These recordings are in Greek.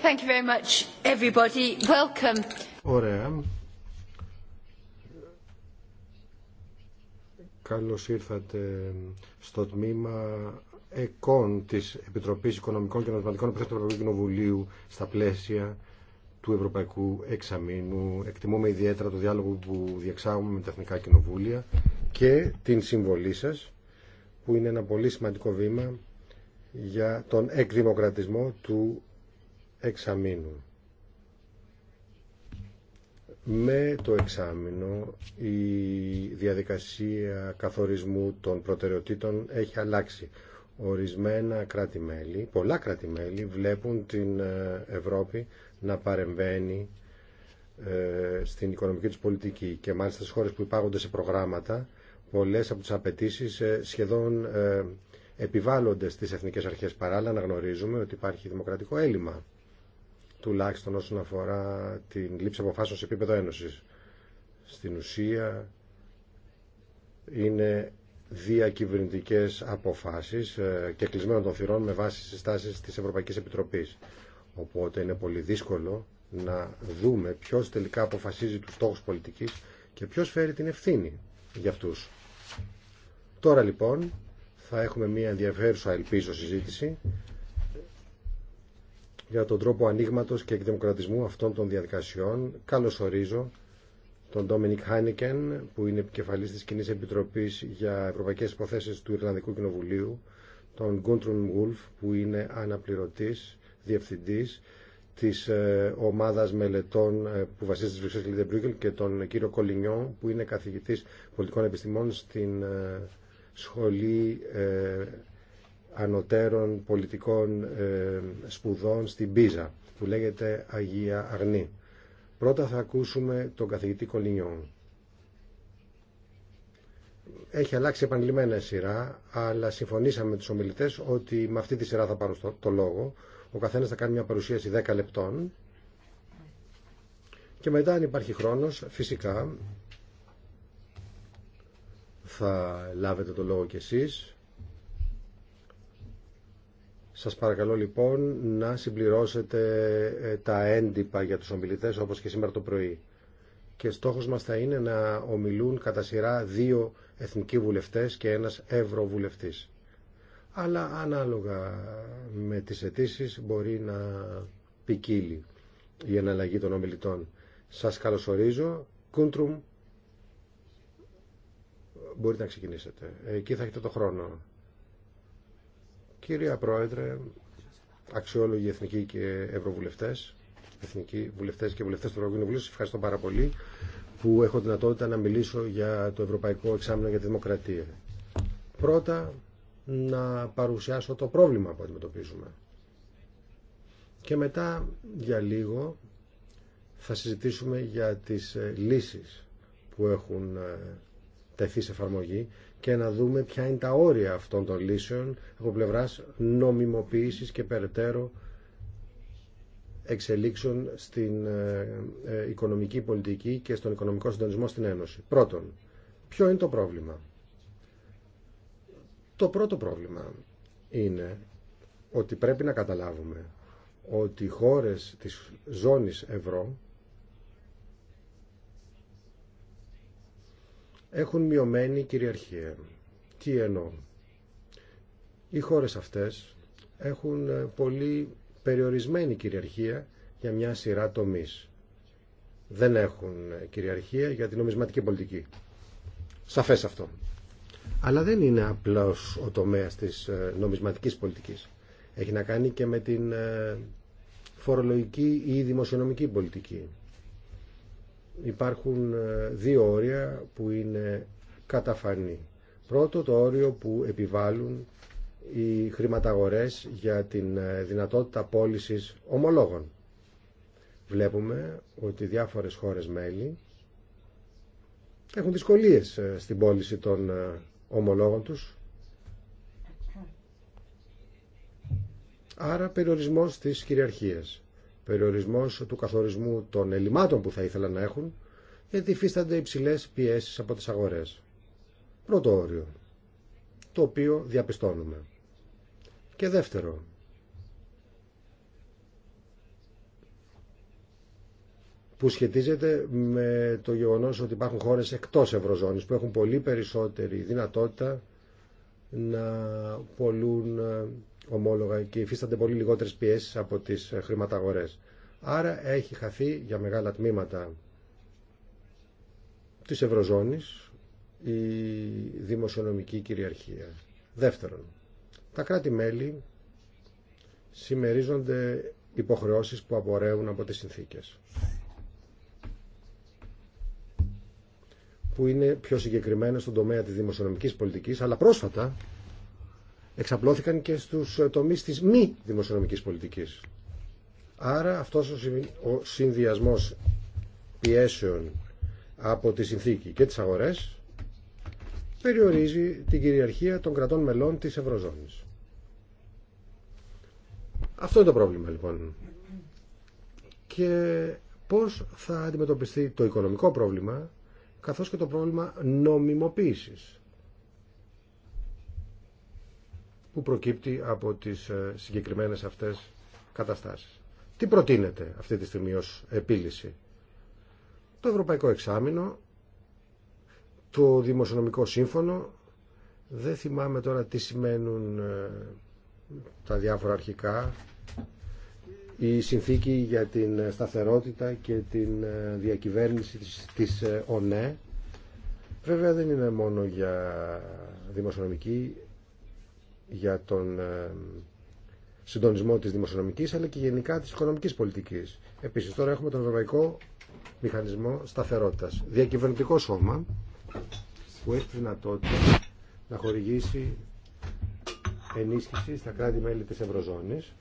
thank you very much everybody. Welcome. Ωραία. Καλώς ήρθατε στο τμήμα ΕΚΟΝ της Επιτροπής Οικονομικών και Νοσματικών Επιθέσεων του Ευρωπαϊκού Κοινοβουλίου στα πλαίσια του Ευρωπαϊκού Εξαμήνου. Εκτιμούμε ιδιαίτερα το διάλογο που διεξάγουμε με τα Εθνικά Κοινοβούλια και την συμβολή σας που είναι ένα πολύ σημαντικό βήμα για τον εκδημοκρατισμό του εξαμήνου. Με το εξάμεινο η διαδικασία καθορισμού των προτεραιοτήτων έχει αλλάξει. Ορισμένα κράτη-μέλη, πολλά κράτη-μέλη βλέπουν την ε, Ευρώπη να παρεμβαίνει ε, στην οικονομική της πολιτική και μάλιστα στις χώρες που υπάγονται σε προγράμματα πολλές από τις απαιτήσει ε, σχεδόν επιβάλλονται στις εθνικές αρχές παράλληλα να γνωρίζουμε ότι υπάρχει δημοκρατικό έλλειμμα τουλάχιστον όσον αφορά την λήψη αποφάσεων σε επίπεδο ένωσης. Στην ουσία είναι διακυβερνητικές αποφάσεις ε, και κλεισμένων των θυρών με βάση συστάσεις της Ευρωπαϊκής Επιτροπής. Οπότε είναι πολύ δύσκολο να δούμε ποιος τελικά αποφασίζει τους στόχους πολιτικής και ποιος φέρει την ευθύνη για αυτούς. Τώρα λοιπόν θα έχουμε μια ενδιαφέρουσα ελπίζω συζήτηση για τον τρόπο ανοίγματο και εκδημοκρατισμού αυτών των διαδικασιών. Καλωσορίζω τον Ντόμινικ Χάνικεν, που είναι επικεφαλής της Κοινής Επιτροπής για Ευρωπαϊκές Υποθέσεις του Ιρλανδικού Κοινοβουλίου, τον Γκούντρουν Γουλφ, που είναι αναπληρωτής, διευθυντής της ε, ομάδας μελετών ε, που βασίζεται στις Βρυξέλλες Λιδεμπρούγκελ και τον κύριο Κολινιό, που είναι καθηγητής πολιτικών επιστημών στην ε, Σχολή ανωτέρων πολιτικών ε, σπουδών στην Πίζα που λέγεται Αγία Αρνή. Πρώτα θα ακούσουμε τον καθηγητή Κολινιόν. Έχει αλλάξει επανειλημμένα σειρά, αλλά συμφωνήσαμε με τους ομιλητές ότι με αυτή τη σειρά θα πάρουν το λόγο. Ο καθένας θα κάνει μια παρουσίαση 10 λεπτών και μετά αν υπάρχει χρόνος φυσικά θα λάβετε το λόγο κι εσείς σας παρακαλώ λοιπόν να συμπληρώσετε ε, τα έντυπα για τους ομιλητές όπως και σήμερα το πρωί. Και στόχος μας θα είναι να ομιλούν κατά σειρά δύο εθνικοί βουλευτές και ένας ευρωβουλευτής. Αλλά ανάλογα με τις αιτήσει μπορεί να ποικίλει η εναλλαγή των ομιλητών. Σας καλωσορίζω. Κούντρουμ, μπορείτε να ξεκινήσετε. Εκεί θα έχετε το χρόνο. Κυρία Πρόεδρε, αξιόλογοι εθνικοί και ευρωβουλευτές, εθνικοί βουλευτές και βουλευτές του Ευρωβουλίου, σας ευχαριστώ πάρα πολύ που έχω δυνατότητα να μιλήσω για το Ευρωπαϊκό Εξάμεινο για τη Δημοκρατία. Πρώτα, να παρουσιάσω το πρόβλημα που αντιμετωπίζουμε. Και μετά, για λίγο, θα συζητήσουμε για τις ε, λύσεις που έχουν ε, τεθεί σε εφαρμογή και να δούμε ποια είναι τα όρια αυτών των λύσεων από πλευρά νομιμοποίησης και περαιτέρω εξελίξεων στην ε, ε, οικονομική πολιτική και στον οικονομικό συντονισμό στην Ένωση. Πρώτον, ποιο είναι το πρόβλημα. Το πρώτο πρόβλημα είναι ότι πρέπει να καταλάβουμε ότι οι χώρες της ζώνης ευρώ έχουν μειωμένη κυριαρχία. Τι εννοώ. Οι χώρες αυτές έχουν ε, πολύ περιορισμένη κυριαρχία για μια σειρά τομείς. Δεν έχουν ε, κυριαρχία για την νομισματική πολιτική. Σαφές αυτό. Αλλά δεν είναι απλώς ο τομέας της ε, νομισματικής πολιτικής. Έχει να κάνει και με την φορολογική ή δημοσιονομική πολιτική υπάρχουν ε, δύο όρια που είναι καταφανή. Πρώτο το όριο που επιβάλλουν οι χρηματαγορές για την ε, δυνατότητα πώλησης ομολόγων. Βλέπουμε ότι διάφορες χώρες μέλη έχουν δυσκολίες ε, στην πώληση των ομολόγων τους. Άρα περιορισμός της κυριαρχίας. Περιορισμό του καθορισμού των ελλημάτων που θα ήθελαν να έχουν, γιατί υφίστανται υψηλέ πιέσει από τις αγορές. Πρώτο όριο, το οποίο διαπιστώνουμε. Και δεύτερο, που σχετίζεται με το γεγονός ότι υπάρχουν χώρες εκτός Ευρωζώνης που έχουν πολύ περισσότερη δυνατότητα να πολλούν ομόλογα και υφίστανται πολύ λιγότερε πιέσει από τι ε, χρηματαγορές. Άρα έχει χαθεί για μεγάλα τμήματα τη Ευρωζώνης η δημοσιονομική κυριαρχία. Δεύτερον, τα κράτη-μέλη συμμερίζονται υποχρεώσεις που απορρέουν από τις συνθήκες. Που είναι πιο συγκεκριμένα στον τομέα της δημοσιονομικής πολιτικής, αλλά πρόσφατα εξαπλώθηκαν και στους ε, τομείς της μη δημοσιονομικής πολιτικής. Άρα αυτός ο συνδυασμός πιέσεων από τη συνθήκη και τις αγορές περιορίζει την κυριαρχία των κρατών μελών της Ευρωζώνης. Αυτό είναι το πρόβλημα λοιπόν. Και πώς θα αντιμετωπιστεί το οικονομικό πρόβλημα καθώς και το πρόβλημα νομιμοποίησης που προκύπτει από τις ε, συγκεκριμένες αυτές καταστάσεις. Τι προτείνεται αυτή τη στιγμή ως επίλυση. Το Ευρωπαϊκό Εξάμεινο, το Δημοσιονομικό Σύμφωνο, δεν θυμάμαι τώρα τι σημαίνουν ε, τα διάφορα αρχικά, η συνθήκη για την σταθερότητα και την ε, διακυβέρνηση της ΟΝΕ, βέβαια δεν είναι μόνο για δημοσιονομική για τον ε, συντονισμό της δημοσιονομικής αλλά και γενικά της οικονομικής πολιτικής. Επίσης τώρα έχουμε τον Ευρωπαϊκό Μηχανισμό Σταθερότητας. Διακυβερνητικό σώμα που έχει τη δυνατότητα να χορηγήσει ενίσχυση στα κράτη-μέλη της Ευρωζώνης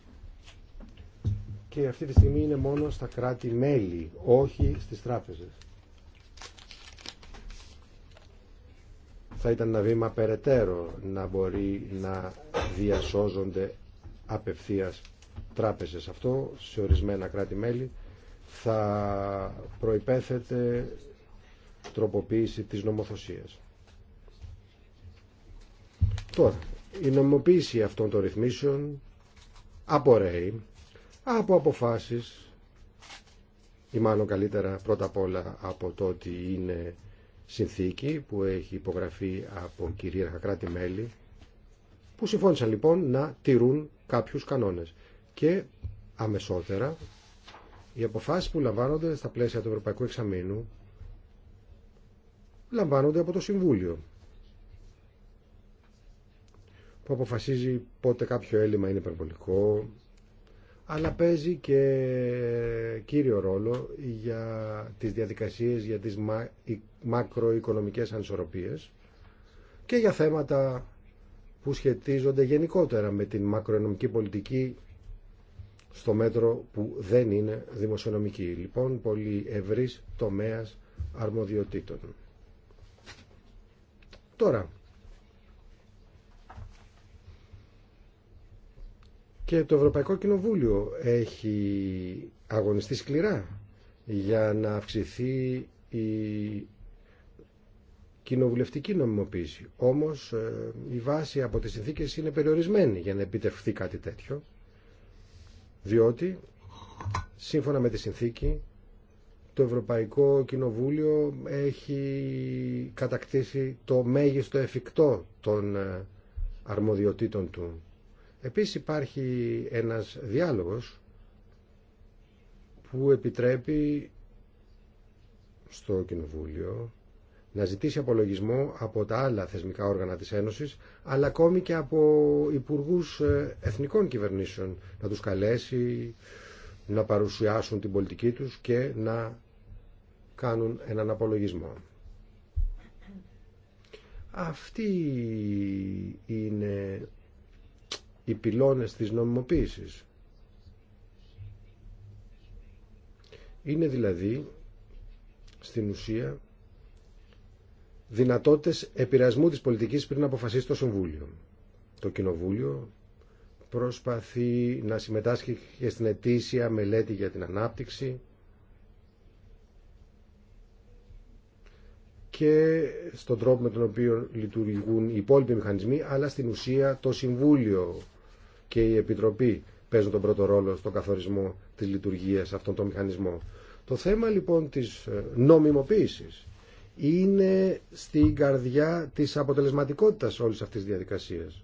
και αυτή τη στιγμή είναι μόνο στα κράτη-μέλη, όχι στις τράπεζες. θα ήταν ένα βήμα περαιτέρω να μπορεί να διασώζονται απευθείας τράπεζες. Αυτό σε ορισμένα κράτη-μέλη θα προϋπέθεται τροποποίηση της νομοθεσίας. Τώρα, η νομοποίηση αυτών των ρυθμίσεων απορρέει από αποφάσεις ή μάλλον καλύτερα πρώτα απ' όλα από το ότι είναι συνθήκη που έχει υπογραφεί από κυρίαρχα κράτη-μέλη που συμφώνησαν λοιπόν να τηρούν κάποιους κανόνες και αμεσότερα οι αποφάσεις που λαμβάνονται στα πλαίσια του Ευρωπαϊκού Εξαμήνου λαμβάνονται από το Συμβούλιο που αποφασίζει πότε κάποιο έλλειμμα είναι υπερβολικό, αλλά παίζει και κύριο ρόλο για τις διαδικασίες, για τις μακροοικονομικές ανισορροπίες και για θέματα που σχετίζονται γενικότερα με την μακροοικονομική πολιτική στο μέτρο που δεν είναι δημοσιονομική. Λοιπόν, πολύ ευρύς τομέας αρμοδιοτήτων. Τώρα, Και το Ευρωπαϊκό Κοινοβούλιο έχει αγωνιστεί σκληρά για να αυξηθεί η κοινοβουλευτική νομιμοποίηση. Όμως ε, η βάση από τις συνθήκες είναι περιορισμένη για να επιτευχθεί κάτι τέτοιο, διότι σύμφωνα με τη συνθήκη το Ευρωπαϊκό Κοινοβούλιο έχει κατακτήσει το μέγιστο εφικτό των ε, αρμοδιοτήτων του. Επίσης υπάρχει ένας διάλογος που επιτρέπει στο Κοινοβούλιο να ζητήσει απολογισμό από τα άλλα θεσμικά όργανα της Ένωσης, αλλά ακόμη και από υπουργούς ε, εθνικών κυβερνήσεων, να τους καλέσει, να παρουσιάσουν την πολιτική τους και να κάνουν έναν απολογισμό. Αυτή είναι οι πυλώνες της νομιμοποίησης. Είναι δηλαδή στην ουσία δυνατότητες επηρεασμού της πολιτικής πριν αποφασίσει το Συμβούλιο. Το Κοινοβούλιο προσπαθεί να συμμετάσχει και στην ετήσια μελέτη για την ανάπτυξη και στον τρόπο με τον οποίο λειτουργούν οι υπόλοιποι μηχανισμοί, αλλά στην ουσία το Συμβούλιο και η Επιτροπή παίζουν τον πρώτο ρόλο στον καθορισμό της λειτουργίας αυτών των μηχανισμών. Το θέμα λοιπόν της ε, νομιμοποίησης είναι στην καρδιά της αποτελεσματικότητας όλης αυτής της διαδικασίας.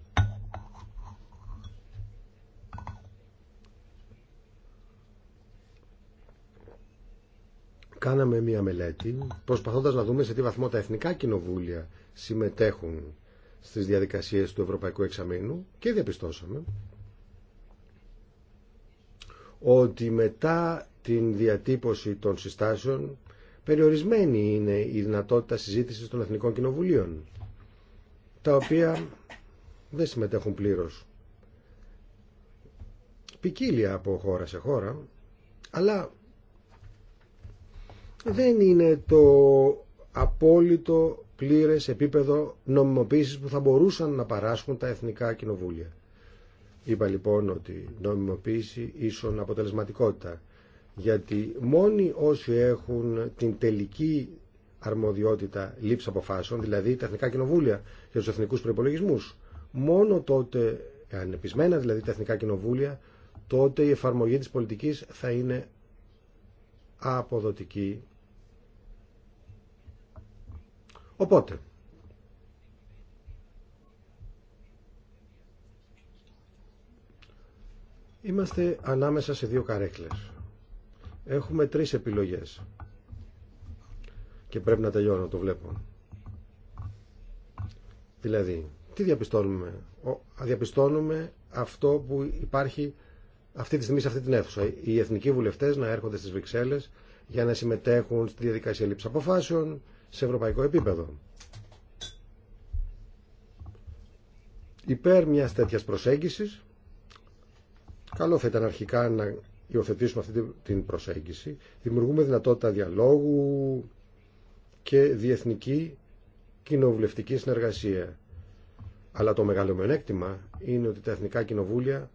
Κάναμε μία μελέτη προσπαθώντας να δούμε σε τι βαθμό τα εθνικά κοινοβούλια συμμετέχουν στις διαδικασίες του Ευρωπαϊκού Εξαμήνου και διαπιστώσαμε ότι μετά την διατύπωση των συστάσεων περιορισμένη είναι η δυνατότητα συζήτησης των Εθνικών Κοινοβουλίων τα οποία δεν συμμετέχουν πλήρως. Πικίλια από χώρα σε χώρα αλλά δεν είναι το απόλυτο πλήρες επίπεδο νομιμοποίησης που θα μπορούσαν να παράσχουν τα Εθνικά Κοινοβούλια. Είπα λοιπόν ότι νομιμοποίηση ίσον αποτελεσματικότητα. Γιατί μόνοι όσοι έχουν την τελική αρμοδιότητα λήψη αποφάσεων, δηλαδή τα εθνικά κοινοβούλια για του εθνικού προπολογισμού, μόνο τότε, ανεπισμένα δηλαδή τα εθνικά κοινοβούλια, τότε η εφαρμογή της πολιτικής θα είναι αποδοτική. Οπότε, Είμαστε ανάμεσα σε δύο καρέκλες. Έχουμε τρεις επιλογές. Και πρέπει να τελειώνω, το βλέπω. Δηλαδή, τι διαπιστώνουμε. Διαπιστώνουμε αυτό που υπάρχει αυτή τη στιγμή σε αυτή την αίθουσα. Οι εθνικοί βουλευτές να έρχονται στις Βρυξέλλες για να συμμετέχουν στη διαδικασία λήψη αποφάσεων σε ευρωπαϊκό επίπεδο. Υπέρ μιας τέτοιας προσέγγισης Καλό θα ήταν αρχικά να υιοθετήσουμε αυτή την προσέγγιση. Δημιουργούμε δυνατότητα διαλόγου και διεθνική κοινοβουλευτική συνεργασία. Αλλά το μεγάλο είναι ότι τα εθνικά κοινοβούλια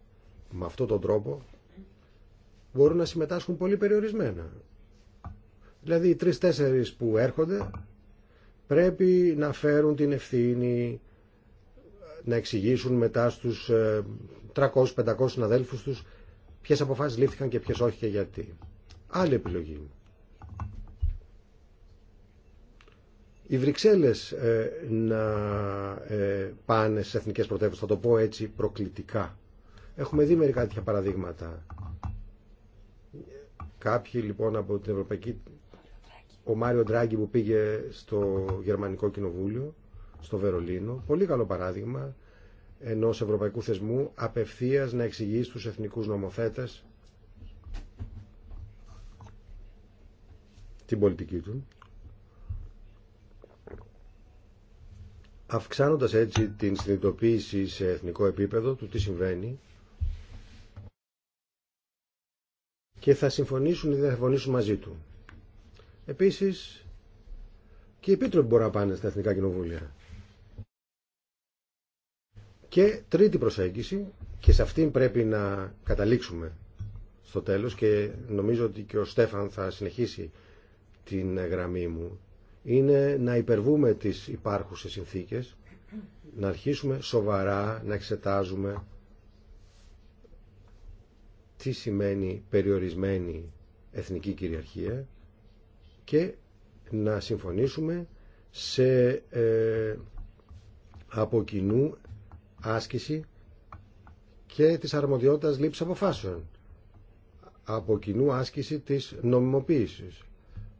με αυτόν τον τρόπο μπορούν να συμμετάσχουν πολύ περιορισμένα. Δηλαδή οι τρεις-τέσσερις που έρχονται πρέπει να φέρουν την ευθύνη να εξηγήσουν μετά στου 300-500 συναδέλφου τους ποιες αποφάσεις λήφθηκαν και ποιε όχι και γιατί. Άλλη επιλογή. Οι Βρυξέλλες ε, να ε, πάνε σε εθνικές πρωτεύουσες, θα το πω έτσι προκλητικά. Έχουμε δει μερικά τέτοια παραδείγματα. Κάποιοι λοιπόν από την Ευρωπαϊκή... Ο Μάριο Ντράγκη που πήγε στο Γερμανικό Κοινοβούλιο στο Βερολίνο, πολύ καλό παράδειγμα ενό ευρωπαϊκού θεσμού απευθεία να εξηγεί στου εθνικούς νομοθέτες την πολιτική του αυξάνοντας έτσι την συνειδητοποίηση σε εθνικό επίπεδο του τι συμβαίνει και θα συμφωνήσουν ή δεν θα συμφωνήσουν μαζί του. Επίσης και οι επίτροποι μπορούν να πάνε στα εθνικά κοινοβούλια. Και τρίτη προσέγγιση, και σε αυτήν πρέπει να καταλήξουμε στο τέλος και νομίζω ότι και ο Στέφαν θα συνεχίσει την γραμμή μου, είναι να υπερβούμε τις υπάρχουσες συνθήκες, να αρχίσουμε σοβαρά να εξετάζουμε τι σημαίνει περιορισμένη εθνική κυριαρχία και να συμφωνήσουμε σε ε, από κοινού άσκηση και της αρμοδιότητας λήψης αποφάσεων. Από κοινού άσκηση της νομιμοποίησης.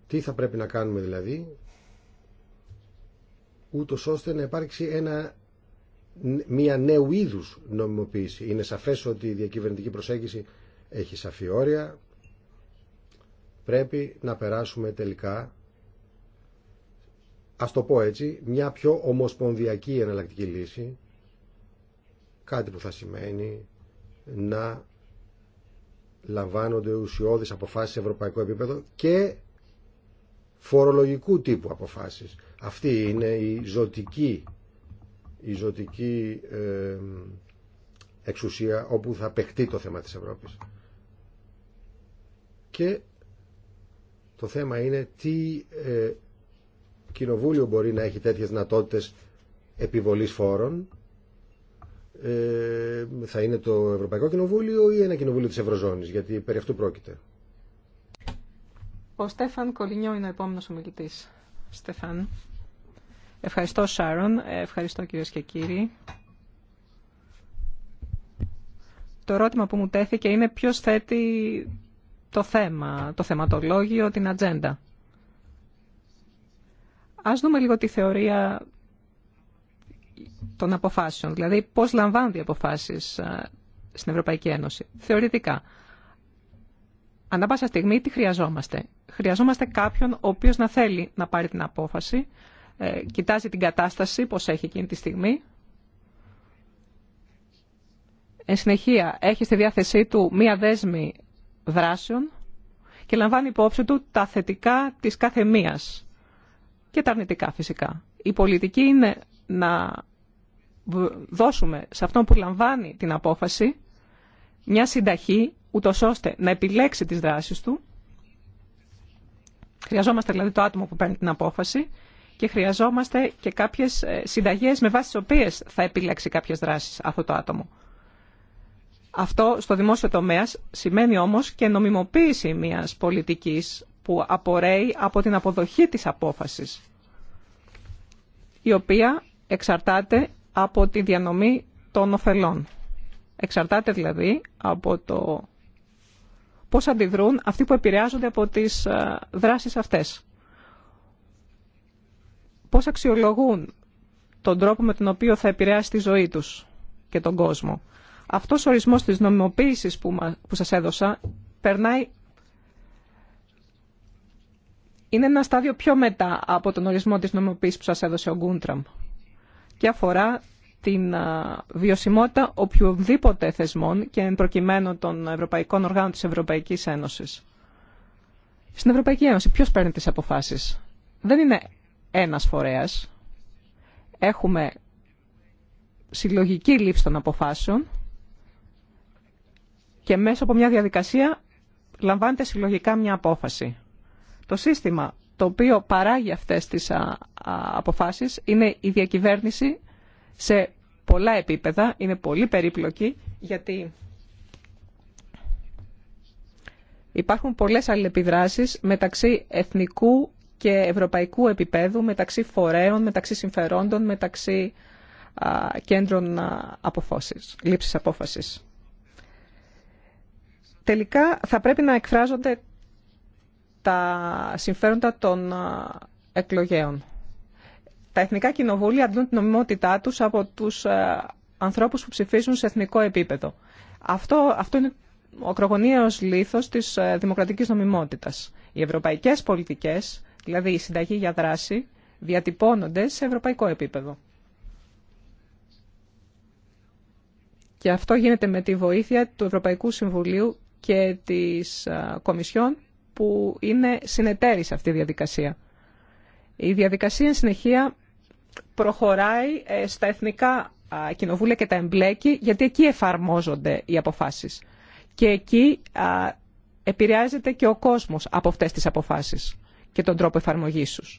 Τι θα πρέπει να κάνουμε δηλαδή, ούτως ώστε να υπάρξει ένα, μια νέου είδου νομιμοποίηση. Είναι σαφές ότι η διακυβερνητική προσέγγιση έχει σαφή όρια. Πρέπει να περάσουμε τελικά, ας το πω έτσι, μια πιο ομοσπονδιακή εναλλακτική λύση Κάτι που θα σημαίνει να λαμβάνονται ουσιώδεις αποφάσεις σε ευρωπαϊκό επίπεδο και φορολογικού τύπου αποφάσεις. Αυτή είναι η ζωτική, η ζωτική ε, εξουσία όπου θα παιχτεί το θέμα της Ευρώπης. Και το θέμα είναι τι ε, κοινοβούλιο μπορεί να έχει τέτοιες δυνατότητε επιβολής φόρων ε, θα είναι το Ευρωπαϊκό Κοινοβούλιο ή ένα κοινοβούλιο της Ευρωζώνης, γιατί περί αυτού πρόκειται. Ο Στέφαν Κολινιό είναι ο επόμενος ομιλητής. Στέφαν. Ευχαριστώ Σάρον, ευχαριστώ κυρίες και κύριοι. Το ερώτημα που μου τέθηκε είναι ποιος θέτει το θέμα, το θεματολόγιο, την ατζέντα. Ας δούμε λίγο τη θεωρία των αποφάσεων, δηλαδή πώς λαμβάνονται οι αποφάσεις ε, στην Ευρωπαϊκή Ένωση, θεωρητικά. Ανά πάσα στιγμή τι χρειαζόμαστε. Χρειαζόμαστε κάποιον ο οποίος να θέλει να πάρει την απόφαση, ε, κοιτάζει την κατάσταση, πώς έχει εκείνη τη στιγμή. Εν συνεχεία, έχει στη διάθεσή του μία δέσμη δράσεων και λαμβάνει υπόψη του τα θετικά της κάθε μίας και τα αρνητικά φυσικά. Η πολιτική είναι να δώσουμε σε αυτόν που λαμβάνει την απόφαση μια συνταχή, ούτω ώστε να επιλέξει τις δράσεις του. Χρειαζόμαστε δηλαδή το άτομο που παίρνει την απόφαση και χρειαζόμαστε και κάποιες ε, συνταγές με βάση τις οποίες θα επιλέξει κάποιες δράσεις αυτό το άτομο. Αυτό στο δημόσιο τομέα σημαίνει όμως και νομιμοποίηση μιας πολιτικής που απορρέει από την αποδοχή της απόφασης, η οποία εξαρτάται από τη διανομή των ωφελών. Εξαρτάται δηλαδή από το πώς αντιδρούν αυτοί που επηρεάζονται από τις ε, δράσεις αυτές. Πώς αξιολογούν τον τρόπο με τον οποίο θα επηρεάσει τη ζωή τους και τον κόσμο. Αυτός ο ορισμός της νομιμοποίησης που, που σας έδωσα περνάει είναι ένα στάδιο πιο μετά από τον ορισμό της νομιμοποίησης που σας έδωσε ο Γκούντραμ και αφορά την βιωσιμότητα οποιοδήποτε θεσμών και εν προκειμένου των ευρωπαϊκών οργάνων της Ευρωπαϊκής Ένωσης. Στην Ευρωπαϊκή Ένωση ποιος παίρνει τις αποφάσεις. Δεν είναι ένας φορέας. Έχουμε συλλογική λήψη των αποφάσεων και μέσα από μια διαδικασία λαμβάνεται συλλογικά μια απόφαση. Το σύστημα το οποίο παράγει αυτές τις αποφάσεις είναι η διακυβέρνηση σε πολλά επίπεδα, είναι πολύ περίπλοκη γιατί υπάρχουν πολλές αλληλεπιδράσεις μεταξύ εθνικού και ευρωπαϊκού επίπεδου, μεταξύ φορέων, μεταξύ συμφερόντων, μεταξύ κέντρων αποφώσεις, λήψης απόφασης. Τελικά θα πρέπει να εκφράζονται τα συμφέροντα των εκλογέων τα εθνικά κοινοβούλια αντλούν την νομιμότητά τους από τους ε, ανθρώπους που ψηφίζουν σε εθνικό επίπεδο. Αυτό, αυτό είναι ο λίθο λήθος της ε, δημοκρατικής νομιμότητας. Οι ευρωπαϊκές πολιτικές, δηλαδή η συνταγή για δράση, διατυπώνονται σε ευρωπαϊκό επίπεδο. Και αυτό γίνεται με τη βοήθεια του Ευρωπαϊκού Συμβουλίου και της ε, Κομισιόν που είναι συνεταίροι σε αυτή τη διαδικασία. Η διαδικασία, συνεχεία, προχωράει ε, στα εθνικά κοινοβούλια και τα εμπλέκει, γιατί εκεί εφαρμόζονται οι αποφάσεις. Και εκεί επηρεάζεται και ο κόσμος από αυτές τις αποφάσεις και τον τρόπο εφαρμογής τους.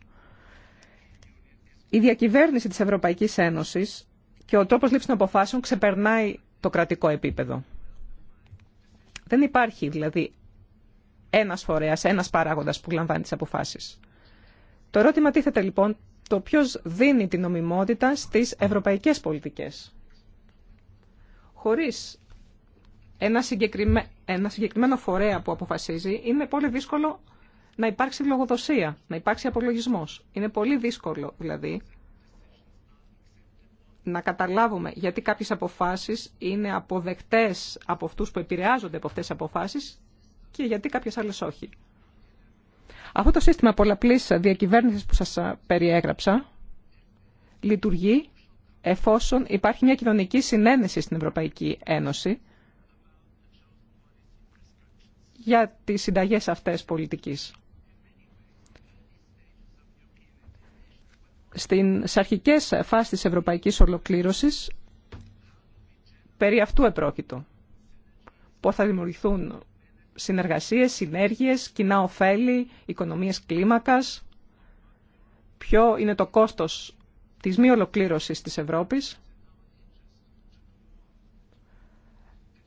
Η διακυβέρνηση της Ευρωπαϊκής Ένωσης και ο τρόπος λήψης των αποφάσεων ξεπερνάει το κρατικό επίπεδο. Δεν υπάρχει δηλαδή ένας φορέας, ένας παράγοντας που λαμβάνει τις αποφάσεις. Το ερώτημα τίθεται λοιπόν το ποιο δίνει την νομιμότητα στις ευρωπαϊκές πολιτικές. Χωρίς ένα, ένα συγκεκριμένο φορέα που αποφασίζει, είναι πολύ δύσκολο να υπάρξει λογοδοσία, να υπάρξει απολογισμός. Είναι πολύ δύσκολο, δηλαδή, να καταλάβουμε γιατί κάποιες αποφάσεις είναι αποδεκτές από αυτούς που επηρεάζονται από αυτές τις αποφάσεις και γιατί κάποιες άλλες όχι. Αυτό το σύστημα πολλαπλής διακυβέρνησης που σας περιέγραψα λειτουργεί εφόσον υπάρχει μια κοινωνική συνένεση στην Ευρωπαϊκή Ένωση για τις συνταγές αυτές πολιτικής. στην αρχικές φάσεις της ευρωπαϊκής ολοκλήρωσης περί αυτού επρόκειτο. που θα δημιουργηθούν συνεργασίες, συνέργειες, κοινά ωφέλη, οικονομίες κλίμακας. Ποιο είναι το κόστος της μη ολοκλήρωσης της Ευρώπης.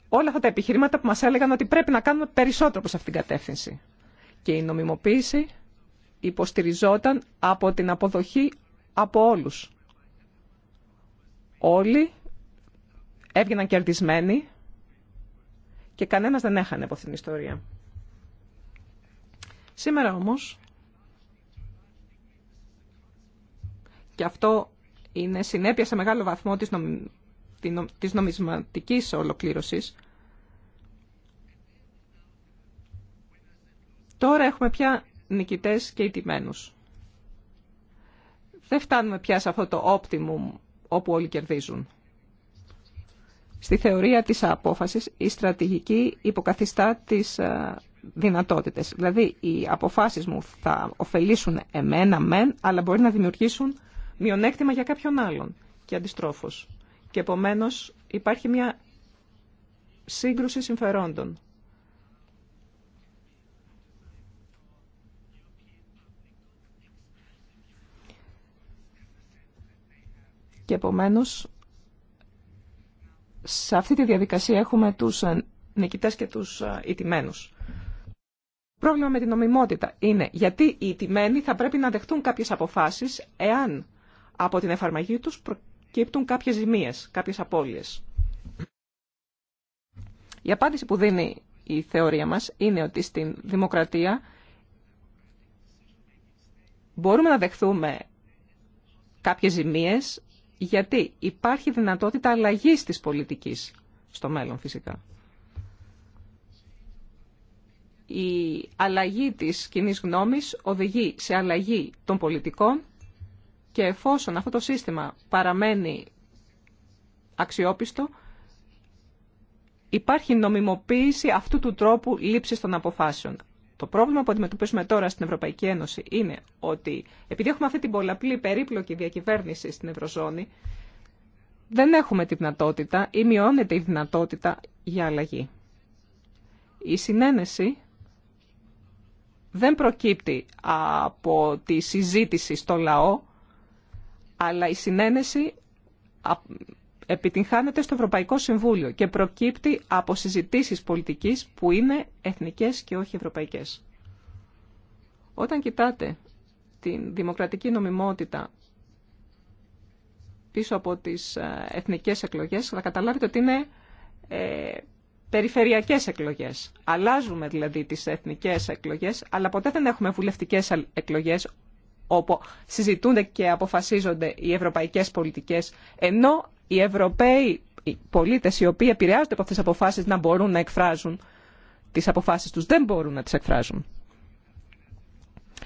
Όλα αυτά τα επιχειρήματα που μας έλεγαν ότι πρέπει να κάνουμε περισσότερο προς αυτήν την κατεύθυνση. Και η νομιμοποίηση υποστηριζόταν από την αποδοχή από όλους. Όλοι έβγαιναν κερδισμένοι και κανένας δεν έχανε από την ιστορία. Σήμερα όμως, και αυτό είναι συνέπεια σε μεγάλο βαθμό της, της νομισματικής ολοκλήρωσης, τώρα έχουμε πια νικητές και ιτημένους. Δεν φτάνουμε πια σε αυτό το optimum όπου όλοι κερδίζουν. Στη θεωρία της απόφασης η στρατηγική υποκαθιστά τις ε, δυνατότητες. Δηλαδή οι αποφάσεις μου θα ωφελήσουν εμένα μεν, αλλά μπορεί να δημιουργήσουν μειονέκτημα για κάποιον άλλον και αντιστρόφως. Και επομένως υπάρχει μια σύγκρουση συμφερόντων. Και επομένως σε αυτή τη διαδικασία έχουμε τους ε, νικητές και τους ιτημένους. Ε, Πρόβλημα με την νομιμότητα είναι γιατί οι ιτημένοι θα πρέπει να δεχτούν κάποιες αποφάσεις εάν από την εφαρμογή τους προκύπτουν κάποιες ζημίες, κάποιες απώλειες. Η απάντηση που δίνει η θεωρία μας είναι ότι στην δημοκρατία μπορούμε να δεχθούμε κάποιες ζημίες γιατί υπάρχει δυνατότητα αλλαγής της πολιτικής, στο μέλλον φυσικά. Η αλλαγή της κοινή γνώμης οδηγεί σε αλλαγή των πολιτικών και εφόσον αυτό το σύστημα παραμένει αξιόπιστο, υπάρχει νομιμοποίηση αυτού του τρόπου λήψης των αποφάσεων. Το πρόβλημα που αντιμετωπίζουμε τώρα στην Ευρωπαϊκή Ένωση είναι ότι επειδή έχουμε αυτή την πολλαπλή περίπλοκη διακυβέρνηση στην Ευρωζώνη, δεν έχουμε τη δυνατότητα ή μειώνεται η δυνατότητα για αλλαγή. Η συνένεση δεν προκύπτει από τη συζήτηση στο λαό, αλλά η συνένεση επιτυγχάνεται στο Ευρωπαϊκό Συμβούλιο και προκύπτει από συζητήσεις πολιτικής που είναι εθνικές και όχι ευρωπαϊκές. Όταν κοιτάτε την δημοκρατική νομιμότητα πίσω από τις ε, εθνικές εκλογές, θα καταλάβετε ότι είναι ε, περιφερειακές εκλογές. Αλλάζουμε δηλαδή τις εθνικές εκλογές, αλλά ποτέ δεν έχουμε βουλευτικές εκλογές όπου συζητούνται και αποφασίζονται οι ευρωπαϊκές πολιτικές, ενώ οι Ευρωπαίοι πολίτες οι οποίοι επηρεάζονται από αυτές τις αποφάσεις να μπορούν να εκφράζουν τις αποφάσεις τους. Δεν μπορούν να τις εκφράζουν.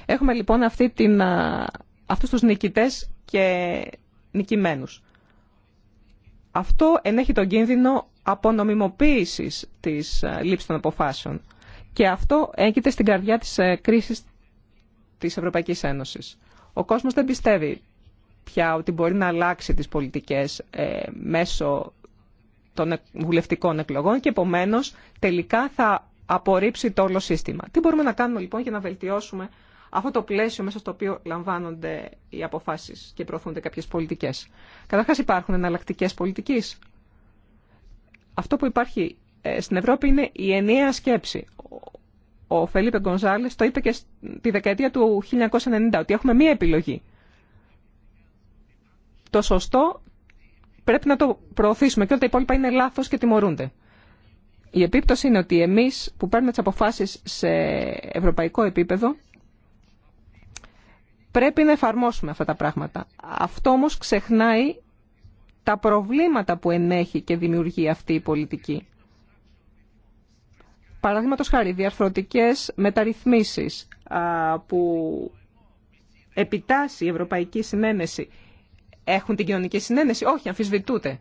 Έχουμε λοιπόν αυτή την, αυτούς τους νικητές και νικημένους. Αυτό ενέχει τον κίνδυνο απονομιμοποίησης της λήψης των αποφάσεων. Και αυτό έγκυται στην καρδιά της ε, κρίσης της Ευρωπαϊκής Ένωσης. Ο κόσμος δεν πιστεύει πια ότι μπορεί να αλλάξει τις πολιτικές ε, μέσω των βουλευτικών εκλογών και επομένω τελικά θα απορρίψει το όλο σύστημα. Τι μπορούμε να κάνουμε λοιπόν για να βελτιώσουμε αυτό το πλαίσιο μέσα στο οποίο λαμβάνονται οι αποφάσεις και προωθούνται κάποιες πολιτικές. Καταρχάς υπάρχουν εναλλακτικέ πολιτικής. Αυτό που υπάρχει ε, στην Ευρώπη είναι η ενιαία σκέψη. Ο Φελίπε Γκονζάλες το είπε και τη δεκαετία του 1990 ότι έχουμε μία επιλογή το σωστό πρέπει να το προωθήσουμε και όλα τα υπόλοιπα είναι λάθος και τιμωρούνται. Η επίπτωση είναι ότι εμείς που παίρνουμε τις αποφάσεις σε ευρωπαϊκό επίπεδο πρέπει να εφαρμόσουμε αυτά τα πράγματα. Αυτό όμως ξεχνάει τα προβλήματα που ενέχει και δημιουργεί αυτή η πολιτική. Παραδείγματος χάρη, διαρθρωτικές μεταρρυθμίσεις που επιτάσσει η Ευρωπαϊκή Συνένεση έχουν την κοινωνική συνένεση. Όχι, αμφισβητούνται.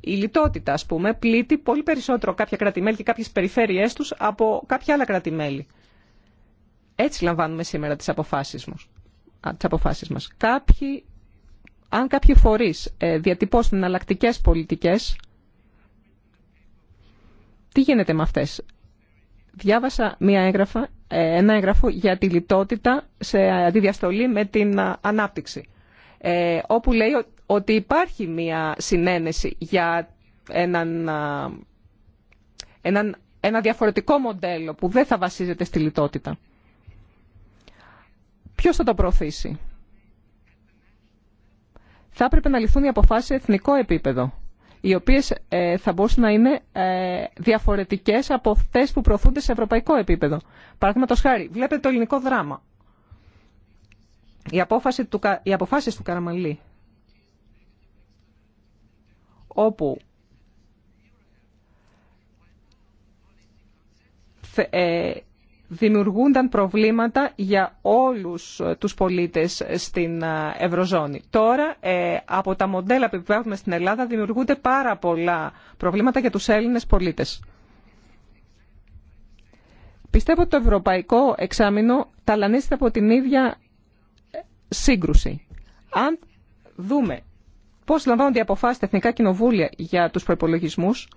Η λιτότητα, α πούμε, πλήττει πολύ περισσότερο κάποια κρατημέλη και κάποιε περιφέρειέ του από κάποια άλλα κρατημέλη. Έτσι λαμβάνουμε σήμερα τι αποφάσει μα. Κάποιοι, αν κάποιοι φορεί ε, διατυπώσουν εναλλακτικέ πολιτικέ, τι γίνεται με αυτέ. Διάβασα μία έγγραφα, ε, ένα έγγραφο για τη λιτότητα σε ε, αντιδιαστολή με την ανάπτυξη. Ε, όπου λέει ότι υπάρχει μία συνένεση για έναν, ένα διαφορετικό μοντέλο που δεν θα βασίζεται στη λιτότητα. Ποιος θα το προωθήσει. Θα έπρεπε να ληφθούν οι αποφάσεις σε εθνικό επίπεδο, οι οποίες ε, θα μπορούσαν να είναι ε, διαφορετικές από αυτές που προωθούνται σε ευρωπαϊκό επίπεδο. Παραδείγματος χάρη, βλέπετε το ελληνικό δράμα. Η απόφαση του, οι αποφάσεις του Καραμαλή, όπου ε, δημιουργούνταν προβλήματα για όλους τους πολίτες στην ε, Ευρωζώνη. Τώρα, ε, από τα μοντέλα που υπάρχουν στην Ελλάδα, δημιουργούνται πάρα πολλά προβλήματα για τους Έλληνες πολίτες. Πιστεύω ότι το ευρωπαϊκό εξάμεινο ταλανίζεται από την ίδια σύγκρουση. Αν δούμε πώς λαμβάνονται οι αποφάσεις στα εθνικά κοινοβούλια για τους προϋπολογισμούς,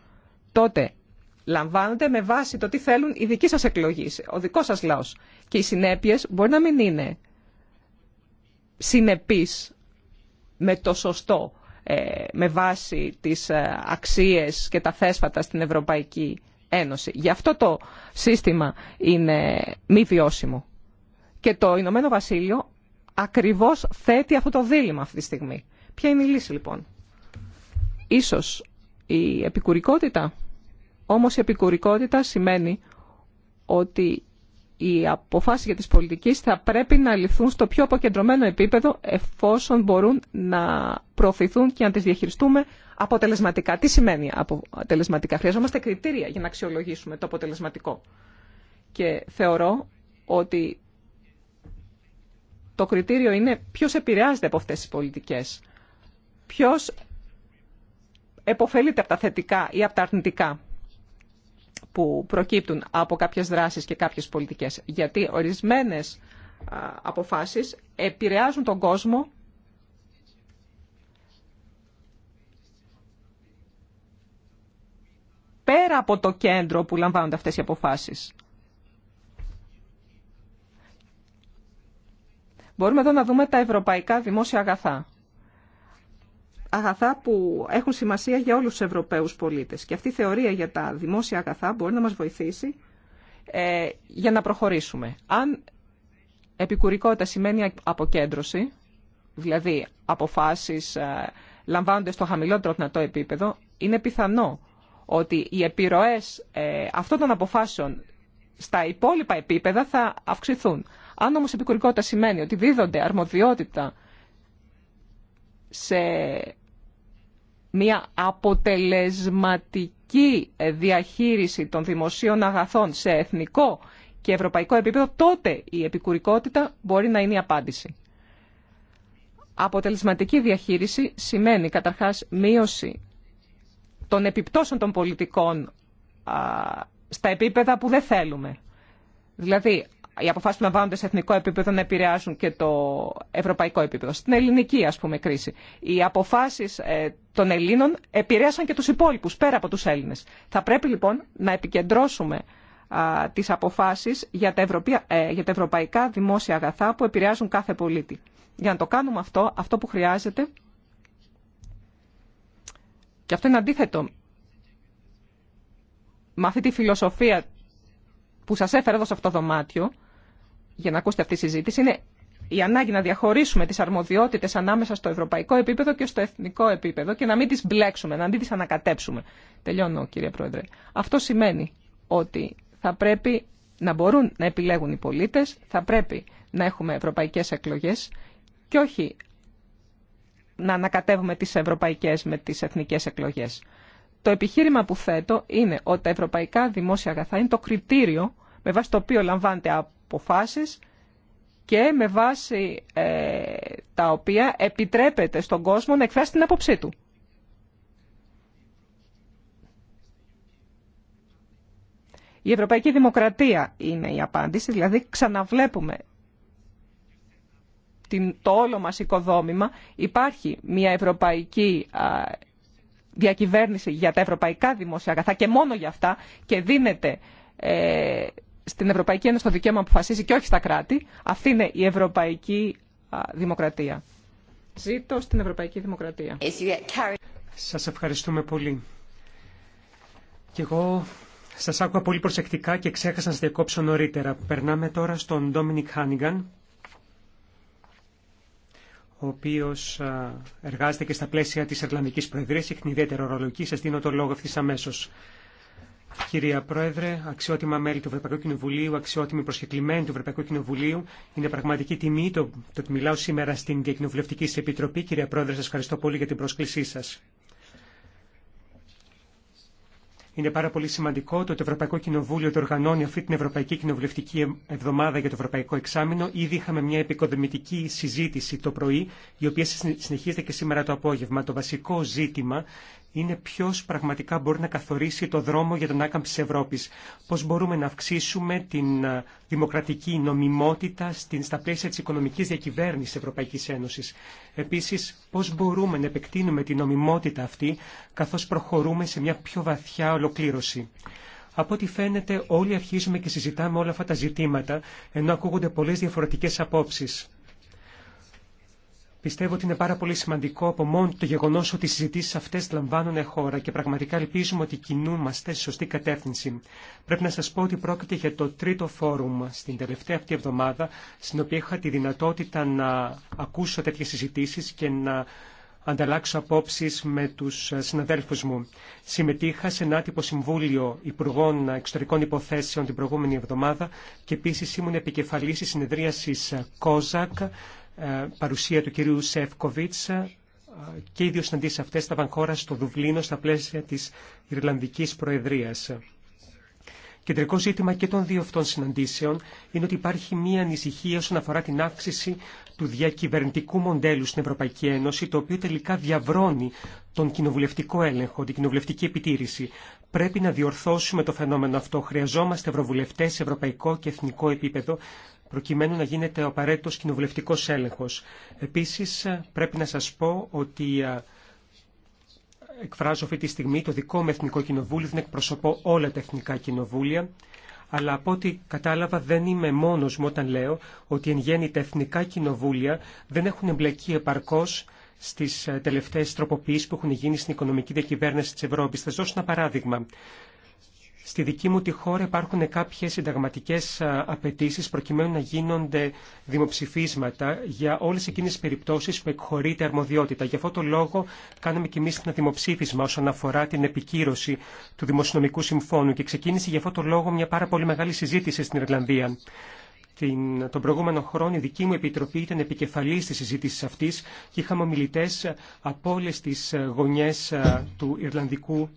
τότε λαμβάνονται με βάση το τι θέλουν οι δικοί σας εκλογείς, ο δικός σας λαός. Και οι συνέπειες μπορεί να μην είναι συνεπείς με το σωστό, ε, με βάση τις ε, αξίες και τα θέσφατα στην Ευρωπαϊκή Ένωση. Γι' αυτό το σύστημα είναι μη βιώσιμο. Και το Ηνωμένο Βασίλειο ακριβώς θέτει αυτό το δίλημα αυτή τη στιγμή. Ποια είναι η λύση λοιπόν. Ίσως η επικουρικότητα. Όμως η επικουρικότητα σημαίνει ότι οι αποφάσεις για τις πολιτικές θα πρέπει να ληφθούν στο πιο αποκεντρωμένο επίπεδο εφόσον μπορούν να προωθηθούν και να τις διαχειριστούμε αποτελεσματικά. Τι σημαίνει αποτελεσματικά. Χρειαζόμαστε κριτήρια για να αξιολογήσουμε το αποτελεσματικό. Και θεωρώ ότι το κριτήριο είναι ποιος επηρεάζεται από αυτές τις πολιτικές. Ποιος εποφελείται από τα θετικά ή από τα αρνητικά που προκύπτουν από κάποιες δράσεις και κάποιες πολιτικές. Γιατί ορισμένες αποφάσεις επηρεάζουν τον κόσμο πέρα από το κέντρο που λαμβάνονται αυτές οι αποφάσεις. Μπορούμε εδώ να δούμε τα ευρωπαϊκά δημόσια αγαθά. Αγαθά που έχουν σημασία για όλους τους Ευρωπαίους πολίτες. Και αυτή η θεωρία για τα δημόσια αγαθά μπορεί να μας βοηθήσει ε, για να προχωρήσουμε. Αν επικουρικότητα σημαίνει αποκέντρωση, δηλαδή αποφάσεις ε, λαμβάνονται στο χαμηλότερο δυνατό επίπεδο, είναι πιθανό ότι οι επιρροές ε, αυτών των αποφάσεων στα υπόλοιπα επίπεδα θα αυξηθούν. Αν όμως επικουρικότητα σημαίνει ότι δίδονται αρμοδιότητα σε μια αποτελεσματική διαχείριση των δημοσίων αγαθών σε εθνικό και ευρωπαϊκό επίπεδο, τότε η επικουρικότητα μπορεί να είναι η απάντηση. Αποτελεσματική διαχείριση σημαίνει καταρχάς μείωση των επιπτώσεων των πολιτικών στα επίπεδα που δεν θέλουμε. Δηλαδή, οι αποφάσει που λαμβάνονται σε εθνικό επίπεδο να επηρεάζουν και το ευρωπαϊκό επίπεδο. Στην ελληνική, α πούμε, κρίση. Οι αποφάσει ε, των Ελλήνων επηρέασαν και του υπόλοιπου, πέρα από του Έλληνε. Θα πρέπει λοιπόν να επικεντρώσουμε τι αποφάσει για, ε, για τα ευρωπαϊκά δημόσια αγαθά που επηρεάζουν κάθε πολίτη. Για να το κάνουμε αυτό, αυτό που χρειάζεται. Και αυτό είναι αντίθετο με αυτή τη φιλοσοφία που σας έφερα εδώ σε αυτό το δωμάτιο, για να ακούσετε αυτή τη συζήτηση είναι η ανάγκη να διαχωρίσουμε τις αρμοδιότητες ανάμεσα στο ευρωπαϊκό επίπεδο και στο εθνικό επίπεδο και να μην τις μπλέξουμε, να μην τις ανακατέψουμε. Τελειώνω κύριε Πρόεδρε. Αυτό σημαίνει ότι θα πρέπει να μπορούν να επιλέγουν οι πολίτες, θα πρέπει να έχουμε ευρωπαϊκές εκλογές και όχι να ανακατεύουμε τις ευρωπαϊκές με τις εθνικές εκλογές. Το επιχείρημα που θέτω είναι ότι τα ευρωπαϊκά δημόσια αγαθά είναι το κριτήριο με βάση το οποίο λαμβάνεται αποφάσεις και με βάση ε, τα οποία επιτρέπεται στον κόσμο να εκφράσει την άποψή του. Η Ευρωπαϊκή Δημοκρατία είναι η απάντηση, δηλαδή ξαναβλέπουμε την, το όλο μας οικοδόμημα. Υπάρχει μια ευρωπαϊκή διακυβέρνηση για τα ευρωπαϊκά δημόσια αγαθά και μόνο για αυτά και δίνεται ε, στην Ευρωπαϊκή Ένωση το δικαίωμα αποφασίζει και όχι στα κράτη. Αυτή είναι η ευρωπαϊκή δημοκρατία. Ζήτω στην ευρωπαϊκή δημοκρατία. Σας ευχαριστούμε πολύ. Και εγώ σας άκουγα πολύ προσεκτικά και ξέχασα να σας διακόψω νωρίτερα. Περνάμε τώρα στον Ντόμινικ Χάνιγκαν, ο οποίος εργάζεται και στα πλαίσια της Ιρλανδικής Προεδρίας. Έχει την ιδιαίτερη ορολογική. Σας δίνω το λόγο αυτής αμέσως. Κυρία Πρόεδρε, αξιότιμα μέλη του Ευρωπαϊκού Κοινοβουλίου, αξιότιμοι προσκεκλημένοι του Ευρωπαϊκού Κοινοβουλίου, είναι πραγματική τιμή το, ότι μιλάω σήμερα στην Διακοινοβουλευτική Επιτροπή. Κυρία Πρόεδρε, σα ευχαριστώ πολύ για την πρόσκλησή σα. Είναι πάρα πολύ σημαντικό το ότι το Ευρωπαϊκό Κοινοβούλιο το διοργανώνει αυτή την Ευρωπαϊκή Κοινοβουλευτική Εβδομάδα για το Ευρωπαϊκό Εξάμεινο. Ήδη είχαμε μια επικοδομητική συζήτηση το πρωί, η οποία συνεχίζεται και σήμερα το απόγευμα. Το βασικό ζήτημα είναι ποιο πραγματικά μπορεί να καθορίσει το δρόμο για τον άκαμψη τη Ευρώπη. Πώ μπορούμε να αυξήσουμε την ε, δημοκρατική νομιμότητα στα πλαίσια τη οικονομική διακυβέρνηση τη Ευρωπαϊκή Ένωση. Επίση, πώ μπορούμε να επεκτείνουμε την νομιμότητα αυτή, καθώ προχωρούμε σε μια πιο βαθιά ολοκλήρωση. Από ό,τι φαίνεται, όλοι αρχίζουμε και συζητάμε όλα αυτά τα ζητήματα, ενώ ακούγονται πολλέ διαφορετικέ απόψει. Πιστεύω ότι είναι πάρα πολύ σημαντικό από μόνο το γεγονό ότι οι συζητήσει αυτέ λαμβάνουν χώρα και πραγματικά ελπίζουμε ότι κινούμαστε στη σωστή κατεύθυνση. Πρέπει να σα πω ότι πρόκειται για το τρίτο φόρουμ στην τελευταία αυτή εβδομάδα, στην οποία είχα τη δυνατότητα να ακούσω τέτοιε συζητήσει και να ανταλλάξω απόψει με του συναδέλφου μου. Συμμετείχα σε ένα άτυπο συμβούλιο Υπουργών Εξωτερικών Υποθέσεων την προηγούμενη εβδομάδα και επίση ήμουν επικεφαλή τη συνεδρίαση ΚΟΖΑΚ ε, παρουσία του κυρίου Σεφκοβίτς ε, και οι δύο συναντήσεις αυτές στα χώρα στο Δουβλίνο στα πλαίσια της Ιρλανδικής Προεδρίας. Κεντρικό ζήτημα και των δύο αυτών συναντήσεων είναι ότι υπάρχει μία ανησυχία όσον αφορά την αύξηση του διακυβερνητικού μοντέλου στην Ευρωπαϊκή Ένωση, το οποίο τελικά διαβρώνει τον κοινοβουλευτικό έλεγχο, την κοινοβουλευτική επιτήρηση. Πρέπει να διορθώσουμε το φαινόμενο αυτό. Χρειαζόμαστε ευρωβουλευτέ σε ευρωπαϊκό και εθνικό επίπεδο προκειμένου να γίνεται ο απαραίτητος κοινοβουλευτικό έλεγχος. Επίσης, πρέπει να σας πω ότι εκφράζω αυτή τη στιγμή το δικό μου Εθνικό Κοινοβούλιο, δεν εκπροσωπώ όλα τα Εθνικά Κοινοβούλια, αλλά από ό,τι κατάλαβα δεν είμαι μόνος μου όταν λέω ότι εν γέννη τα Εθνικά Κοινοβούλια δεν έχουν εμπλεκεί επαρκώς ...στις ε, τελευταίες τροποποιήσεις που έχουν γίνει στην οικονομική διακυβέρνηση της Ευρώπης. Θα σας δώσω ένα παράδειγμα. Στη δική μου τη χώρα υπάρχουν κάποιες συνταγματικέ απαιτήσει προκειμένου να γίνονται δημοψηφίσματα για όλες εκείνες τις περιπτώσεις που εκχωρείται αρμοδιότητα. Γι' αυτό το λόγο κάναμε και εμείς ένα δημοψήφισμα όσον αφορά την επικύρωση του Δημοσιονομικού Συμφώνου και ξεκίνησε γι' αυτό το λόγο μια πάρα πολύ μεγάλη συζήτηση στην Ιρλανδία την, τον προηγούμενο χρόνο η δική μου επιτροπή ήταν επικεφαλής της συζήτησης αυτής και είχαμε ομιλητές από όλε τις ε, γωνιές ε, του Ιρλανδικού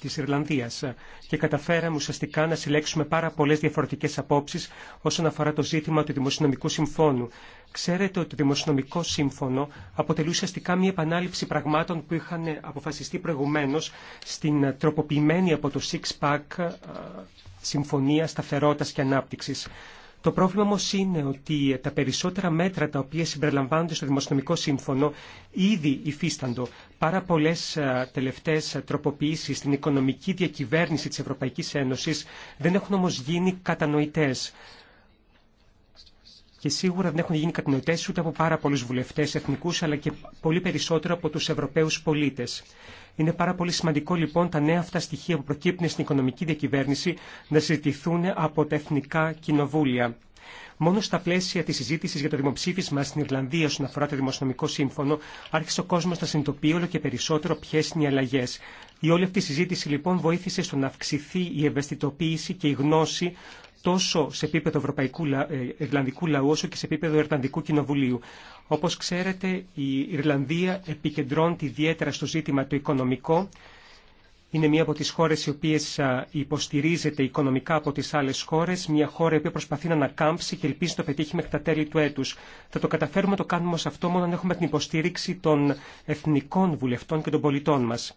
της Ιρλανδίας και καταφέραμε ουσιαστικά να συλλέξουμε πάρα πολλές διαφορετικές απόψεις όσον αφορά το ζήτημα του Δημοσιονομικού Συμφώνου. Ξέρετε ότι το Δημοσιονομικό Σύμφωνο αποτελεί ουσιαστικά μια επανάληψη πραγμάτων που είχαν αποφασιστεί προηγουμένως στην τροποποιημένη από το Six Pack ε, Συμφωνία Σταθερότητας και Ανάπτυξης. Το πρόβλημα όμω είναι ότι τα περισσότερα μέτρα τα οποία συμπεριλαμβάνονται στο Δημοσιονομικό Σύμφωνο ήδη υφίσταντο. Πάρα πολλέ ε, τελευταίε τροποποιήσει στην οικονομική διακυβέρνηση τη Ευρωπαϊκή Ένωση δεν έχουν όμω γίνει κατανοητέ. Και σίγουρα δεν έχουν γίνει κατανοητέ ούτε από πάρα πολλού βουλευτέ εθνικού αλλά και πολύ περισσότερο από του Ευρωπαίου πολίτε. Είναι πάρα πολύ σημαντικό λοιπόν τα νέα αυτά στοιχεία που προκύπτουν στην οικονομική διακυβέρνηση να συζητηθούν από τα εθνικά κοινοβούλια. Μόνο στα πλαίσια τη συζήτηση για το δημοψήφισμα στην Ιρλανδία όσον αφορά το δημοσιονομικό σύμφωνο, άρχισε ο κόσμο να συνειδητοποιεί όλο και περισσότερο ποιε είναι οι αλλαγέ. Η όλη αυτή συζήτηση λοιπόν βοήθησε στο να αυξηθεί η ευαισθητοποίηση και η γνώση τόσο σε επίπεδο Ευρωπαϊκού, ε, Ιρλανδικού λαού όσο και σε επίπεδο Ιρλανδικού Κοινοβουλίου. Όπως ξέρετε, η Ιρλανδία επικεντρώνεται ιδιαίτερα στο ζήτημα το οικονομικό. Είναι μία από τις χώρες οι οποίες υποστηρίζεται οικονομικά από τις άλλες χώρες, μία χώρα η οποία προσπαθεί να ανακάμψει και ελπίζει να το πετύχει μέχρι τα τέλη του έτους. Θα το καταφέρουμε να το κάνουμε σε αυτό μόνο αν έχουμε την υποστήριξη των εθνικών βουλευτών και των πολιτών μας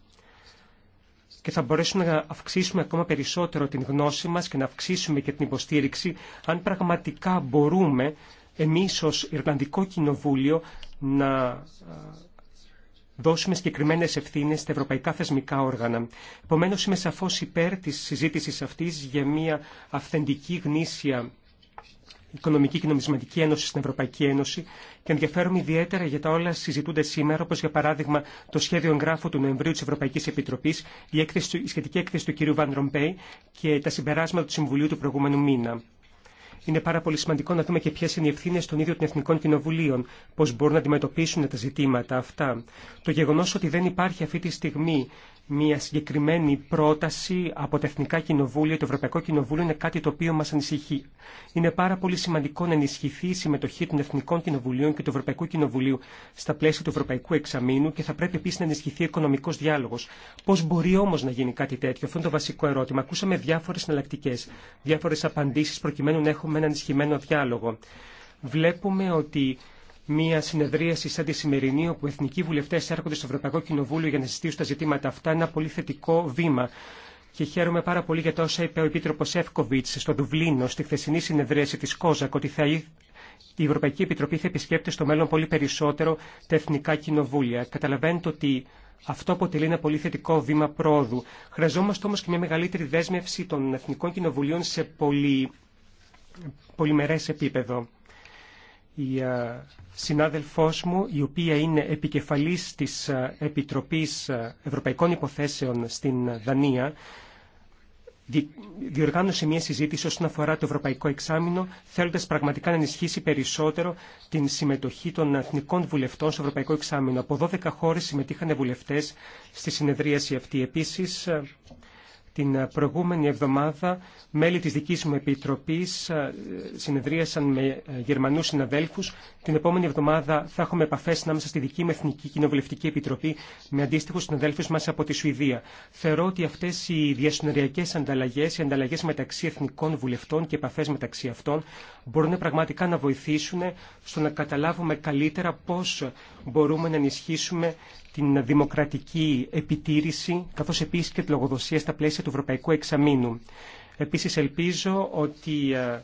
και θα μπορέσουμε να αυξήσουμε ακόμα περισσότερο την γνώση μας και να αυξήσουμε και την υποστήριξη αν πραγματικά μπορούμε εμείς ως Ιρλανδικό Κοινοβούλιο να δώσουμε συγκεκριμένε ευθύνε στα ευρωπαϊκά θεσμικά όργανα. Επομένω, είμαι σαφώ υπέρ τη συζήτηση αυτή για μια αυθεντική γνήσια Οικονομική και Νομισματική Ένωση στην Ευρωπαϊκή Ένωση και ενδιαφέρομαι ιδιαίτερα για τα όλα συζητούνται σήμερα, όπω για παράδειγμα το σχέδιο εγγράφου του Νοεμβρίου τη Ευρωπαϊκή Επιτροπή, η, η σχετική έκθεση του κ. Βαν Ρομπέη και τα συμπεράσματα του Συμβουλίου του προηγούμενου μήνα. Είναι πάρα πολύ σημαντικό να δούμε και ποιε είναι οι ευθύνε των ίδιων των Εθνικών Κοινοβουλίων, πώ μπορούν να αντιμετωπίσουν τα ζητήματα αυτά. Το γεγονό ότι δεν υπάρχει αυτή τη στιγμή μια συγκεκριμένη πρόταση από τα Εθνικά Κοινοβούλια, το Ευρωπαϊκό Κοινοβούλιο, είναι κάτι το οποίο μα ανησυχεί. Είναι πάρα πολύ σημαντικό να ενισχυθεί η συμμετοχή των Εθνικών Κοινοβουλίων και του Ευρωπαϊκού Κοινοβουλίου στα πλαίσια του Ευρωπαϊκού Εξαμήνου και θα πρέπει επίση να ενισχυθεί ο οικονομικό διάλογο. Πώ μπορεί όμω να γίνει κάτι τέτοιο, αυτό είναι το βασικό ερώτημα. Ακούσαμε διάφορε εναλλακτικέ, διάφορε απαντήσει προκειμένου να έχουμε έναν ενισχυμένο διάλογο. Βλέπουμε ότι μια συνεδρίαση σαν τη σημερινή, όπου εθνικοί βουλευτέ έρχονται στο Ευρωπαϊκό Κοινοβούλιο για να συζητήσουν τα ζητήματα αυτά, ένα πολύ θετικό βήμα. Και χαίρομαι πάρα πολύ για το όσα είπε ο Επίτροπο Εύκοβιτ στο Δουβλίνο, στη χθεσινή συνεδρίαση τη Κόζακ, ότι θα η Ευρωπαϊκή Επιτροπή θα επισκέπτεται στο μέλλον πολύ περισσότερο τα εθνικά κοινοβούλια. Καταλαβαίνετε ότι αυτό αποτελεί ένα πολύ θετικό βήμα πρόοδου. Χρειαζόμαστε όμω και μια μεγαλύτερη δέσμευση των εθνικών κοινοβουλίων σε πολυμερέ επίπεδο η συνάδελφός μου, η οποία είναι επικεφαλής της Επιτροπής Ευρωπαϊκών Υποθέσεων στην Δανία, διοργάνωσε μια συζήτηση όσον αφορά το Ευρωπαϊκό Εξάμεινο, θέλοντας πραγματικά να ενισχύσει περισσότερο την συμμετοχή των εθνικών βουλευτών στο Ευρωπαϊκό Εξάμεινο. Από 12 χώρες συμμετείχαν βουλευτές στη συνεδρίαση αυτή. Επίσης, την ε, προηγούμενη εβδομάδα μέλη της δικής μου επιτροπής ε, συνεδρίασαν με ε, Γερμανούς συναδέλφους. Την επόμενη εβδομάδα θα έχουμε επαφές ανάμεσα στη δική μου Εθνική Κοινοβουλευτική Επιτροπή με αντίστοιχους συναδέλφους μας από τη Σουηδία. Θεωρώ ότι αυτές οι διασυνοριακές ανταλλαγές, οι ανταλλαγές μεταξύ εθνικών βουλευτών και επαφές μεταξύ αυτών μπορούν πραγματικά να βοηθήσουν στο να καταλάβουμε καλύτερα πώς μπορούμε να ενισχύσουμε την δημοκρατική επιτήρηση, καθώς επίσης και τη λογοδοσία στα πλαίσια του Ευρωπαϊκού Εξαμήνου. Επίσης ελπίζω ότι ε,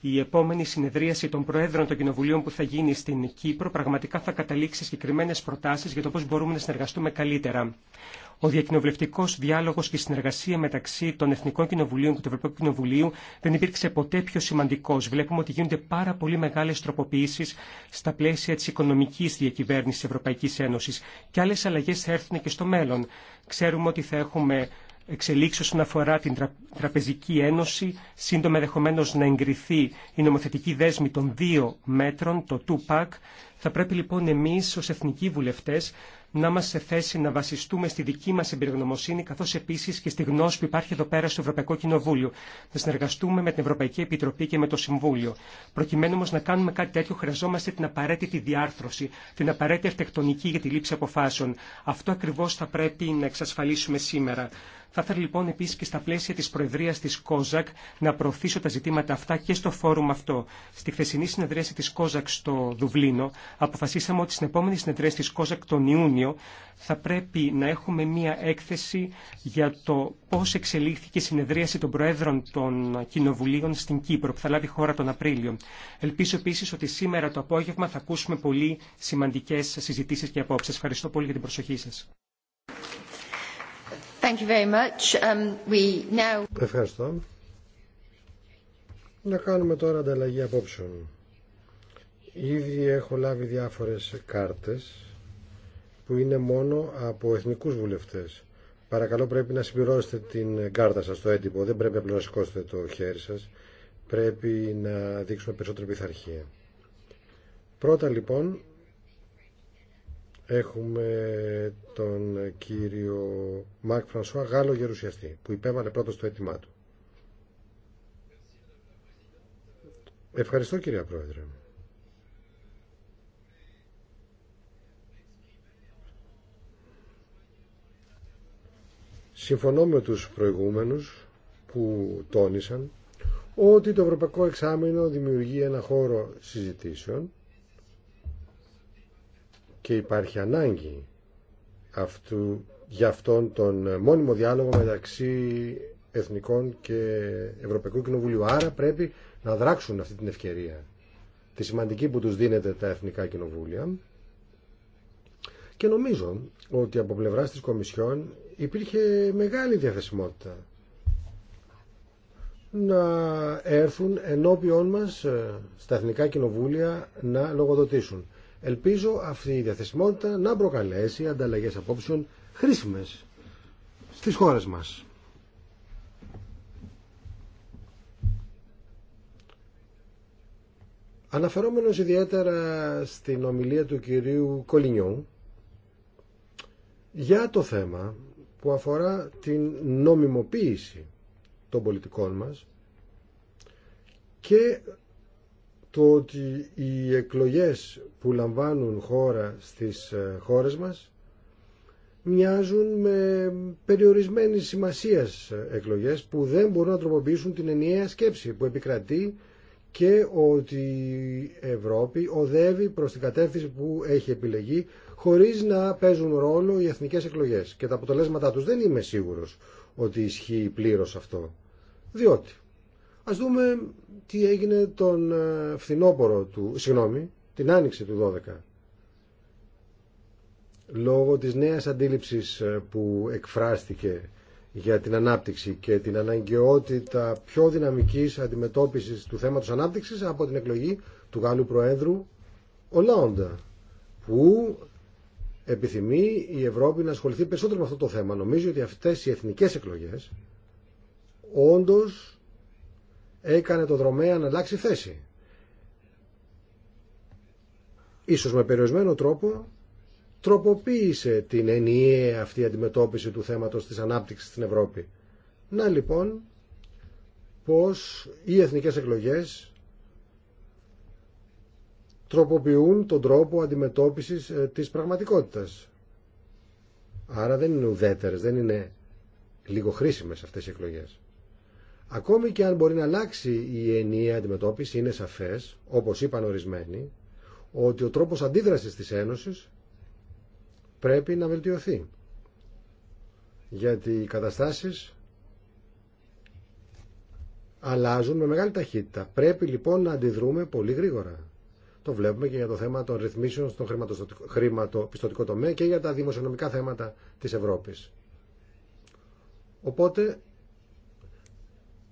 η επόμενη συνεδρίαση των Προέδρων των Κοινοβουλίων που θα γίνει στην Κύπρο πραγματικά θα καταλήξει συγκεκριμένε προτάσει για το πώ μπορούμε να συνεργαστούμε καλύτερα ο διακοινοβουλευτικό διάλογο και η συνεργασία μεταξύ των Εθνικών Κοινοβουλίων και του Ευρωπαϊκού Κοινοβουλίου δεν υπήρξε ποτέ πιο σημαντικό. Βλέπουμε ότι γίνονται πάρα πολύ μεγάλε τροποποιήσει στα πλαίσια τη οικονομική διακυβέρνηση τη Ευρωπαϊκή Ένωση και άλλε αλλαγέ θα έρθουν και στο μέλλον. Ξέρουμε ότι θα έχουμε εξελίξει όσον αφορά την Τραπεζική Ένωση, σύντομα ενδεχομένω να εγκριθεί η νομοθετική δέσμη των δύο μέτρων, το 2 θα πρέπει λοιπόν εμεί, ω εθνικοί βουλευτέ να μας σε θέση να βασιστούμε στη δική μας εμπειρογνωμοσύνη καθώς επίσης και στη γνώση που υπάρχει εδώ πέρα στο Ευρωπαϊκό Κοινοβούλιο. Να συνεργαστούμε με την Ευρωπαϊκή Επιτροπή και με το Συμβούλιο. Προκειμένου όμως να κάνουμε κάτι τέτοιο χρειαζόμαστε την απαραίτητη διάρθρωση, την απαραίτητη αρχιτεκτονική για τη λήψη αποφάσεων. Αυτό ακριβώς θα πρέπει να εξασφαλίσουμε σήμερα. Θα ήθελα λοιπόν επίση και στα πλαίσια τη Προεδρία τη ΚΟΖΑΚ να προωθήσω τα ζητήματα αυτά και στο φόρουμ αυτό. Στη χθεσινή συνεδρίαση τη ΚΟΖΑΚ στο Δουβλίνο αποφασίσαμε ότι στην επόμενη συνεδρίαση τη ΚΟΖΑΚ τον Ιούνιο θα πρέπει να έχουμε μία έκθεση για το πώ εξελίχθηκε η συνεδρίαση των Προέδρων των Κοινοβουλίων στην Κύπρο που θα λάβει χώρα τον Απρίλιο. Ελπίζω επίση ότι σήμερα το απόγευμα θα ακούσουμε πολύ σημαντικέ συζητήσει και απόψει. Ευχαριστώ πολύ για την προσοχή σα. Thank um, Ευχαριστώ. Να κάνουμε τώρα ανταλλαγή απόψεων. Ήδη έχω λάβει διάφορες κάρτες που είναι μόνο από εθνικούς βουλευτές. Παρακαλώ πρέπει να συμπληρώσετε την κάρτα σας στο έντυπο. Δεν πρέπει να σηκώσετε το χέρι σας. Πρέπει να δείξουμε περισσότερη πειθαρχία. Πρώτα λοιπόν Έχουμε τον κύριο Μαρκ Φρανσουά Γάλλο Γερουσιαστή που υπέβαλε πρώτος το αίτημά του. Ευχαριστώ κυρία Πρόεδρε. Συμφωνώ με τους προηγούμενους που τόνισαν ότι το Ευρωπαϊκό Εξάμεινο δημιουργεί ένα χώρο συζητήσεων και υπάρχει ανάγκη αυτού, για αυτόν τον μόνιμο διάλογο μεταξύ Εθνικών και Ευρωπαϊκού Κοινοβουλίου. Άρα πρέπει να δράξουν αυτή την ευκαιρία, τη σημαντική που τους δίνεται τα Εθνικά Κοινοβούλια. Και νομίζω ότι από πλευράς της Κομισιόν υπήρχε μεγάλη διαθεσιμότητα να έρθουν ενώπιόν μας ε, στα Εθνικά Κοινοβούλια να λογοδοτήσουν. Ελπίζω αυτή η διαθεσιμότητα να προκαλέσει ανταλλαγές απόψεων χρήσιμες στις χώρες μας. Αναφερόμενος ιδιαίτερα στην ομιλία του κυρίου Κολινιού για το θέμα που αφορά την νομιμοποίηση των πολιτικών μας και το ότι οι εκλογές που λαμβάνουν χώρα στις ε, χώρες μας μοιάζουν με περιορισμένη σημασίας ε, εκλογές που δεν μπορούν να τροποποιήσουν την ενιαία σκέψη που επικρατεί και ότι η Ευρώπη οδεύει προς την κατεύθυνση που έχει επιλεγεί χωρίς να παίζουν ρόλο οι εθνικές εκλογές. Και τα αποτελέσματά τους δεν είμαι σίγουρος ότι ισχύει πλήρως αυτό. Διότι Ας δούμε τι έγινε τον ε, φθινόπορο του, συγγνώμη, την άνοιξη του 12. Λόγω της νέας αντίληψης ε, που εκφράστηκε για την ανάπτυξη και την αναγκαιότητα πιο δυναμικής αντιμετώπισης του θέματος ανάπτυξης από την εκλογή του Γάλλου Προέδρου Ολάοντα που επιθυμεί η Ευρώπη να ασχοληθεί περισσότερο με αυτό το θέμα. Νομίζω ότι αυτές οι εθνικές εκλογές όντως έκανε το δρομέα να αλλάξει θέση. Ίσως με περιορισμένο τρόπο τροποποίησε την ενιαία αυτή αντιμετώπιση του θέματος της ανάπτυξης στην Ευρώπη. Να λοιπόν πως οι εθνικές εκλογές τροποποιούν τον τρόπο αντιμετώπισης ε, της πραγματικότητας. Άρα δεν είναι ουδέτερες, δεν είναι λίγο χρήσιμες αυτές οι εκλογές. Ακόμη και αν μπορεί να αλλάξει η ενιαία αντιμετώπιση, είναι σαφές, όπως είπαν ορισμένοι, ότι ο τρόπος αντίδρασης τη Ένωση πρέπει να βελτιωθεί. Γιατί οι καταστάσεις αλλάζουν με μεγάλη ταχύτητα. Πρέπει λοιπόν να αντιδρούμε πολύ γρήγορα. Το βλέπουμε και για το θέμα των ρυθμίσεων στον χρηματοπιστωτικό τομέα και για τα δημοσιονομικά θέματα της Ευρώπης. Οπότε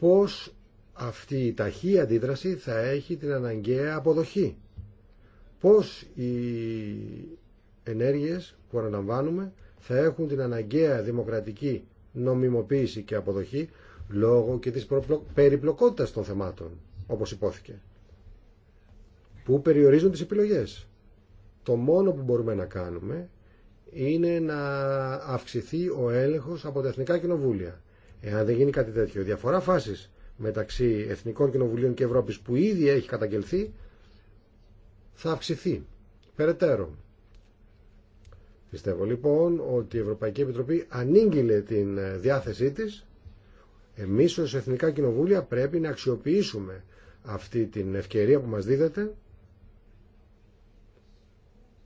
πώς αυτή η ταχεία αντίδραση θα έχει την αναγκαία αποδοχή. Πώς οι ενέργειες που αναλαμβάνουμε θα έχουν την αναγκαία δημοκρατική νομιμοποίηση και αποδοχή λόγω και της περιπλοκότητας των θεμάτων, όπως υπόθηκε, που περιορίζουν τις επιλογές. Το μόνο που μπορούμε να κάνουμε είναι να αυξηθεί ο έλεγχος από τα Εθνικά Κοινοβούλια Εάν δεν γίνει κάτι τέτοιο, η διαφορά φάση μεταξύ Εθνικών Κοινοβουλίων και Ευρώπη που ήδη έχει καταγγελθεί θα αυξηθεί περαιτέρω. Πιστεύω λοιπόν ότι η Ευρωπαϊκή Επιτροπή ανήγγειλε την ε, διάθεσή της. Εμείς ως Εθνικά Κοινοβούλια πρέπει να αξιοποιήσουμε αυτή την ευκαιρία που μας δίδεται.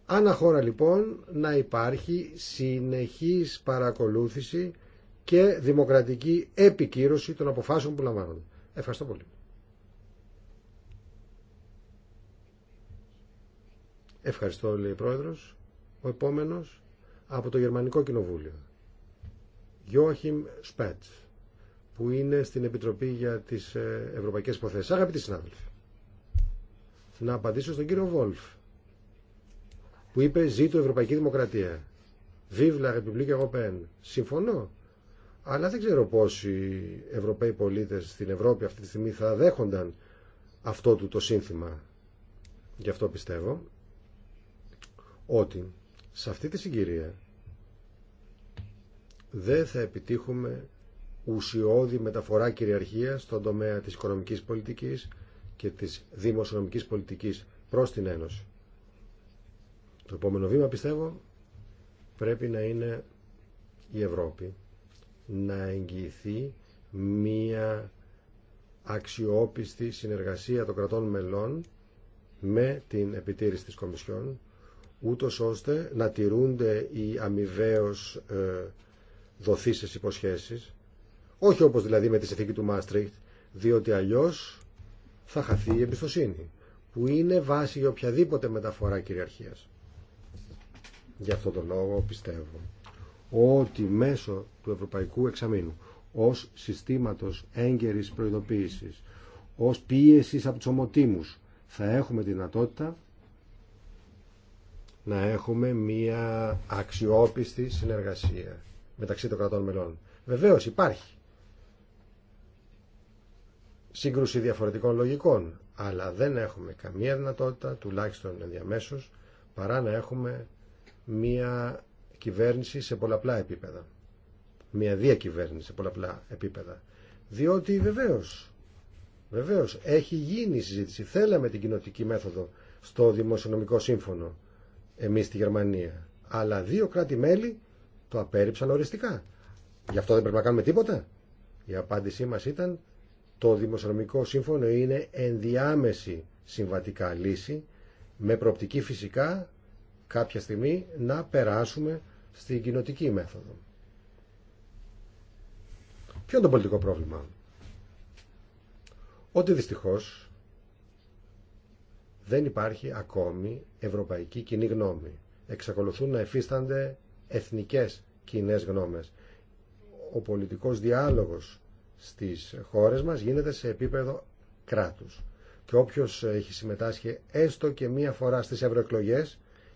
Ανά χώρα λοιπόν να υπάρχει συνεχής παρακολούθηση και δημοκρατική επικύρωση των αποφάσεων που λαμβάνονται. Ευχαριστώ πολύ. Ευχαριστώ, λέει η Πρόεδρος. Ο επόμενος από το Γερμανικό Κοινοβούλιο. Γιώχιμ Σπέτς, που είναι στην Επιτροπή για τις ε, Ευρωπαϊκές Υποθέσεις. Αγαπητοί συνάδελφοι, να απαντήσω στον κύριο Βόλφ, που είπε «Ζήτω Ευρωπαϊκή Δημοκρατία». Βίβλα, και Ευρωπαίν. Συμφωνώ αλλά δεν ξέρω πόσοι Ευρωπαίοι πολίτες στην Ευρώπη αυτή τη στιγμή θα δέχονταν αυτό του το σύνθημα. Γι' αυτό πιστεύω ότι σε αυτή τη συγκυρία δεν θα επιτύχουμε ουσιώδη μεταφορά κυριαρχία στον τομέα της οικονομικής πολιτικής και της δημοσιονομικής πολιτικής προς την Ένωση. Το επόμενο βήμα πιστεύω πρέπει να είναι η Ευρώπη να εγγυηθεί μία αξιόπιστη συνεργασία των κρατών μελών με την επιτήρηση της Κομισιόν, ούτως ώστε να τηρούνται οι αμοιβαίως ε, δοθήσεις υποσχέσεις, όχι όπως δηλαδή με τη συνθήκη του Μάστριχτ, διότι αλλιώς θα χαθεί η εμπιστοσύνη, που είναι βάση για οποιαδήποτε μεταφορά κυριαρχίας. Γι' αυτόν τον λόγο πιστεύω ότι μέσω του Ευρωπαϊκού Εξαμήνου ως συστήματος έγκαιρης προειδοποίησης, ως πίεσης από τους ομοτήμους, θα έχουμε δυνατότητα να έχουμε μία αξιόπιστη συνεργασία μεταξύ των κρατών μελών. Βεβαίως υπάρχει σύγκρουση διαφορετικών λογικών, αλλά δεν έχουμε καμία δυνατότητα, τουλάχιστον ενδιαμέσως, παρά να έχουμε μία κυβέρνηση σε πολλαπλά επίπεδα. Μια διακυβέρνηση σε πολλαπλά επίπεδα. Διότι βεβαίω, βεβαίω, έχει γίνει η συζήτηση. Θέλαμε την κοινοτική μέθοδο στο Δημοσιονομικό Σύμφωνο εμείς στη Γερμανία. Αλλά δύο κράτη-μέλη το απέρριψαν οριστικά. Γι' αυτό δεν πρέπει να κάνουμε τίποτα. Η απάντησή μας ήταν το Δημοσιονομικό Σύμφωνο είναι ενδιάμεση συμβατικά λύση με προοπτική φυσικά κάποια στιγμή να περάσουμε στην κοινοτική μέθοδο. Ποιο είναι το πολιτικό πρόβλημα. Ότι δυστυχώς δεν υπάρχει ακόμη ευρωπαϊκή κοινή γνώμη. Εξακολουθούν να εφίστανται εθνικές κοινέ γνώμες. Ο πολιτικός διάλογος στις χώρες μας γίνεται σε επίπεδο κράτους. Και όποιος έχει συμμετάσχει έστω και μία φορά στις ευρωεκλογέ,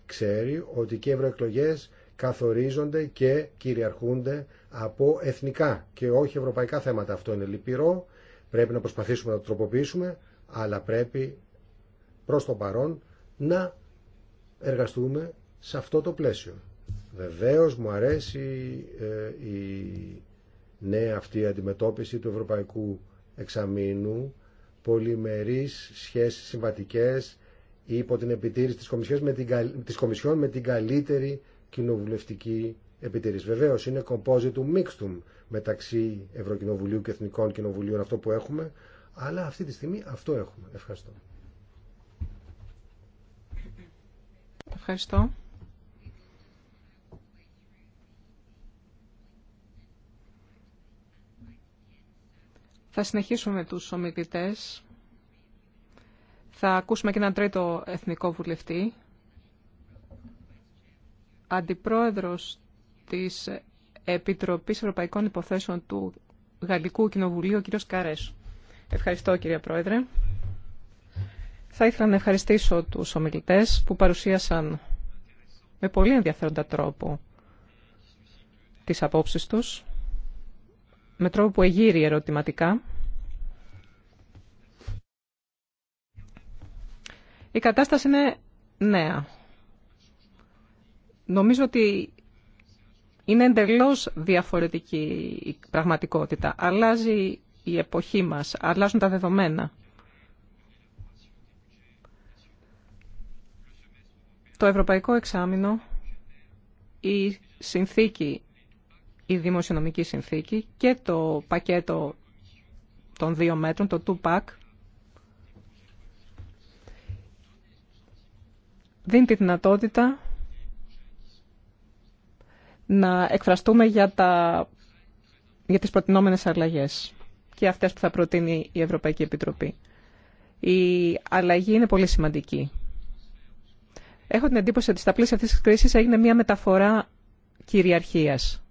ξέρει ότι και οι ευρωεκλογέ καθορίζονται και κυριαρχούνται από εθνικά και όχι ευρωπαϊκά θέματα. Αυτό είναι λυπηρό, πρέπει να προσπαθήσουμε να το τροποποιήσουμε, αλλά πρέπει προς το παρόν να εργαστούμε σε αυτό το πλαίσιο. Βεβαίως μου αρέσει ε, η νέα αυτή αντιμετώπιση του ευρωπαϊκού εξαμήνου, πολυμερείς σχέσεις συμβατικές υπό την επιτήρηση της της Κομισιόν με την καλύτερη κοινοβουλευτική επιτήρηση. Βεβαίω είναι του mixtum μεταξύ Ευρωκοινοβουλίου και Εθνικών Κοινοβουλίων αυτό που έχουμε, αλλά αυτή τη στιγμή αυτό έχουμε. Ευχαριστώ. Ευχαριστώ. Θα συνεχίσουμε με τους ομιλητές. Θα ακούσουμε και έναν τρίτο εθνικό βουλευτή αντιπρόεδρος της Επιτροπής Ευρωπαϊκών Υποθέσεων του Γαλλικού Κοινοβουλίου, ο κύριος Καρές. Ευχαριστώ, κύριε Πρόεδρε. Θα ήθελα να ευχαριστήσω τους ομιλητές που παρουσίασαν με πολύ ενδιαφέροντα τρόπο τις απόψεις τους, με τρόπο που εγείρει ερωτηματικά. Η κατάσταση είναι νέα Νομίζω ότι είναι εντελώς διαφορετική η πραγματικότητα. Αλλάζει η εποχή μας, αλλάζουν τα δεδομένα. Το Ευρωπαϊκό Εξάμεινο, η συνθήκη, η δημοσιονομική συνθήκη και το πακέτο των δύο μέτρων, το 2 πακ, δίνει τη δυνατότητα να εκφραστούμε για, τα, για τις προτινόμενες αλλαγές και αυτές που θα προτείνει η Ευρωπαϊκή Επιτροπή. Η αλλαγή είναι πολύ σημαντική. Έχω την εντύπωση ότι στα πλαίσια αυτής της κρίσης έγινε μια μεταφορά κυριαρχίας,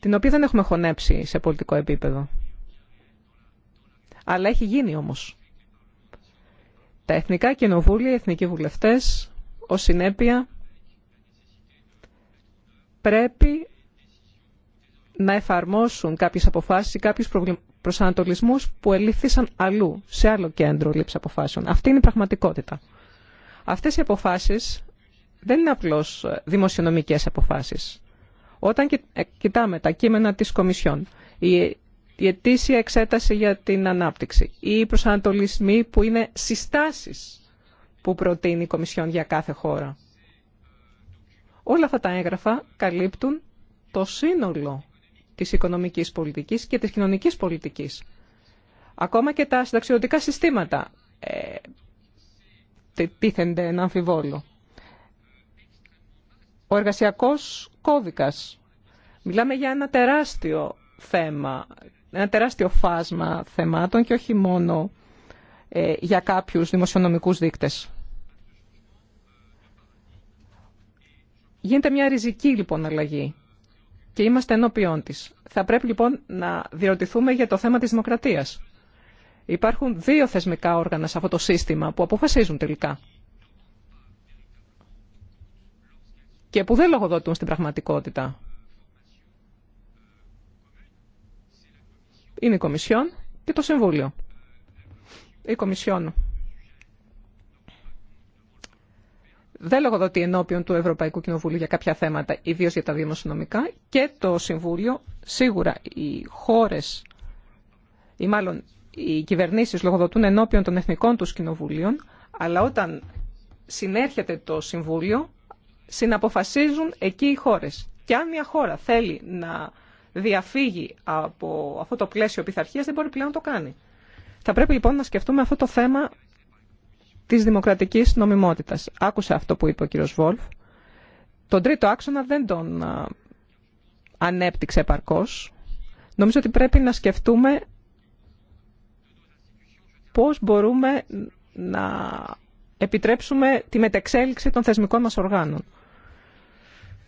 την οποία δεν έχουμε χωνέψει σε πολιτικό επίπεδο. Αλλά έχει γίνει όμως. Τα εθνικά κοινοβούλια, οι εθνικοί βουλευτές, ως συνέπεια, πρέπει να εφαρμόσουν κάποιες αποφάσεις ή κάποιους προσανατολισμούς που ελήφθησαν αλλού, σε άλλο κέντρο λήψη αποφάσεων. Αυτή είναι η πραγματικότητα. Αυτές οι αποφάσεις δεν είναι απλώς δημοσιονομικές αποφάσεις. Όταν ε, κοιτάμε τα κείμενα της Κομισιόν, η ετήσια εξέταση για την ανάπτυξη ή οι προσανατολισμοί που είναι συστάσεις που προτείνει η Κομισιόν για κάθε χώρα. Όλα αυτά τα έγγραφα καλύπτουν το σύνολο της οικονομικής πολιτικής και της κοινωνικής πολιτικής. Ακόμα και τα συνταξιωτικά συστήματα ε, τίθενται ένα αμφιβόλο. Ο εργασιακός κώδικας. Μιλάμε για ένα τεράστιο θέμα, ένα τεράστιο φάσμα θεμάτων και όχι μόνο ε, για κάποιους δημοσιονομικούς δείκτες. Γίνεται μια ριζική λοιπόν αλλαγή και είμαστε ενώπιόν της. Θα πρέπει λοιπόν να διερωτηθούμε για το θέμα της δημοκρατίας. Υπάρχουν δύο θεσμικά όργανα σε αυτό το σύστημα που αποφασίζουν τελικά και που δεν λογοδοτούν στην πραγματικότητα. Είναι η Κομισιόν και το Συμβούλιο. Η Κομισιόν δεν λογοδοτεί ενώπιον του Ευρωπαϊκού Κοινοβουλίου για κάποια θέματα, ιδίω για τα δημοσιονομικά, και το Συμβούλιο, σίγουρα οι χώρε, ή μάλλον οι κυβερνήσει λογοδοτούν ενώπιον των εθνικών του κοινοβουλίων, αλλά όταν συνέρχεται το Συμβούλιο, συναποφασίζουν εκεί οι χώρε. Και αν μια χώρα θέλει να διαφύγει από αυτό το πλαίσιο πειθαρχία, δεν μπορεί πλέον να το κάνει. Θα πρέπει λοιπόν να σκεφτούμε αυτό το θέμα της δημοκρατικής νομιμότητας. Άκουσε αυτό που είπε ο κύριος Βόλφ. Τον τρίτο άξονα δεν τον ανέπτυξε επαρκώς. Νομίζω ότι πρέπει να σκεφτούμε πώς μπορούμε να επιτρέψουμε τη μετεξέλιξη των θεσμικών μας οργάνων.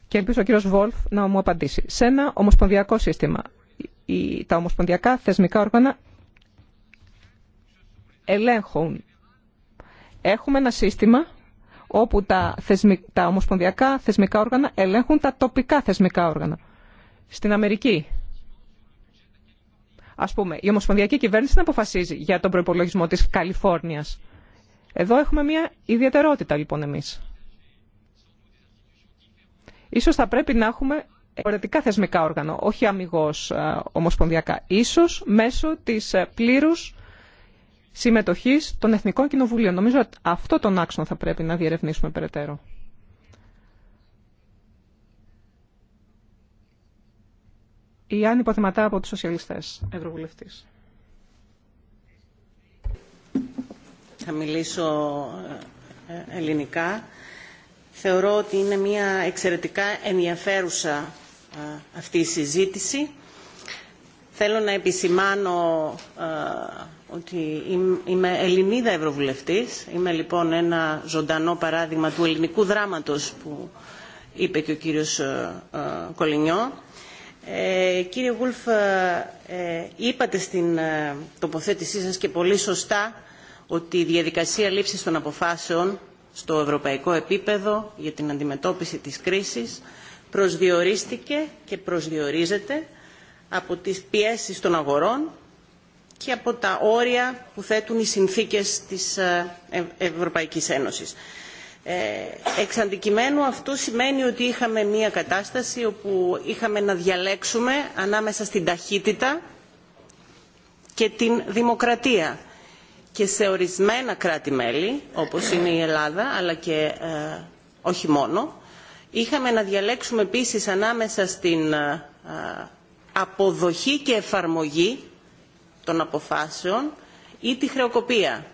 Και ελπίζω ο κύριος Βόλφ να μου απαντήσει. Σε ένα ομοσπονδιακό σύστημα, τα ομοσπονδιακά θεσμικά όργανα ελέγχουν Έχουμε ένα σύστημα όπου τα, θεσμι... ομοσπονδιακά θεσμικά όργανα ελέγχουν τα τοπικά θεσμικά όργανα. Στην Αμερική, ας πούμε, η ομοσπονδιακή κυβέρνηση να αποφασίζει για τον προϋπολογισμό της Καλιφόρνιας. Εδώ έχουμε μια ιδιαιτερότητα λοιπόν εμείς. Ίσως θα πρέπει να έχουμε διαφορετικά θεσμικά όργανα, όχι αμυγός ε, ομοσπονδιακά. Ίσως μέσω της ε, πλήρους Συμμετοχή των Εθνικών Κοινοβουλίων. Νομίζω ότι αυτό τον άξονα θα πρέπει να διερευνήσουμε περαιτέρω. Η Άννη από τους Σοσιαλιστές, Ευρωβουλευτής. Θα μιλήσω ε, ελληνικά. Θεωρώ ότι είναι μια εξαιρετικά ενδιαφέρουσα ε, αυτή η συζήτηση. Θέλω να επισημάνω ε, ότι είμαι Ελληνίδα Ευρωβουλευτής. Είμαι λοιπόν ένα ζωντανό παράδειγμα του ελληνικού δράματος που είπε και ο κύριος ε, ε, Κολινιό. Ε, κύριε Γουλφ, είπατε στην τοποθέτησή σας και πολύ σωστά ότι η διαδικασία λήψης των αποφάσεων στο ευρωπαϊκό επίπεδο για την αντιμετώπιση της κρίσης προσδιορίστηκε και προσδιορίζεται από τις πιέσεις των αγορών και από τα όρια που θέτουν οι συνθήκες της ε, Ευρωπαϊκής Ένωσης. Ε, εξ αντικειμένου αυτό σημαίνει ότι είχαμε μια κατάσταση όπου είχαμε να διαλέξουμε ανάμεσα στην ταχύτητα και την δημοκρατία. Και σε ορισμένα κράτη-μέλη, όπως είναι η Ελλάδα, αλλά και ε, όχι μόνο, είχαμε να διαλέξουμε επίσης ανάμεσα στην αποδοχή και εφαρμογή των αποφάσεων ή τη χρεοκοπία.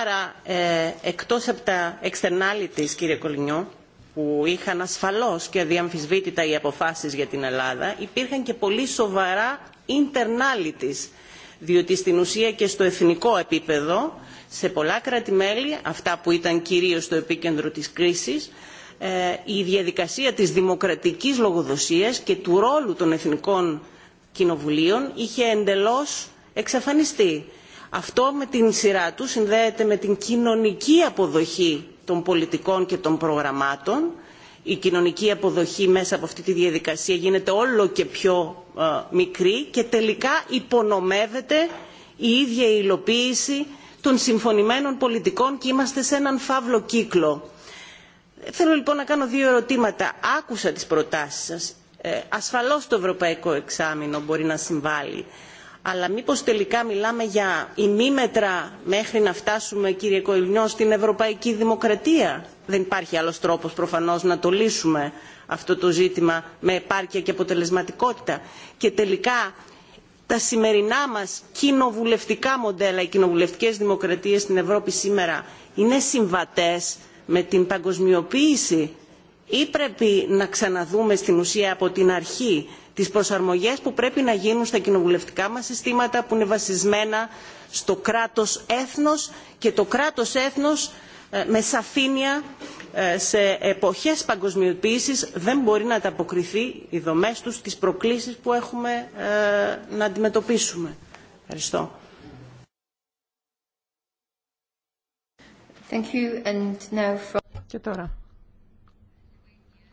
Άρα, ε, εκτός από τα externalities, κύριε Κολυνιό, που είχαν ασφαλώς και αδιαμφισβήτητα οι αποφάσεις για την Ελλάδα, υπήρχαν και πολύ σοβαρά internalities, διότι στην ουσία και στο εθνικό επίπεδο, σε πολλά κράτη-μέλη, αυτά που ήταν κυρίως στο επίκεντρο της κρίσης, ε, η διαδικασία της δημοκρατικής λογοδοσίας και του ρόλου των εθνικών κοινοβουλίων είχε εντελώς εξαφανιστεί. Αυτό με την σειρά του συνδέεται με την κοινωνική αποδοχή των πολιτικών και των προγραμμάτων. Η κοινωνική αποδοχή μέσα από αυτή τη διαδικασία γίνεται όλο και πιο ε, μικρή και τελικά υπονομεύεται η ίδια η υλοποίηση των συμφωνημένων πολιτικών και είμαστε σε έναν φαύλο κύκλο. Θέλω λοιπόν να κάνω δύο ερωτήματα. Άκουσα τις προτάσεις σας. Ε, ασφαλώς το ευρωπαϊκό εξάμεινο μπορεί να συμβάλλει αλλά μήπως τελικά μιλάμε για ημίμετρα μέχρι να φτάσουμε κύριε Κολυνιό στην ευρωπαϊκή δημοκρατία. Δεν υπάρχει άλλος τρόπος προφανώς να το λύσουμε αυτό το ζήτημα με επάρκεια και αποτελεσματικότητα. Και τελικά τα σημερινά μας κοινοβουλευτικά μοντέλα, οι κοινοβουλευτικές δημοκρατίες στην Ευρώπη σήμερα είναι συμβατές με την παγκοσμιοποίηση ή πρέπει να ξαναδούμε στην ουσία από την αρχή τις προσαρμογές που πρέπει να γίνουν στα κοινοβουλευτικά μας συστήματα που είναι βασισμένα στο κράτος έθνος και το κράτος έθνος ε, με σαφήνεια ε, σε εποχές παγκοσμιοποίησης δεν μπορεί να ανταποκριθεί οι δομές τους στις προκλήσεις που έχουμε ε, να αντιμετωπίσουμε. Ευχαριστώ. Thank you and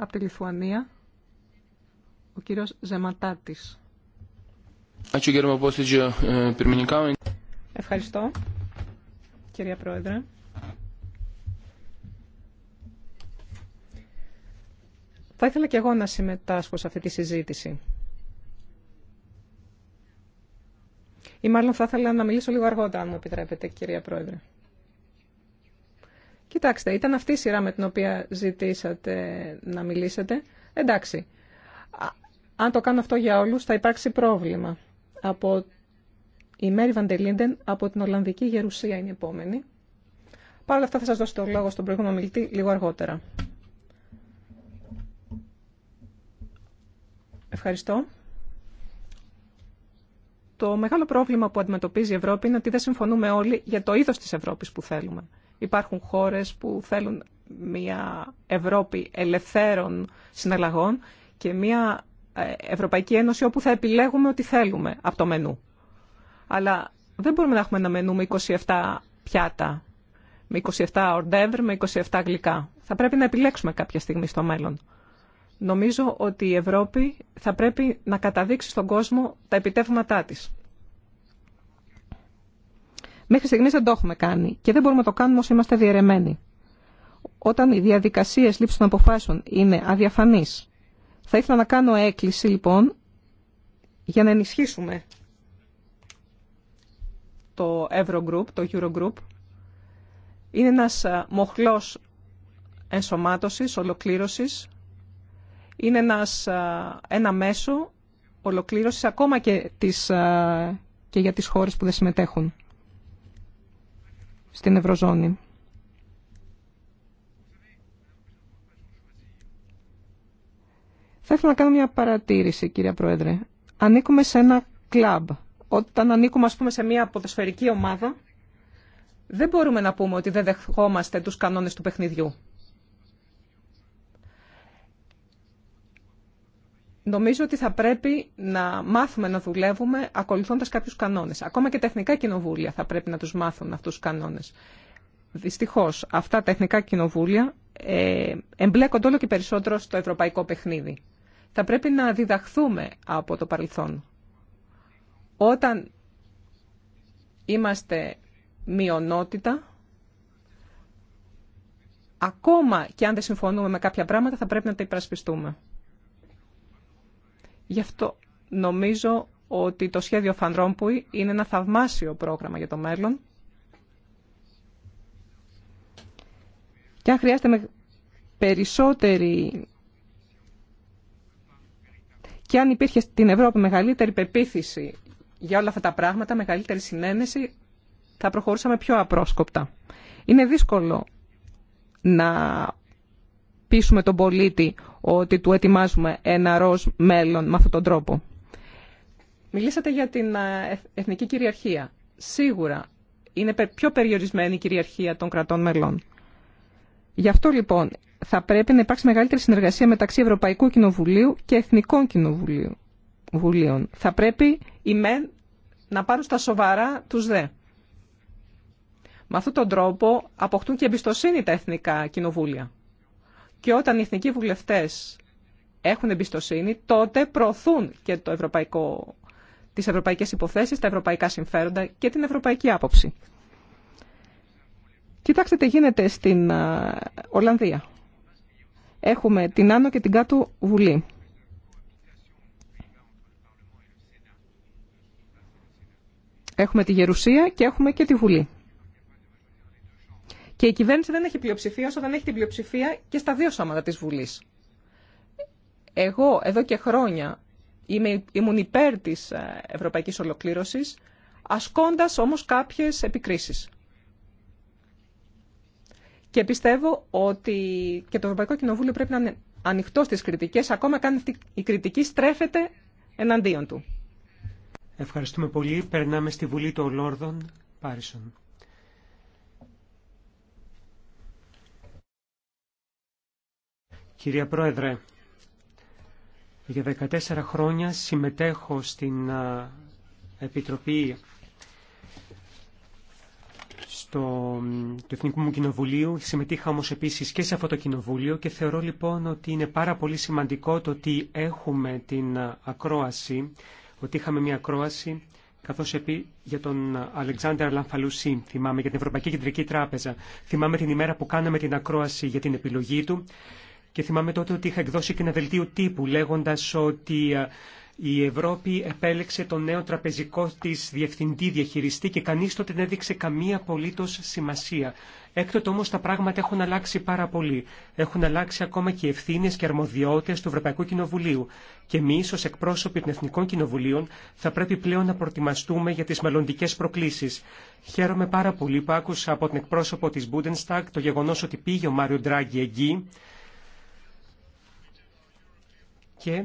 από τη Λιθουανία, ο κύριος Ζεματάτης. E, Ευχαριστώ, κυρία Πρόεδρε. Θα ήθελα και εγώ να συμμετάσχω σε αυτή τη συζήτηση. Ή μάλλον θα ήθελα να μιλήσω λίγο αργότερα, αν μου επιτρέπετε, κυρία Πρόεδρε. Κοιτάξτε, ήταν αυτή η σειρά με την οποία ζητήσατε να μιλήσετε. Εντάξει, αν το κάνω αυτό για όλους θα υπάρξει πρόβλημα. Από η Μέρι Βαντελίντεν από την Ολλανδική Γερουσία είναι η επόμενη. Παρ' όλα αυτά θα σας δώσω το λόγο στον προηγούμενο μιλητή λίγο αργότερα. Ευχαριστώ. Το μεγάλο πρόβλημα που αντιμετωπίζει η Ευρώπη είναι ότι δεν συμφωνούμε όλοι για το είδος της Ευρώπης που θέλουμε. Υπάρχουν χώρες που θέλουν μια Ευρώπη ελευθέρων συναλλαγών και μια ε, Ευρωπαϊκή Ένωση όπου θα επιλέγουμε ό,τι θέλουμε από το μενού. Αλλά δεν μπορούμε να έχουμε ένα μενού με 27 πιάτα, με 27 ορντεύρ, με 27 γλυκά. Θα πρέπει να επιλέξουμε κάποια στιγμή στο μέλλον. Νομίζω ότι η Ευρώπη θα πρέπει να καταδείξει στον κόσμο τα επιτεύγματά της. Μέχρι στιγμή δεν το έχουμε κάνει και δεν μπορούμε να το κάνουμε όσο είμαστε διαιρεμένοι. Όταν οι διαδικασίες λήψη των αποφάσεων είναι αδιαφανεί. θα ήθελα να κάνω έκκληση λοιπόν για να ενισχύσουμε το Eurogroup, το Eurogroup. Είναι ένας ε, μοχλός ενσωμάτωσης, ολοκλήρωσης. Είναι ε, ένα μέσο ολοκλήρωσης ακόμα και, τις, ε, και για τις χώρες που δεν συμμετέχουν στην Ευρωζώνη. Θα ήθελα να κάνω μια παρατήρηση, κύριε Πρόεδρε. Ανήκουμε σε ένα κλαμπ. Όταν ανήκουμε, ας πούμε, σε μια ποδοσφαιρική ομάδα, δεν μπορούμε να πούμε ότι δεν δεχόμαστε τους κανόνες του παιχνιδιού. Νομίζω ότι θα πρέπει να μάθουμε να δουλεύουμε ακολουθώντα κάποιου κανόνε. Ακόμα και τα εθνικά κοινοβούλια θα πρέπει να του μάθουν αυτού του κανόνε. Δυστυχώ, αυτά τα εθνικά κοινοβούλια ε, εμπλέκονται όλο και περισσότερο στο ευρωπαϊκό παιχνίδι. Θα πρέπει να διδαχθούμε από το παρελθόν. Όταν είμαστε μειονότητα, ακόμα και αν δεν συμφωνούμε με κάποια πράγματα, θα πρέπει να τα υπερασπιστούμε. Γι' αυτό νομίζω ότι το σχέδιο Φανρόμπουι είναι ένα θαυμάσιο πρόγραμμα για το μέλλον. Και αν χρειάζεται με περισσότερη... Και αν υπήρχε στην Ευρώπη μεγαλύτερη πεποίθηση για όλα αυτά τα πράγματα, μεγαλύτερη συνένεση, θα προχωρούσαμε πιο απρόσκοπτα. Είναι δύσκολο να πείσουμε τον πολίτη ότι του ετοιμάζουμε ένα ροζ μέλλον με αυτόν τον τρόπο. Μιλήσατε για την εθνική κυριαρχία. Σίγουρα είναι πιο περιορισμένη η κυριαρχία των κρατών μελών. Γι' αυτό λοιπόν θα πρέπει να υπάρξει μεγαλύτερη συνεργασία μεταξύ Ευρωπαϊκού Κοινοβουλίου και Εθνικών Κοινοβουλίων. Θα πρέπει οι μεν να πάρουν στα σοβαρά τους δε. Με αυτόν τον τρόπο αποκτούν και εμπιστοσύνη τα εθνικά κοινοβούλια. Και όταν οι εθνικοί βουλευτές έχουν εμπιστοσύνη, τότε προωθούν και το ευρωπαϊκό, τις ευρωπαϊκές υποθέσεις, τα ευρωπαϊκά συμφέροντα και την ευρωπαϊκή άποψη. Κοιτάξτε τι γίνεται στην Ολλανδία. Έχουμε την Άνω και την Κάτω Βουλή. Έχουμε τη Γερουσία και έχουμε και τη Βουλή. Και η κυβέρνηση δεν έχει πλειοψηφία όσο δεν έχει την πλειοψηφία και στα δύο σώματα της Βουλής. Εγώ εδώ και χρόνια είμαι, ήμουν υπέρ της ε, ευρωπαϊκής ολοκλήρωσης, ασκώντας όμως κάποιες επικρίσεις. Και πιστεύω ότι και το Ευρωπαϊκό Κοινοβούλιο πρέπει να είναι ανοιχτό στις κριτικές, ακόμα και αν η κριτική στρέφεται εναντίον του. Ευχαριστούμε πολύ. Περνάμε στη Βουλή των Λόρδων. Πάρισον. Κυρία Πρόεδρε, για 14 χρόνια συμμετέχω στην Επιτροπή στο, του Εθνικού μου Κοινοβουλίου. Συμμετείχα όμως επίσης και σε αυτό το κοινοβούλιο και θεωρώ λοιπόν ότι είναι πάρα πολύ σημαντικό το ότι έχουμε την ακρόαση, ότι είχαμε μια ακρόαση καθώς επί για τον Αλεξάνδρ Λαμφαλουσί, θυμάμαι για την Ευρωπαϊκή Κεντρική Τράπεζα. Θυμάμαι την ημέρα που κάναμε την ακρόαση για την επιλογή του και θυμάμαι τότε ότι είχα εκδώσει και ένα δελτίο τύπου λέγοντας ότι ε, η Ευρώπη επέλεξε τον νέο τραπεζικό της διευθυντή διαχειριστή και κανείς τότε δεν έδειξε καμία απολύτως σημασία. Έκτοτε όμως τα πράγματα έχουν αλλάξει πάρα πολύ. Έχουν αλλάξει ακόμα και οι ευθύνες και αρμοδιότητες του Ευρωπαϊκού Κοινοβουλίου. Και εμεί ως εκπρόσωποι των Εθνικών Κοινοβουλίων θα πρέπει πλέον να προετοιμαστούμε για τις μελλοντικέ προκλήσεις. Χαίρομαι πάρα πολύ που άκουσα από την εκπρόσωπο της Bundestag το γεγονός ότι πήγε ο Μάριο Ντράγκη εκεί και,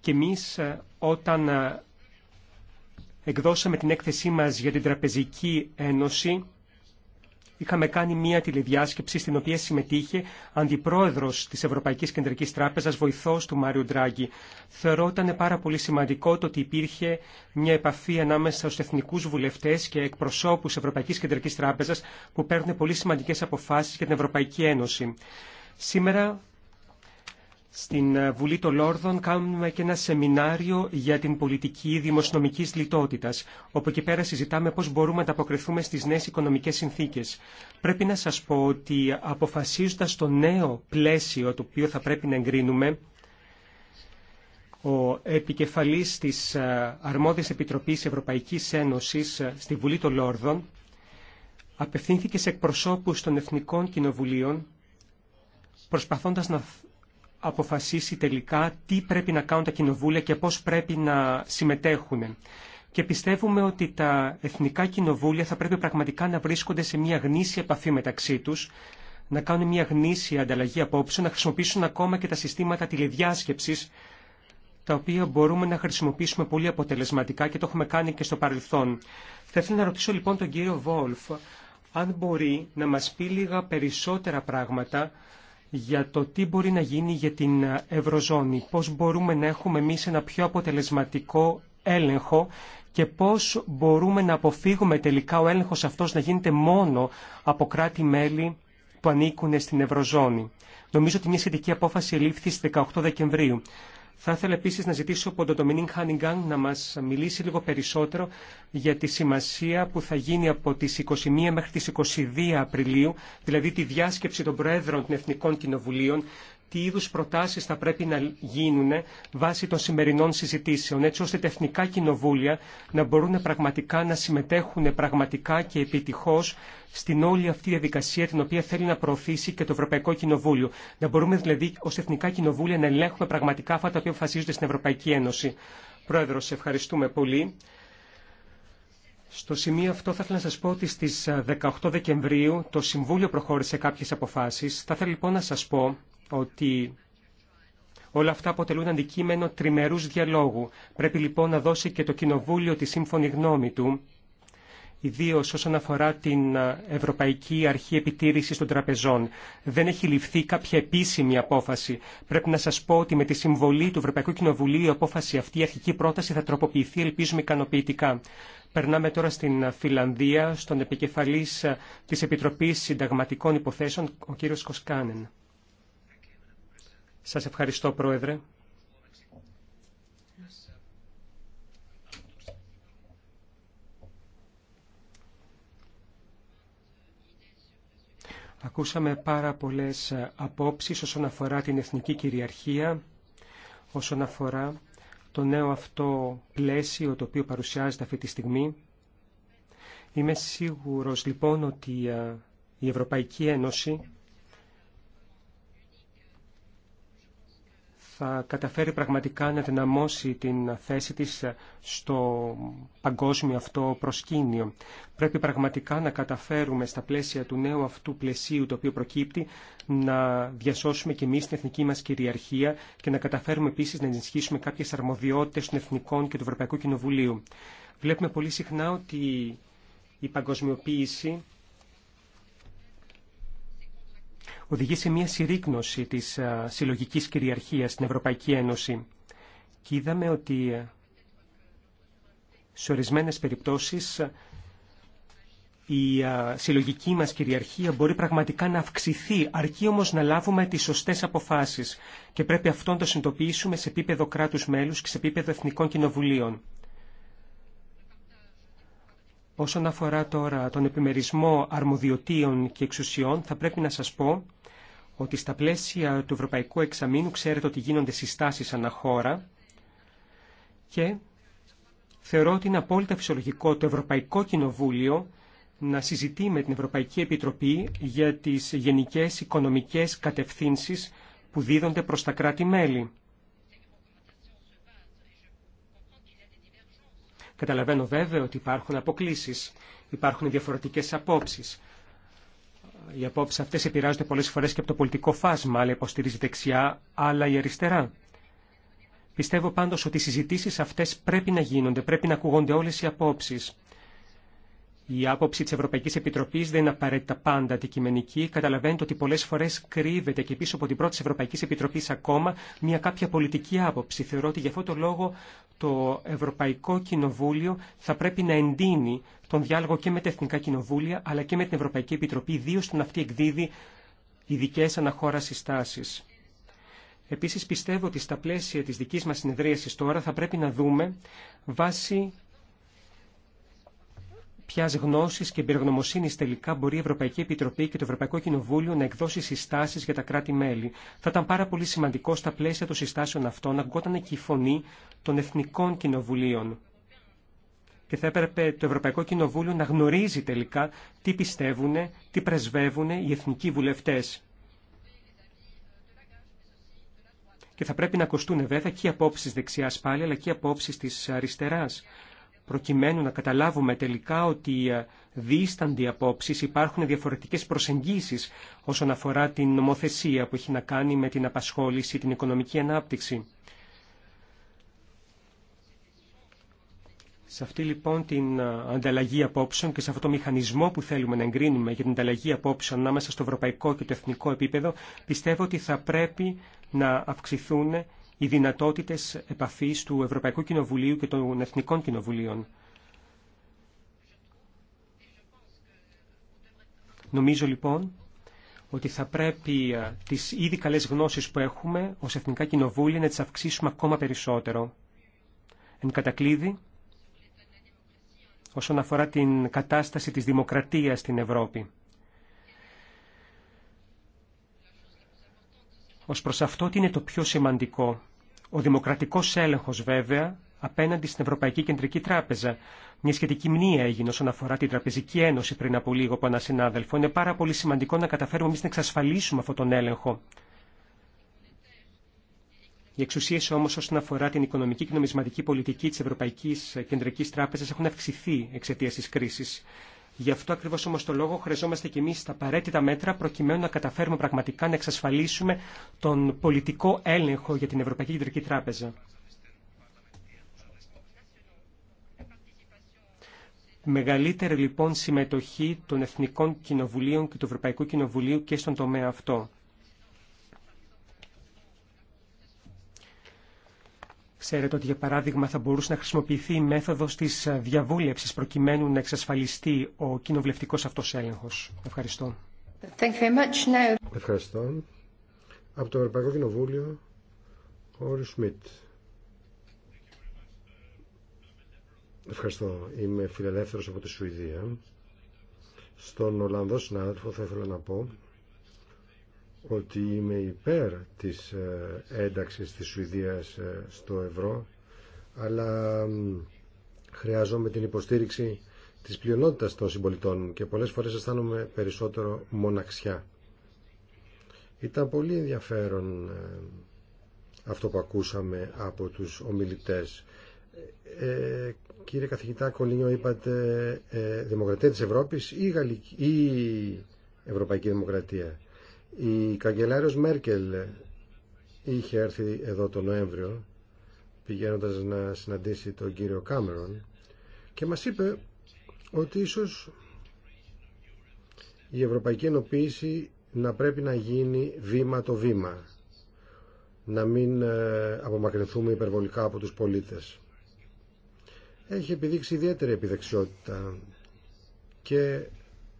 και εμείς ε, όταν ε, εκδώσαμε την έκθεσή μας για την Τραπεζική Ένωση, είχαμε κάνει μία τηλεδιάσκεψη στην οποία συμμετείχε αντιπρόεδρος της Ευρωπαϊκής Κεντρικής Τράπεζας, βοηθός του Μάριου Ντράγκη. Θεωρώ ότι ήταν πάρα πολύ σημαντικό το ότι υπήρχε μια επαφή ανάμεσα στους εθνικούς βουλευτές και εκπροσώπους Ευρωπαϊκής Κεντρικής Τράπεζας που παίρνουν πολύ σημαντικές αποφάσεις για την Ευρωπαϊκή Ένωση. Σήμερα στην ε, Βουλή των Λόρδων κάνουμε και ένα σεμινάριο για την πολιτική δημοσιονομική λιτότητα, όπου εκεί πέρα συζητάμε πώ μπορούμε να ανταποκριθούμε στι νέε οικονομικέ συνθήκε. Πρέπει να σα πω ότι αποφασίζοντα το νέο πλαίσιο το οποίο θα πρέπει να εγκρίνουμε, ο επικεφαλής της ε, Αρμόδιας επιτροπή Ευρωπαϊκή Ένωση ε, στη Βουλή των Λόρδων απευθύνθηκε σε εκπροσώπου των Εθνικών Κοινοβουλίων προσπαθώντας να αποφασίσει τελικά τι πρέπει να κάνουν τα κοινοβούλια και πώς πρέπει να συμμετέχουν. Και πιστεύουμε ότι τα εθνικά κοινοβούλια θα πρέπει πραγματικά να βρίσκονται σε μια γνήσια επαφή μεταξύ τους, να κάνουν μια γνήσια ανταλλαγή απόψεων, να χρησιμοποιήσουν ακόμα και τα συστήματα τηλεδιάσκεψης, τα οποία μπορούμε να χρησιμοποιήσουμε πολύ αποτελεσματικά και το έχουμε κάνει και στο παρελθόν. Θα ήθελα να ρωτήσω λοιπόν τον κύριο Βόλφ, αν μπορεί να μας πει λίγα περισσότερα πράγματα για το τι μπορεί να γίνει για την Ευρωζώνη, πώς μπορούμε να έχουμε εμεί ένα πιο αποτελεσματικό έλεγχο και πώς μπορούμε να αποφύγουμε τελικά ο έλεγχος αυτός να γίνεται μόνο από κράτη-μέλη που ανήκουν στην Ευρωζώνη. Νομίζω ότι μια σχετική απόφαση λήφθη στις 18 Δεκεμβρίου. Θα ήθελα επίσης να ζητήσω από τον Ντομινίν Χάνιγκαν να μας μιλήσει λίγο περισσότερο για τη σημασία που θα γίνει από τις 21 μέχρι τις 22 Απριλίου, δηλαδή τη διάσκεψη των Προέδρων των Εθνικών Κοινοβουλίων τι είδους προτάσεις θα πρέπει να γίνουν βάσει των σημερινών συζητήσεων, έτσι ώστε τα εθνικά κοινοβούλια να μπορούν πραγματικά να συμμετέχουν πραγματικά και επιτυχώς στην όλη αυτή διαδικασία την οποία θέλει να προωθήσει και το Ευρωπαϊκό Κοινοβούλιο. Να μπορούμε δηλαδή ως εθνικά κοινοβούλια να ελέγχουμε πραγματικά αυτά τα οποία αποφασίζονται στην Ευρωπαϊκή Ένωση. Πρόεδρο, σε ευχαριστούμε πολύ. Στο σημείο αυτό θα ήθελα να σας πω ότι στις 18 ε, Δεκεμβρίου το Συμβούλιο προχώρησε κάποιες αποφάσεις. Θα ήθελα λοιπόν να σας πω ότι όλα αυτά αποτελούν αντικείμενο τριμερούς διαλόγου. Πρέπει λοιπόν να δώσει και το Κοινοβούλιο τη σύμφωνη γνώμη του, ιδίω όσον αφορά την ε, Ευρωπαϊκή Αρχή επιτήρηση των Τραπεζών. Δεν έχει ληφθεί κάποια επίσημη απόφαση. Πρέπει να σα πω ότι με τη συμβολή του Ευρωπαϊκού Κοινοβουλίου η απόφαση αυτή, η αρχική πρόταση θα τροποποιηθεί, ελπίζουμε, ικανοποιητικά. Περνάμε τώρα στην Φιλανδία, στον επικεφαλής ε, της Επιτροπής Συνταγματικών Υποθέσεων, ο κύριος Κοσκάνεν. Σας ευχαριστώ, Πρόεδρε. Ακούσαμε πάρα πολλές απόψεις όσον αφορά την εθνική κυριαρχία, όσον αφορά το νέο αυτό πλαίσιο το οποίο παρουσιάζεται αυτή τη στιγμή. Είμαι σίγουρος λοιπόν ότι ε, η Ευρωπαϊκή Ένωση θα καταφέρει πραγματικά να δυναμώσει την θέση της στο παγκόσμιο αυτό προσκήνιο. Πρέπει πραγματικά να καταφέρουμε στα πλαίσια του νέου αυτού πλαισίου το οποίο προκύπτει να διασώσουμε και εμείς την εθνική μας κυριαρχία και να καταφέρουμε επίσης να ενισχύσουμε κάποιες αρμοδιότητες των Εθνικών και του Ευρωπαϊκού Κοινοβουλίου. Βλέπουμε πολύ συχνά ότι η παγκοσμιοποίηση οδηγεί σε μια συρρήκνωση της ε, συλλογικής κυριαρχίας στην Ευρωπαϊκή Ένωση. Και είδαμε ότι ε, σε ορισμένε περιπτώσεις ε, η συλλογική μας κυριαρχία μπορεί πραγματικά να αυξηθεί, αρκεί όμως να λάβουμε τις σωστές αποφάσεις και πρέπει αυτόν να το συνειδητοποιήσουμε σε επίπεδο κράτους μέλους και σε επίπεδο εθνικών κοινοβουλίων. Όσον αφορά τώρα τον επιμερισμό αρμοδιοτήτων και εξουσιών, θα πρέπει να σας πω ότι στα πλαίσια του Ευρωπαϊκού Εξαμήνου ξέρετε ότι γίνονται συστάσεις αναχώρα και θεωρώ ότι είναι απόλυτα φυσιολογικό το Ευρωπαϊκό Κοινοβούλιο να συζητεί με την Ευρωπαϊκή Επιτροπή για τις γενικές οικονομικές κατευθύνσεις που δίδονται προς τα κράτη-μέλη. Καταλαβαίνω βέβαια ότι υπάρχουν αποκλήσεις, υπάρχουν διαφορετικές απόψεις. Οι απόψεις αυτές επηρεάζονται πολλές φορές και από το πολιτικό φάσμα, αλλά υποστηρίζει δεξιά, αλλά η αριστερά. Πιστεύω πάντως ότι οι συζητήσεις αυτές πρέπει να γίνονται, πρέπει να ακούγονται όλες οι απόψεις. Η άποψη τη Ευρωπαϊκή Επιτροπή δεν είναι απαραίτητα πάντα αντικειμενική. Καταλαβαίνετε ότι πολλέ φορέ κρύβεται και πίσω από την πρώτη Ευρωπαϊκή Επιτροπή ακόμα μια κάποια πολιτική άποψη. Θεωρώ ότι γι' αυτό το λόγο το Ευρωπαϊκό Κοινοβούλιο θα πρέπει να εντείνει τον διάλογο και με τα Εθνικά Κοινοβούλια αλλά και με την Ευρωπαϊκή Επιτροπή, ιδίω όταν αυτή εκδίδει ειδικέ αναχώρα τάσει. Επίση, πιστεύω ότι στα πλαίσια τη δική μα συνεδρίαση τώρα θα πρέπει να δούμε βάσει ποια γνώση και εμπειρογνωμοσύνη τελικά μπορεί η Ευρωπαϊκή Επιτροπή και το Ευρωπαϊκό Κοινοβούλιο να εκδώσει συστάσει για τα κράτη-μέλη. Θα ήταν πάρα πολύ σημαντικό στα πλαίσια των συστάσεων αυτών να βγόταν και η φωνή των εθνικών κοινοβουλίων. Και θα έπρεπε το Ευρωπαϊκό Κοινοβούλιο να γνωρίζει τελικά τι πιστεύουν, τι πρεσβεύουν οι εθνικοί βουλευτέ. Και θα πρέπει να ακουστούν βέβαια και οι απόψει δεξιά πάλι, αλλά και οι απόψει τη αριστερά προκειμένου να καταλάβουμε τελικά ότι ε, δίστανται οι απόψεις, υπάρχουν διαφορετικές προσεγγίσεις όσον αφορά την νομοθεσία που έχει να κάνει με την απασχόληση, την οικονομική ανάπτυξη. Σε αυτή λοιπόν την ε, ανταλλαγή απόψεων και σε αυτό το μηχανισμό που θέλουμε να εγκρίνουμε για την ανταλλαγή απόψεων ανάμεσα στο ευρωπαϊκό και το εθνικό επίπεδο, πιστεύω ότι θα πρέπει να αυξηθούν οι δυνατότητες επαφής του Ευρωπαϊκού Κοινοβουλίου και των Εθνικών Κοινοβουλίων. Νομίζω λοιπόν ότι θα πρέπει ε, τις ήδη καλές γνώσεις που έχουμε ως Εθνικά Κοινοβούλια να τις αυξήσουμε ακόμα περισσότερο. Εν κατακλείδη, όσον αφορά την κατάσταση της δημοκρατίας στην Ευρώπη. Ως προς αυτό τι είναι το πιο σημαντικό. Ο δημοκρατικός έλεγχος βέβαια απέναντι στην Ευρωπαϊκή Κεντρική Τράπεζα. Μια σχετική μνήμα έγινε όσον αφορά την Τραπεζική Ένωση πριν από λίγο από ένα συνάδελφο. Είναι πάρα πολύ σημαντικό να καταφέρουμε εμεί να εξασφαλίσουμε αυτόν τον έλεγχο. Οι εξουσίε όμω όσον αφορά την οικονομική και νομισματική πολιτική τη Ευρωπαϊκή Κεντρική Τράπεζα έχουν αυξηθεί εξαιτία τη κρίση. Γι' αυτό ακριβώ όμω το λόγο χρειαζόμαστε και εμεί τα απαραίτητα μέτρα προκειμένου να καταφέρουμε πραγματικά να εξασφαλίσουμε τον πολιτικό έλεγχο για την Ευρωπαϊκή Κεντρική Τράπεζα. Μεγαλύτερη λοιπόν συμμετοχή των Εθνικών Κοινοβουλίων και του Ευρωπαϊκού Κοινοβουλίου και στον τομέα αυτό. Ξέρετε ότι για παράδειγμα θα μπορούσε να χρησιμοποιηθεί η μέθοδος της διαβούλευσης προκειμένου να εξασφαλιστεί ο κοινοβουλευτικός αυτός έλεγχος. Ευχαριστώ. Thank you very much. Ευχαριστώ. Από το Ευρωπαϊκό Κοινοβούλιο, Ρι Σμιτ. Ευχαριστώ. Είμαι φιλελεύθερος από τη Σουηδία. Στον Ολλανδό συνάδελφο θα ήθελα να πω ότι είμαι υπέρ της ε, ένταξης της Σουηδίας ε, στο ευρώ, αλλά χρειάζομαι την υποστήριξη της πλειονότητας των συμπολιτών και πολλές φορές αισθάνομαι περισσότερο μοναξιά. Ήταν πολύ ενδιαφέρον ε, αυτό που ακούσαμε από τους ομιλητές. Ε, κύριε καθηγητά Κολίνιο, είπατε ε, δημοκρατία της Ευρώπης ή, Γαλλική, ή Ευρωπαϊκή Δημοκρατία. Η καγκελάριος Μέρκελ είχε έρθει εδώ τον Νοέμβριο πηγαίνοντας να συναντήσει τον κύριο Κάμερον και μας είπε ότι ίσως η ευρωπαϊκή ενοποίηση να πρέπει να γίνει βήμα το βήμα να μην ε, απομακρυνθούμε υπερβολικά από τους πολίτες. Έχει επιδείξει ιδιαίτερη επιδεξιότητα και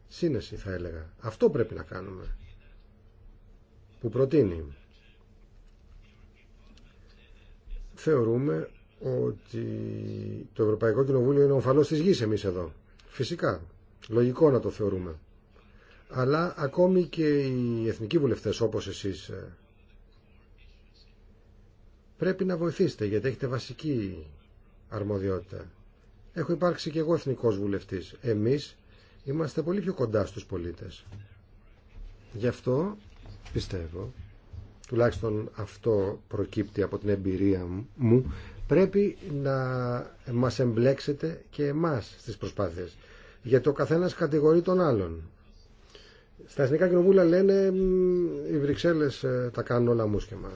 σύνεση θα έλεγα. Αυτό πρέπει να κάνουμε που προτείνει. Θεωρούμε ότι το Ευρωπαϊκό Κοινοβούλιο είναι ομφαλός της γης εμείς εδώ. Φυσικά, λογικό να το θεωρούμε. Αλλά ακόμη και οι εθνικοί βουλευτές όπως εσείς ε, πρέπει να βοηθήσετε γιατί έχετε βασική αρμοδιότητα. Έχω υπάρξει και εγώ εθνικός βουλευτής. Εμείς είμαστε πολύ πιο κοντά στους πολίτες. Γι' αυτό πιστεύω, τουλάχιστον αυτό προκύπτει από την εμπειρία μου, πρέπει να μας εμπλέξετε και εμάς στις προσπάθειες. Γιατί ο καθένας κατηγορεί τον άλλον. Στα Εθνικά Κοινοβούλια λένε οι Βρυξέλλες ε, τα κάνουν όλα μουσκεμα.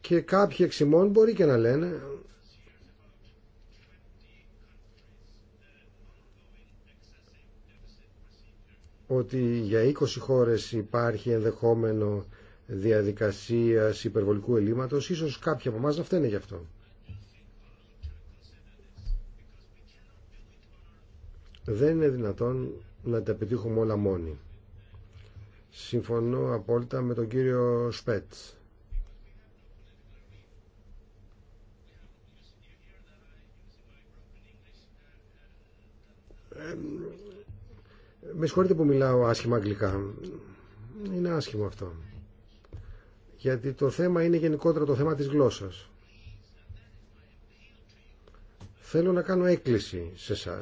Και κάποιοι εξημών μπορεί και να λένε ότι για 20 χώρες υπάρχει ενδεχόμενο διαδικασία υπερβολικού ελλείμματος, ίσως κάποιοι από εμάς να φταίνε γι' αυτό. Δεν είναι δυνατόν να τα πετύχουμε όλα μόνοι. Συμφωνώ απόλυτα με τον κύριο Σπέτς. Με συγχωρείτε που μιλάω άσχημα αγγλικά. Είναι άσχημο αυτό. Γιατί το θέμα είναι γενικότερα το θέμα της γλώσσας. Θέλω να κάνω έκκληση σε εσά.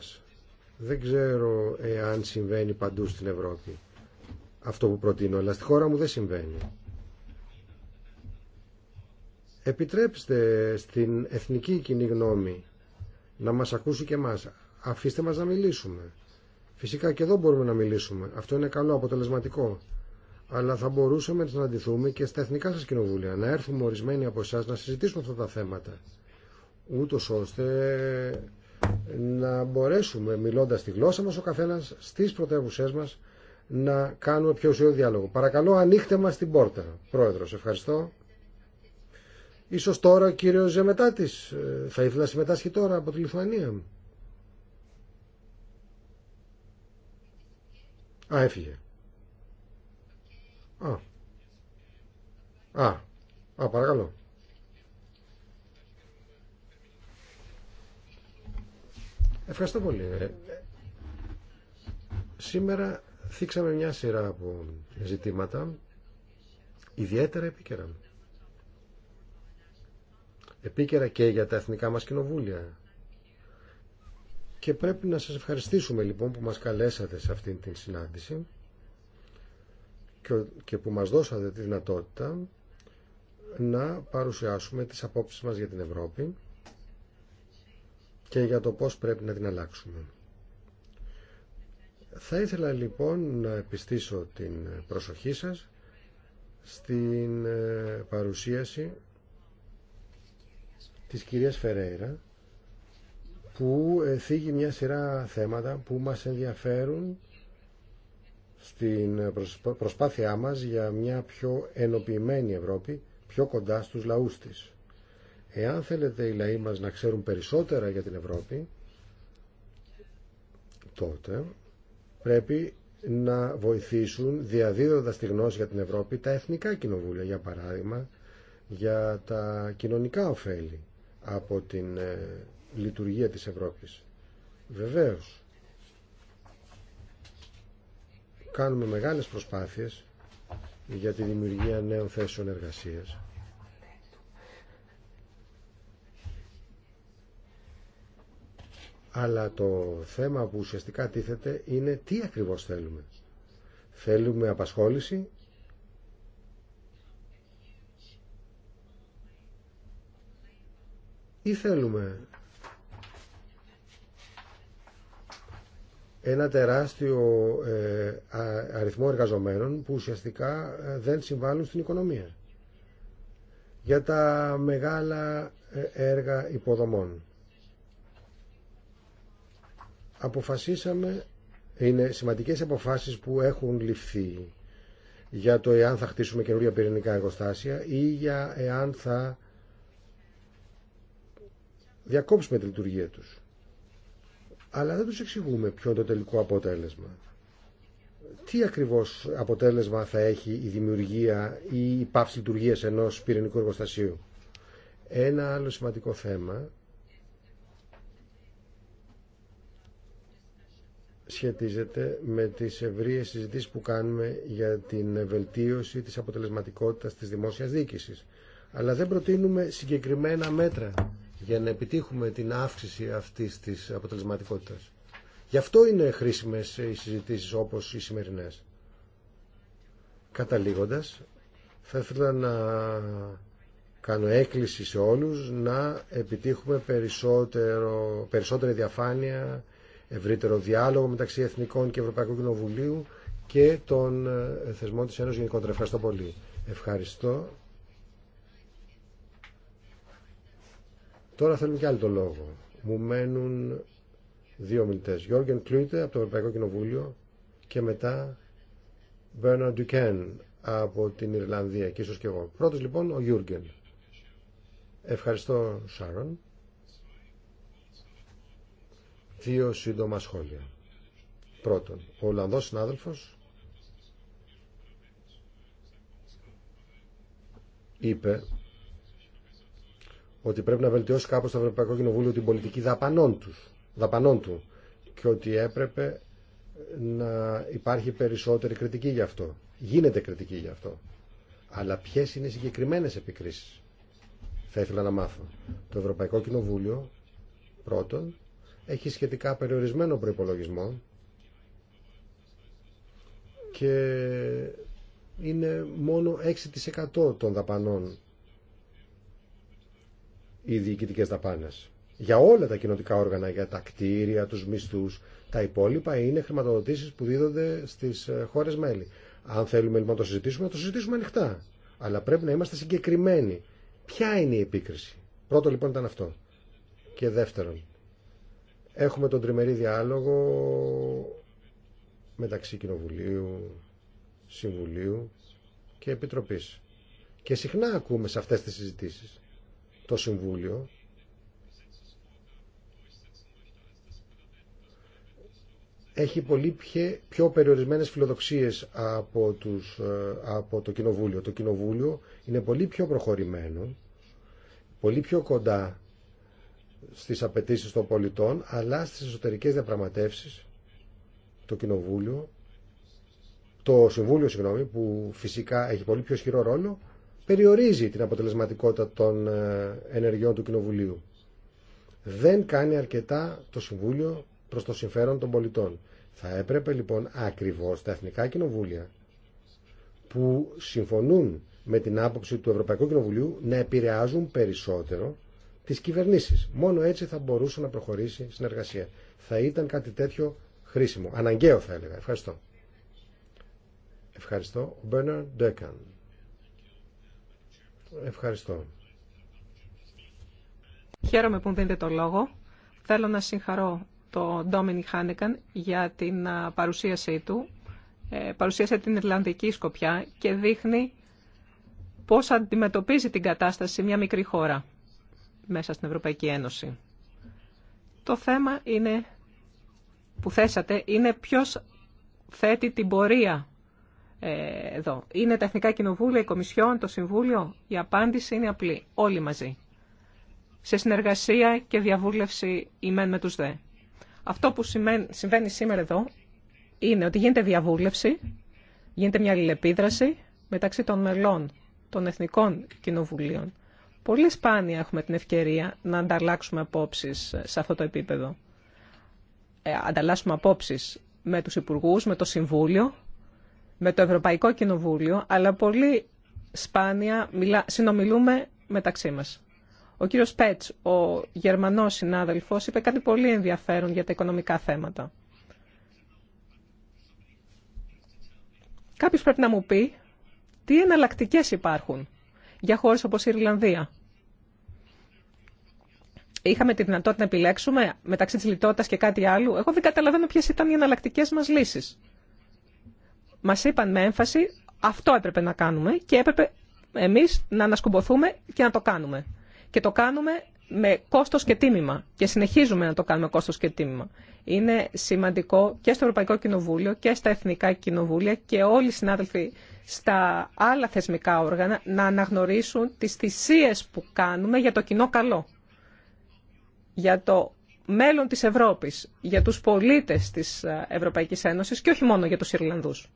Δεν ξέρω εάν συμβαίνει παντού στην Ευρώπη αυτό που προτείνω, αλλά στη χώρα μου δεν συμβαίνει. Επιτρέψτε στην εθνική κοινή γνώμη να μας ακούσει και μας. Αφήστε μας να μιλήσουμε. Φυσικά και εδώ μπορούμε να μιλήσουμε. Αυτό είναι καλό, αποτελεσματικό. Αλλά θα μπορούσαμε να συναντηθούμε και στα εθνικά σα κοινοβούλια, να έρθουμε ορισμένοι από εσά να συζητήσουμε αυτά τα θέματα. Ούτω ώστε να μπορέσουμε, μιλώντα τη γλώσσα μα ο καθένα στις πρωτεύουσέ μας, να κάνουμε πιο ουσιαίο διάλογο. Παρακαλώ ανοίχτε μα την πόρτα. Πρόεδρο. ευχαριστώ. Ίσως τώρα ο κύριος Ζεμετάτης ε, θα ήθελα να συμμετάσχει τώρα από τη Λιθουανία. Α, έφυγε. Α. Α. Α, παρακαλώ. Ευχαριστώ πολύ. Ε, ε, σήμερα θίξαμε μια σειρά από ζητήματα ιδιαίτερα επίκαιρα. Επίκαιρα και για τα εθνικά μας κοινοβούλια και πρέπει να σας ευχαριστήσουμε λοιπόν που μας καλέσατε σε αυτήν την συνάντηση και που μας δώσατε τη δυνατότητα να παρουσιάσουμε τις απόψεις μας για την Ευρώπη και για το πώς πρέπει να την αλλάξουμε. Θα ήθελα λοιπόν να επιστήσω την προσοχή σας στην ε, παρουσίαση της κυρίας Φερέιρα που ε, θίγει μια σειρά θέματα που μας ενδιαφέρουν στην ε, προσπάθειά μας για μια πιο ενοποιημένη Ευρώπη, πιο κοντά στους λαούς της. Εάν θέλετε οι λαοί μας να ξέρουν περισσότερα για την Ευρώπη, τότε πρέπει να βοηθήσουν διαδίδοντας τη γνώση για την Ευρώπη τα εθνικά κοινοβούλια, για παράδειγμα, για τα κοινωνικά ωφέλη από την ε, λειτουργία της Ευρώπης. Βεβαίως, κάνουμε μεγάλες προσπάθειες για τη δημιουργία νέων θέσεων εργασίας. Αλλά το θέμα που ουσιαστικά τίθεται είναι τι ακριβώς θέλουμε. Θέλουμε απασχόληση ή θέλουμε ένα τεράστιο ε, αριθμό εργαζομένων που ουσιαστικά ε, δεν συμβάλλουν στην οικονομία. Για τα μεγάλα ε, έργα υποδομών. Αποφασίσαμε, είναι σημαντικές αποφάσεις που έχουν ληφθεί για το εάν θα χτίσουμε καινούργια πυρηνικά εργοστάσια ή για εάν θα διακόψουμε τη λειτουργία τους αλλά δεν τους εξηγούμε ποιο είναι το τελικό αποτέλεσμα. Τι ακριβώς αποτέλεσμα θα έχει η δημιουργία ή η πάυση λειτουργίας ενός πυρηνικού εργοστασίου. Ένα άλλο σημαντικό θέμα σχετίζεται με τις ευρείες συζητήσεις που κάνουμε για την βελτίωση της αποτελεσματικότητας της δημόσιας διοίκησης. Αλλά δεν προτείνουμε συγκεκριμένα μέτρα για να επιτύχουμε την αύξηση αυτής της αποτελεσματικότητας. Γι' αυτό είναι χρήσιμες οι συζητήσεις όπως οι σημερινές. Καταλήγοντας, θα ήθελα να κάνω έκκληση σε όλους να επιτύχουμε περισσότερο, περισσότερη διαφάνεια, ευρύτερο διάλογο μεταξύ Εθνικών και Ευρωπαϊκού Κοινοβουλίου και των ε, θεσμών της Ένωσης γενικότερα. Ευχαριστώ πολύ. Ευχαριστώ. Τώρα θέλουν και άλλο το λόγο. Μου μένουν δύο μιλητέ. Γιώργεν Κλούιτε από το Ευρωπαϊκό Κοινοβούλιο και μετά Μπέρναρντ Ντουκέν από την Ιρλανδία και ίσως και εγώ. Πρώτος λοιπόν ο Γιούργεν. Ευχαριστώ Σάρων. Δύο σύντομα σχόλια. Πρώτον, ο Ολλανδός συνάδελφος είπε ότι πρέπει να βελτιώσει κάπως το Ευρωπαϊκό Κοινοβούλιο την πολιτική δαπανών, τους, δαπανών του και ότι έπρεπε να υπάρχει περισσότερη κριτική γι' αυτό. Γίνεται κριτική γι' αυτό. Αλλά ποιε είναι οι συγκεκριμένε επικρίσει, θα ήθελα να μάθω. Το Ευρωπαϊκό Κοινοβούλιο, πρώτον, έχει σχετικά περιορισμένο προπολογισμό και είναι μόνο 6% των δαπανών οι διοικητικέ δαπάνε. Για όλα τα κοινοτικά όργανα, για τα κτίρια, του μισθού, τα υπόλοιπα είναι χρηματοδοτήσει που δίδονται στι ε, χώρε μέλη. Αν θέλουμε λοιπόν να το συζητήσουμε, να το συζητήσουμε ανοιχτά. Αλλά πρέπει να είμαστε συγκεκριμένοι. Ποια είναι η επίκριση. Πρώτο λοιπόν ήταν αυτό. Και δεύτερον, έχουμε τον τριμερή διάλογο μεταξύ Κοινοβουλίου, Συμβουλίου και Επιτροπής. Και συχνά ακούμε σε αυτές τις συζητήσεις το Συμβούλιο έχει πολύ πιο περιορισμένες φιλοδοξίες από, τους, ε, από το Κοινοβούλιο. Το Κοινοβούλιο είναι πολύ πιο προχωρημένο, πολύ πιο κοντά στις απαιτήσεις των πολιτών, αλλά στις εσωτερικές διαπραγματεύσεις το Κοινοβούλιο, το Συμβούλιο, συγγνώμη, που φυσικά έχει πολύ πιο ισχυρό ρόλο, περιορίζει την αποτελεσματικότητα των ε, ενεργειών του Κοινοβουλίου. Δεν κάνει αρκετά το Συμβούλιο προς το συμφέρον των πολιτών. Θα έπρεπε λοιπόν ακριβώς τα Εθνικά Κοινοβούλια που συμφωνούν με την άποψη του Ευρωπαϊκού Κοινοβουλίου να επηρεάζουν περισσότερο τις κυβερνήσεις. Μόνο έτσι θα μπορούσε να προχωρήσει συνεργασία. Θα ήταν κάτι τέτοιο χρήσιμο. Αναγκαίο θα έλεγα. Ευχαριστώ. Ευχαριστώ. Ευχαριστώ. Χαίρομαι που μου δίνετε το λόγο. Θέλω να συγχαρώ τον Ντόμινι Χάνεκαν για την παρουσίασή του. Ε, παρουσίασε την Ιρλανδική Σκοπιά και δείχνει πώς αντιμετωπίζει την κατάσταση μια μικρή χώρα μέσα στην Ευρωπαϊκή Ένωση. Το θέμα είναι, που θέσατε είναι ποιος θέτει την πορεία εδώ. Είναι τα Εθνικά Κοινοβούλια, η Κομισιόν, το Συμβούλιο. Η απάντηση είναι απλή. Όλοι μαζί. Σε συνεργασία και διαβούλευση ημέν με τους δε. Αυτό που συμβαίνει σήμερα εδώ είναι ότι γίνεται διαβούλευση, γίνεται μια αλληλεπίδραση μεταξύ των μελών των Εθνικών Κοινοβουλίων. Πολύ σπάνια έχουμε την ευκαιρία να ανταλλάξουμε απόψεις σε αυτό το επίπεδο. Ε, ανταλλάσσουμε απόψεις με τους Υπουργούς, με το Συμβούλιο, με το Ευρωπαϊκό Κοινοβούλιο, αλλά πολύ σπάνια συνομιλούμε μεταξύ μας. Ο κύριος Πέτς, ο Γερμανός συνάδελφος, είπε κάτι πολύ ενδιαφέρον για τα οικονομικά θέματα. Κάποιος πρέπει να μου πει τι εναλλακτικέ υπάρχουν για χώρες όπως η Ιρλανδία. Είχαμε τη δυνατότητα να επιλέξουμε μεταξύ της λιτότητας και κάτι άλλο. Εγώ δεν καταλαβαίνω ποιες ήταν οι εναλλακτικέ μας λύσεις. Μα είπαν με έμφαση αυτό έπρεπε να κάνουμε και έπρεπε εμεί να ανασκουμποθούμε και να το κάνουμε. Και το κάνουμε με κόστος και τίμημα και συνεχίζουμε να το κάνουμε κόστο και τίμημα. Είναι σημαντικό και στο Ευρωπαϊκό Κοινοβούλιο και στα Εθνικά Κοινοβούλια και όλοι οι συνάδελφοι στα άλλα θεσμικά όργανα να αναγνωρίσουν τις θυσίες που κάνουμε για το κοινό καλό, για το μέλλον της Ευρώπης, για τους πολίτες της Ευρωπαϊκής Ένωσης και όχι μόνο για τους Ιρλανδούς.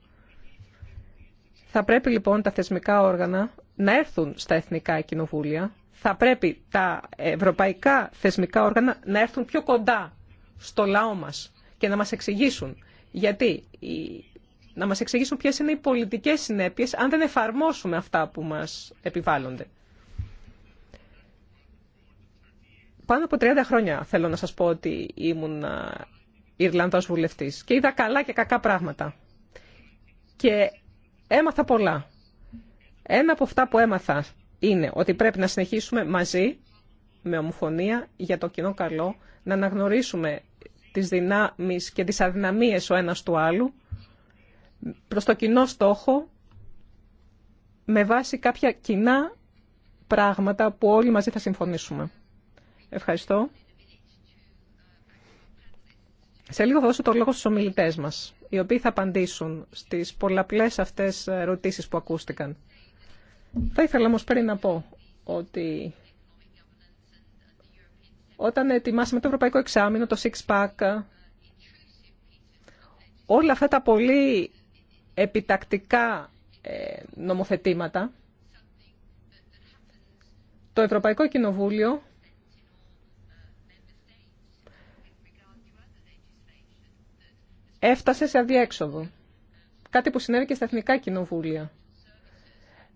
Θα πρέπει λοιπόν τα θεσμικά όργανα να έρθουν στα εθνικά κοινοβούλια. Θα πρέπει τα ευρωπαϊκά θεσμικά όργανα να έρθουν πιο κοντά στο λαό μας και να μας εξηγήσουν γιατί να μας εξηγήσουν ποιες είναι οι πολιτικές συνέπειες αν δεν εφαρμόσουμε αυτά που μας επιβάλλονται. Πάνω από 30 χρόνια θέλω να σας πω ότι ήμουν ε, Ιρλανδός βουλευτής και είδα καλά και κακά πράγματα. Και Έμαθα πολλά. Ένα από αυτά που έμαθα είναι ότι πρέπει να συνεχίσουμε μαζί με ομοφωνία για το κοινό καλό, να αναγνωρίσουμε τις δυνάμεις και τις αδυναμίες ο ένας του άλλου προς το κοινό στόχο με βάση κάποια κοινά πράγματα που όλοι μαζί θα συμφωνήσουμε. Ευχαριστώ. Σε λίγο θα δώσω το λόγο στους ομιλητές μας οι οποίοι θα απαντήσουν στις πολλαπλές αυτές ερωτήσεις που ακούστηκαν. Θα ήθελα όμως πριν να πω ότι όταν ετοιμάσαμε το Ευρωπαϊκό Εξάμεινο, το Six Pack, όλα αυτά τα πολύ επιτακτικά ε, νομοθετήματα, το Ευρωπαϊκό Κοινοβούλιο έφτασε σε αδιέξοδο. Κάτι που συνέβη και στα εθνικά κοινοβούλια.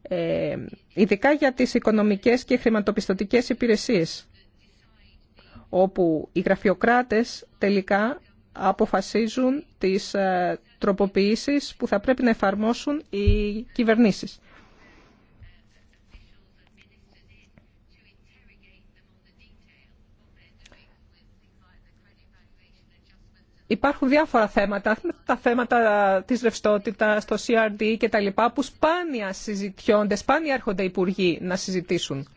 Ε, ειδικά για τις οικονομικές και χρηματοπιστωτικές υπηρεσίες, όπου οι γραφειοκράτες τελικά αποφασίζουν τις ε, τροποποιήσεις που θα πρέπει να εφαρμόσουν οι κυβερνήσεις. υπάρχουν διάφορα θέματα, τα θέματα της ρευστότητα, το CRD και τα λοιπά, που σπάνια συζητιώνται, σπάνια έρχονται οι υπουργοί να συζητήσουν.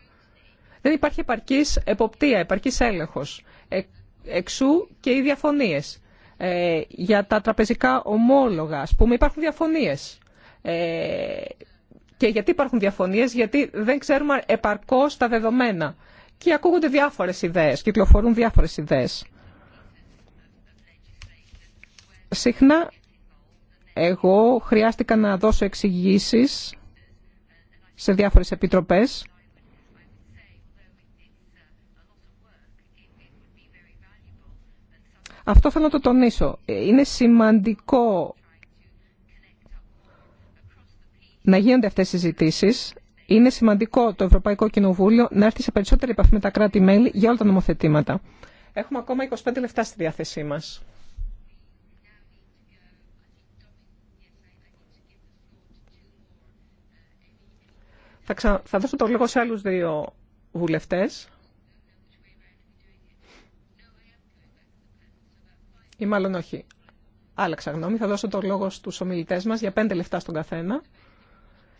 Δεν υπάρχει επαρκής εποπτεία, επαρκής έλεγχος. Ε, εξού και οι διαφωνίες. Ε, για τα τραπεζικά ομόλογα, ας πούμε, υπάρχουν διαφωνίες. Ε, και γιατί υπάρχουν διαφωνίες, γιατί δεν ξέρουμε επαρκώς τα δεδομένα. Και ακούγονται διάφορες ιδέες, κυκλοφορούν διάφορες ιδέες. Συχνά εγώ χρειάστηκα να δώσω εξηγήσει σε διάφορες επιτροπές Αυτό θέλω να το τονίσω. Είναι σημαντικό να γίνονται αυτές οι συζητήσει. Είναι σημαντικό το Ευρωπαϊκό Κοινοβούλιο να έρθει σε περισσότερη επαφή με τα κράτη-μέλη για όλα τα νομοθετήματα. Έχουμε ακόμα 25 λεφτά στη διάθεσή μας. Θα, δώσω το λόγο σε άλλους δύο βουλευτές. Ή μάλλον όχι. Άλλαξα γνώμη. Θα δώσω το λόγο στους ομιλητές μας για πέντε λεφτά στον καθένα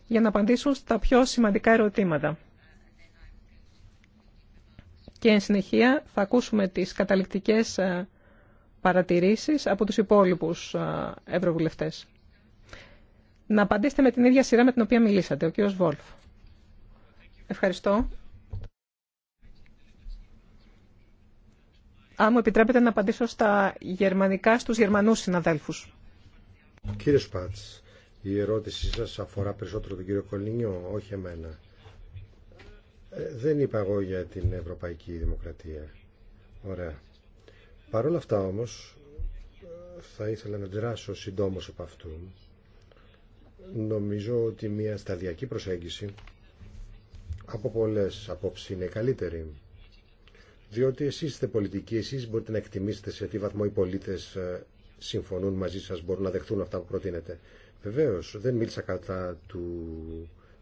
για να απαντήσουν στα πιο σημαντικά ερωτήματα. Και εν συνεχεία θα ακούσουμε τις καταληκτικές ε, παρατηρήσεις από τους υπόλοιπους ε, ευρωβουλευτές. Να απαντήσετε με την ίδια σειρά με την οποία μιλήσατε, ο κύριος Βόλφ. Ευχαριστώ. Αν μου επιτρέπετε να απαντήσω στα γερμανικά στους γερμανούς συναδέλφους. Κύριε Σπάτς, η ερώτησή σας αφορά περισσότερο τον κύριο Κολίνιο, όχι εμένα. Ε, δεν είπα εγώ για την Ευρωπαϊκή Δημοκρατία. Ωραία. Παρ' όλα αυτά όμως, θα ήθελα να δράσω συντόμως από αυτού. Νομίζω ότι μια σταδιακή προσέγγιση από πολλές απόψεις είναι καλύτερη. Διότι εσείς είστε πολιτικοί, εσείς μπορείτε να εκτιμήσετε σε τι βαθμό οι πολίτες ε, συμφωνούν μαζί σας, μπορούν να δεχθούν αυτά που προτείνετε. Βεβαίως, δεν μίλησα κατά του,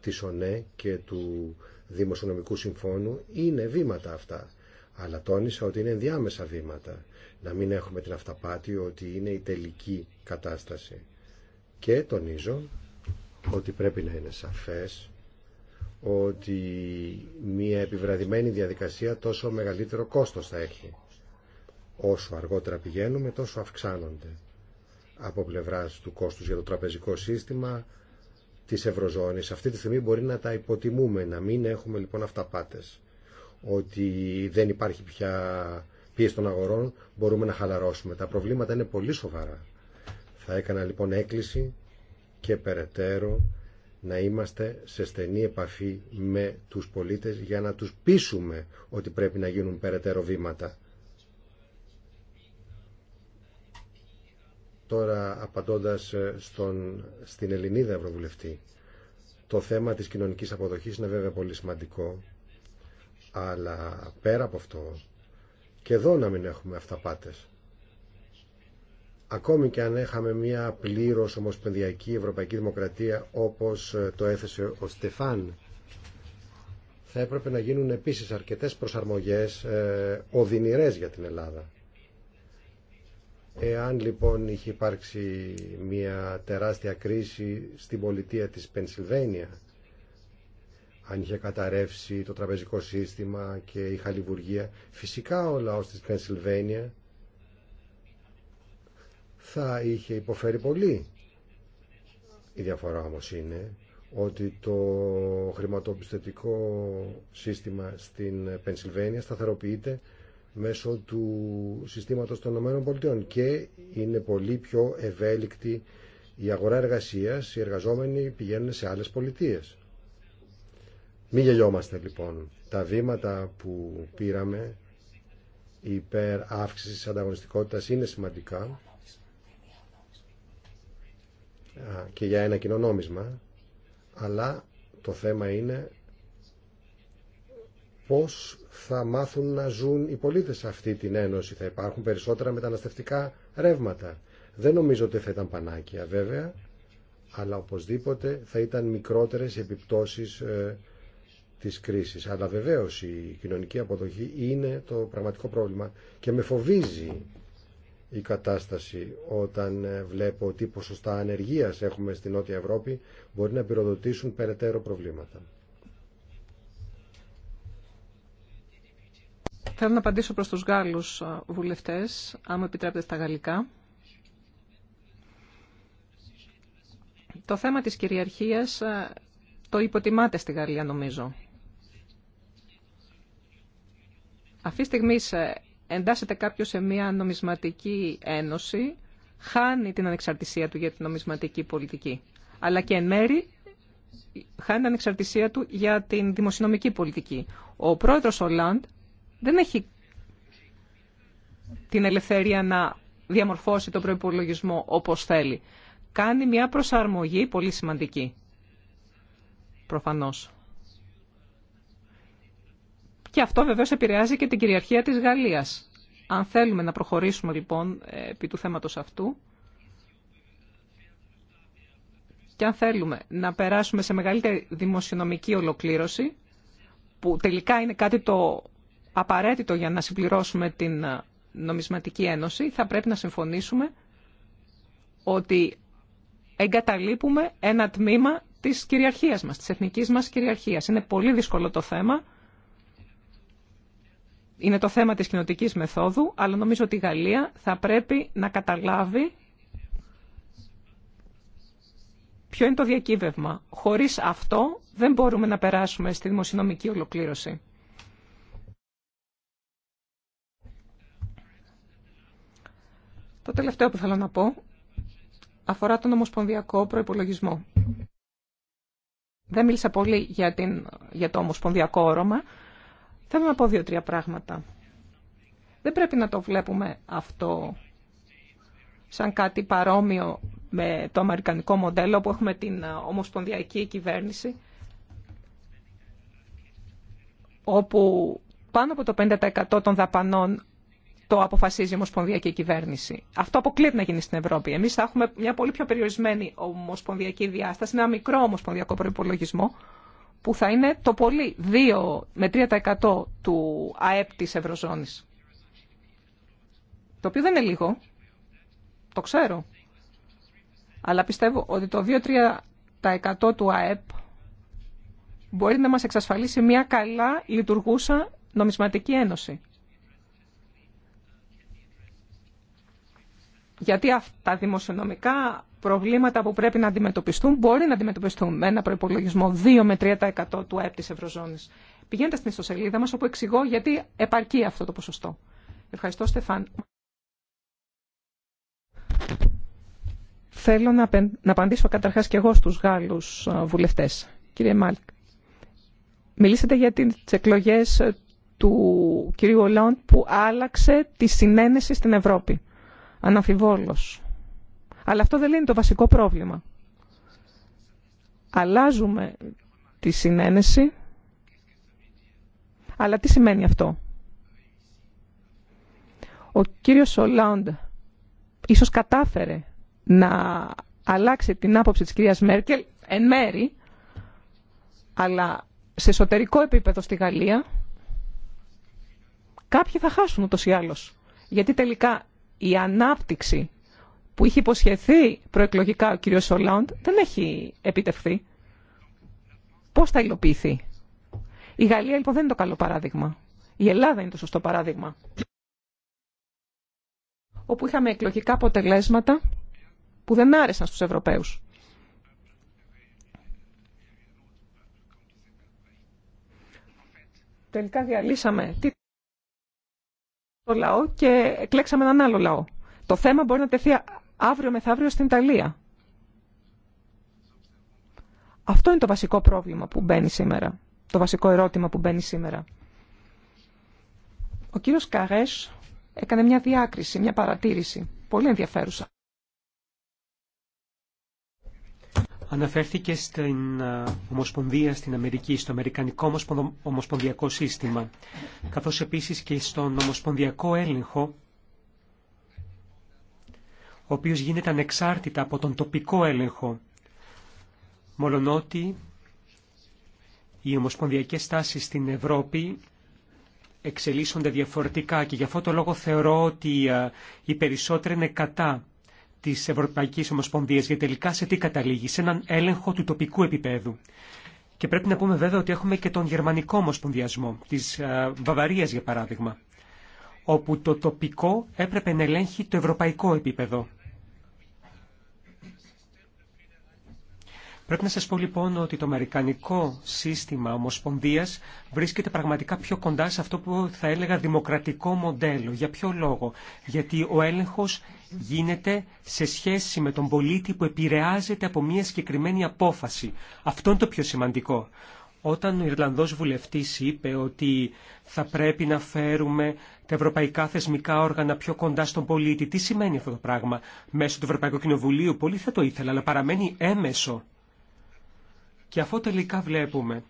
της ΟΝΕ και του Δημοσιονομικού Συμφώνου. Είναι βήματα αυτά. Αλλά τόνισα ότι είναι ενδιάμεσα βήματα. Να μην έχουμε την αυταπάτη ότι είναι η τελική κατάσταση. Και τονίζω ότι πρέπει να είναι σαφές ότι μια επιβραδυμένη διαδικασία τόσο μεγαλύτερο κόστος θα έχει. Όσο αργότερα πηγαίνουμε τόσο αυξάνονται από πλευράς του κόστους για το τραπεζικό σύστημα της Ευρωζώνης. Αυτή τη στιγμή μπορεί να τα υποτιμούμε, να μην έχουμε λοιπόν αυταπάτες. Ότι δεν υπάρχει πια πίεση των αγορών, μπορούμε να χαλαρώσουμε. Τα προβλήματα είναι πολύ σοβαρά. Θα έκανα λοιπόν έκκληση και περαιτέρω να είμαστε σε στενή επαφή με τους πολίτες για να τους πείσουμε ότι πρέπει να γίνουν περαιτέρω βήματα. Τώρα απαντώντας ε, στον, στην Ελληνίδα Ευρωβουλευτή, το θέμα της κοινωνικής αποδοχής είναι βέβαια πολύ σημαντικό, αλλά πέρα από αυτό, και εδώ να μην έχουμε αυταπάτες ακόμη και αν έχαμε μια πλήρως ομοσπονδιακή ευρωπαϊκή δημοκρατία όπως ε, το έθεσε ο Στεφάν θα έπρεπε να γίνουν επίσης αρκετές προσαρμογές ε, οδυνηρές για την Ελλάδα. Εάν λοιπόν είχε υπάρξει μια τεράστια κρίση στην πολιτεία της Πενσιλβένια, αν είχε καταρρεύσει το τραπεζικό σύστημα και η χαλιβουργία, φυσικά ο λαός της Πενσιλβένια θα είχε υποφέρει πολύ. Η διαφορά όμως είναι ότι το χρηματοπιστωτικό σύστημα στην Πενσιλβένια σταθεροποιείται μέσω του συστήματος των ΗΠΑ και είναι πολύ πιο ευέλικτη η αγορά εργασίας, οι εργαζόμενοι πηγαίνουν σε άλλες πολιτείες. Μην γελιόμαστε λοιπόν. Τα βήματα που πήραμε υπέρ αύξησης ανταγωνιστικότητας είναι σημαντικά και για ένα κοινό αλλά το θέμα είναι πώς θα μάθουν να ζουν οι πολίτες σε αυτή την ένωση. Θα υπάρχουν περισσότερα μεταναστευτικά ρεύματα. Δεν νομίζω ότι θα ήταν πανάκια βέβαια, αλλά οπωσδήποτε θα ήταν μικρότερες επιπτώσεις ε, της κρίσης. Αλλά βεβαίως η κοινωνική αποδοχή είναι το πραγματικό πρόβλημα και με φοβίζει η κατάσταση όταν ε, βλέπω τι ποσοστά ανεργίας έχουμε στην Νότια Ευρώπη μπορεί να πυροδοτήσουν περαιτέρω προβλήματα. Θέλω να απαντήσω προς τους Γάλλους ε, βουλευτές, άμα επιτρέπετε στα γαλλικά. Το θέμα της κυριαρχίας ε, το υποτιμάτε στη Γαλλία, νομίζω. Αυτή τη στιγμή εντάσσεται κάποιο σε μια νομισματική ένωση, χάνει την ανεξαρτησία του για την νομισματική πολιτική. Αλλά και εν μέρη χάνει την ανεξαρτησία του για την δημοσιονομική πολιτική. Ο πρόεδρος Ολάντ δεν έχει την ελευθερία να διαμορφώσει τον προϋπολογισμό όπως θέλει. Κάνει μια προσαρμογή πολύ σημαντική, προφανώς. Και αυτό βεβαίως επηρεάζει και την κυριαρχία της Γαλλίας. Αν θέλουμε να προχωρήσουμε λοιπόν επί του θέματος αυτού και αν θέλουμε να περάσουμε σε μεγαλύτερη δημοσιονομική ολοκλήρωση που τελικά είναι κάτι το απαραίτητο για να συμπληρώσουμε την νομισματική ένωση θα πρέπει να συμφωνήσουμε ότι εγκαταλείπουμε ένα τμήμα της κυριαρχίας μας, της εθνικής μας κυριαρχίας. Είναι πολύ δύσκολο το θέμα είναι το θέμα της κοινοτικής μεθόδου, αλλά νομίζω ότι η Γαλλία θα πρέπει να καταλάβει ποιο είναι το διακύβευμα. Χωρίς αυτό δεν μπορούμε να περάσουμε στη δημοσιονομική ολοκλήρωση. Το τελευταίο που θέλω να πω αφορά τον ομοσπονδιακό προϋπολογισμό. Δεν μίλησα πολύ για, την, για το ομοσπονδιακό όρομα, Θέλω να πω δύο-τρία πράγματα. Δεν πρέπει να το βλέπουμε αυτό σαν κάτι παρόμοιο με το αμερικανικό μοντέλο που έχουμε την ε, ομοσπονδιακή κυβέρνηση όπου πάνω από το 50% των δαπανών το αποφασίζει η Ομοσπονδιακή Κυβέρνηση. Αυτό αποκλείεται να γίνει στην Ευρώπη. Εμείς θα έχουμε μια πολύ πιο περιορισμένη ομοσπονδιακή διάσταση, ένα μικρό ομοσπονδιακό προϋπολογισμό που θα είναι το πολύ 2 με 3% του ΑΕΠ της Ευρωζώνης. Το οποίο δεν είναι λίγο. Το ξέρω. Αλλά πιστεύω ότι το 2-3% του ΑΕΠ μπορεί να μας εξασφαλίσει μια καλά λειτουργούσα νομισματική ένωση. Γιατί τα δημοσιονομικά προβλήματα που πρέπει να αντιμετωπιστούν μπορεί να αντιμετωπιστούν με ένα προπολογισμό 2 με 3% του ΑΕΠ τη Ευρωζώνη. Πηγαίνετε στην ιστοσελίδα μα όπου εξηγώ γιατί επαρκεί αυτό το ποσοστό. Ευχαριστώ Στεφάν. Θέλω να, να απαντήσω καταρχά και εγώ στου Γάλλου βουλευτέ. Κύριε Μάλκ, μιλήσατε για τι εκλογέ ε, του κυρίου Ολόντ που άλλαξε τη συνένεση στην Ευρώπη. Αναμφιβόλως αλλά αυτό δεν λύνει το βασικό πρόβλημα. Αλλάζουμε τη συνένεση, αλλά τι σημαίνει αυτό. Ο κύριος Σολάντ ίσως κατάφερε να αλλάξει την άποψη της κυρίας Μέρκελ εν μέρη, αλλά σε εσωτερικό επίπεδο στη Γαλλία κάποιοι θα χάσουν ούτως ή άλλως. Γιατί τελικά η ανάπτυξη που είχε υποσχεθεί προεκλογικά ο κύριος Σολάντ δεν έχει επιτευχθεί. Πώς θα υλοποιηθεί. Η Γαλλία λοιπόν δεν είναι το καλό παράδειγμα. Η Ελλάδα είναι το σωστό παράδειγμα. Όπου είχαμε εκλογικά αποτελέσματα που δεν άρεσαν στους Ευρωπαίους. Τελικά διαλύσαμε το λαό και εκλέξαμε έναν άλλο λαό. Το θέμα μπορεί να τεθεί αύριο μεθαύριο στην Ιταλία. Αυτό είναι το βασικό πρόβλημα που μπαίνει σήμερα. Το βασικό ερώτημα που μπαίνει σήμερα. Ο κύριος Καρές έκανε μια διάκριση, μια παρατήρηση. Πολύ ενδιαφέρουσα. Αναφέρθηκε στην Ομοσπονδία στην Αμερική, στο Αμερικανικό Ομοσπονδιακό Σύστημα, καθώς επίσης και στον Ομοσπονδιακό Έλεγχο ο οποίος γίνεται ανεξάρτητα από τον τοπικό έλεγχο. Μολονότι οι ομοσπονδιακές τάσεις στην Ευρώπη εξελίσσονται διαφορετικά και γι' αυτό το λόγο θεωρώ ότι ε, οι περισσότεροι είναι κατά της Ευρωπαϊκής Ομοσπονδίας γιατί τελικά σε τι καταλήγει, σε έναν έλεγχο του τοπικού επίπεδου. Και πρέπει να πούμε βέβαια ότι έχουμε και τον γερμανικό ομοσπονδιασμό, της ε, Βαβαρίας για παράδειγμα, όπου το τοπικό έπρεπε να ελέγχει το ευρωπαϊκό επίπεδο. Πρέπει να σας πω λοιπόν ότι το αμερικανικό σύστημα ομοσπονδίας βρίσκεται πραγματικά πιο κοντά σε αυτό που θα έλεγα δημοκρατικό μοντέλο. Για ποιο λόγο. Γιατί ο έλεγχος γίνεται σε σχέση με τον πολίτη που επηρεάζεται από μια συγκεκριμένη απόφαση. Αυτό είναι το πιο σημαντικό. Όταν ο Ιρλανδός βουλευτής είπε ότι θα πρέπει να φέρουμε τα ευρωπαϊκά θεσμικά όργανα πιο κοντά στον πολίτη, τι σημαίνει αυτό το πράγμα. Μέσω του Ευρωπαϊκού Κοινοβουλίου πολύ θα το ήθελα, αλλά παραμένει έμεσο. Και αυτό τελικά βλέπουμε.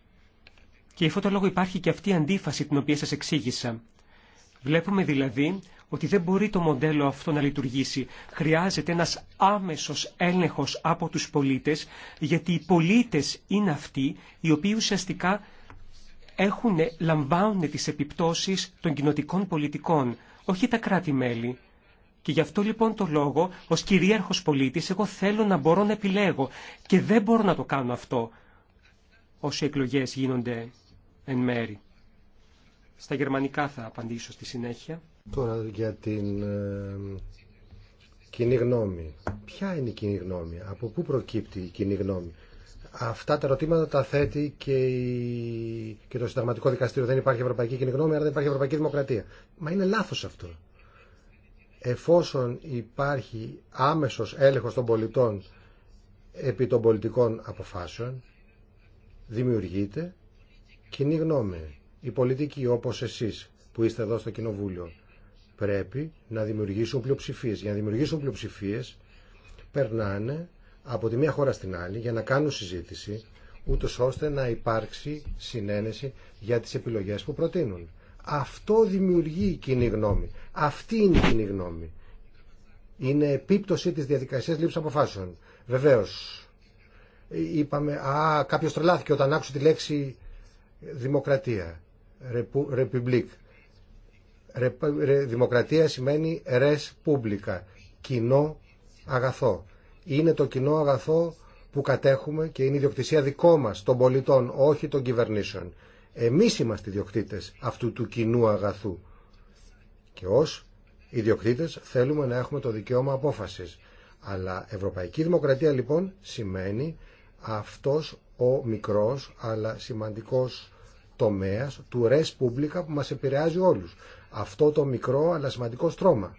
Και αυτό το λόγο υπάρχει και αυτή η αντίφαση την οποία σας εξήγησα. Βλέπουμε δηλαδή ότι δεν μπορεί το μοντέλο αυτό να λειτουργήσει. Χρειάζεται ένας άμεσος έλεγχος από τους πολίτες, γιατί οι πολίτες είναι αυτοί οι οποίοι ουσιαστικά έχουν, λαμβάνουν τις επιπτώσεις των κοινοτικών πολιτικών, όχι τα κράτη-μέλη. Και γι' αυτό λοιπόν το λόγο, ως κυρίαρχος πολίτης, εγώ θέλω να μπορώ να επιλέγω και δεν μπορώ να το κάνω αυτό όσοι εκλογές γίνονται εν μέρη. Στα γερμανικά θα απαντήσω στη συνέχεια. Τώρα για την ε, κοινή γνώμη. Ποια είναι η κοινή γνώμη, από πού προκύπτει η κοινή γνώμη. Αυτά τα ερωτήματα τα θέτει και, η... και το Συνταγματικό Δικαστήριο. Δεν υπάρχει Ευρωπαϊκή Κοινή Γνώμη, άρα δεν υπάρχει Ευρωπαϊκή Δημοκρατία. Μα είναι λάθος αυτό. Εφόσον υπάρχει άμεσος έλεγχος των πολιτών επί των πολιτικών αποφάσεων, δημιουργείται κοινή γνώμη. Οι πολιτικοί όπως εσείς που είστε εδώ στο Κοινοβούλιο πρέπει να δημιουργήσουν πλειοψηφίες. Για να δημιουργήσουν πλειοψηφίες περνάνε από τη μία χώρα στην άλλη για να κάνουν συζήτηση ούτως ώστε να υπάρξει συνένεση για τις επιλογές που προτείνουν. Αυτό δημιουργεί κοινή γνώμη. Αυτή είναι η κοινή γνώμη. Είναι επίπτωση της διαδικασίας λήψης αποφάσεων. Βεβαίως, είπαμε «Α, κάποιος τρελάθηκε όταν άκουσε τη λέξη δημοκρατία». Republic. Δημοκρατία σημαίνει «res publica», κοινό αγαθό. Είναι το κοινό αγαθό που κατέχουμε και είναι η διοκτησία δικό μας, των πολιτών, όχι των κυβερνήσεων. Εμείς είμαστε διοκτήτες αυτού του κοινού αγαθού. Και ως ιδιοκτήτες θέλουμε να έχουμε το δικαίωμα απόφασης. Αλλά ευρωπαϊκή δημοκρατία λοιπόν σημαίνει αυτός ο μικρός αλλά σημαντικός τομέας του res publica που μας επηρεάζει όλους. Αυτό το μικρό αλλά σημαντικό στρώμα.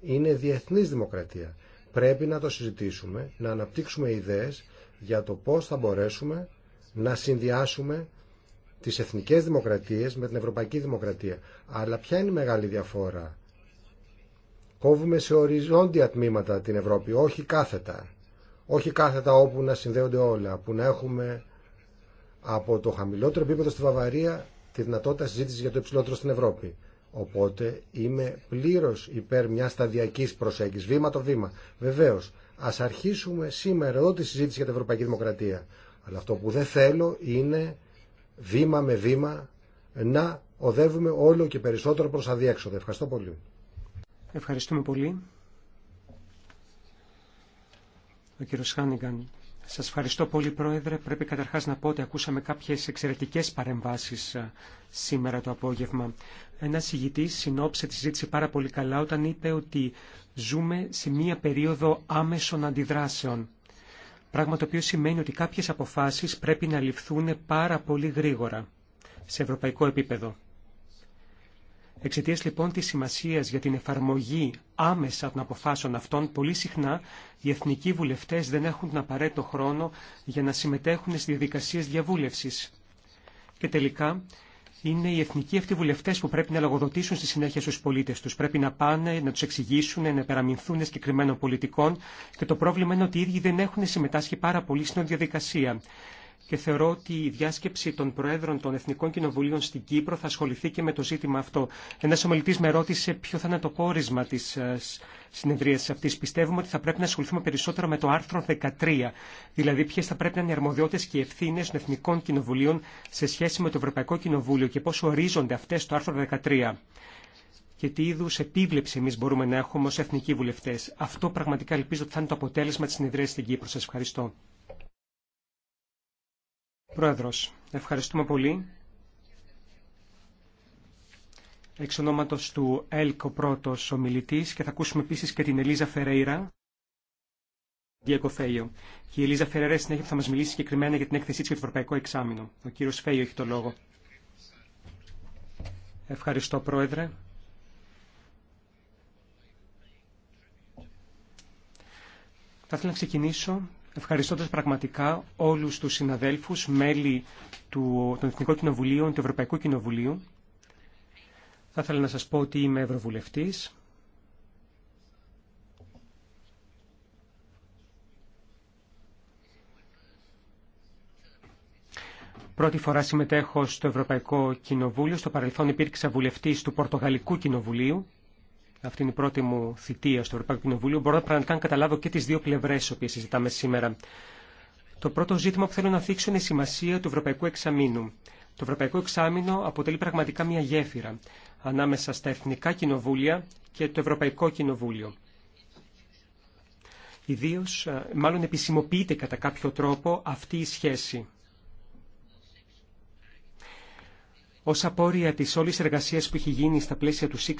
Είναι διεθνής δημοκρατία. Πρέπει να το συζητήσουμε, να αναπτύξουμε ιδέες για το πώς θα μπορέσουμε να συνδυάσουμε τις εθνικές δημοκρατίες με την ευρωπαϊκή δημοκρατία. Αλλά ποια είναι η μεγάλη διαφορά. Κόβουμε σε οριζόντια τμήματα την Ευρώπη, όχι κάθετα όχι κάθετα όπου να συνδέονται όλα, που να έχουμε από το χαμηλότερο επίπεδο στη Βαβαρία τη δυνατότητα συζήτηση για το υψηλότερο στην Ευρώπη. Οπότε είμαι πλήρω υπέρ μια σταδιακή προσέγγιση, βήμα το βήμα. Βεβαίω, α αρχίσουμε σήμερα εδώ τη συζήτηση για την Ευρωπαϊκή Δημοκρατία. Αλλά αυτό που δεν θέλω είναι βήμα με βήμα να οδεύουμε όλο και περισσότερο προς αδίέξοδο. Ευχαριστώ πολύ. Ευχαριστούμε πολύ. Ο κύριος Χάνιγκαν. Σας ευχαριστώ πολύ Πρόεδρε. Πρέπει καταρχάς να πω ότι ακούσαμε κάποιες εξαιρετικές παρεμβάσεις ε, σήμερα το απόγευμα. Ένα ηγητής συνόψε τη ζήτηση πάρα πολύ καλά όταν είπε ότι ζούμε σε μία περίοδο άμεσων αντιδράσεων. Πράγμα το οποίο σημαίνει ότι κάποιες αποφάσεις πρέπει να ληφθούν πάρα πολύ γρήγορα σε ευρωπαϊκό επίπεδο. Εξαιτία λοιπόν τη σημασία για την εφαρμογή άμεσα των αποφάσεων αυτών, πολύ συχνά οι εθνικοί βουλευτέ δεν έχουν τον απαραίτητο χρόνο για να συμμετέχουν στι διαδικασίε διαβούλευση. Και τελικά, είναι οι εθνικοί αυτοί βουλευτέ που πρέπει να λογοδοτήσουν στη συνέχεια στου πολίτε του. Πρέπει να πάνε, να του εξηγήσουν, να επεραμεινθούν συγκεκριμένων πολιτικών και το πρόβλημα είναι ότι οι ίδιοι δεν έχουν συμμετάσχει πάρα πολύ στην διαδικασία και θεωρώ ότι η διάσκεψη των Προέδρων των Εθνικών Κοινοβουλίων στην Κύπρο θα ασχοληθεί και με το ζήτημα αυτό. Ένα ομιλητή με ρώτησε ποιο θα είναι το πόρισμα τη ε, συνεδρία αυτή. Πιστεύουμε ότι θα πρέπει να ασχοληθούμε περισσότερο με το άρθρο 13, δηλαδή ποιε θα πρέπει να είναι οι αρμοδιότητε και οι ευθύνε των Εθνικών Κοινοβουλίων σε σχέση με το Ευρωπαϊκό Κοινοβούλιο και πώ ορίζονται αυτέ στο άρθρο 13 και τι είδου επίβλεψη εμεί μπορούμε να έχουμε ω εθνικοί βουλευτέ. Αυτό πραγματικά ελπίζω ότι θα είναι το αποτέλεσμα τη συνεδρία στην Κύπρο. Σα ευχαριστώ. Πρόεδρος, ευχαριστούμε πολύ. Εξ ονόματος του ΕΛΚΟ πρώτος ομιλητής και θα ακούσουμε επίσης και την Ελίζα Φερέιρα. Φέιο. Και η Ελίζα Φεραίρα συνέχεια θα μας μιλήσει συγκεκριμένα για την έκθεσή της για το Ευρωπαϊκό Εξάμεινο. Ο κύριος Φέιο έχει το λόγο. Ευχαριστώ Πρόεδρε. Θα ήθελα να ξεκινήσω ευχαριστώντας πραγματικά όλους τους συναδέλφους, μέλη του, των Εθνικών Κοινοβουλίων, του Ευρωπαϊκού Κοινοβουλίου. Θα ήθελα να σας πω ότι είμαι Ευρωβουλευτής. Πρώτη φορά συμμετέχω στο Ευρωπαϊκό Κοινοβούλιο. Στο παρελθόν υπήρξα βουλευτής του Πορτογαλικού Κοινοβουλίου. Αυτή είναι η πρώτη μου θητεία στο Ευρωπαϊκό Κοινοβούλιο. Μπορώ να πραγματικά καταλάβω και τι δύο πλευρέ τι οποίε συζητάμε σήμερα. Το πρώτο ζήτημα που θέλω να θίξω είναι η σημασία του Ευρωπαϊκού Εξαμήνου. Το Ευρωπαϊκό Εξάμεινο αποτελεί πραγματικά μια γέφυρα ανάμεσα στα Εθνικά Κοινοβούλια και το Ευρωπαϊκό Κοινοβούλιο. Ιδίω, ε, μάλλον επισημοποιείται κατά κάποιο τρόπο αυτή η σχέση. Ω απόρρια τη όλη εργασία που έχει γίνει στα πλαίσια του Six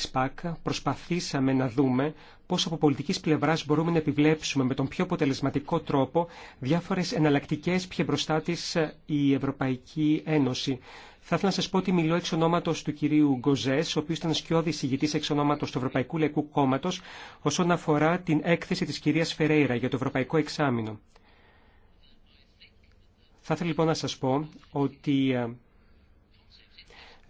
προσπαθήσαμε να δούμε πώ από πολιτική πλευρά μπορούμε να επιβλέψουμε με τον πιο αποτελεσματικό τρόπο διάφορε εναλλακτικέ που μπροστά τη ε, η Ευρωπαϊκή Ένωση. Θα ήθελα να σα πω ότι μιλώ εξ ονόματο του κυρίου Γκοζέ, ο οποίο ήταν σκιώδη ηγητή εξ ονόματο του Ευρωπαϊκού Λαϊκού Κόμματο, όσον αφορά την έκθεση τη κυρία Φερέιρα για το Ευρωπαϊκό Εξάμεινο. Θα ήθελα λοιπόν να σα πω ότι ε,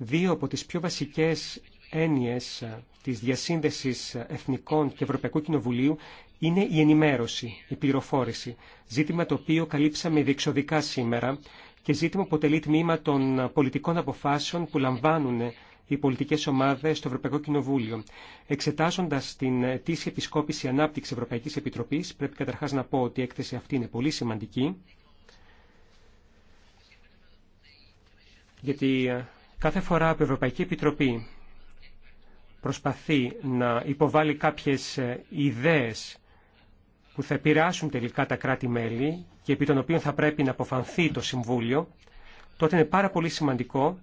Δύο από τις πιο βασικές έννοιες ε, της διασύνδεσης ε, Εθνικών και Ευρωπαϊκού Κοινοβουλίου είναι η ενημέρωση, η πληροφόρηση, ζήτημα το οποίο καλύψαμε διεξοδικά σήμερα και ζήτημα που αποτελεί τμήμα των ε, πολιτικών αποφάσεων που λαμβάνουν οι πολιτικές ομάδες στο Ευρωπαϊκό Κοινοβούλιο. Εξετάζοντας την τήση επισκόπηση ανάπτυξη Ευρωπαϊκής Επιτροπής, πρέπει καταρχάς να πω ότι η έκθεση αυτή είναι πολύ σημαντική, γιατί Κάθε φορά που η Ευρωπαϊκή Επιτροπή προσπαθεί να υποβάλει κάποιες ε, ιδέες που θα επηρεάσουν τελικά τα κράτη-μέλη και επί των οποίων θα πρέπει να αποφανθεί το Συμβούλιο, τότε είναι πάρα πολύ σημαντικό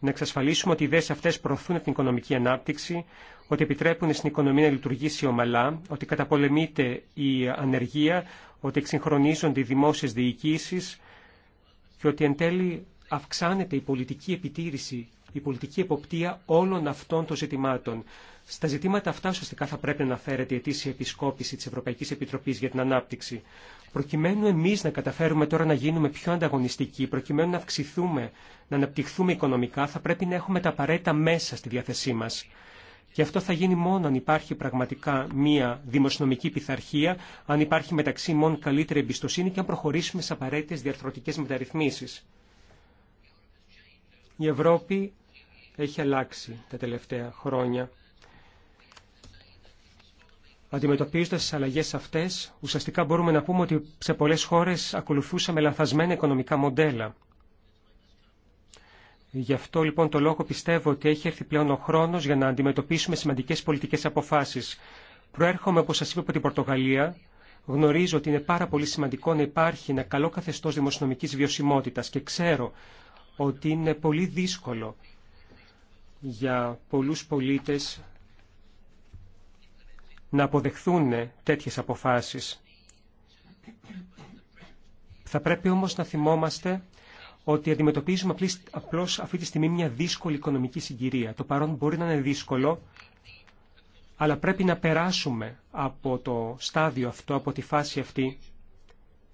να εξασφαλίσουμε ότι οι ιδέες αυτές προωθούν την οικονομική ανάπτυξη, ότι επιτρέπουν στην οικονομία να λειτουργήσει ομαλά, ότι καταπολεμείται η ανεργία, ότι εξυγχρονίζονται οι δημόσιες διοικήσεις και ότι εν τέλει αυξάνεται η πολιτική επιτήρηση, η πολιτική εποπτεία όλων αυτών των ζητημάτων. Στα ζητήματα αυτά ουσιαστικά θα πρέπει να αναφέρεται η αιτήσια επισκόπηση της Ευρωπαϊκής Επιτροπής για την Ανάπτυξη. Προκειμένου εμείς να καταφέρουμε τώρα να γίνουμε πιο ανταγωνιστικοί, προκειμένου να αυξηθούμε, να αναπτυχθούμε οικονομικά, θα πρέπει να έχουμε τα απαραίτητα μέσα στη διάθεσή μας. Και αυτό θα γίνει μόνο αν υπάρχει πραγματικά μία δημοσιονομική πειθαρχία, αν υπάρχει μεταξύ μόνο καλύτερη εμπιστοσύνη και αν προχωρήσουμε σε απαραίτητε διαρθρωτικέ μεταρρυθμίσει. Η Ευρώπη έχει αλλάξει τα τελευταία χρόνια. Αντιμετωπίζοντας τις αλλαγές αυτές, ουσιαστικά μπορούμε να πούμε ότι σε πολλές χώρες ακολουθούσαμε λαθασμένα οικονομικά μοντέλα. Γι' αυτό λοιπόν το λόγο πιστεύω ότι έχει έρθει πλέον ο χρόνος για να αντιμετωπίσουμε σημαντικές πολιτικές αποφάσεις. Προέρχομαι, όπως σας είπα, από την Πορτογαλία. Γνωρίζω ότι είναι πάρα πολύ σημαντικό να υπάρχει ένα καλό καθεστώς δημοσιονομικής βιωσιμότητας και ξέρω ότι είναι πολύ δύσκολο για πολλούς πολίτες να αποδεχθούν τέτοιες αποφάσεις. Θα πρέπει όμως να θυμόμαστε ότι αντιμετωπίζουμε απλώς αυτή τη στιγμή μια δύσκολη οικονομική συγκυρία. Το παρόν μπορεί να είναι δύσκολο, αλλά πρέπει να περάσουμε από το στάδιο αυτό, από τη φάση αυτή,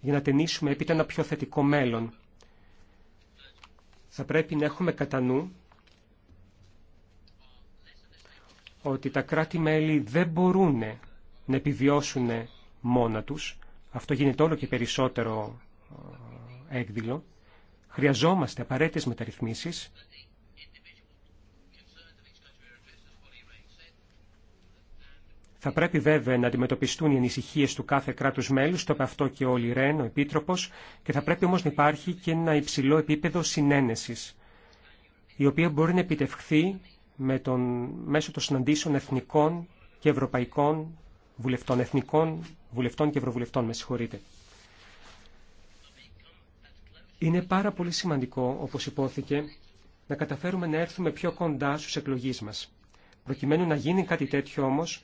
για να ταινίσουμε έπειτα ένα πιο θετικό μέλλον θα πρέπει να έχουμε κατά νου ότι τα κράτη-μέλη δεν μπορούν να επιβιώσουν μόνα τους. Αυτό γίνεται όλο και περισσότερο ε, έκδηλο. Χρειαζόμαστε απαραίτητες μεταρρυθμίσεις Θα πρέπει βέβαια να αντιμετωπιστούν οι ανησυχίε του κάθε κράτου μέλου, το είπε αυτό και όλοι Ρεν, ο Επίτροπο, και θα πρέπει όμω να υπάρχει και ένα υψηλό επίπεδο συνένεση, η οποία μπορεί να επιτευχθεί με τον, μέσω των συναντήσεων εθνικών και ευρωπαϊκών βουλευτών, εθνικών βουλευτών και ευρωβουλευτών, με συγχωρείτε. Είναι πάρα πολύ σημαντικό, όπως υπόθηκε, να καταφέρουμε να έρθουμε πιο κοντά στους εκλογείς μας. Προκειμένου να γίνει κάτι τέτοιο όμως,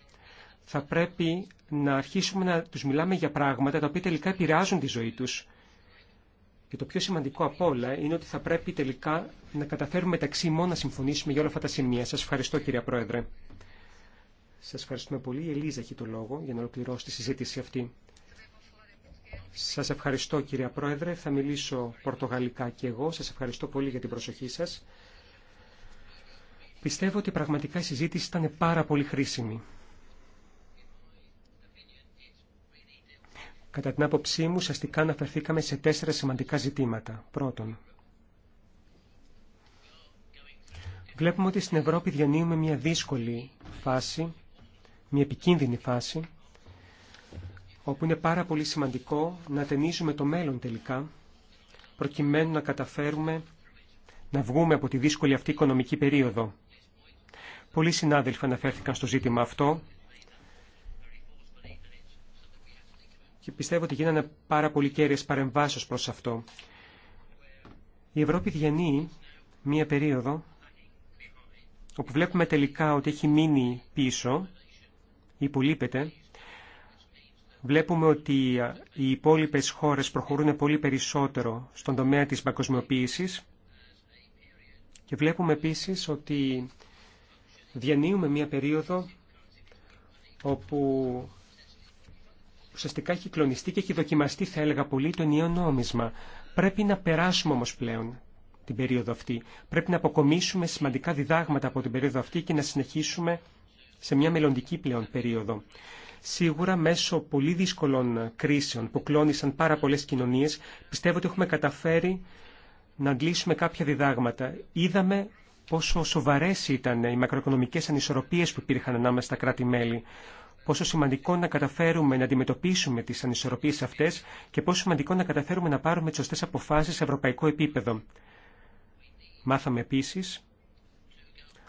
θα πρέπει να αρχίσουμε να τους μιλάμε για πράγματα τα οποία τελικά επηρεάζουν τη ζωή τους. Και το πιο σημαντικό απ' όλα είναι ότι θα πρέπει τελικά να καταφέρουμε μεταξύ μόνο να συμφωνήσουμε για όλα αυτά τα σημεία. Σας ευχαριστώ κύριε Πρόεδρε. Σας ευχαριστούμε πολύ. Η Ελίζα έχει το λόγο για να ολοκληρώσει τη συζήτηση αυτή. Σας ευχαριστώ κύριε Πρόεδρε. Θα μιλήσω πορτογαλικά και εγώ. Σας ευχαριστώ πολύ για την προσοχή σας. Πιστεύω ότι πραγματικά η συζήτηση ήταν πάρα πολύ χρήσιμη. Κατά την άποψή μου, ουσιαστικά αναφερθήκαμε σε τέσσερα σημαντικά ζητήματα. Πρώτον, βλέπουμε ότι στην Ευρώπη διανύουμε μια δύσκολη φάση, μια επικίνδυνη φάση, όπου είναι πάρα πολύ σημαντικό να ταινίζουμε το μέλλον τελικά, προκειμένου να καταφέρουμε να βγούμε από τη δύσκολη αυτή οικονομική περίοδο. Πολλοί συνάδελφοι αναφέρθηκαν στο ζήτημα αυτό. και πιστεύω ότι γίνανε πάρα πολύ κέρυες παρεμβάσεις προς αυτό. Η Ευρώπη διανύει μία περίοδο όπου βλέπουμε τελικά ότι έχει μείνει πίσω, ή λείπεται. βλέπουμε ότι οι υπόλοιπε χώρες προχωρούν πολύ περισσότερο στον τομέα της παγκοσμιοποίησης και βλέπουμε επίσης ότι διανύουμε μία περίοδο όπου ουσιαστικά έχει κλονιστεί και έχει δοκιμαστεί, θα έλεγα πολύ, το νέο νόμισμα. Πρέπει να περάσουμε όμω πλέον την περίοδο αυτή. Πρέπει να αποκομίσουμε σημαντικά διδάγματα από την περίοδο αυτή και να συνεχίσουμε σε μια μελλοντική πλέον περίοδο. Σίγουρα μέσω πολύ δύσκολων κρίσεων που κλώνησαν πάρα πολλές κοινωνίες, πιστεύω ότι έχουμε καταφέρει να αντλήσουμε κάποια διδάγματα. Είδαμε πόσο σοβαρές ήταν οι μακροοικονομικές ανισορροπίες που υπήρχαν ανάμεσα στα κράτη-μέλη πόσο σημαντικό να καταφέρουμε να αντιμετωπίσουμε τις ανισορροπίες αυτές και πόσο σημαντικό να καταφέρουμε να πάρουμε τι σωστές αποφάσεις σε ευρωπαϊκό επίπεδο. Μάθαμε επίσης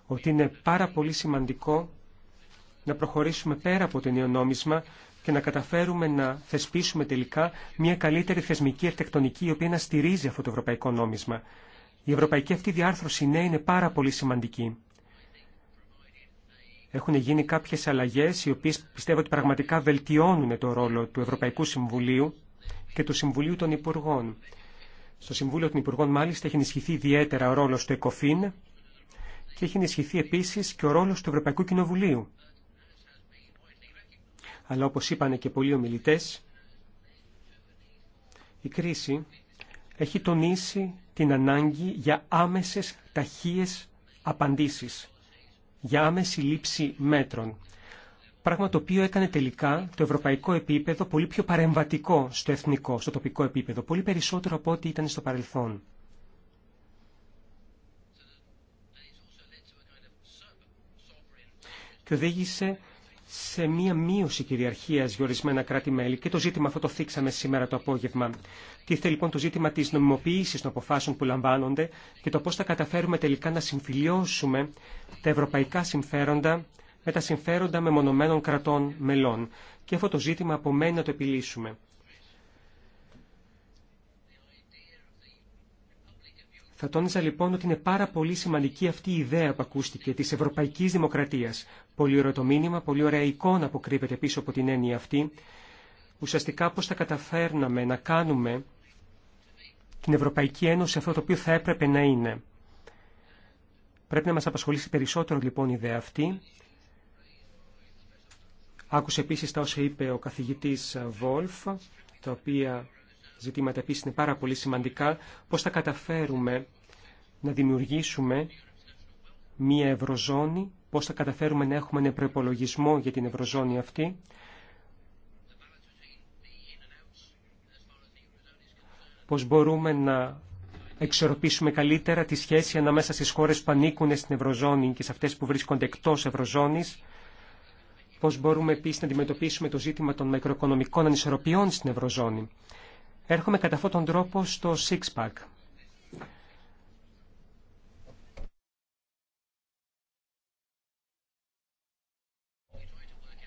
ότι είναι πάρα πολύ σημαντικό να προχωρήσουμε πέρα από το νέο νόμισμα και να καταφέρουμε να θεσπίσουμε τελικά μια καλύτερη θεσμική αρχιτεκτονική η οποία να στηρίζει αυτό το ευρωπαϊκό νόμισμα. Η ευρωπαϊκή αυτή διάρθρωση ναι είναι πάρα πολύ σημαντική. Έχουν γίνει κάποιες αλλαγές οι οποίες πιστεύω ότι πραγματικά βελτιώνουν το ρόλο του Ευρωπαϊκού Συμβουλίου και του Συμβουλίου των Υπουργών. Στο Συμβούλιο των Υπουργών μάλιστα έχει ενισχυθεί ιδιαίτερα ο ρόλος του ΕΚΟΦΗΝ και έχει ενισχυθεί επίσης και ο ρόλος του Ευρωπαϊκού Κοινοβουλίου. Αλλά όπως είπαν και πολλοί ομιλητές, η κρίση έχει τονίσει την ανάγκη για άμεσες ταχείες απαντήσεις για άμεση λήψη μέτρων. Πράγμα το οποίο έκανε τελικά το ευρωπαϊκό επίπεδο πολύ πιο παρεμβατικό στο εθνικό, στο τοπικό επίπεδο, πολύ περισσότερο από ό,τι ήταν στο παρελθόν. Και οδήγησε σε μία μείωση κυριαρχία για ορισμένα κράτη-μέλη και το ζήτημα αυτό το θίξαμε σήμερα το απόγευμα. Τίθε λοιπόν το ζήτημα τη νομιμοποίηση των αποφάσεων που λαμβάνονται και το πώ θα καταφέρουμε τελικά να συμφιλιώσουμε τα ευρωπαϊκά συμφέροντα με τα συμφέροντα μεμονωμένων κρατών μελών. Και αυτό το ζήτημα απομένει να το επιλύσουμε. Θα τόνιζα λοιπόν ότι είναι πάρα πολύ σημαντική αυτή η ιδέα που ακούστηκε της ευρωπαϊκής δημοκρατίας. Πολύ ωραίο το μήνυμα, πολύ ωραία εικόνα που κρύβεται πίσω από την έννοια αυτή. Ουσιαστικά πώς θα καταφέρναμε να κάνουμε την Ευρωπαϊκή Ένωση αυτό το οποίο θα έπρεπε να είναι. Πρέπει να μας απασχολήσει περισσότερο λοιπόν η ιδέα αυτή. Άκουσε επίσης τα όσα είπε ο καθηγητής Βόλφ, τα οποία ζητήματα επίσης είναι πάρα πολύ σημαντικά. Πώς θα καταφέρουμε να δημιουργήσουμε μία ευρωζώνη, πώς θα καταφέρουμε να έχουμε ένα προπολογισμό για την ευρωζώνη αυτή. Πώς μπορούμε να εξορροπήσουμε καλύτερα τη σχέση ανάμεσα στις χώρες που ανήκουν στην Ευρωζώνη και σε αυτές που βρίσκονται εκτός Ευρωζώνης. Πώς μπορούμε επίσης να αντιμετωπίσουμε το ζήτημα των μικροοικονομικών ανισορροπιών στην Ευρωζώνη. Έρχομαι κατά αυτόν τον τρόπο στο six-pack.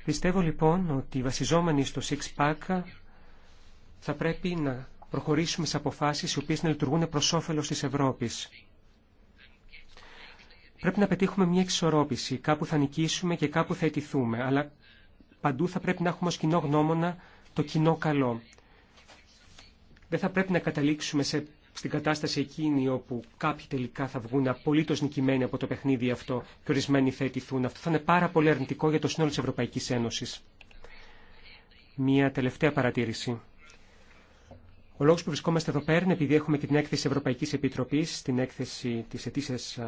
Πιστεύω λοιπόν ότι βασιζόμενοι στο six-pack θα πρέπει να προχωρήσουμε σε αποφάσεις οι οποίες να λειτουργούν προς όφελος της Ευρώπης. Πρέπει να πετύχουμε μια εξορρόπηση. Κάπου θα νικήσουμε και κάπου θα ετηθούμε. Αλλά παντού θα πρέπει να έχουμε ως κοινό γνώμονα το κοινό καλό δεν θα πρέπει να καταλήξουμε σε, στην κατάσταση εκείνη όπου κάποιοι τελικά θα βγουν απολύτω νικημένοι από το παιχνίδι αυτό και ορισμένοι θα Αυτό θα είναι πάρα πολύ αρνητικό για το σύνολο της Ευρωπαϊκής Ένωσης. Μία τελευταία παρατήρηση. Ο λόγος που βρισκόμαστε εδώ πέρα είναι επειδή έχουμε και την έκθεση Ευρωπαϊκής Επιτροπής, την έκθεση της ετήσιας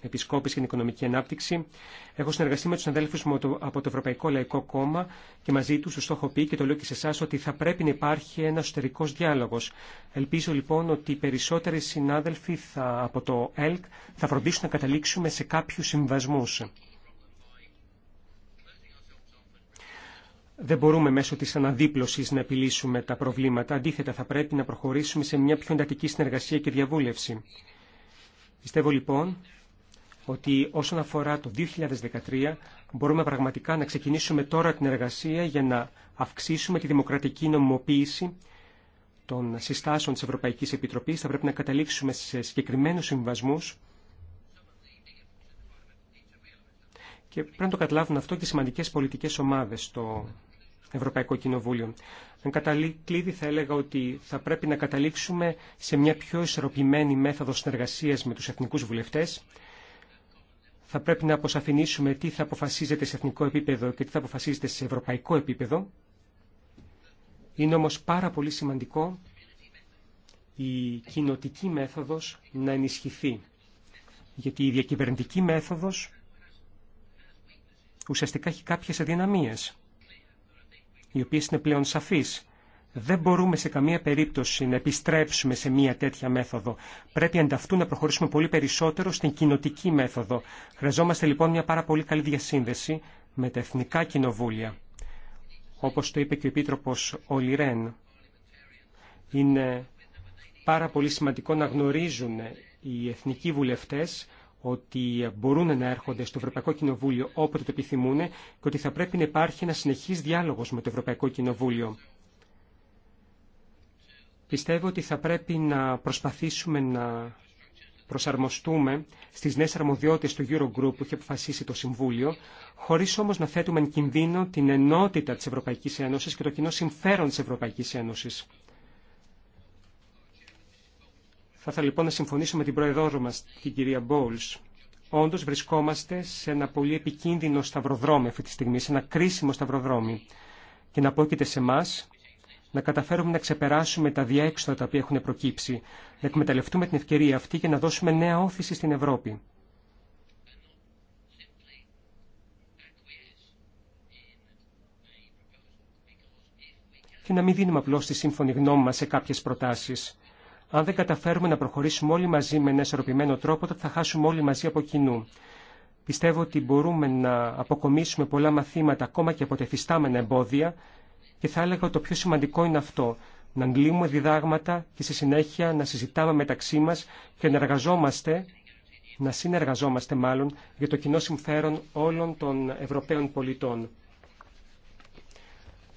επισκόπης για την οικονομική ανάπτυξη. Έχω συνεργαστεί με τους αδέλφους μου από το Ευρωπαϊκό Λαϊκό Κόμμα και μαζί τους τους το έχω πει και το λέω και σε εσά ότι θα πρέπει να υπάρχει ένας εσωτερικός διάλογος. Ελπίζω λοιπόν ότι οι περισσότεροι συνάδελφοι θα, από το ΕΛΚ θα φροντίσουν να καταλήξουμε σε κάποιους συμβασμούς. Δεν μπορούμε μέσω της αναδίπλωσης να επιλύσουμε τα προβλήματα. Αντίθετα, θα πρέπει να προχωρήσουμε σε μια πιο εντατική συνεργασία και διαβούλευση. Πιστεύω λοιπόν ότι όσον αφορά το 2013 μπορούμε πραγματικά να ξεκινήσουμε τώρα την εργασία για να αυξήσουμε τη δημοκρατική νομιμοποίηση των συστάσεων της Ευρωπαϊκής Επιτροπής. Θα πρέπει να καταλήξουμε σε συγκεκριμένους συμβασμούς και πρέπει να το καταλάβουν αυτό και σημαντικές πολιτικές ομάδες στο Ευρωπαϊκό Κοινοβούλιο. Αν καταλήκλειδη θα έλεγα ότι θα πρέπει να καταλήξουμε σε μια πιο ισορροπημένη μέθοδο συνεργασίας με τους εθνικούς βουλευτές. Θα πρέπει να αποσαφηνίσουμε τι θα αποφασίζεται σε εθνικό επίπεδο και τι θα αποφασίζεται σε ευρωπαϊκό επίπεδο. Είναι όμως πάρα πολύ σημαντικό η κοινοτική μέθοδος να ενισχυθεί. Γιατί η διακυβερνητική μέθοδος ουσιαστικά έχει κάποιες αδυναμίες οι οποίες είναι πλέον σαφείς. Δεν μπορούμε σε καμία περίπτωση να επιστρέψουμε σε μια τέτοια μέθοδο. Πρέπει ανταυτού να προχωρήσουμε πολύ περισσότερο στην κοινοτική μέθοδο. Χρειαζόμαστε λοιπόν μια πάρα πολύ καλή διασύνδεση με τα εθνικά κοινοβούλια. Όπως το είπε και ο Επίτροπος Ολιρέν, είναι πάρα πολύ σημαντικό να γνωρίζουν οι εθνικοί βουλευτές ότι μπορούν να έρχονται στο Ευρωπαϊκό Κοινοβούλιο όποτε το επιθυμούν και ότι θα πρέπει να υπάρχει ένα συνεχής διάλογος με το Ευρωπαϊκό Κοινοβούλιο. Πιστεύω ότι θα πρέπει να προσπαθήσουμε να προσαρμοστούμε στις νέες αρμοδιότητες του Eurogroup που έχει αποφασίσει το Συμβούλιο, χωρίς όμως να θέτουμε εν κινδύνο την ενότητα της Ευρωπαϊκής Ένωσης και το κοινό συμφέρον της Ευρωπαϊκής Ένωσης. Θα ήθελα λοιπόν να συμφωνήσω με την προεδόρο μας, την κυρία Μπόλς. Όντως βρισκόμαστε σε ένα πολύ επικίνδυνο σταυροδρόμι αυτή τη στιγμή, σε ένα κρίσιμο σταυροδρόμι. Και να απόκειται σε εμά να καταφέρουμε να ξεπεράσουμε τα διέξοδα τα οποία έχουν προκύψει, να εκμεταλλευτούμε την ευκαιρία αυτή και να δώσουμε νέα όθηση στην Ευρώπη. Και να μην δίνουμε απλώ τη σύμφωνη γνώμη μα σε κάποιε προτάσει. Αν δεν καταφέρουμε να προχωρήσουμε όλοι μαζί με ένα ισορροπημένο τρόπο, τότε θα χάσουμε όλοι μαζί από κοινού. Πιστεύω ότι μπορούμε να αποκομίσουμε πολλά μαθήματα ακόμα και από τεφιστάμενα εμπόδια και θα έλεγα ότι το πιο σημαντικό είναι αυτό. Να αγγλίμουμε διδάγματα και στη συνέχεια να συζητάμε μεταξύ μας και να εργαζόμαστε, να συνεργαζόμαστε μάλλον, για το κοινό συμφέρον όλων των Ευρωπαίων πολιτών.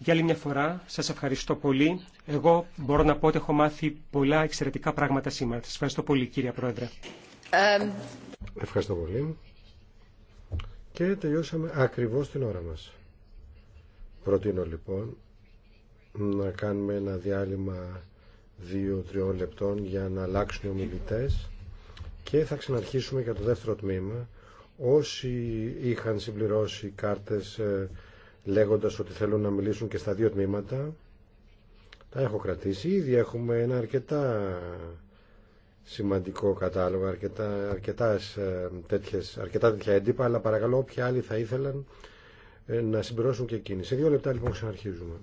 Για άλλη μια φορά, σας ευχαριστώ πολύ. Εγώ μπορώ να πω ότι έχω μάθει πολλά εξαιρετικά πράγματα σήμερα. Σας ευχαριστώ πολύ, κύριε Πρόεδρε. Ευχαριστώ πολύ. Και τελειώσαμε ακριβώς την ώρα μας. Προτείνω λοιπόν να κάνουμε ένα διάλειμμα δύο-τριών λεπτών για να αλλάξουν οι ομιλητές και θα ξαναρχίσουμε για το δεύτερο τμήμα. Όσοι είχαν συμπληρώσει κάρτες ε, λέγοντας ότι θέλουν να μιλήσουν και στα δύο τμήματα. Τα έχω κρατήσει. Ήδη έχουμε ένα αρκετά σημαντικό κατάλογο, αρκετά, αρκετά, ε, τέτοιες, αρκετά τέτοια έντυπα, αλλά παρακαλώ όποιοι άλλοι θα ήθελαν ε, να συμπληρώσουν και εκείνοι. Σε δύο λεπτά λοιπόν ξαναρχίζουμε.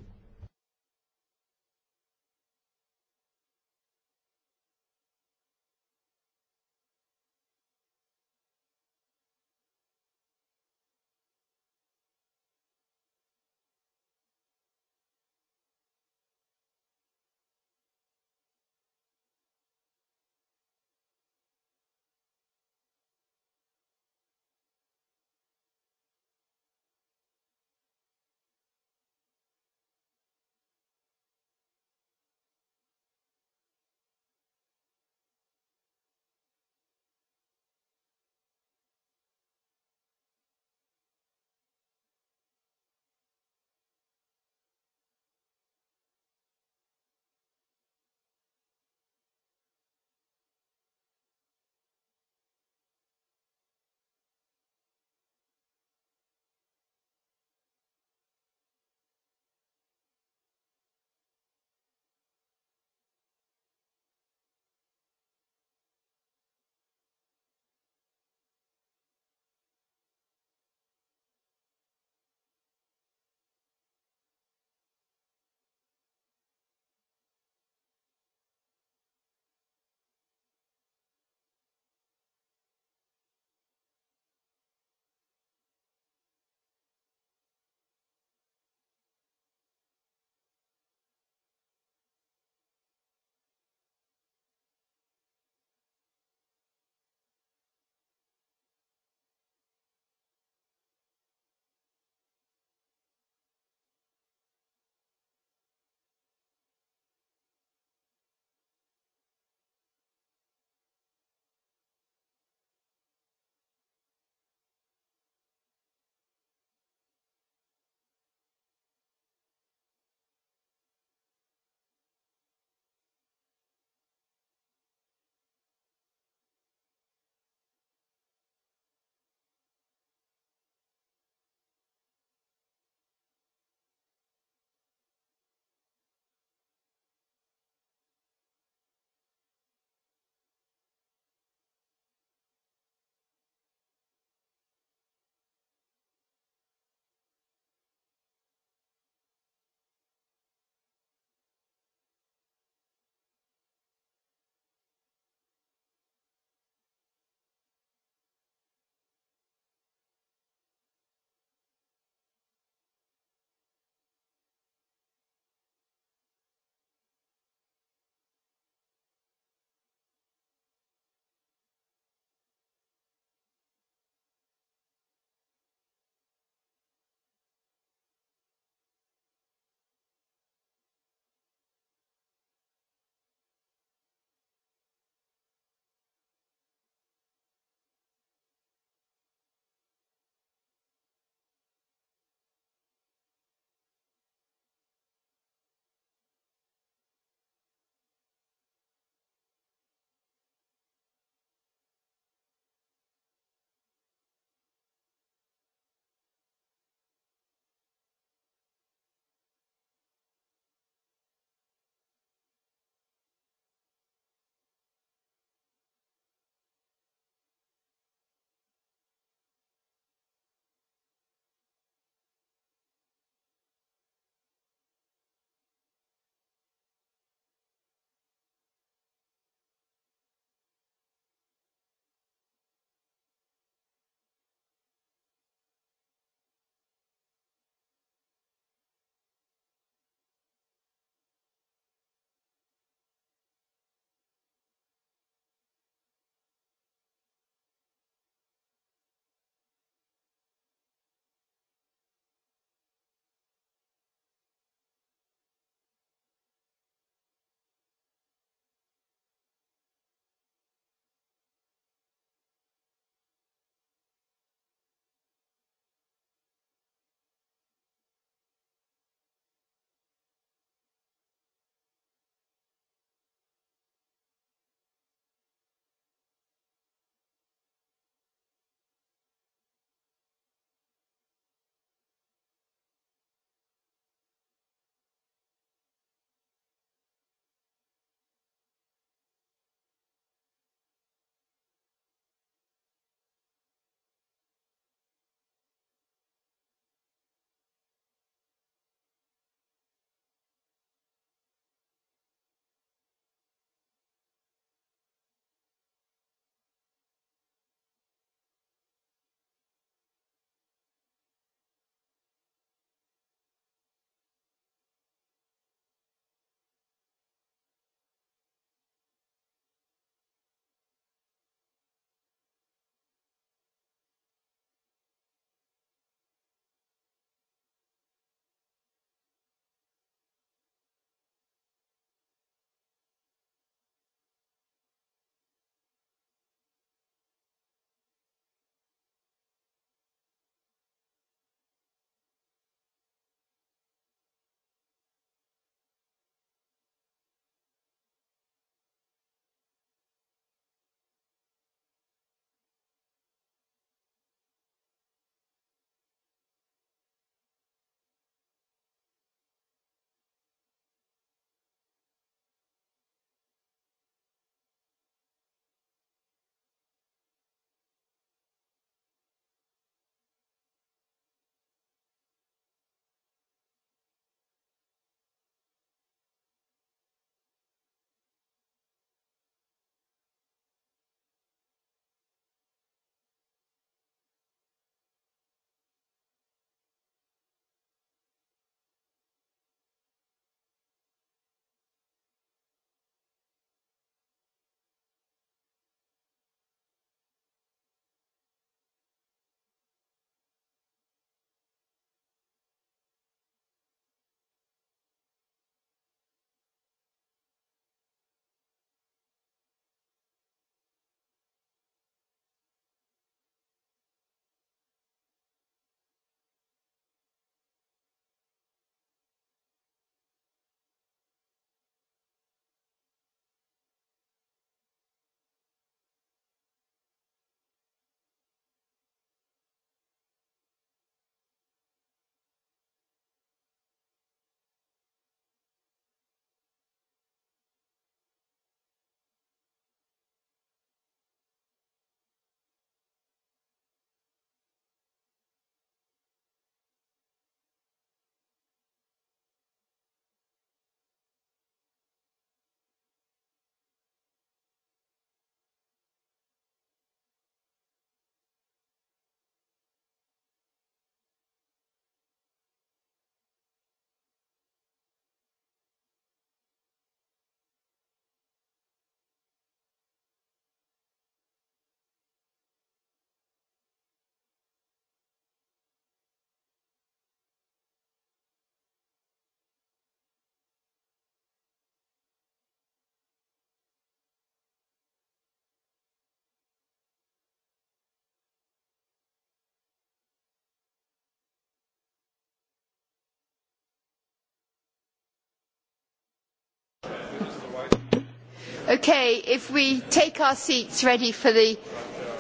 Okay, if we take our seats ready for the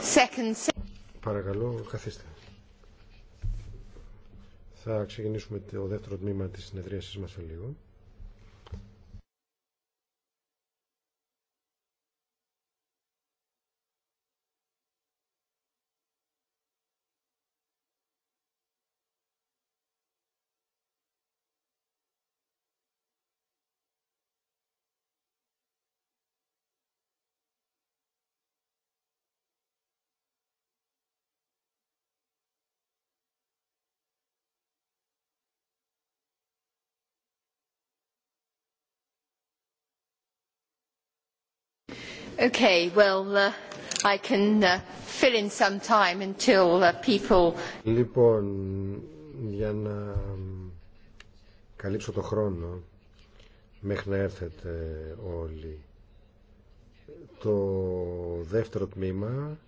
second... Παρακαλώ, καθίστε. Θα ξεκινήσουμε το δεύτερο τμήμα της συνεδρίασης μας σε λίγο. Λοιπόν, για να καλύψω το χρόνο μέχρι να έρθετε όλοι. Το δεύτερο τμήμα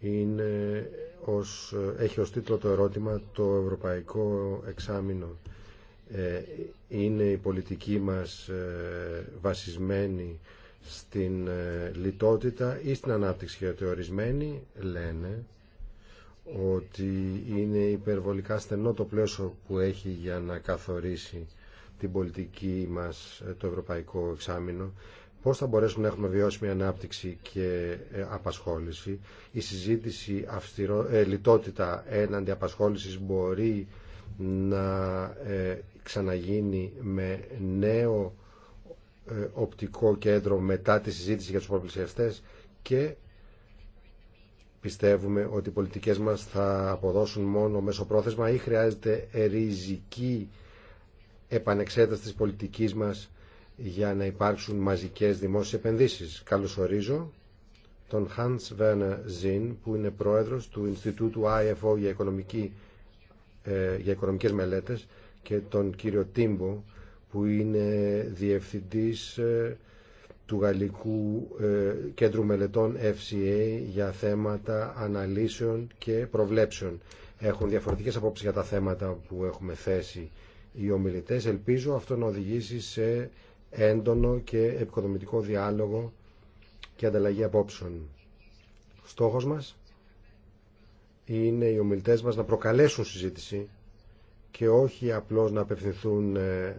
είναι ως, έχει ως τίτλο το ερώτημα το Ευρωπαϊκό Εξάμεινο. Ε, είναι η πολιτική μας ε, βασισμένη στην ε, λιτότητα ή στην ανάπτυξη γιατί ορισμένοι λένε ότι είναι υπερβολικά στενό το πλαίσιο που έχει για να καθορίσει την πολιτική μας ε, το ευρωπαϊκό εξάμεινο πώς θα μπορέσουμε να έχουμε βιώσιμη ανάπτυξη και ε, απασχόληση η συζήτηση αυστηρό, λιτότητα έναντι απασχόλησης μπορεί να ξαναγίνει με νέο ε, οπτικό κέντρο μετά τη συζήτηση για τους προπλησιαστές και πιστεύουμε ότι οι πολιτικές μας θα αποδώσουν μόνο μέσω πρόθεσμα ή χρειάζεται ριζική επανεξέταση της πολιτικής μας για να υπάρξουν μαζικές δημόσιες επενδύσεις. Καλωσορίζω τον Hans Werner Zinn που είναι πρόεδρος του Ινστιτούτου IFO για, οικονομική, ε, για οικονομικές μελέτες και τον κύριο Τίμπο που είναι διευθυντής ε, του Γαλλικού ε, Κέντρου Μελετών FCA για θέματα αναλύσεων και προβλέψεων. Έχουν διαφορετικές απόψεις για τα θέματα που έχουμε θέσει οι ομιλητές. Ελπίζω αυτό να οδηγήσει σε έντονο και επικοδομητικό διάλογο και ανταλλαγή απόψεων. Στόχος μας είναι οι ομιλητές μας να προκαλέσουν συζήτηση και όχι απλώς να απευθυνθούν ε,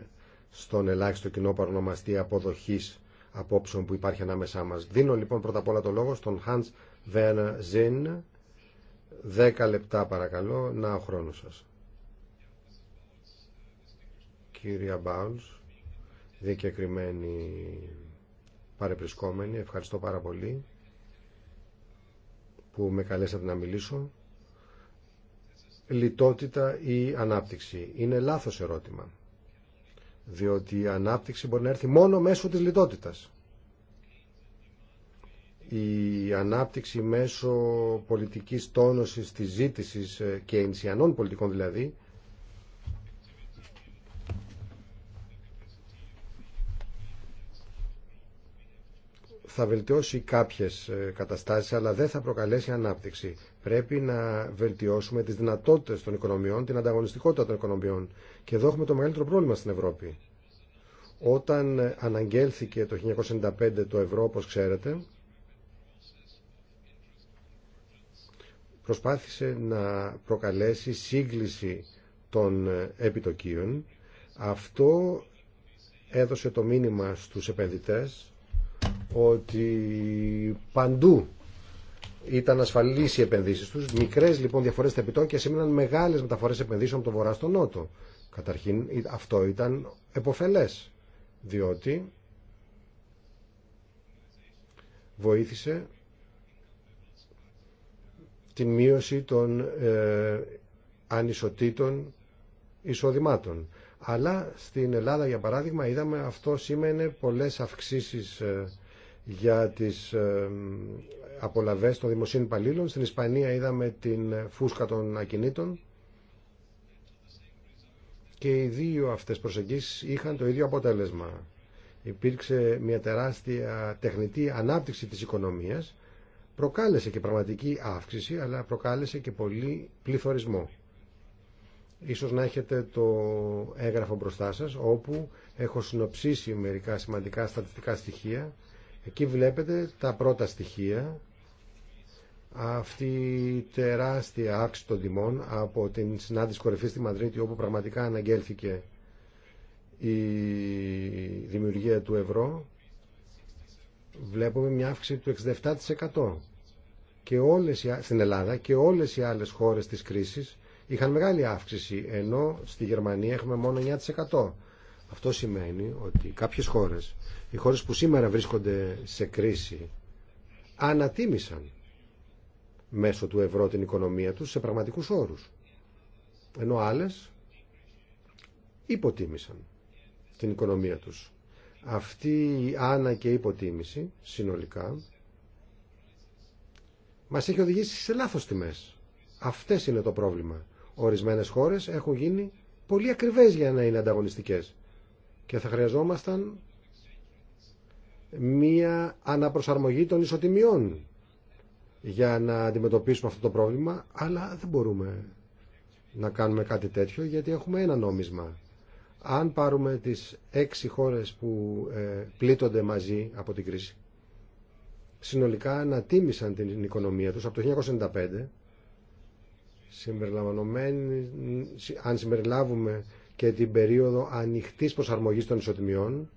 στον ελάχιστο κοινό παρονομαστή αποδοχής απόψεων που υπάρχει ανάμεσά μας. Δίνω λοιπόν πρώτα απ' όλα το λόγο στον Hans Werner Zinn. Δέκα λεπτά παρακαλώ, να ο χρόνος σας. Κύρια Μπάουλς, διακεκριμένη παρεπρισκόμενη, ευχαριστώ πάρα πολύ που με καλέσατε να μιλήσω. Λιτότητα ή ανάπτυξη. Είναι λάθος ερώτημα διότι η ανάπτυξη μπορεί να έρθει μόνο μέσω της λιτότητας. Η ανάπτυξη μέσω πολιτικής τόνωσης της ζήτησης ε, και ενσιανών πολιτικών δηλαδή θα βελτιώσει κάποιες ε, καταστάσεις αλλά δεν θα προκαλέσει ανάπτυξη. Πρέπει να βελτιώσουμε τι δυνατότητε των οικονομιών, την ανταγωνιστικότητα των οικονομιών. Και εδώ έχουμε το μεγαλύτερο πρόβλημα στην Ευρώπη. Όταν αναγγέλθηκε το 1995 το ευρώ, όπω ξέρετε, προσπάθησε να προκαλέσει σύγκληση των επιτοκίων. Αυτό έδωσε το μήνυμα στους επενδυτές ότι παντού ήταν ασφαλεί οι επενδύσει του. Μικρέ λοιπόν διαφορέ στα επιτόκια σήμαιναν μεγάλε μεταφορέ επενδύσεων από τον βορρά στον νότο. Καταρχήν αυτό ήταν εποφελέ, διότι βοήθησε την μείωση των ε, ανισοτήτων εισοδημάτων. Αλλά στην Ελλάδα, για παράδειγμα, είδαμε αυτό σήμαινε πολλές αυξήσεις ε, για τις ε, Απολαβέ των δημοσίων υπαλλήλων. Στην Ισπανία είδαμε την φούσκα των ακινήτων και οι δύο αυτές προσεγγίσεις είχαν το ίδιο αποτέλεσμα. Υπήρξε μια τεράστια τεχνητή ανάπτυξη της οικονομίας, προκάλεσε και πραγματική αύξηση, αλλά προκάλεσε και πολύ πληθωρισμό. Ίσως να έχετε το έγγραφο μπροστά σας, όπου έχω συνοψίσει μερικά σημαντικά στατιστικά στοιχεία. Εκεί βλέπετε τα πρώτα στοιχεία αυτή η τεράστια άξη των τιμών από την συνάντηση κορυφής στη Μαδρίτη όπου πραγματικά αναγγέλθηκε η δημιουργία του ευρώ βλέπουμε μια αύξηση του 67% και όλες οι, στην Ελλάδα και όλες οι άλλες χώρες της κρίσης είχαν μεγάλη αύξηση ενώ στη Γερμανία έχουμε μόνο 9%. Αυτό σημαίνει ότι κάποιες χώρες, οι χώρες που σήμερα βρίσκονται σε κρίση ανατίμησαν μέσω του ευρώ την οικονομία τους σε πραγματικούς όρους. Ενώ άλλες υποτίμησαν την οικονομία τους. Αυτή η άνα και υποτίμηση συνολικά μας έχει οδηγήσει σε λάθος τιμές. Αυτές είναι το πρόβλημα. Ορισμένες χώρες έχουν γίνει πολύ ακριβές για να είναι ανταγωνιστικές και θα χρειαζόμασταν μία αναπροσαρμογή των ισοτιμιών για να αντιμετωπίσουμε αυτό το πρόβλημα, αλλά δεν μπορούμε να κάνουμε κάτι τέτοιο γιατί έχουμε ένα νόμισμα. Αν πάρουμε τις έξι χώρες που ε, πλήττονται μαζί από την κρίση, συνολικά ανατίμησαν την οικονομία τους από το 1995, αν συμπεριλάβουμε και την περίοδο ανοιχτής προσαρμογής των ισοτιμιών,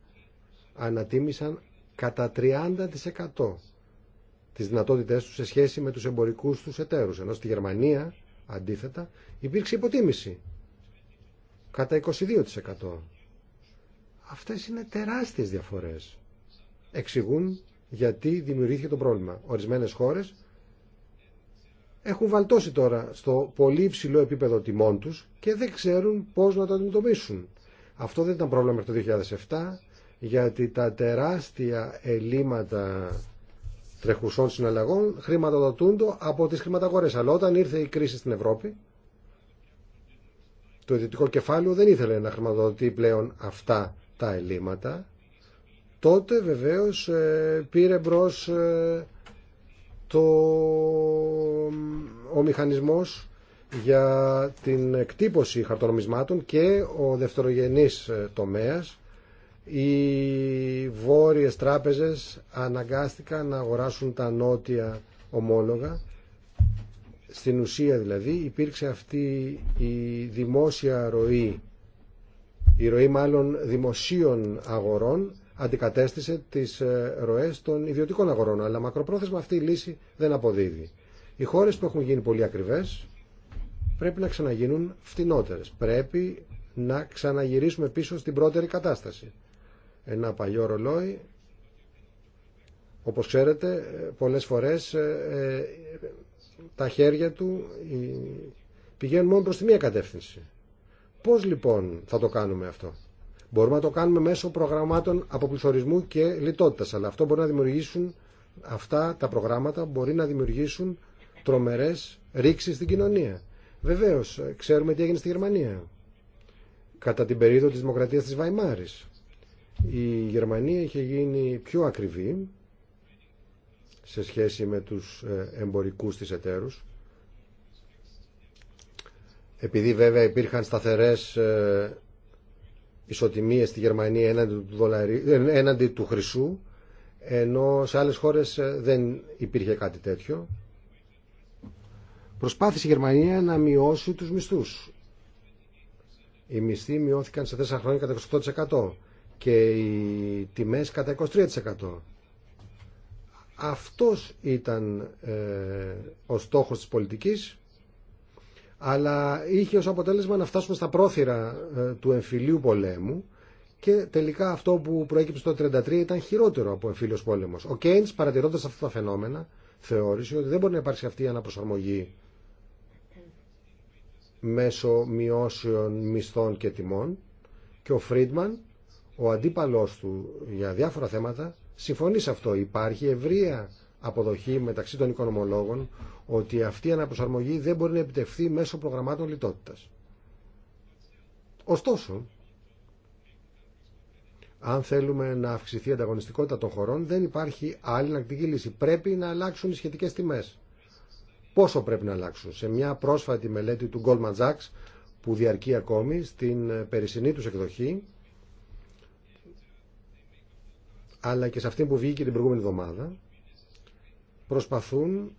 ανατίμησαν κατά 30%. Τι δυνατότητε του σε σχέση με τους εμπορικούς τους εταίρους. Ενώ στη Γερμανία, αντίθετα, υπήρξε υποτίμηση κατά 22%. Αυτές είναι τεράστιες διαφορές. Εξηγούν γιατί δημιουργήθηκε το πρόβλημα. Ορισμένες χώρες έχουν βαλτώσει τώρα στο πολύ υψηλό επίπεδο τιμών τους και δεν ξέρουν πώς να το αντιμετωπίσουν. Αυτό δεν ήταν πρόβλημα μέχρι το 2007, γιατί τα τεράστια ελλείμματα τρεχουσών συναλλαγών χρηματοδοτούνται από τις χρηματαγορές. Αλλά όταν ήρθε η κρίση στην Ευρώπη, το ιδιωτικό κεφάλαιο δεν ήθελε να χρηματοδοτεί πλέον αυτά τα ελλείμματα. Τότε βεβαίως ε, πήρε μπρο ε, το... ο μηχανισμός για την εκτύπωση χαρτονομισμάτων και ο δευτερογενής ε, τομέας οι βόρειες τράπεζες αναγκάστηκαν να αγοράσουν τα νότια ομόλογα. Στην ουσία δηλαδή υπήρξε αυτή η δημόσια ροή, η ροή μάλλον δημοσίων αγορών αντικατέστησε τις ε, ροές των ιδιωτικών αγορών, αλλά μακροπρόθεσμα αυτή η λύση δεν αποδίδει. Οι χώρες που έχουν γίνει πολύ ακριβές πρέπει να ξαναγίνουν φτηνότερες. Πρέπει να ξαναγυρίσουμε πίσω στην πρώτερη κατάσταση ένα παλιό ρολόι. Όπως ξέρετε, πολλές φορές ε, ε, τα χέρια του ε, πηγαίνουν μόνο προς τη μία κατεύθυνση. Πώς λοιπόν θα το κάνουμε αυτό. Μπορούμε να το κάνουμε μέσω προγραμμάτων αποπληθωρισμού και λιτότητας, αλλά αυτό μπορεί να δημιουργήσουν, αυτά τα προγράμματα μπορεί να δημιουργήσουν τρομερές ρήξεις στην κοινωνία. Βεβαίως, ξέρουμε τι έγινε στη Γερμανία κατά την περίοδο της δημοκρατίας της Βαϊμάρης. Η Γερμανία είχε γίνει πιο ακριβή σε σχέση με τους ε, εμπορικούς της εταίρους επειδή βέβαια υπήρχαν σταθερές ε, ισοτιμίες στη Γερμανία έναντι του, δολαρί, ε, έναντι χρυσού ενώ σε άλλες χώρες δεν υπήρχε κάτι τέτοιο προσπάθησε η Γερμανία να μειώσει τους μισθούς οι μισθοί μειώθηκαν σε τέσσερα χρόνια κατά 28% και οι τιμές κατά 23%. Αυτός ήταν ε, ο στόχος της πολιτικής, αλλά είχε ως αποτέλεσμα να φτάσουμε στα πρόθυρα ε, του εμφυλίου πολέμου και τελικά αυτό που προέκυψε το 1933 ήταν χειρότερο από εμφύλιος πόλεμος. Ο Κέιντς παρατηρώντας αυτά τα φαινόμενα θεώρησε ότι δεν μπορεί να υπάρξει αυτή η αναπροσαρμογή μέσω μειώσεων μισθών και τιμών και ο Φρίντμαν ο αντίπαλός του για διάφορα θέματα συμφωνεί σε αυτό. Υπάρχει ευρεία αποδοχή μεταξύ των οικονομολόγων ότι αυτή η αναπροσαρμογή δεν μπορεί να επιτευχθεί μέσω προγραμμάτων λιτότητας. Ωστόσο, αν θέλουμε να αυξηθεί η ανταγωνιστικότητα των χωρών, δεν υπάρχει άλλη ανακτική. λύση. Πρέπει να αλλάξουν οι σχετικές τιμές. Πόσο πρέπει να αλλάξουν. Σε μια πρόσφατη μελέτη του Goldman Sachs, που διαρκεί ακόμη στην περσινή τους εκδοχή, αλλά και σε αυτή που βγήκε την προηγούμενη εβδομάδα προσπαθούν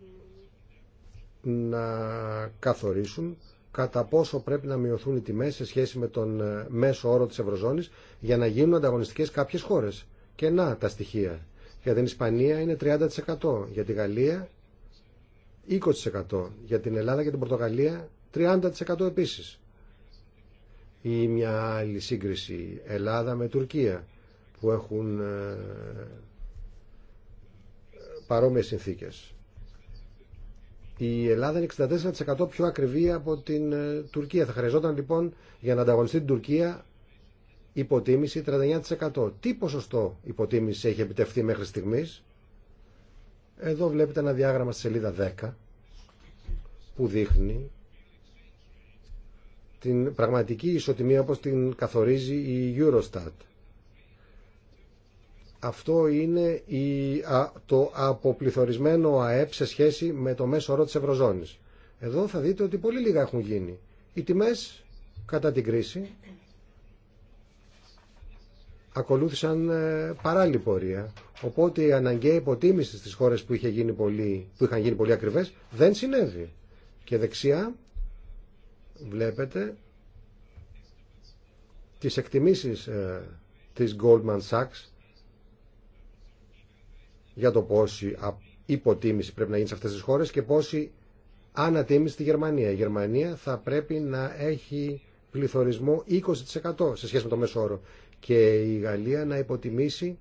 να καθορίσουν κατά πόσο πρέπει να μειωθούν οι τιμές σε σχέση με τον ε, μέσο όρο της Ευρωζώνης για να γίνουν ανταγωνιστικές κάποιες χώρες. Και να τα στοιχεία. Για την Ισπανία είναι 30%, για τη Γαλλία 20%, για την Ελλάδα και την Πορτογαλία 30% επίσης. Ή μια άλλη σύγκριση Ελλάδα με Τουρκία που έχουν ε, παρόμοιες συνθήκες. Η Ελλάδα είναι 64% πιο ακριβή από την ε, Τουρκία. Θα χρειαζόταν λοιπόν για να ανταγωνιστεί την Τουρκία υποτίμηση 39%. Τι ποσοστό υποτίμηση έχει επιτευχθεί μέχρι στιγμής. Εδώ βλέπετε ένα διάγραμμα στη σελίδα 10 που δείχνει την πραγματική ισοτιμία όπως την καθορίζει η Eurostat αυτό είναι το αποπληθωρισμένο ΑΕΠ σε σχέση με το μέσο όρο της Ευρωζώνης. Εδώ θα δείτε ότι πολύ λίγα έχουν γίνει. Οι τιμές κατά την κρίση ακολούθησαν ε, παράλληλη πορεία. Οπότε η αναγκαία υποτίμηση στις χώρες που, είχε γίνει πολύ, που είχαν γίνει πολύ ακριβές δεν συνέβη. Και δεξιά βλέπετε τις εκτιμήσεις ε, της Goldman Sachs για το πόση υποτίμηση πρέπει να γίνει σε αυτές τις χώρες και πόση ανατίμηση στη Γερμανία. Η Γερμανία θα πρέπει να έχει πληθωρισμό 20% σε σχέση με το μέσο όρο και η Γαλλία να υποτιμήσει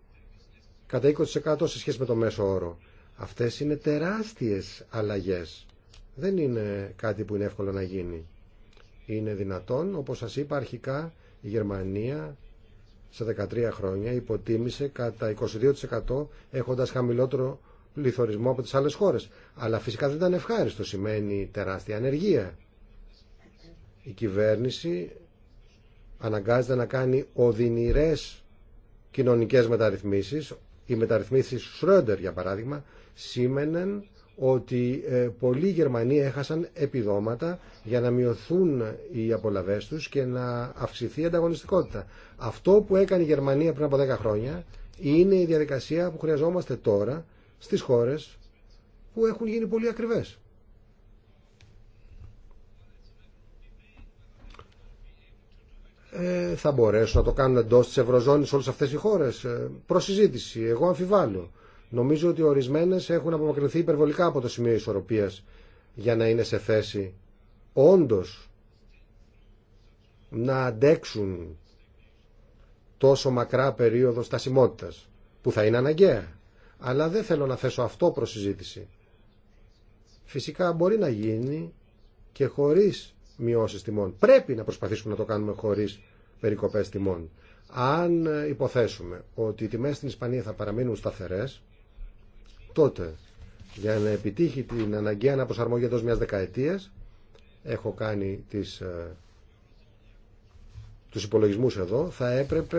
κατά 20% σε σχέση με το μέσο όρο. Αυτές είναι τεράστιες αλλαγές. Δεν είναι κάτι που είναι εύκολο να γίνει. Είναι δυνατόν, όπως σας είπα αρχικά, η Γερμανία σε 13 χρόνια υποτίμησε κατά 22% έχοντας χαμηλότερο πληθωρισμό από τις άλλες χώρες. Αλλά φυσικά δεν ήταν ευχάριστο, σημαίνει τεράστια ανεργία. Η κυβέρνηση αναγκάζεται να κάνει οδυνηρές κοινωνικές μεταρρυθμίσεις. Οι μεταρρυθμίσεις Σρόντερ, για παράδειγμα, σήμαιναν ότι ε, πολλοί Γερμανοί έχασαν επιδόματα για να μειωθούν οι απολαβές τους και να αυξηθεί η ανταγωνιστικότητα. Αυτό που έκανε η Γερμανία πριν από 10 χρόνια είναι η διαδικασία που χρειαζόμαστε τώρα στις χώρες που έχουν γίνει πολύ ακριβές. Ε, θα μπορέσουν να το κάνουν εντό της Ευρωζώνη όλε αυτέ οι χώρε. Ε, προσυζήτηση. Εγώ αμφιβάλλω. Νομίζω ότι ορισμένες έχουν απομακρυνθεί υπερβολικά από το σημείο ισορροπίας για να είναι σε θέση όντως να αντέξουν τόσο μακρά περίοδο στασιμότητας που θα είναι αναγκαία. Αλλά δεν θέλω να θέσω αυτό προς συζήτηση. Φυσικά μπορεί να γίνει και χωρίς μειώσεις τιμών. Πρέπει να προσπαθήσουμε να το κάνουμε χωρίς περικοπές τιμών. Αν υποθέσουμε ότι οι τιμές στην Ισπανία θα παραμείνουν σταθερές, τότε για να επιτύχει την αναγκαία αναπροσαρμογή εντός μιας δεκαετίας έχω κάνει τις, ε, τους υπολογισμούς εδώ θα έπρεπε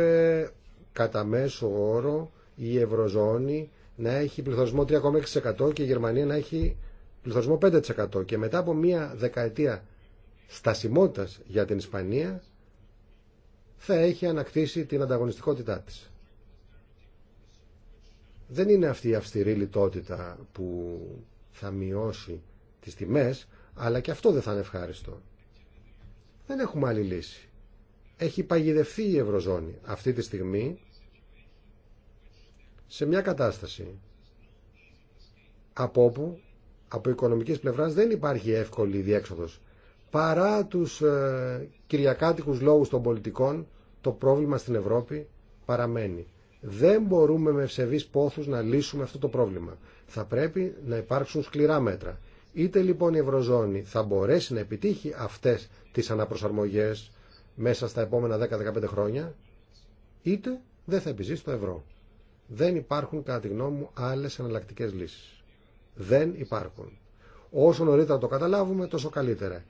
κατά μέσο όρο η Ευρωζώνη να έχει πληθωρισμό 3,6% και η Γερμανία να έχει πληθωρισμό 5% και μετά από μια δεκαετία στασιμότητας για την Ισπανία θα έχει ανακτήσει την ανταγωνιστικότητά της δεν είναι αυτή η αυστηρή λιτότητα που θα μειώσει τις τιμές, αλλά και αυτό δεν θα είναι ευχάριστο. Δεν έχουμε άλλη λύση. Έχει παγιδευτεί η Ευρωζώνη αυτή τη στιγμή σε μια κατάσταση από όπου από οικονομικής πλευράς δεν υπάρχει εύκολη διέξοδος. Παρά τους ε, κυριακάτικους λόγους των πολιτικών το πρόβλημα στην Ευρώπη παραμένει. Δεν μπορούμε με ευσεβείς πόθους να λύσουμε αυτό το πρόβλημα. Θα πρέπει να υπάρξουν σκληρά μέτρα. Είτε λοιπόν η Ευρωζώνη θα μπορέσει να επιτύχει αυτές τις αναπροσαρμογές μέσα στα επόμενα 10-15 χρόνια, είτε δεν θα επιζήσει το ευρώ. Δεν υπάρχουν κατά τη γνώμη μου άλλες εναλλακτικέ λύσεις. Δεν υπάρχουν. Όσο νωρίτερα το καταλάβουμε τόσο καλύτερα.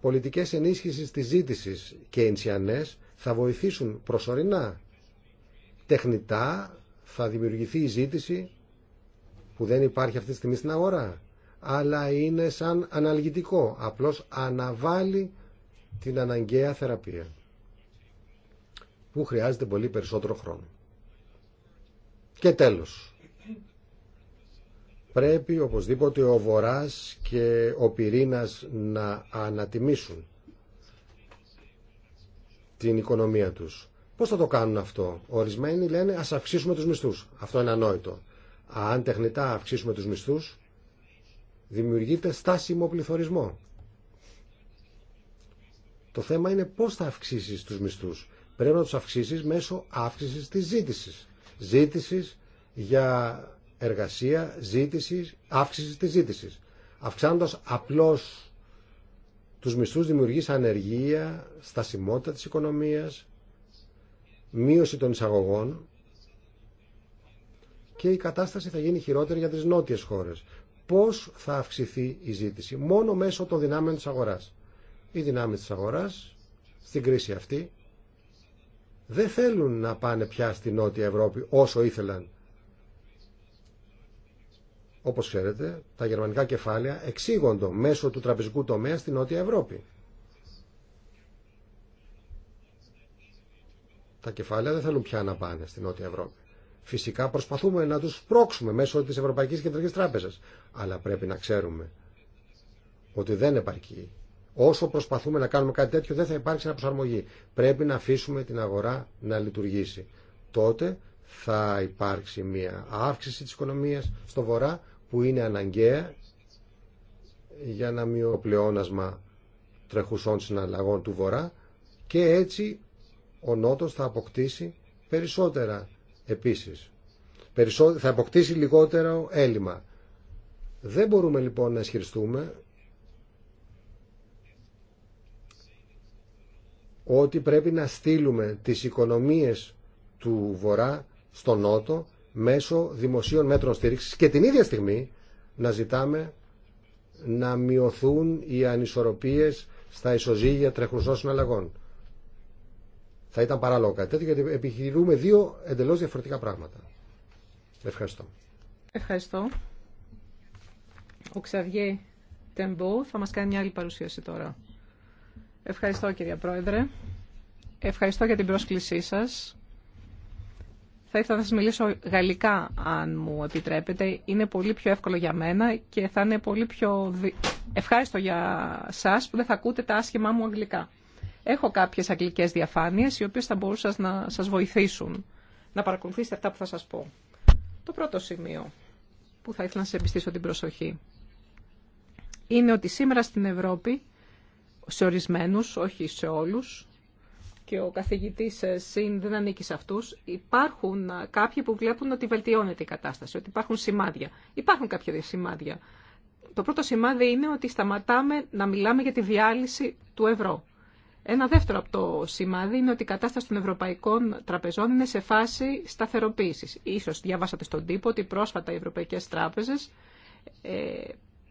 Πολιτικές ενίσχυσης της ζήτησης και ενσιανές θα βοηθήσουν προσωρινά τεχνητά θα δημιουργηθεί η ζήτηση που δεν υπάρχει αυτή τη στιγμή στην αγορά αλλά είναι σαν αναλγητικό απλώς αναβάλει την αναγκαία θεραπεία που χρειάζεται πολύ περισσότερο χρόνο και τέλος πρέπει οπωσδήποτε ο Βοράς και ο Πυρήνας να ανατιμήσουν την οικονομία τους Πώς θα το κάνουν αυτό. Ορισμένοι λένε ας αυξήσουμε τους μισθούς. Αυτό είναι ανόητο. Αν τεχνητά αυξήσουμε τους μισθούς, δημιουργείται στάσιμο πληθωρισμό. Το θέμα είναι πώς θα αυξήσεις τους μισθούς. Πρέπει να τους αυξήσεις μέσω αύξησης της ζήτησης. Ζήτηση για εργασία, ζήτησης, αύξησης της ζήτησης. Αυξάνοντας απλώς τους μισθούς δημιουργείς ανεργία, στασιμότητα της οικονομίας, μείωση των εισαγωγών και η κατάσταση θα γίνει χειρότερη για τις νότιες χώρες. Πώς θα αυξηθεί η ζήτηση μόνο μέσω των δυνάμεων της αγοράς. Οι δυνάμεις της αγοράς στην κρίση αυτή δεν θέλουν να πάνε πια στη Νότια Ευρώπη όσο ήθελαν. Όπως ξέρετε, τα γερμανικά κεφάλαια εξήγονται μέσω του τραπεζικού τομέα στη Νότια Ευρώπη. Τα κεφάλαια δεν θέλουν πια να πάνε στην Νότια Ευρώπη. Φυσικά προσπαθούμε να τους πρόξουμε μέσω της Ευρωπαϊκής Κεντρικής Τράπεζας. Αλλά πρέπει να ξέρουμε ότι δεν επαρκεί. Όσο προσπαθούμε να κάνουμε κάτι τέτοιο δεν θα υπάρξει ένα προσαρμογή. Πρέπει να αφήσουμε την αγορά να λειτουργήσει. Τότε θα υπάρξει μια αύξηση της οικονομίας στο βορρά που είναι αναγκαία για να μειώσει πλεόνασμα τρεχουσών συναλλαγών του βορρά και έτσι ο Νότος θα αποκτήσει περισσότερα επίσης. Θα αποκτήσει λιγότερο έλλειμμα. Δεν μπορούμε λοιπόν να ισχυριστούμε ότι πρέπει να στείλουμε τις οικονομίες του Βορρά στο Νότο μέσω δημοσίων μέτρων στήριξης και την ίδια στιγμή να ζητάμε να μειωθούν οι ανισορροπίες στα ισοζύγια τρεχουσών αλλαγών θα ήταν παράλογο κάτι τέτοιο, γιατί επιχειρούμε δύο εντελώς διαφορετικά πράγματα. Ευχαριστώ. Ευχαριστώ. Ο Ξαβιέ Τεμπό θα μας κάνει μια άλλη παρουσίαση τώρα. Ευχαριστώ κυρία Πρόεδρε. Ευχαριστώ για την πρόσκλησή σας. Θα ήθελα να σας μιλήσω γαλλικά, αν μου επιτρέπετε. Είναι πολύ πιο εύκολο για μένα και θα είναι πολύ πιο ευχάριστο για σας που δεν θα ακούτε τα άσχημά μου αγγλικά. Έχω κάποιες αγγλικές διαφάνειες οι οποίες θα μπορούσαν να σας βοηθήσουν να παρακολουθήσετε αυτά που θα σας πω. Το πρώτο σημείο που θα ήθελα να σας εμπιστήσω την προσοχή είναι ότι σήμερα στην Ευρώπη, σε ορισμένους, όχι σε όλους, και ο καθηγητής ε, ΣΥΝ δεν ανήκει σε αυτούς, υπάρχουν ε, κάποιοι που βλέπουν ότι βελτιώνεται η κατάσταση, ότι υπάρχουν σημάδια. Υπάρχουν κάποια σημάδια. Το πρώτο σημάδι είναι ότι σταματάμε να μιλάμε για τη διάλυση του ευρώ. Ένα δεύτερο από το σημάδι είναι ότι η κατάσταση των ευρωπαϊκών τραπεζών είναι σε φάση σταθεροποίησης. Ίσως διαβάσατε στον τύπο ότι πρόσφατα οι ευρωπαϊκές τράπεζες ε,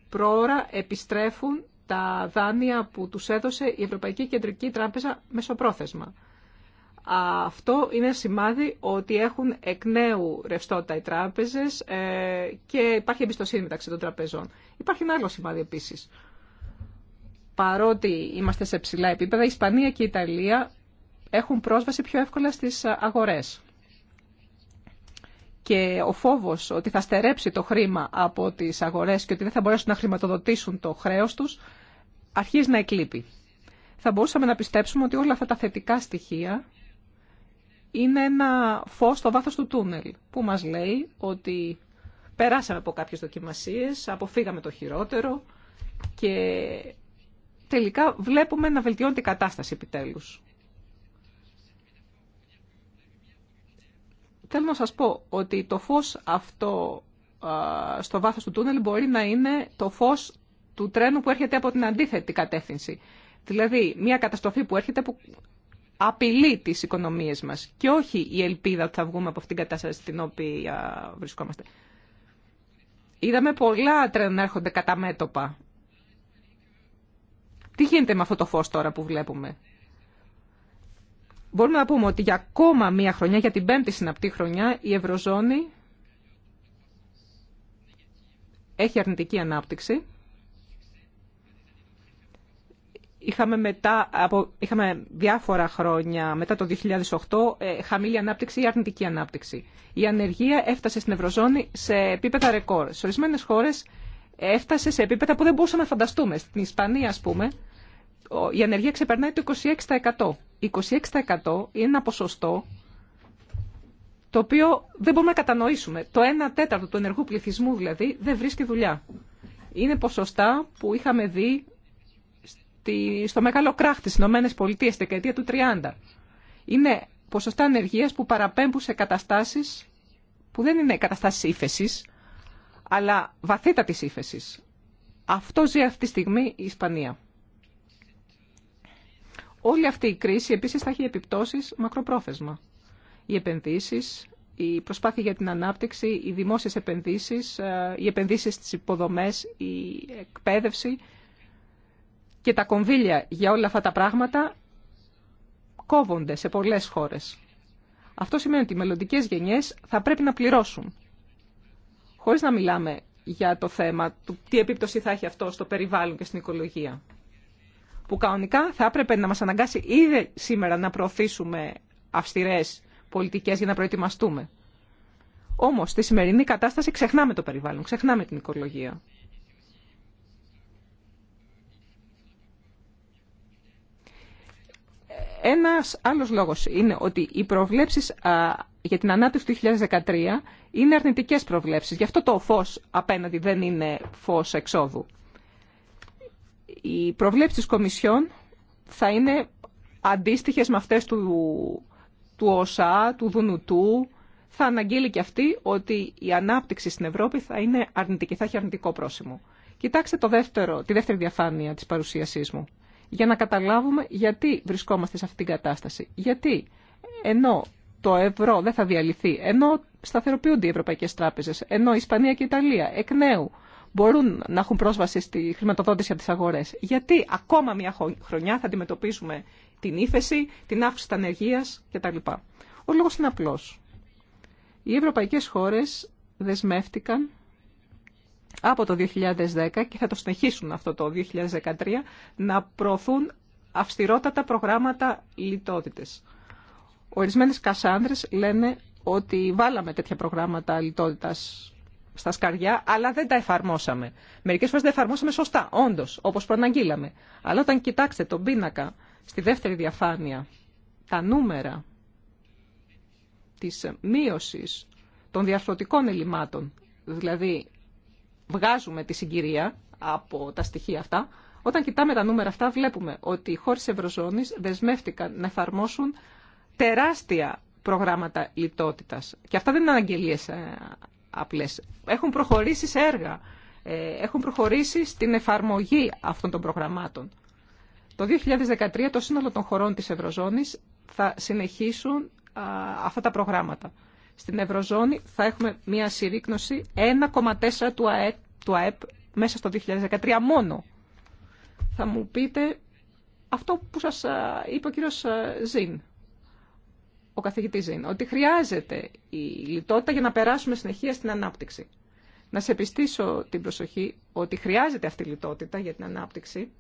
πρόωρα επιστρέφουν τα δάνεια που του έδωσε η Ευρωπαϊκή Κεντρική Τράπεζα μεσοπρόθεσμα. Αυτό είναι σημάδι ότι έχουν εκ νέου ρευστότητα οι τράπεζες ε, και υπάρχει εμπιστοσύνη μεταξύ των τραπεζών. Υπάρχει ένα άλλο σημάδι επίσης παρότι είμαστε σε ψηλά επίπεδα, η Ισπανία και η Ιταλία έχουν πρόσβαση πιο εύκολα στις ε, αγορές. Και ο φόβος ότι θα στερέψει το χρήμα από τις αγορές και ότι δεν θα μπορέσουν να χρηματοδοτήσουν το χρέος τους, αρχίζει να εκλείπει. Θα μπορούσαμε να πιστέψουμε ότι όλα αυτά τα θετικά στοιχεία είναι ένα φως στο βάθος του τούνελ, που μας λέει ότι περάσαμε από κάποιες δοκιμασίες, αποφύγαμε το χειρότερο και τελικά βλέπουμε να βελτιώνεται η κατάσταση επιτέλους. Θέλω να σας πω ότι το φως αυτό στο βάθος του τούνελ μπορεί να είναι το φως του τρένου που έρχεται από την αντίθετη κατεύθυνση. Δηλαδή, μια καταστροφή που έρχεται που απειλεί τις οικονομίες μας και όχι η ελπίδα ότι θα βγούμε από αυτήν την κατάσταση στην οποία βρισκόμαστε. Είδαμε πολλά τρένα να έρχονται κατά μέτωπα τι γίνεται με αυτό το φως τώρα που βλέπουμε. Μπορούμε να πούμε ότι για ακόμα μία χρονιά, για την πέμπτη συναπτή χρονιά, η Ευρωζώνη έχει αρνητική ανάπτυξη. Είχαμε, μετά, από, είχαμε διάφορα χρόνια μετά το 2008 ε, χαμηλή ανάπτυξη ή αρνητική ανάπτυξη. Η ανεργία έφτασε στην Ευρωζώνη σε επίπεδα ρεκόρ. Σε ορισμένε χώρες έφτασε σε επίπεδα που δεν μπορούσαμε να φανταστούμε. Στην Ισπανία, α πούμε, η ανεργία ξεπερνάει το 26%. 26% είναι ένα ποσοστό το οποίο δεν μπορούμε να κατανοήσουμε. Το 1 τέταρτο του ενεργού πληθυσμού δηλαδή δεν βρίσκει δουλειά. Είναι ποσοστά που είχαμε δει στο μεγάλο κράχ της ΗΠΑ, Πολιτείες, δεκαετία του 30. Είναι ποσοστά ανεργίας που παραπέμπουν σε καταστάσεις που δεν είναι καταστάσεις ύφεση, αλλά βαθύτατη ύφεση. Αυτό ζει αυτή τη στιγμή η Ισπανία. Όλη αυτή η κρίση επίση θα έχει επιπτώσει μακροπρόθεσμα. Οι επενδύσει, η προσπάθεια για την ανάπτυξη, οι δημόσιες επενδύσει, ε, οι επενδύσει στι υποδομέ, η εκπαίδευση και τα κονδύλια για όλα αυτά τα πράγματα κόβονται σε πολλές χώρες. Αυτό σημαίνει ότι οι μελλοντικέ γενιές θα πρέπει να πληρώσουν Χωρί να μιλάμε για το θέμα του τι επίπτωση θα έχει αυτό στο περιβάλλον και στην οικολογία. Που κανονικά θα έπρεπε να μας αναγκάσει ήδη σήμερα να προωθήσουμε αυστηρές πολιτικές για να προετοιμαστούμε. Όμως, στη σημερινή κατάσταση ξεχνάμε το περιβάλλον, ξεχνάμε την οικολογία. Ένας άλλος λόγος είναι ότι οι προβλέψεις για την ανάπτυξη του 2013 είναι αρνητικές προβλέψεις. Γι' αυτό το φως απέναντι δεν είναι φως εξόδου. Οι προβλέψεις της Κομισιόν θα είναι αντίστοιχες με αυτές του, του ΟΣΑ, του Δουνουτού. Θα αναγγείλει και αυτή ότι η ανάπτυξη στην Ευρώπη θα είναι αρνητική, θα έχει αρνητικό πρόσημο. Κοιτάξτε τη δεύτερη διαφάνεια της παρουσίασής μου για να καταλάβουμε γιατί βρισκόμαστε σε αυτή την κατάσταση. Γιατί ενώ το ευρώ δεν θα διαλυθεί, ενώ σταθεροποιούνται οι Ευρωπαϊκέ τράπεζε, ενώ η Ισπανία και η Ιταλία εκ νέου μπορούν να έχουν πρόσβαση στη χρηματοδότηση από τις αγορές. Γιατί ακόμα μια χρονιά θα αντιμετωπίσουμε την ύφεση, την αύξηση τη ανεργία κτλ. Ο λόγος είναι απλός. Οι Ευρωπαϊκέ χώρε δεσμεύτηκαν από το 2010 και θα το συνεχίσουν αυτό το 2013 να προωθούν αυστηρότατα προγράμματα λιτότητες. Ορισμένες κασάνδρες λένε ότι βάλαμε τέτοια προγράμματα λιτότητας στα σκαριά, αλλά δεν τα εφαρμόσαμε. Μερικές φορές δεν εφαρμόσαμε σωστά, όντως, όπως προαναγγείλαμε. Αλλά όταν κοιτάξτε τον πίνακα στη δεύτερη διαφάνεια, τα νούμερα της μείωσης των διαρθρωτικών ελλημάτων, δηλαδή βγάζουμε τη συγκυρία από τα στοιχεία αυτά, όταν κοιτάμε τα νούμερα αυτά βλέπουμε ότι οι χώρες Ευρωζώνης δεσμεύτηκαν να εφαρμόσουν τεράστια προγράμματα λιτότητας. Και αυτά δεν είναι αναγγελίες ε, απλές. Έχουν προχωρήσει σε έργα. Ε, έχουν προχωρήσει στην εφαρμογή αυτών των προγραμμάτων. Το 2013 το σύνολο των χωρών της Ευρωζώνης θα συνεχίσουν αυτά τα προγράμματα στην Ευρωζώνη θα έχουμε μια συρρήκνωση 1,4 του ΑΕΠ, του μέσα στο 2013 μόνο. Θα μου πείτε αυτό που σας είπε ο κύριος Ζήν, ο καθηγητής Ζήν, ότι χρειάζεται η λιτότητα για να περάσουμε συνεχεία στην ανάπτυξη. Να σε επιστήσω την προσοχή ότι χρειάζεται αυτή η λιτότητα για την ανάπτυξη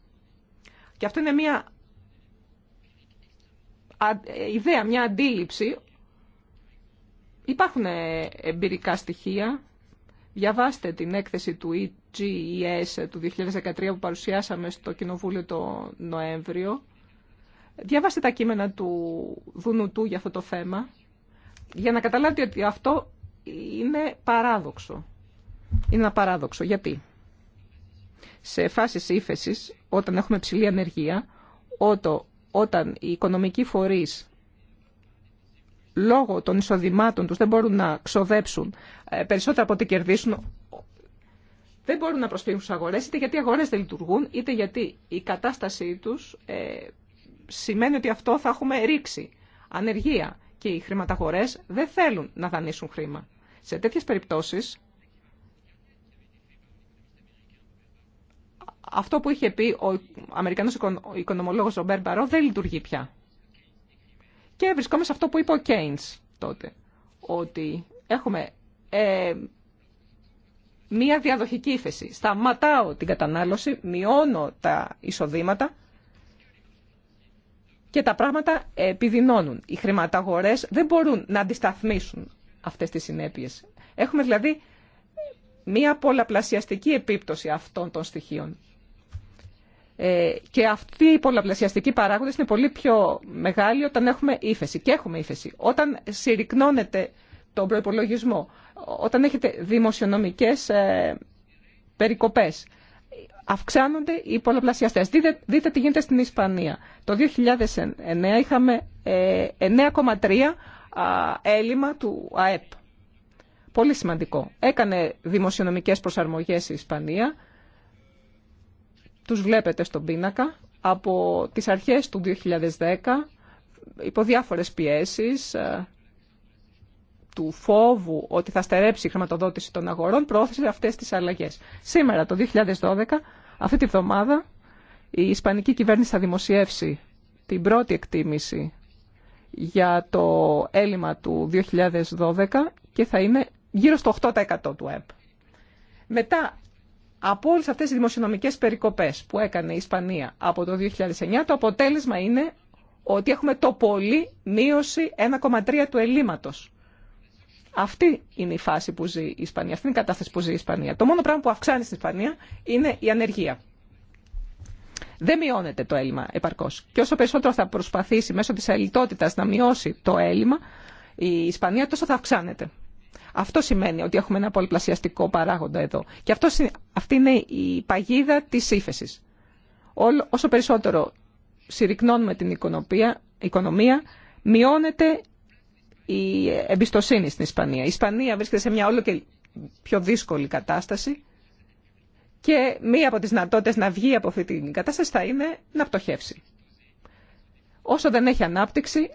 και αυτό είναι μια ε, ιδέα, μια αντίληψη Υπάρχουν ε, εμπειρικά στοιχεία. Διαβάστε την έκθεση του EGES του 2013 που παρουσιάσαμε στο Κοινοβούλιο το Νοέμβριο. Διαβάστε τα κείμενα του Δουνουτού για αυτό το θέμα για να καταλάβετε ότι αυτό είναι παράδοξο. Είναι ένα παράδοξο. Γιατί σε φάσεις ύφεση, όταν έχουμε ψηλή ανεργία, όταν οι οικονομικοί φορείς λόγω των εισοδημάτων τους δεν μπορούν να ξοδέψουν ε, περισσότερα από ό,τι κερδίσουν, δεν μπορούν να προσφύγουν στους αγορές, είτε γιατί οι αγορές δεν λειτουργούν, είτε γιατί η κατάστασή τους ε, σημαίνει ότι αυτό θα έχουμε ρίξει. Ανεργία και οι χρηματαγορές δεν θέλουν να δανείσουν χρήμα. Σε τέτοιες περιπτώσεις, αυτό που είχε πει ο Αμερικανός οικονομολόγος Ρομπέρ Μπαρό δεν λειτουργεί πια. Και βρισκόμαστε σε αυτό που είπε ο Κέινς τότε, ότι έχουμε ε, μία διαδοχική ύφεση. Σταματάω την κατανάλωση, μειώνω τα εισοδήματα και τα πράγματα επιδεινώνουν. Οι χρηματαγορές δεν μπορούν να αντισταθμίσουν αυτές τις συνέπειες. Έχουμε δηλαδή μία πολλαπλασιαστική επίπτωση αυτών των στοιχείων. Ε, και αυτοί οι πολλαπλασιαστικοί παράγοντες είναι πολύ πιο μεγάλοι όταν έχουμε ύφεση. Και έχουμε ύφεση. Όταν συρρυκνώνεται τον προπολογισμό, όταν έχετε δημοσιονομικές ε, περικοπές, αυξάνονται οι πολλαπλασιαστέ. Δείτε, δείτε τι γίνεται στην Ισπανία. Το 2009 είχαμε 9,3 ε, έλλειμμα του ΑΕΠ. Πολύ σημαντικό. Έκανε δημοσιονομικές προσαρμογές η Ισπανία τους βλέπετε στον πίνακα από τις αρχές του 2010 υπό διάφορες πιέσεις ε, του φόβου ότι θα στερέψει η χρηματοδότηση των αγορών προώθησε αυτές τις αλλαγές. Σήμερα το 2012, αυτή τη βδομάδα, η Ισπανική κυβέρνηση θα δημοσιεύσει την πρώτη εκτίμηση για το έλλειμμα του 2012 και θα είναι γύρω στο 8% του ΕΠ. Μετά από όλε αυτέ τις δημοσιονομικέ περικοπέ που έκανε η Ισπανία από το 2009, το αποτέλεσμα είναι ότι έχουμε το πολύ μείωση 1,3 του ελλείμματο. Αυτή είναι η φάση που ζει η Ισπανία, αυτή είναι η κατάσταση που ζει η Ισπανία. Το μόνο πράγμα που αυξάνει στην Ισπανία είναι η ανεργία. Δεν μειώνεται το έλλειμμα επαρκώ. Και όσο περισσότερο θα προσπαθήσει μέσω τη αλητότητα να μειώσει το έλλειμμα, η Ισπανία τόσο θα αυξάνεται. Αυτό σημαίνει ότι έχουμε ένα πολυπλασιαστικό παράγοντα εδώ. Και αυτό, αυτή είναι η παγίδα της ύφεση. Όσο περισσότερο συρρυκνώνουμε την οικονομία, οικονομία, μειώνεται η εμπιστοσύνη στην Ισπανία. Η Ισπανία βρίσκεται σε μια όλο και πιο δύσκολη κατάσταση και μία από τις δυνατότητε να βγει από αυτή την κατάσταση θα είναι να πτωχεύσει. Όσο δεν έχει ανάπτυξη,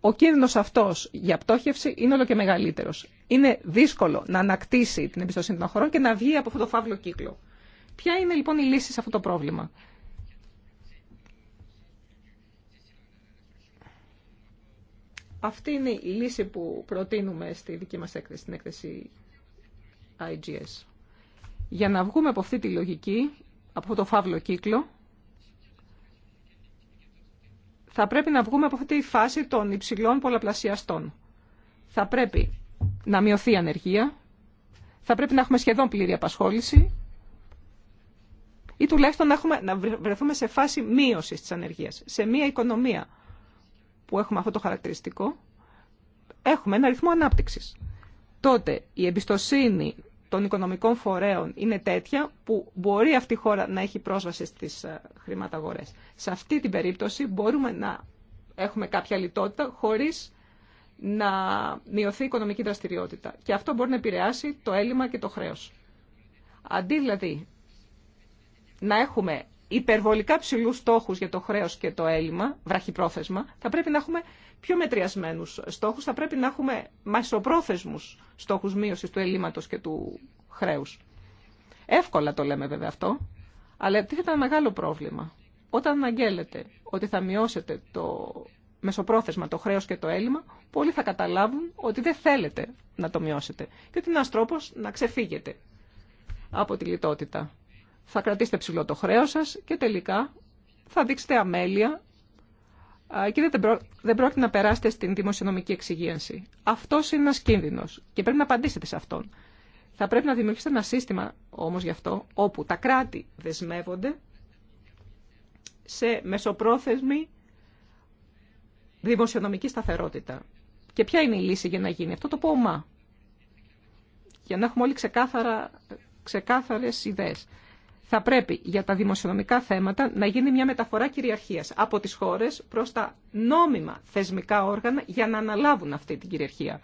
ο κίνδυνος αυτός για πτώχευση είναι όλο και μεγαλύτερος. Είναι δύσκολο να ανακτήσει την εμπιστοσύνη των χωρών και να βγει από αυτό το φαύλο κύκλο. Ποια είναι λοιπόν η λύση σε αυτό το πρόβλημα. Αυτή είναι η λύση που προτείνουμε στη δική μας έκθεση, στην έκθεση IGS. Για να βγούμε από αυτή τη λογική, από αυτό το φαύλο κύκλο, θα πρέπει να βγούμε από αυτή τη φάση των υψηλών πολλαπλασιαστών. Θα πρέπει να μειωθεί η ανεργία, θα πρέπει να έχουμε σχεδόν πλήρη απασχόληση ή τουλάχιστον να, έχουμε, να βρεθούμε σε φάση μείωσης της ανεργίας. Σε μια οικονομία που έχουμε αυτό το χαρακτηριστικό, έχουμε ένα ρυθμό ανάπτυξης. Τότε η εμπιστοσύνη των οικονομικών φορέων είναι τέτοια που μπορεί αυτή η χώρα να έχει πρόσβαση στις ε, χρηματαγορές. Σε αυτή την περίπτωση μπορούμε να έχουμε κάποια λιτότητα χωρίς να μειωθεί η οικονομική δραστηριότητα. Και αυτό μπορεί να επηρεάσει το έλλειμμα και το χρέος. Αντί δηλαδή να έχουμε υπερβολικά ψηλού στόχου για το χρέο και το έλλειμμα, βραχυπρόθεσμα, θα πρέπει να έχουμε πιο μετριασμένου στόχου, θα πρέπει να έχουμε μασοπρόθεσμους στόχου μείωση του ελλείμματο και του χρέου. Εύκολα το λέμε βέβαια αυτό, αλλά τίθεται ένα μεγάλο πρόβλημα. Όταν αναγγέλλεται ότι θα μειώσετε το μεσοπρόθεσμα, το χρέο και το έλλειμμα, πολλοί θα καταλάβουν ότι δεν θέλετε να το μειώσετε και ότι είναι ένα τρόπο να ξεφύγετε από τη λιτότητα θα κρατήσετε ψηλό το χρέο σα και τελικά θα δείξετε αμέλεια και δεν πρόκειται να περάσετε στην δημοσιονομική εξυγίανση. Αυτός είναι ένας κίνδυνος και πρέπει να απαντήσετε σε αυτόν. Θα πρέπει να δημιουργήσετε ένα σύστημα όμως γι' αυτό όπου τα κράτη δεσμεύονται σε μεσοπρόθεσμη δημοσιονομική σταθερότητα. Και ποια είναι η λύση για να γίνει αυτό το πόμα. Για να έχουμε όλοι ξεκάθαρα, ξεκάθαρες ιδέες θα πρέπει για τα δημοσιονομικά θέματα να γίνει μια μεταφορά κυριαρχίας από τις χώρες προς τα νόμιμα θεσμικά όργανα για να αναλάβουν αυτή την κυριαρχία.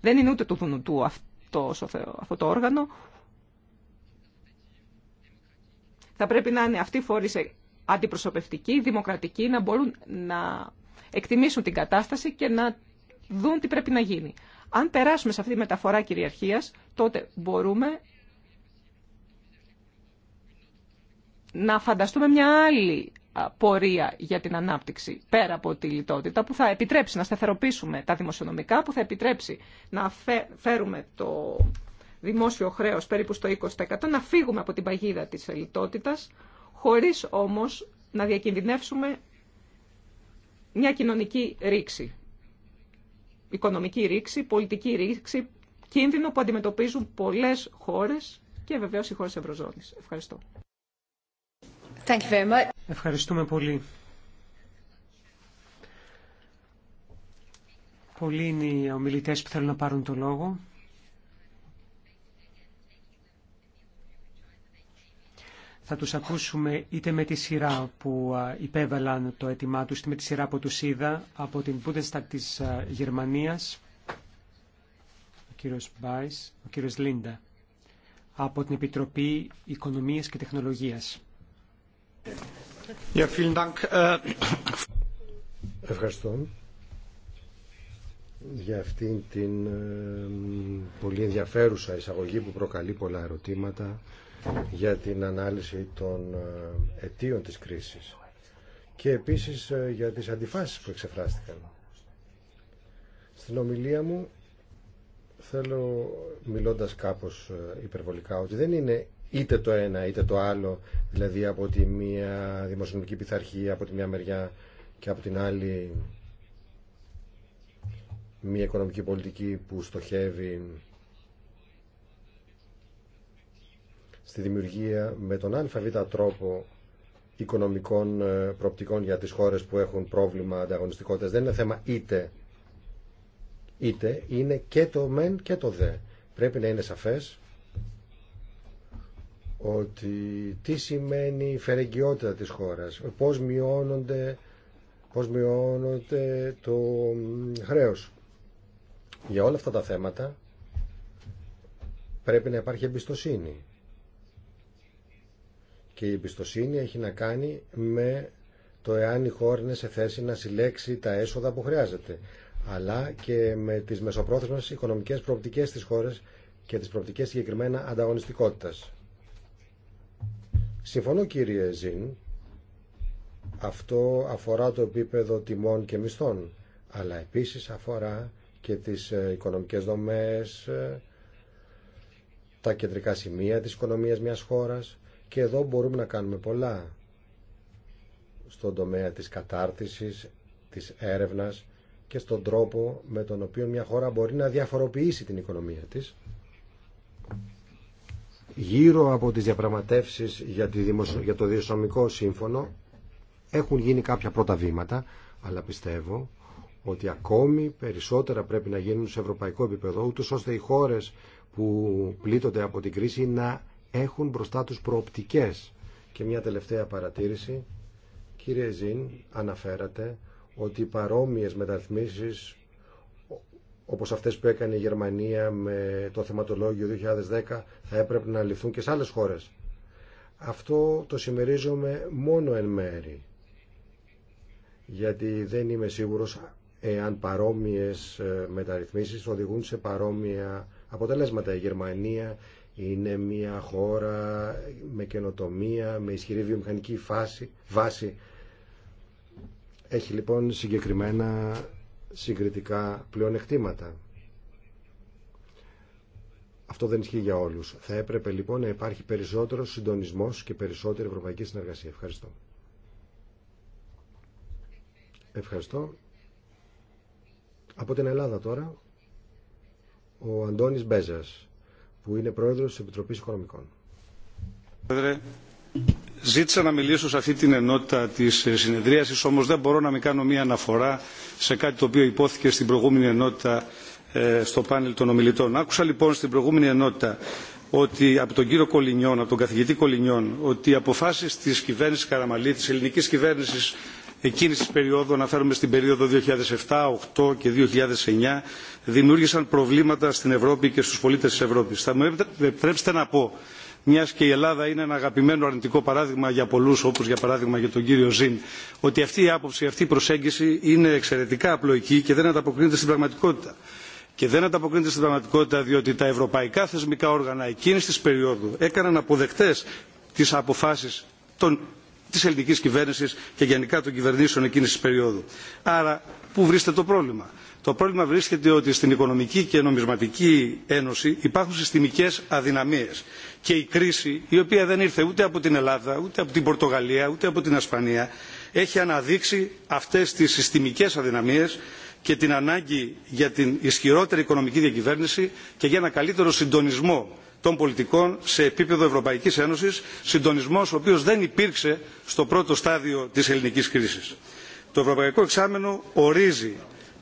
Δεν είναι ούτε του Δουνουτού αυτό, αυτό το όργανο. Θα πρέπει να είναι αυτοί οι φορείς αντιπροσωπευτικοί, δημοκρατικοί, να μπορούν να εκτιμήσουν την κατάσταση και να δουν τι πρέπει να γίνει. Αν περάσουμε σε αυτή τη μεταφορά κυριαρχίας, τότε μπορούμε να φανταστούμε μια άλλη πορεία για την ανάπτυξη πέρα από τη λιτότητα που θα επιτρέψει να σταθεροποιήσουμε τα δημοσιονομικά, που θα επιτρέψει να φέρουμε το δημόσιο χρέος περίπου στο 20% να φύγουμε από την παγίδα της λιτότητας χωρίς όμως να διακινδυνεύσουμε μια κοινωνική ρήξη, οικονομική ρήξη, πολιτική ρήξη, κίνδυνο που αντιμετωπίζουν πολλές χώρες και βεβαίως οι χώρες Ευρωζώνης. Ευχαριστώ. Ευχαριστούμε πολύ. Πολλοί είναι οι ομιλητές που θέλουν να πάρουν το λόγο. Θα τους ακούσουμε είτε με τη σειρά που υπέβαλαν το αίτημά τους, είτε με τη σειρά που τους είδα από την Bundestag της Γερμανίας, ο κύριος Μπάις, ο κύριος Λίντα, από την Επιτροπή Οικονομίας και Τεχνολογίας. Äh, Ευχαριστώ για αυτήν την πολύ ενδιαφέρουσα εισαγωγή που προκαλεί πολλά ερωτήματα για την ανάλυση των ε, αιτίων της κρίσης και επίσης ε, για τις αντιφάσεις που εξεφράστηκαν. Στην ομιλία μου θέλω, μιλώντας κάπως ε, υπερβολικά, ότι δεν είναι είτε το ένα είτε το άλλο, δηλαδή από τη μία δημοσιονομική πειθαρχία από τη μία μεριά και από την άλλη μία οικονομική πολιτική που στοχεύει στη δημιουργία με τον ΑΒ τρόπο οικονομικών ε, προοπτικών για τις χώρες που έχουν πρόβλημα ανταγωνιστικότητας. Δεν είναι θέμα είτε. Είτε είναι και το μεν και το δε. Πρέπει να είναι σαφές ότι τι σημαίνει η φερεγγιότητα της χώρας, πώς μειώνονται, πώς μειώνονται το χρέος. Για όλα αυτά τα θέματα πρέπει να υπάρχει εμπιστοσύνη. Και η εμπιστοσύνη έχει να κάνει με το εάν η χώρα είναι σε θέση να συλλέξει τα έσοδα που χρειάζεται, αλλά και με τις μεσοπρόθεσμες οικονομικές προοπτικές της χώρας και τις προοπτικές συγκεκριμένα ανταγωνιστικότητας. Συμφωνώ κύριε Ζήν, αυτό αφορά το επίπεδο τιμών και μισθών, αλλά επίσης αφορά και τις ε, οικονομικές δομές, ε, τα κεντρικά σημεία της οικονομίας μιας χώρας και εδώ μπορούμε να κάνουμε πολλά στον τομέα της κατάρτισης, της έρευνας και στον τρόπο με τον οποίο μια χώρα μπορεί να διαφοροποιήσει την οικονομία της γύρω από τις διαπραγματεύσεις για, τη για το Διεσομικό Σύμφωνο έχουν γίνει κάποια πρώτα βήματα, αλλά πιστεύω ότι ακόμη περισσότερα πρέπει να γίνουν σε ευρωπαϊκό επίπεδο, ούτω ώστε οι χώρες που πλήττονται από την κρίση να έχουν μπροστά τους προοπτικές. Και μια τελευταία παρατήρηση. Κύριε Ζήν, αναφέρατε ότι παρόμοιες μεταρρυθμίσεις όπως αυτές που έκανε η Γερμανία με το θεματολόγιο 2010 θα έπρεπε να ληφθούν και σε άλλες χώρες. Αυτό το συμμερίζομαι μόνο εν μέρη, γιατί δεν είμαι σίγουρος εάν παρόμοιες ε, μεταρρυθμίσεις οδηγούν σε παρόμοια αποτελέσματα. Η Γερμανία είναι μια χώρα με καινοτομία, με ισχυρή βιομηχανική φάση, βάση. Έχει λοιπόν συγκεκριμένα συγκριτικά πλεονεκτήματα. Αυτό δεν ισχύει για όλους. Θα έπρεπε λοιπόν να υπάρχει περισσότερο συντονισμός και περισσότερη ευρωπαϊκή συνεργασία. Ευχαριστώ. Ευχαριστώ. Από την Ελλάδα τώρα, ο Αντώνης Μπέζας, που είναι πρόεδρος της Επιτροπής Οικονομικών. Πρόεδρε, Ζήτησα να μιλήσω σε αυτή την ενότητα τη ε, συνεδρίασης, όμω δεν μπορώ να μην κάνω μία αναφορά σε κάτι το οποίο υπόθηκε στην προηγούμενη ενότητα ε, στο πάνελ των ομιλητών. Άκουσα λοιπόν στην προηγούμενη ενότητα ότι από τον κύριο Κολινιόν, από τον καθηγητή Κολινιόν, ότι οι αποφάσει τη κυβέρνηση Καραμαλή, τη ελληνική κυβέρνηση εκείνη τη περίοδου, αναφέρομαι στην περίοδο 2007, 2008 και 2009, δημιούργησαν προβλήματα στην Ευρώπη και στου πολίτε τη Ευρώπη. Θα μου επιτρέψετε να πω μια και η Ελλάδα είναι ένα αγαπημένο αρνητικό παράδειγμα για πολλού, όπω για παράδειγμα για τον κύριο Ζην, ότι αυτή η άποψη, αυτή η προσέγγιση είναι εξαιρετικά απλοϊκή και δεν ανταποκρίνεται στην πραγματικότητα. Και δεν ανταποκρίνεται στην πραγματικότητα διότι τα ευρωπαϊκά θεσμικά όργανα εκείνη τη περίοδου έκαναν αποδεκτέ τι αποφάσει τη ελληνική κυβέρνηση και γενικά των κυβερνήσεων εκείνη τη περίοδου. Άρα, πού βρίσκεται το πρόβλημα το πρόβλημα βρίσκεται ότι στην οικονομική και νομισματική ένωση υπάρχουν συστημικές αδυναμίες και η κρίση η οποία δεν ήρθε ούτε από την ελλάδα ούτε από την πορτογαλία ούτε από την ισπανία έχει αναδείξει αυτές τις συστημικές αδυναμίες και την ανάγκη για την ισχυρότερη οικονομική διακυβέρνηση και για ένα καλύτερο συντονισμό των πολιτικών σε επίπεδο ευρωπαϊκής ένωσης συντονισμός ο οποίος δεν υπήρξε στο πρώτο στάδιο της ελληνικής κρίσης. το ευρωπαϊκό Εξάμενο ορίζει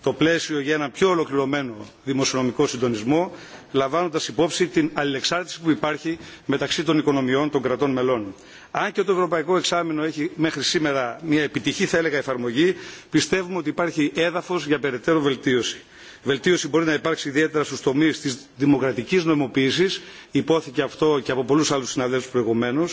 το πλαίσιο για ένα πιο ολοκληρωμένο δημοσιονομικό συντονισμό λαμβάνοντας υπόψη την αλληλεξάρτηση που υπάρχει μεταξύ των οικονομιών των κρατών μελών. αν και το ευρωπαϊκό εξάμεινο έχει μέχρι σήμερα μια επιτυχή θα έλεγα εφαρμογή πιστεύουμε ότι υπάρχει έδαφος για περαιτέρω βελτίωση βελτίωση μπορεί να υπάρξει ιδιαίτερα στου τομεί τη δημοκρατική νομοποίηση υπόθηκε αυτό και από πολλού άλλου συναδέλφου προηγουμένω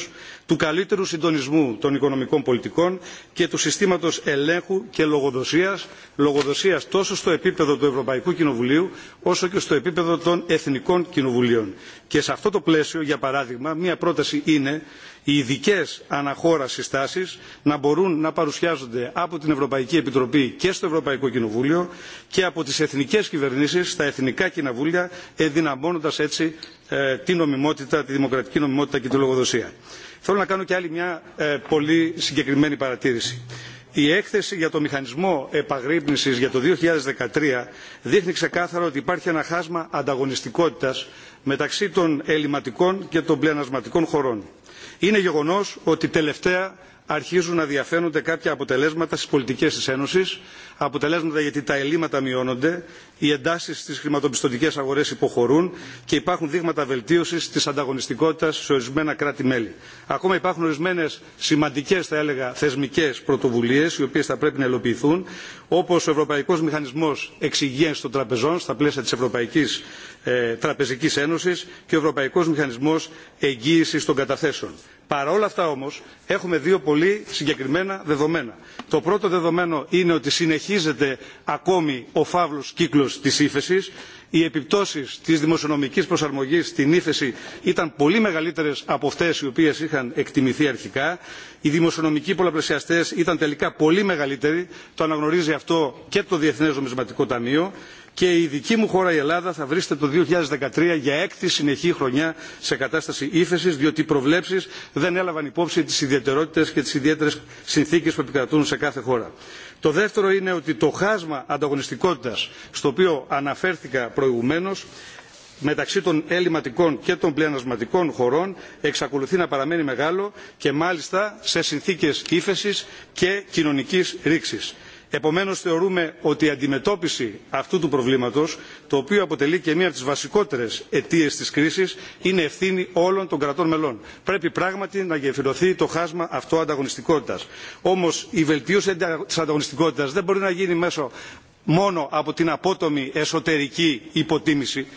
του καλύτερου συντονισμού των οικονομικών πολιτικών και του συστήματο ελέγχου και λογοδοσία λογοδοσία τόσο στο επίπεδο του ευρωπαϊκού κοινοβουλίου όσο και στο επίπεδο των εθνικών κοινοβουλίων και σε αυτό το πλαίσιο για παράδειγμα μια πρόταση είναι οι ειδικέ αναχώρα συστάσει να μπορούν να παρουσιάζονται από την ευρωπαϊκή επιτροπή και στο ευρωπαϊκό κοινοβούλιο και από τι εθνικέ κυβερνήσει στα εθνικά κοινοβούλια ενδυναμώνοντα έτσι ε, τη νομιμότητα τη δημοκρατική νομιμότητα και τη λογοδοσία. θέλω να κάνω και άλλη μια ε, πολύ συγκεκριμένη παρατήρηση. Η έκθεση για το μηχανισμό επαγρύπνησης για το 2013 δείχνει ξεκάθαρα ότι υπάρχει ένα χάσμα ανταγωνιστικότητας μεταξύ των ελληματικών και των πλεονασματικών χωρών. είναι γεγονός ότι τελευταία αρχίζουν να διαφαίνονται κάποια αποτελέσματα στις πολιτικές της Ένωσης, αποτελέσματα γιατί τα ελλείμματα μειώνονται, οι εντάσεις στις χρηματοπιστωτικές αγορές υποχωρούν και υπάρχουν δείγματα βελτίωσης της ανταγωνιστικότητας σε ορισμένα κράτη-μέλη. Ακόμα υπάρχουν ορισμένες σημαντικές, θα έλεγα, θεσμικές πρωτοβουλίες, οι οποίες θα πρέπει να ελοπιθούν, όπως ο Ευρωπαϊκός Μηχανισμός Εξυγίανσης των Τραπεζών στα πλαίσια της Ευρωπαϊκής ε, Τραπεζικής Ένωσης και ο Ευρωπαϊκός Μηχανισμός Εγγύησης των Καταθέσεων Παρ' όλα αυτά όμως έχουμε δύο πολύ συγκεκριμένα δεδομένα. Το πρώτο δεδομένο είναι ότι συνεχίζεται ακόμη ο φαύλος κύκλος της ύφεσης. Οι επιπτώσεις της δημοσιονομικής προσαρμογής στην ύφεση ήταν πολύ μεγαλύτερες από αυτές οι οποίες είχαν εκτιμηθεί αρχικά. Οι δημοσιονομικοί πολλαπλασιαστές ήταν τελικά πολύ μεγαλύτεροι. Το αναγνωρίζει αυτό και το Διεθνές Νομισματικό Ταμείο και η δική μου χώρα η Ελλάδα θα βρίσκεται το 2013 για έκτη συνεχή χρονιά σε κατάσταση ύφεση, διότι οι προβλέψει δεν έλαβαν υπόψη τι ιδιαιτερότητε και τι ιδιαίτερε συνθήκε που επικρατούν σε κάθε χώρα. Το δεύτερο είναι ότι το χάσμα ανταγωνιστικότητα, στο οποίο αναφέρθηκα προηγουμένω, μεταξύ των ελληματικών και των πλεονασματικών χωρών εξακολουθεί να παραμένει μεγάλο και μάλιστα σε συνθήκες ύφεσης και κοινωνικής ρήξης επομένως θεωρούμε ότι η αντιμετώπιση αυτού του προβλήματος το οποίο αποτελεί και μία από τις βασικότερες αιτίες της κρίσης είναι ευθύνη όλων των κρατών μελών. πρέπει πράγματι να γεφυρωθεί το χάσμα αυτό ανταγωνιστικότητας. όμως η βελτίωση της ανταγωνιστικότητας δεν μπορεί να γίνει μέσω μόνο από την απότομη εσωτερική υποτίμηση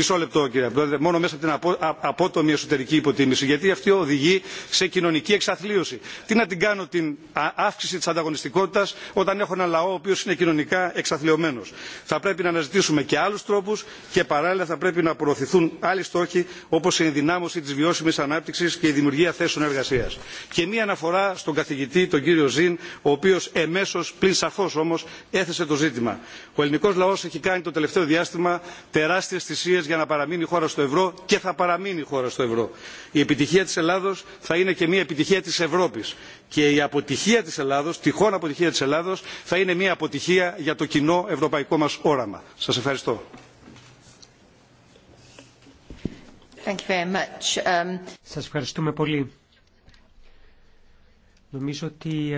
Μισό λεπτό κύριε Πρόεδρε, μόνο μέσα από την απότομη εσωτερική υποτίμηση, γιατί αυτή οδηγεί σε κοινωνική εξαθλίωση. Τι να την κάνω την αύξηση τη ανταγωνιστικότητα όταν έχω ένα λαό ο οποίο είναι κοινωνικά εξαθλειωμένο. Θα πρέπει να αναζητήσουμε και άλλου τρόπου και παράλληλα θα πρέπει να προωθηθούν άλλοι στόχοι όπω η ενδυνάμωση τη βιώσιμη ανάπτυξη και η δημιουργία θέσεων εργασία. Και μία αναφορά στον καθηγητή, τον κύριο Ζήν, ο οποίο εμέσω, πλην σαφώ όμω, έθεσε το ζήτημα. Ο ελληνικό λαό έχει κάνει το τελευταίο διάστημα τεράστιε για να παραμείνει η χώρα στο ευρώ και θα παραμείνει η χώρα στο ευρώ. Η επιτυχία της Ελλάδος θα είναι και μια επιτυχία της Ευρώπης. Και η αποτυχία της Ελλάδος, τυχόν αποτυχία της Ελλάδος, θα είναι μια αποτυχία για το κοινό ευρωπαϊκό μας όραμα. Σας ευχαριστώ. Thank you very much. Um, Σας ευχαριστούμε πολύ. Νομίζω ότι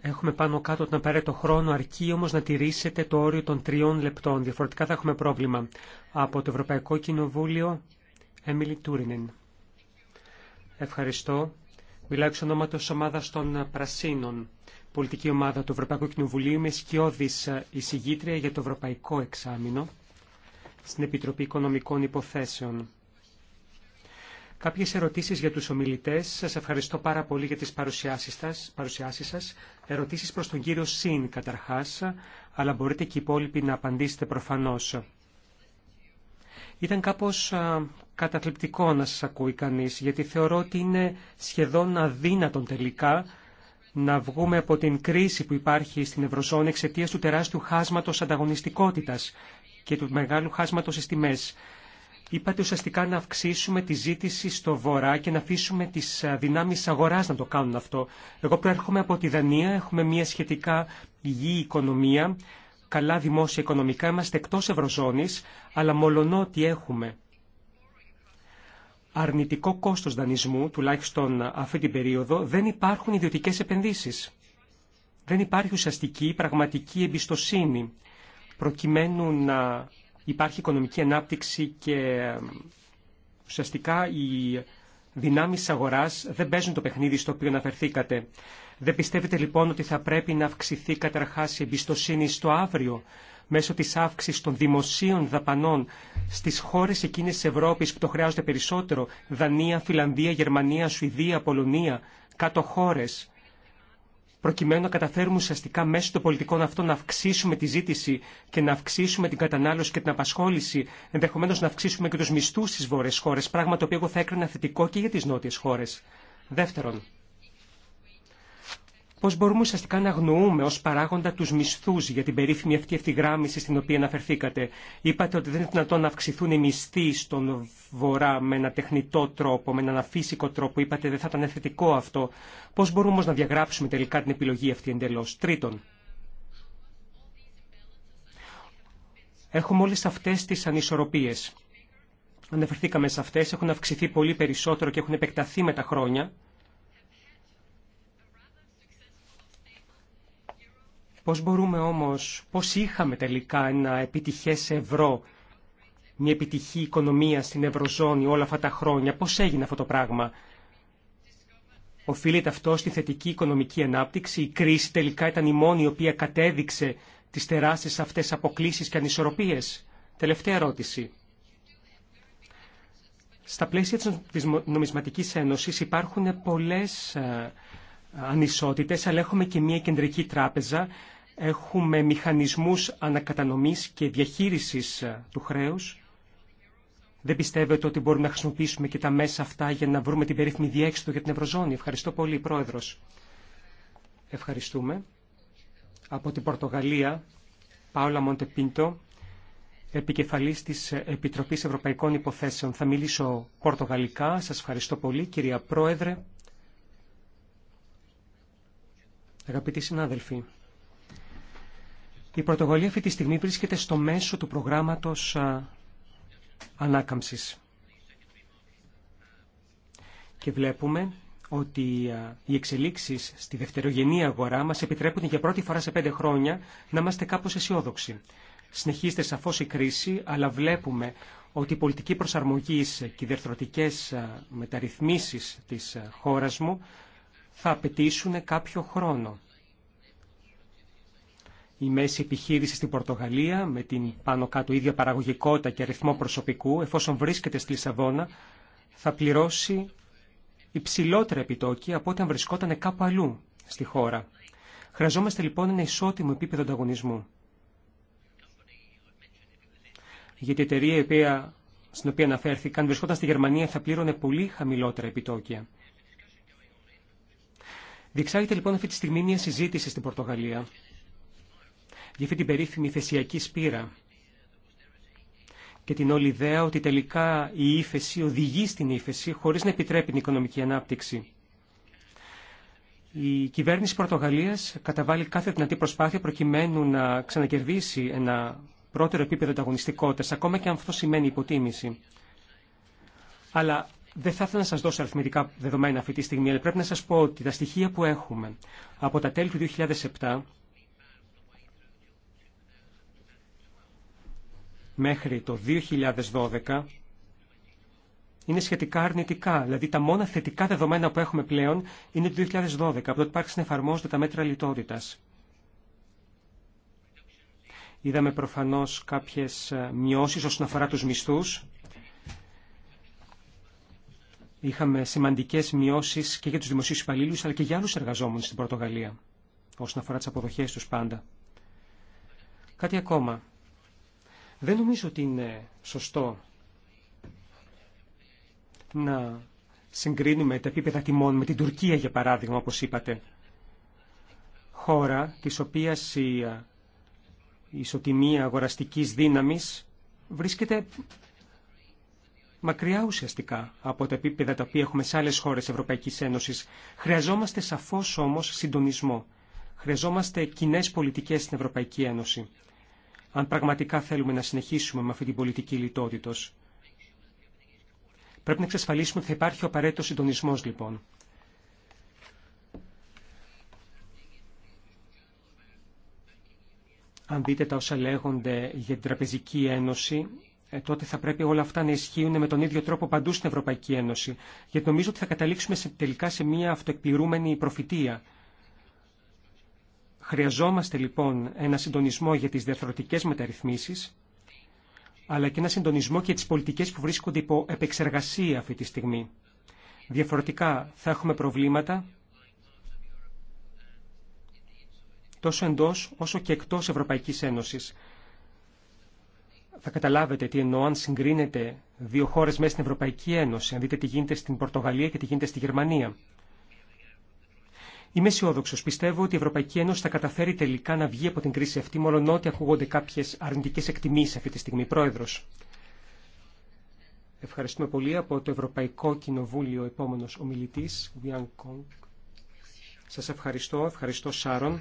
έχουμε πάνω κάτω τον απαραίτητο χρόνο, αρκεί όμως να τηρήσετε το όριο των τριών λεπτών. Διαφορετικά θα έχουμε πρόβλημα. Από το Ευρωπαϊκό Κοινοβούλιο, Έμιλι Τούρινεν. Ευχαριστώ. Μιλάω εξ ονόματος ομάδας των Πρασίνων, πολιτική ομάδα του Ευρωπαϊκού Κοινοβουλίου. Είμαι σκιώδης εισηγήτρια για το Ευρωπαϊκό Εξάμεινο στην Επιτροπή Οικονομικών Υποθέσεων. Κάποιες ερωτήσεις για τους ομιλητές. Σας ευχαριστώ πάρα πολύ για τις παρουσιάσεις σας. Παρουσιάσεις Ερωτήσεις προς τον κύριο Σιν καταρχάς, αλλά μπορείτε και οι υπόλοιποι να απαντήσετε προφανώς. Ήταν κάπως καταθλιπτικό να σας ακούει κανείς, γιατί θεωρώ ότι είναι σχεδόν αδύνατον τελικά να βγούμε από την κρίση που υπάρχει στην Ευρωζώνη εξαιτία του τεράστιου χάσματος ανταγωνιστικότητας και του μεγάλου χάσματος στις τιμές. Είπατε ουσιαστικά να αυξήσουμε τη ζήτηση στο βορρά και να αφήσουμε τι δυνάμει αγορά να το κάνουν αυτό. Εγώ προέρχομαι από τη Δανία, έχουμε μια σχετικά υγιή οικονομία, καλά δημόσια οικονομικά, είμαστε εκτό Ευρωζώνη, αλλά μολονότι έχουμε αρνητικό κόστο δανεισμού, τουλάχιστον αυτή την περίοδο, δεν υπάρχουν ιδιωτικέ επενδύσει. Δεν υπάρχει ουσιαστική πραγματική εμπιστοσύνη προκειμένου να υπάρχει οικονομική ανάπτυξη και ουσιαστικά οι δυνάμει αγοράς αγορά δεν παίζουν το παιχνίδι στο οποίο αναφερθήκατε. Δεν πιστεύετε λοιπόν ότι θα πρέπει να αυξηθεί καταρχά η εμπιστοσύνη στο αύριο μέσω τη αύξηση των δημοσίων δαπανών στι χώρε εκείνε τη Ευρώπη που το χρειάζονται περισσότερο, Δανία, Φιλανδία, Γερμανία, Σουηδία, Πολωνία, κάτω χώρες προκειμένου να καταφέρουμε ουσιαστικά μέσω των πολιτικών αυτών να αυξήσουμε τη ζήτηση και να αυξήσουμε την κατανάλωση και την απασχόληση, ενδεχομένω να αυξήσουμε και του μισθού στι βόρειε χώρε, πράγμα το οποίο εγώ θα έκρινα θετικό και για τι νότιε χώρε. Δεύτερον, πώς μπορούμε ουσιαστικά να αγνοούμε ως παράγοντα τους μισθούς για την περίφημη αυτή ευθυγράμμιση στην οποία αναφερθήκατε. Είπατε ότι δεν είναι δυνατόν να αυξηθούν οι μισθοί στον Βορρά με ένα τεχνητό τρόπο, με έναν αφύσικο τρόπο. Είπατε δεν θα ήταν θετικό αυτό. Πώς μπορούμε όμως να διαγράψουμε τελικά την επιλογή αυτή εντελώς. Τρίτον, έχουμε όλες αυτές τις ανισορροπίες. Αναφερθήκαμε σε αυτές, έχουν αυξηθεί πολύ περισσότερο και έχουν επεκταθεί με τα χρόνια. Πώς μπορούμε όμως, πώς είχαμε τελικά ένα επιτυχές ευρώ, μια επιτυχή οικονομία στην Ευρωζώνη όλα αυτά τα χρόνια, πώς έγινε αυτό το πράγμα. Οφείλεται αυτό στη θετική οικονομική ανάπτυξη, η κρίση τελικά ήταν η μόνη η οποία κατέδειξε τις τεράστιες αυτές αποκλήσεις και ανισορροπίες. Τελευταία ερώτηση. Στα πλαίσια της Νομισματικής Ένωσης υπάρχουν πολλές ε, ανισότητες, αλλά έχουμε και μια κεντρική τράπεζα, έχουμε μηχανισμούς ανακατανομής και διαχείρισης ε, του χρέους. Δεν πιστεύετε ότι μπορούμε να χρησιμοποιήσουμε και τα μέσα αυτά για να βρούμε την περίφημη διέξοδο για την Ευρωζώνη. Ευχαριστώ πολύ, Πρόεδρος. Ευχαριστούμε. Από την Πορτογαλία, Πάολα Μοντεπίντο, επικεφαλής της Επιτροπής Ευρωπαϊκών Υποθέσεων. Θα μιλήσω πορτογαλικά. Σας ευχαριστώ πολύ, κυρία Πρόεδρε. Αγαπητοί συνάδελφοι, η πρωτοβολία αυτή τη στιγμή βρίσκεται στο μέσο του προγράμματος ανάκαμψης. Και βλέπουμε ότι οι εξελίξεις στη δευτερογενή αγορά μας επιτρέπουν για πρώτη φορά σε πέντε χρόνια να είμαστε κάπως αισιόδοξοι. Συνεχίζεται σαφώς η κρίση, αλλά βλέπουμε ότι η πολιτική προσαρμογής και οι μεταρρυθμίσεις της χώρας μου θα απαιτήσουν κάποιο χρόνο. Η μέση επιχείρηση στην Πορτογαλία, με την πάνω κάτω ίδια παραγωγικότητα και αριθμό προσωπικού, εφόσον βρίσκεται στη Λισαβόνα, θα πληρώσει υψηλότερα επιτόκια από αν βρισκόταν κάπου αλλού στη χώρα. Χρειαζόμαστε λοιπόν ένα ισότιμο επίπεδο ανταγωνισμού. Γιατί η εταιρεία στην οποία αναφέρθηκαν βρισκόταν στη Γερμανία θα πλήρωνε πολύ χαμηλότερα επιτόκια. Διεξάγεται λοιπόν αυτή τη στιγμή μια συζήτηση στην Πορτογαλία για αυτή την περίφημη θεσιακή σπήρα και την όλη ιδέα ότι τελικά η ύφεση οδηγεί στην ύφεση χωρίς να επιτρέπει την οικονομική ανάπτυξη. Η κυβέρνηση Πορτογαλίας καταβάλει κάθε δυνατή προσπάθεια προκειμένου να ξανακερδίσει ένα πρώτερο επίπεδο ταγωνιστικότητα, ακόμα και αν αυτό σημαίνει υποτίμηση. Αλλά δεν θα ήθελα να σα δώσω αριθμητικά δεδομένα αυτή τη στιγμή, αλλά πρέπει να σα πω ότι τα στοιχεία που έχουμε από τα τέλη του 2007 μέχρι το 2012 είναι σχετικά αρνητικά. Δηλαδή τα μόνα θετικά δεδομένα που έχουμε πλέον είναι το 2012, από το ότι υπάρξουν εφαρμόζονται τα μέτρα λιτότητας. Είδαμε προφανώς κάποιες ε, μειώσεις όσον αφορά τους μισθούς είχαμε σημαντικές μειώσεις και για τους δημοσίους υπαλλήλου, αλλά και για άλλου εργαζόμενου στην Πορτογαλία, όσον αφορά τι αποδοχές του πάντα. Κάτι ακόμα. Δεν νομίζω ότι είναι σωστό να συγκρίνουμε τα επίπεδα τιμών με την Τουρκία, για παράδειγμα, όπως είπατε. Χώρα της οποίας η ε, ισοτιμία αγοραστικής δύναμης βρίσκεται μακριά ουσιαστικά από τα επίπεδα τα οποία έχουμε σε άλλε χώρες Ευρωπαϊκής Ένωσης. Χρειαζόμαστε σαφώ όμως συντονισμό. Χρειαζόμαστε κοινέ πολιτικές στην Ευρωπαϊκή Ένωση. Αν πραγματικά θέλουμε να συνεχίσουμε με αυτή την πολιτική λιτότητος. Πρέπει να εξασφαλίσουμε ότι θα υπάρχει ο απαραίτητο συντονισμός λοιπόν. Αν δείτε τα όσα λέγονται για την Τραπεζική Ένωση, ε, τότε θα πρέπει όλα αυτά να ισχύουν με τον ίδιο τρόπο παντού στην Ευρωπαϊκή Ένωση. Γιατί νομίζω ότι θα καταλήξουμε σε, τελικά σε μια αυτοεκπληρούμενη προφητεία. Χρειαζόμαστε λοιπόν ένα συντονισμό για τις διαθροτικές μεταρρυθμίσεις, αλλά και ένα συντονισμό και τις πολιτικές που βρίσκονται υπό επεξεργασία αυτή τη στιγμή. Διαφορετικά θα έχουμε προβλήματα τόσο εντός όσο και εκτός Ευρωπαϊκής Ένωσης θα καταλάβετε τι εννοώ αν συγκρίνετε δύο χώρες μέσα στην Ευρωπαϊκή Ένωση, αν δείτε τι γίνεται στην Πορτογαλία και τι γίνεται στη Γερμανία. Είμαι αισιόδοξο. Πιστεύω ότι η Ευρωπαϊκή Ένωση θα καταφέρει τελικά να βγει από την κρίση αυτή, μόλον ότι ακούγονται κάποιε αρνητικέ εκτιμήσει αυτή τη στιγμή. Πρόεδρο. Ευχαριστούμε πολύ. Από το Ευρωπαϊκό Κοινοβούλιο, επόμενο ομιλητή, Βιάν Κόγκ. Σα ευχαριστώ. Ευχαριστώ, Σάρον.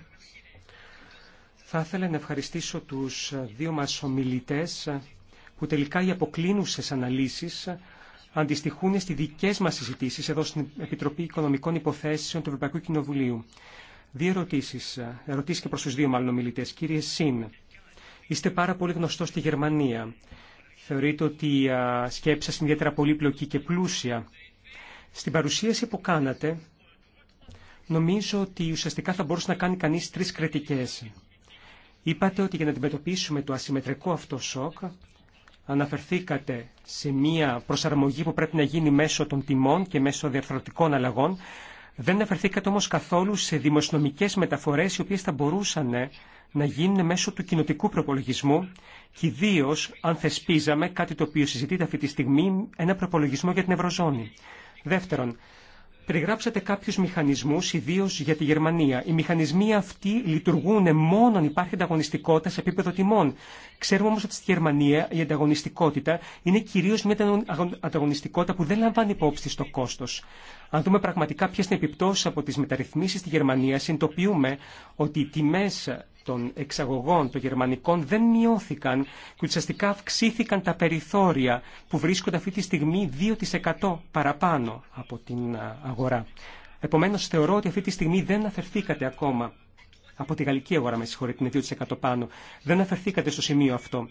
Θα ήθελα να ευχαριστήσω τους δύο μας ομιλητές που τελικά οι αποκλίνουσες αναλύσεις αντιστοιχούν στις δικές μας συζητήσεις εδώ στην Επιτροπή Οικονομικών Υποθέσεων του Ευρωπαϊκού Κοινοβουλίου. Δύο ερωτήσεις, ερωτήσεις και προς τους δύο μάλλον ομιλητές. Κύριε Σιν, είστε πάρα πολύ γνωστός στη Γερμανία. Θεωρείτε ότι η σκέψη σας είναι ιδιαίτερα πολύπλοκη και πλούσια. Στην παρουσίαση που κάνατε, νομίζω ότι ουσιαστικά θα μπορούσε να κάνει κανείς τρεις κριτικές. Είπατε ότι για να αντιμετωπίσουμε το ασυμμετρικό αυτό σοκ αναφερθήκατε σε μια προσαρμογή που πρέπει να γίνει μέσω των τιμών και μέσω διαρθρωτικών αλλαγών. Δεν αναφερθήκατε όμως καθόλου σε δημοσιονομικές μεταφορές οι οποίες θα μπορούσαν ε, να γίνουν μέσω του κοινοτικού προπολογισμού και ιδίω αν θεσπίζαμε κάτι το οποίο συζητείται αυτή τη στιγμή, ένα προπολογισμό για την Ευρωζώνη. Δεύτερον, περιγράψατε κάποιους μηχανισμούς, ιδίως για τη Γερμανία. Οι μηχανισμοί αυτοί λειτουργούν μόνο αν υπάρχει ανταγωνιστικότητα σε επίπεδο τιμών. Ξέρουμε όμως ότι στη Γερμανία η ανταγωνιστικότητα είναι κυρίως μια ανταγωνιστικότητα που δεν λαμβάνει υπόψη στο κόστος. Αν δούμε πραγματικά ποιες είναι επιπτώσεις από τις μεταρρυθμίσεις στη Γερμανία, συνειδητοποιούμε ότι οι τιμές των εξαγωγών των γερμανικών δεν μειώθηκαν και ουσιαστικά αυξήθηκαν τα περιθώρια που βρίσκονται αυτή τη στιγμή 2% παραπάνω από την αγορά. Επομένως θεωρώ ότι αυτή τη στιγμή δεν αφαιρθήκατε ακόμα από τη γαλλική αγορά, με συγχωρείτε, με 2% πάνω. Δεν αφαιρθήκατε στο σημείο αυτό.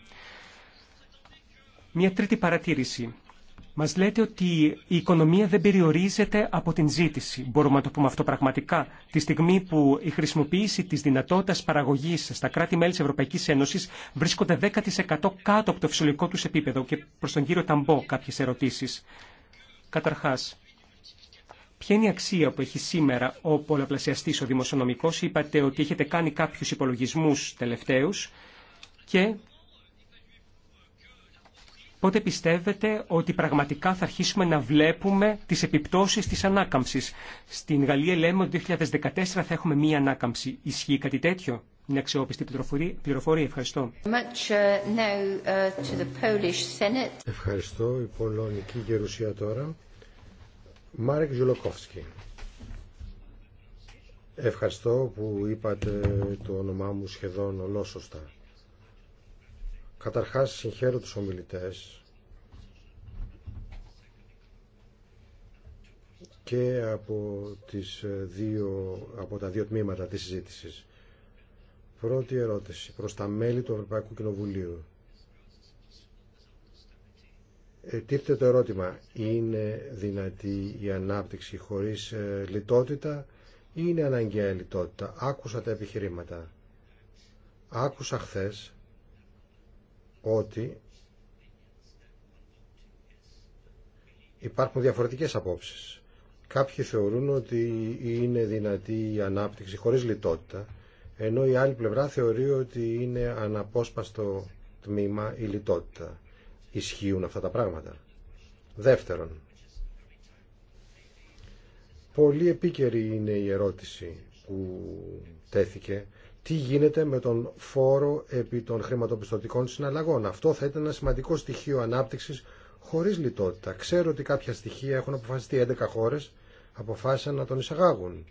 Μια τρίτη παρατήρηση. Μας λέτε ότι η οικονομία δεν περιορίζεται από την ζήτηση. Μπορούμε να το πούμε αυτό πραγματικά. Τη στιγμή που η χρησιμοποίηση της δυνατότητας παραγωγής στα κράτη-μέλη της Ευρωπαϊκής Ένωσης βρίσκονται 10% κάτω από το φυσιολογικό τους επίπεδο. Και προς τον κύριο Ταμπό κάποιες ερωτήσεις. Καταρχάς, Ποια είναι η αξία που έχει σήμερα ο πολλαπλασιαστής ο δημοσιονομικός. Είπατε ότι έχετε κάνει κάποιους υπολογισμούς τελευταίους και πότε πιστεύετε ότι πραγματικά θα αρχίσουμε να βλέπουμε τις επιπτώσεις της ανάκαμψης. Στην Γαλλία λέμε ότι το 2014 θα έχουμε μία ανάκαμψη. Ισχύει κάτι τέτοιο. Είναι αξιόπιστη πληροφορία. Ευχαριστώ. Uh, uh, Ευχαριστώ η Πολωνική Γερουσία τώρα. Μάρεκ Ζουλοκόφσκι. Ευχαριστώ που είπατε το όνομά μου σχεδόν ολόσωστα. Καταρχάς συγχαίρω τους ομιλητές και από, τις ε, δύο, από τα δύο τμήματα της συζήτησης. Πρώτη ερώτηση προς τα μέλη του Ευρωπαϊκού Κοινοβουλίου. Ε, τίθεται το ερώτημα, είναι δυνατή η ανάπτυξη χωρίς ε, λιτότητα ή είναι αναγκαία η λιτότητα. Άκουσα τα επιχειρήματα. Άκουσα χθες ότι υπάρχουν διαφορετικές απόψεις. Κάποιοι θεωρούν ότι είναι δυνατή η ανάπτυξη χωρίς λιτότητα, ενώ η άλλη πλευρά θεωρεί ότι είναι αναπόσπαστο τμήμα η λιτότητα. Ισχύουν αυτά τα πράγματα. Δεύτερον, πολύ επίκαιρη είναι η ερώτηση που τέθηκε τι γίνεται με τον φόρο επί των χρηματοπιστωτικών συναλλαγών. Αυτό θα ήταν ένα σημαντικό στοιχείο ανάπτυξης χωρί λιτότητα. Ξέρω ότι κάποια στοιχεία έχουν αποφασιστεί 11 χώρε, αποφάσισαν να τον εισαγάγουν.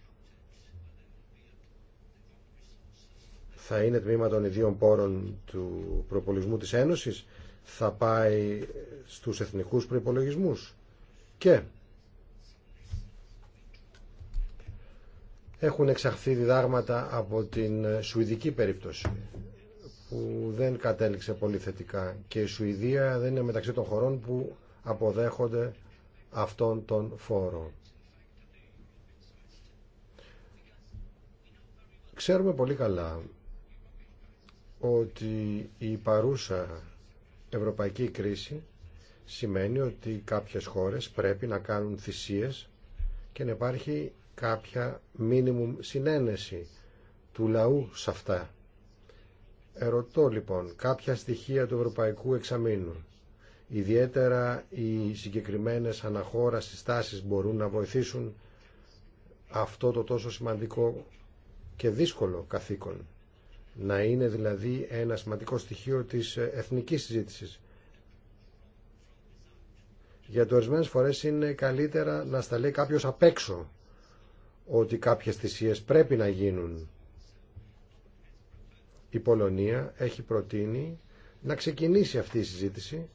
Θα είναι τμήμα των ιδίων πόρων του προπολογισμού της Ένωσης, θα πάει στους εθνικούς προϋπολογισμούς. Και Έχουν εξαχθεί διδάγματα από την Σουηδική περίπτωση που δεν κατέληξε πολύ θετικά και η Σουηδία δεν είναι μεταξύ των χωρών που αποδέχονται αυτόν τον φόρο. Ξέρουμε πολύ καλά ότι η παρούσα ευρωπαϊκή κρίση σημαίνει ότι κάποιες χώρες πρέπει να κάνουν θυσίες και να υπάρχει κάποια μίνιμουμ συνένεση του λαού σε αυτά. Ερωτώ λοιπόν κάποια στοιχεία του Ευρωπαϊκού Εξαμήνου. Ιδιαίτερα οι συγκεκριμένες αναχώρα συστάσεις μπορούν να βοηθήσουν αυτό το τόσο σημαντικό και δύσκολο καθήκον. Να είναι δηλαδή ένα σημαντικό στοιχείο της εθνικής Για το ορισμένε φορές είναι καλύτερα να σταλεί κάποιο κάποιος απ' έξω ότι κάποιες θυσίες πρέπει να γίνουν. Η Πολωνία έχει προτείνει να ξεκινήσει αυτή η συζήτηση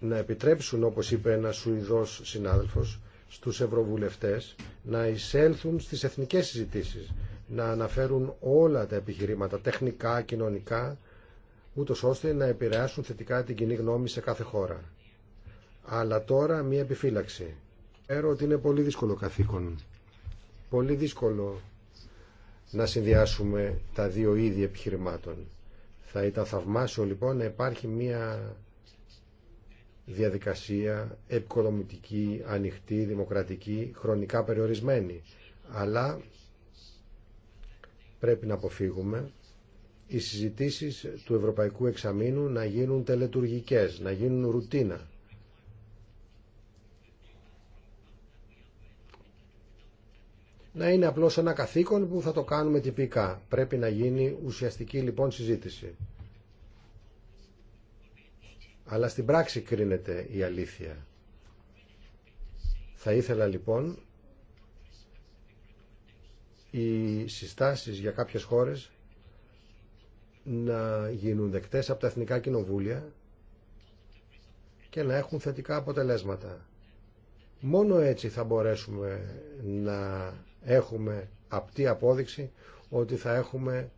να επιτρέψουν, όπως είπε ένας Σουηδός συνάδελφος, στους ευρωβουλευτές να εισέλθουν στις εθνικές συζητήσεις, να αναφέρουν όλα τα επιχειρήματα, τεχνικά, κοινωνικά, ούτως ώστε να επηρεάσουν θετικά την κοινή γνώμη σε κάθε χώρα. Αλλά τώρα μία επιφύλαξη. Ξέρω ότι είναι πολύ δύσκολο καθήκον. Πολύ δύσκολο να συνδυάσουμε τα δύο είδη επιχειρημάτων. Θα ήταν θαυμάσιο λοιπόν να υπάρχει μία διαδικασία επικοδομητική, ανοιχτή, δημοκρατική, χρονικά περιορισμένη. Αλλά πρέπει να αποφύγουμε οι συζητήσεις του Ευρωπαϊκού Εξαμήνου να γίνουν τελετουργικές, να γίνουν ρουτίνα να είναι απλώς ένα καθήκον που θα το κάνουμε τυπικά. Πρέπει να γίνει ουσιαστική λοιπόν συζήτηση. Αλλά στην πράξη κρίνεται η αλήθεια. Θα ήθελα λοιπόν οι συστάσεις για κάποιες χώρες να γίνουν δεκτές από τα εθνικά κοινοβούλια και να έχουν θετικά αποτελέσματα. Μόνο έτσι θα μπορέσουμε να έχουμε απτή απόδειξη ότι θα έχουμε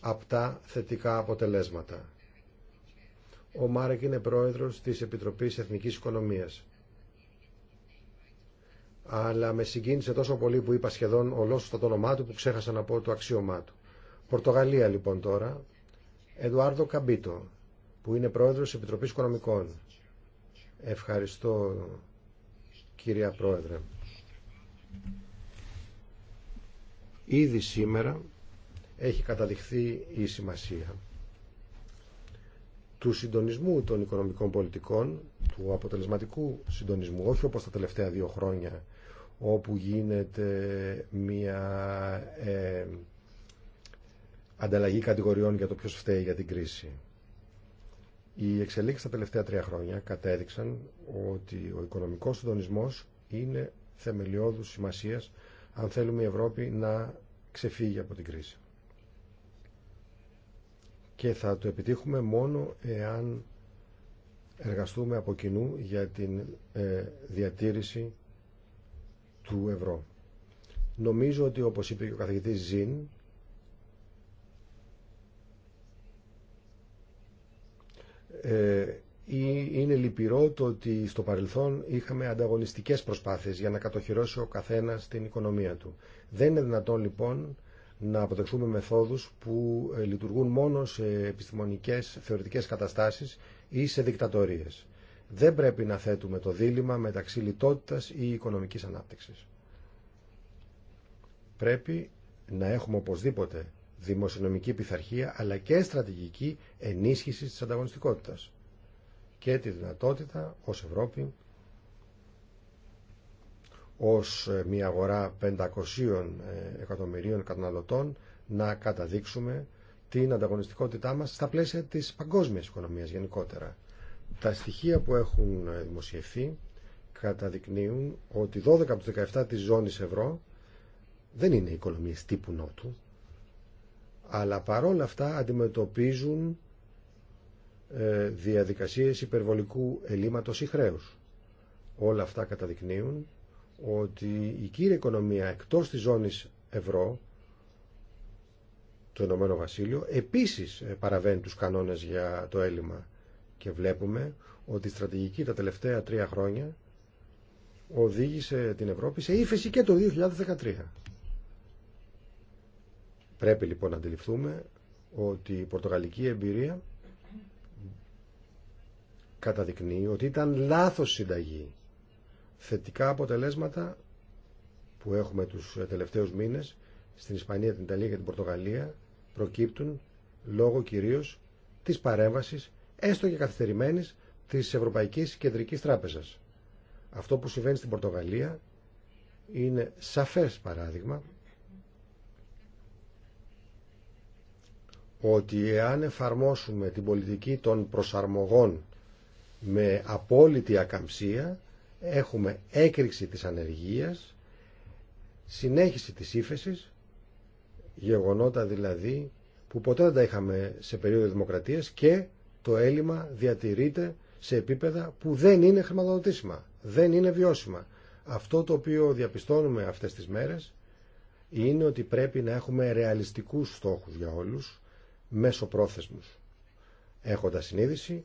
απτά θετικά αποτελέσματα. Ο Μάρεκ είναι πρόεδρος της Επιτροπής Εθνικής Οικονομίας. Αλλά με συγκίνησε τόσο πολύ που είπα σχεδόν ολόσωστα το όνομά του που ξέχασα να πω το αξίωμά του. Πορτογαλία λοιπόν τώρα. Εντουάρδο Καμπίτο, που είναι πρόεδρος της Επιτροπής Οικονομικών. Ευχαριστώ κυρία Πρόεδρε. Ήδη σήμερα έχει καταδειχθεί η σημασία του συντονισμού των οικονομικών πολιτικών, του αποτελεσματικού συντονισμού, όχι όπως τα τελευταία δύο χρόνια, όπου γίνεται μια ε, ανταλλαγή κατηγοριών για το ποιος φταίει για την κρίση. Οι εξελίξεις τα τελευταία τρία χρόνια κατέδειξαν ότι ο οικονομικός συντονισμός είναι θεμελιώδους σημασίας αν θέλουμε η Ευρώπη να ξεφύγει από την κρίση. Και θα το επιτύχουμε μόνο εάν εργαστούμε από κοινού για την ε, διατήρηση του ευρώ. Νομίζω ότι όπως είπε και ο καθηγητής Ζιν, ε, είναι λυπηρό το ότι στο παρελθόν είχαμε ανταγωνιστικές προσπάθειες για να κατοχυρώσει ο καθένας την οικονομία του. Δεν είναι δυνατόν λοιπόν να αποδεχθούμε μεθόδους που ε, λειτουργούν μόνο σε επιστημονικές θεωρητικές καταστάσεις ή σε δικτατορίες. Δεν πρέπει να θέτουμε το δίλημα μεταξύ λιτότητας ή οικονομικής ανάπτυξης. Πρέπει να έχουμε οπωσδήποτε δημοσιονομική πειθαρχία αλλά και στρατηγική ενίσχυση της ανταγωνιστικότητας και τη δυνατότητα ως Ευρώπη ως ε, μια αγορά 500 ε, εκατομμυρίων καταναλωτών να καταδείξουμε την ανταγωνιστικότητά μας στα πλαίσια της παγκόσμιας οικονομίας γενικότερα. Τα στοιχεία που έχουν ε, δημοσιευθεί καταδεικνύουν ότι 12 από 17 της ζώνης ευρώ δεν είναι οικονομίες τύπου νότου, αλλά παρόλα αυτά αντιμετωπίζουν ε, διαδικασίες υπερβολικού ελλείμματος ή χρέους. Όλα αυτά καταδεικνύουν ότι η κύρια οικονομία εκτός της ζώνης ευρώ, το Ηνωμένο Βασίλειο, επίσης ε, παραβαίνει τους κανόνες για το έλλειμμα και βλέπουμε ότι η στρατηγική τα τελευταία τρία χρόνια οδήγησε την Ευρώπη σε ύφεση και το 2013. Πρέπει λοιπόν να αντιληφθούμε ότι η πορτογαλική εμπειρία καταδεικνύει ότι ήταν λάθος συνταγή. Θετικά αποτελέσματα που έχουμε τους τελευταίους μήνες στην Ισπανία, την Ιταλία και την Πορτογαλία προκύπτουν λόγω κυρίως της παρέμβασης έστω και καθυστερημένης της Ευρωπαϊκής Κεντρικής Τράπεζας. Αυτό που συμβαίνει στην Πορτογαλία είναι σαφές παράδειγμα ότι εάν εφαρμόσουμε την πολιτική των προσαρμογών με απόλυτη ακαμψία έχουμε έκρηξη της ανεργίας, συνέχιση της ύφεσης γεγονότα δηλαδή που ποτέ δεν τα είχαμε σε περίοδο δημοκρατίας και το έλλειμμα διατηρείται σε επίπεδα που δεν είναι χρηματοδοτήσιμα, δεν είναι βιώσιμα. Αυτό το οποίο διαπιστώνουμε αυτές τις μέρες είναι ότι πρέπει να έχουμε ρεαλιστικούς στόχους για όλους, μέσω πρόθεσμους, έχοντας συνείδηση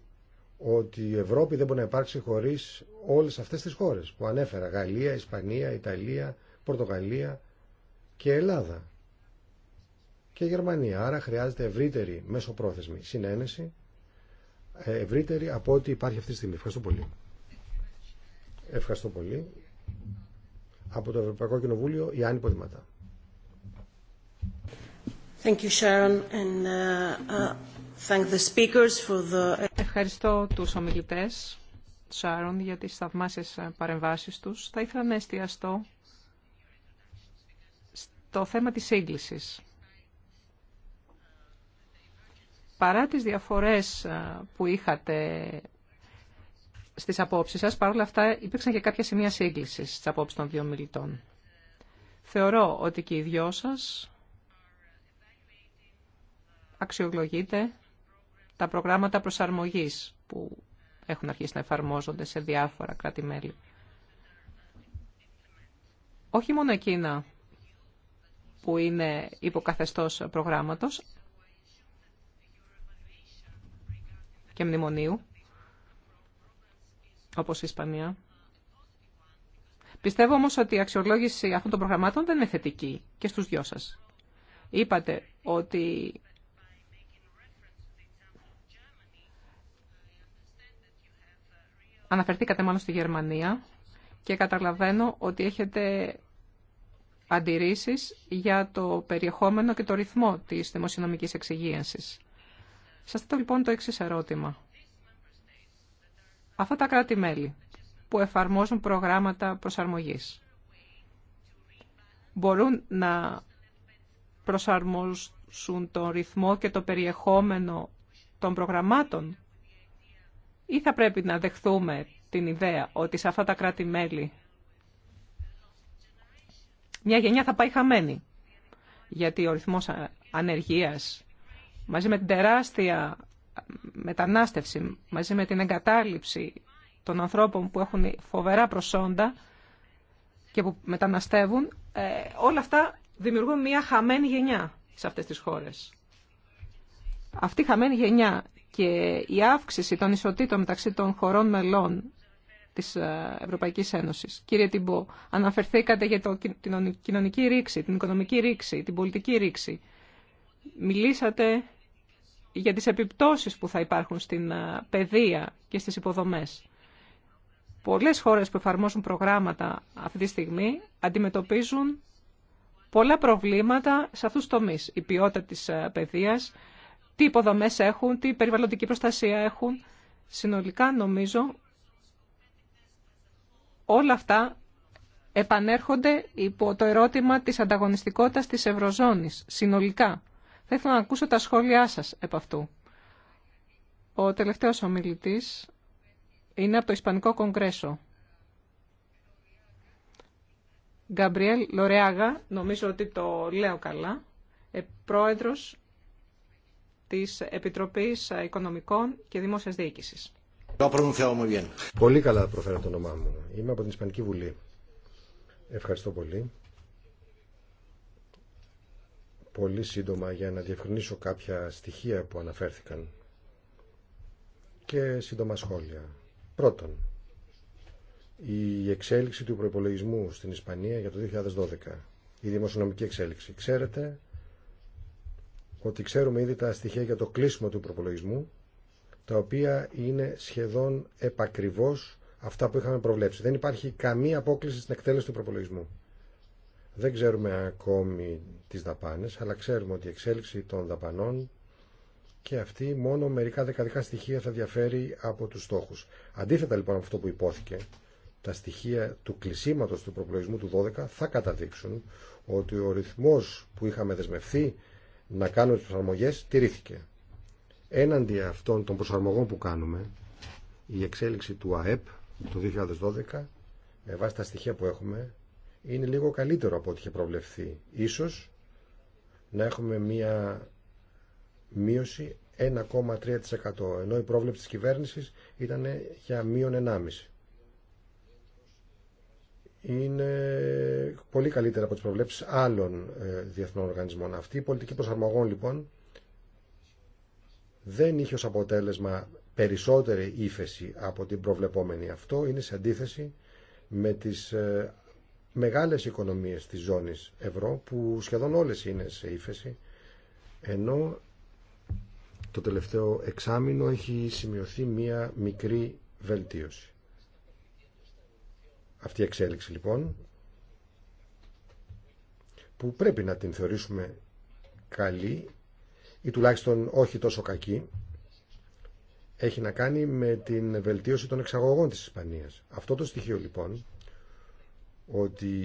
ότι η Ευρώπη δεν μπορεί να υπάρξει χωρίς όλες αυτές τις χώρες που ανέφερα, Γαλλία, Ισπανία, Ιταλία, Πορτογαλία και Ελλάδα και Γερμανία. Άρα χρειάζεται ευρύτερη μεσοπρόθεσμη συνένεση, ευρύτερη από ό,τι υπάρχει αυτή τη στιγμή. Ευχαριστώ πολύ. Ευχαριστώ πολύ. Από το Ευρωπαϊκό Κοινοβούλιο, η Άννη Ποδηματά. Uh, uh, Ευχαριστώ τους ομιλητές, Σάρων, για τις θαυμάσιες παρεμβάσεις τους. Θα ήθελα να εστιαστώ στο θέμα της σύγκλησης. Παρά τις διαφορές ε, που είχατε στις απόψεις σας, παρόλα αυτά υπήρξαν και κάποια σημεία σύγκλησης στις απόψεις των δύο μιλητών. Θεωρώ ότι και οι δυο σας αξιολογείτε τα προγράμματα προσαρμογής που έχουν αρχίσει να εφαρμόζονται σε διάφορα κράτη-μέλη. Όχι μόνο εκείνα που είναι υποκαθεστώς προγράμματος και μνημονίου, όπως η Ισπανία. Πιστεύω όμως ότι η αξιολόγηση αυτών των προγραμμάτων δεν είναι θετική και στους δυο σας. Είπατε ότι Αναφερθήκατε μάλλον στη Γερμανία και καταλαβαίνω ότι έχετε αντιρρήσεις για το περιεχόμενο και το ρυθμό της δημοσιονομικής εξυγίανσης. Σας θέτω λοιπόν το εξής ερώτημα. Αυτά τα κράτη-μέλη που εφαρμόζουν προγράμματα προσαρμογής μπορούν να προσαρμόσουν τον ρυθμό και το περιεχόμενο των προγραμμάτων ή θα πρέπει να δεχθούμε την ιδέα ότι σε αυτά τα κράτη-μέλη μια γενιά θα πάει χαμένη. Γιατί ο ρυθμός ανεργίας μαζί με την τεράστια μετανάστευση, μαζί με την εγκατάλειψη των ανθρώπων που έχουν φοβερά προσόντα και που μεταναστεύουν, ε, όλα αυτά δημιουργούν μια χαμένη γενιά σε αυτές τις χώρες. Αυτή η χαμένη γενιά και η αύξηση των ισοτήτων μεταξύ των χωρών μελών της ε, Ευρωπαϊκής Ένωσης. Κύριε Τιμπό, αναφερθήκατε για την κοινωνική ρήξη, την οικονομική ρήξη, την πολιτική ρήξη. Μιλήσατε για τις επιπτώσεις που θα υπάρχουν στην ε, παιδεία και στις υποδομές. Πολλές χώρες που εφαρμόζουν προγράμματα αυτή τη στιγμή αντιμετωπίζουν πολλά προβλήματα σε αυτούς τους τομείς. Η ποιότητα της ε, παιδείας, τι υποδομέ έχουν, τι περιβαλλοντική προστασία έχουν. Συνολικά νομίζω όλα αυτά επανέρχονται υπό το ερώτημα της ανταγωνιστικότητας της Ευρωζώνης, συνολικά. Θα ήθελα να ακούσω τα σχόλιά σας επ' αυτού. Ο τελευταίος ομιλητής είναι από το Ισπανικό Κογκρέσο. Γκαμπριέλ Λορεάγα, νομίζω ότι το λέω καλά, ε, πρόεδρος της Επιτροπής Οικονομικών και Δημόσιας Διοίκησης. Πολύ καλά προφέρατε το όνομά μου. Είμαι από την Ισπανική Βουλή. Ευχαριστώ πολύ. Πολύ σύντομα για να διευκρινίσω κάποια στοιχεία που αναφέρθηκαν και σύντομα σχόλια. Πρώτον, η εξέλιξη του προπολογισμού στην Ισπανία για το 2012. Η δημοσιονομική εξέλιξη. Ξέρετε ότι ξέρουμε ήδη τα στοιχεία για το κλείσιμο του προπολογισμού, τα οποία είναι σχεδόν επακριβώς αυτά που είχαμε προβλέψει. Δεν υπάρχει καμία απόκληση στην εκτέλεση του προπολογισμού. Δεν ξέρουμε ακόμη τις δαπάνες, αλλά ξέρουμε ότι η εξέλιξη των δαπανών και αυτή μόνο μερικά δεκαδικά στοιχεία θα διαφέρει από τους στόχους. Αντίθετα λοιπόν από αυτό που υπόθηκε, τα στοιχεία του κλεισίματος του προπολογισμού του 12 θα καταδείξουν ότι ο ρυθμός που είχαμε δεσμευθεί να κάνουμε τις προσαρμογές τηρήθηκε. Έναντι αυτών των προσαρμογών που κάνουμε, η εξέλιξη του ΑΕΠ το 2012, με βάση τα στοιχεία που έχουμε, είναι λίγο καλύτερο από ό,τι είχε προβλεφθεί. Ίσως να έχουμε μία μείωση 1,3% ενώ η πρόβλεψη της κυβέρνησης ήταν για μείον 1,5% είναι πολύ καλύτερα από τις προβλέψεις άλλων ε, διεθνών οργανισμών. Αυτή η πολιτική προσαρμογών λοιπόν δεν είχε ως αποτέλεσμα περισσότερη ύφεση από την προβλεπόμενη. Αυτό είναι σε αντίθεση με τις ε, μεγάλες οικονομίες της ζώνης ευρώ που σχεδόν όλες είναι σε ύφεση ενώ το τελευταίο εξάμεινο έχει σημειωθεί μία μικρή βελτίωση αυτή η εξέλιξη λοιπόν που πρέπει να την θεωρήσουμε καλή ή τουλάχιστον όχι τόσο κακή έχει να κάνει με την βελτίωση των εξαγωγών της Ισπανίας. Αυτό το στοιχείο λοιπόν ότι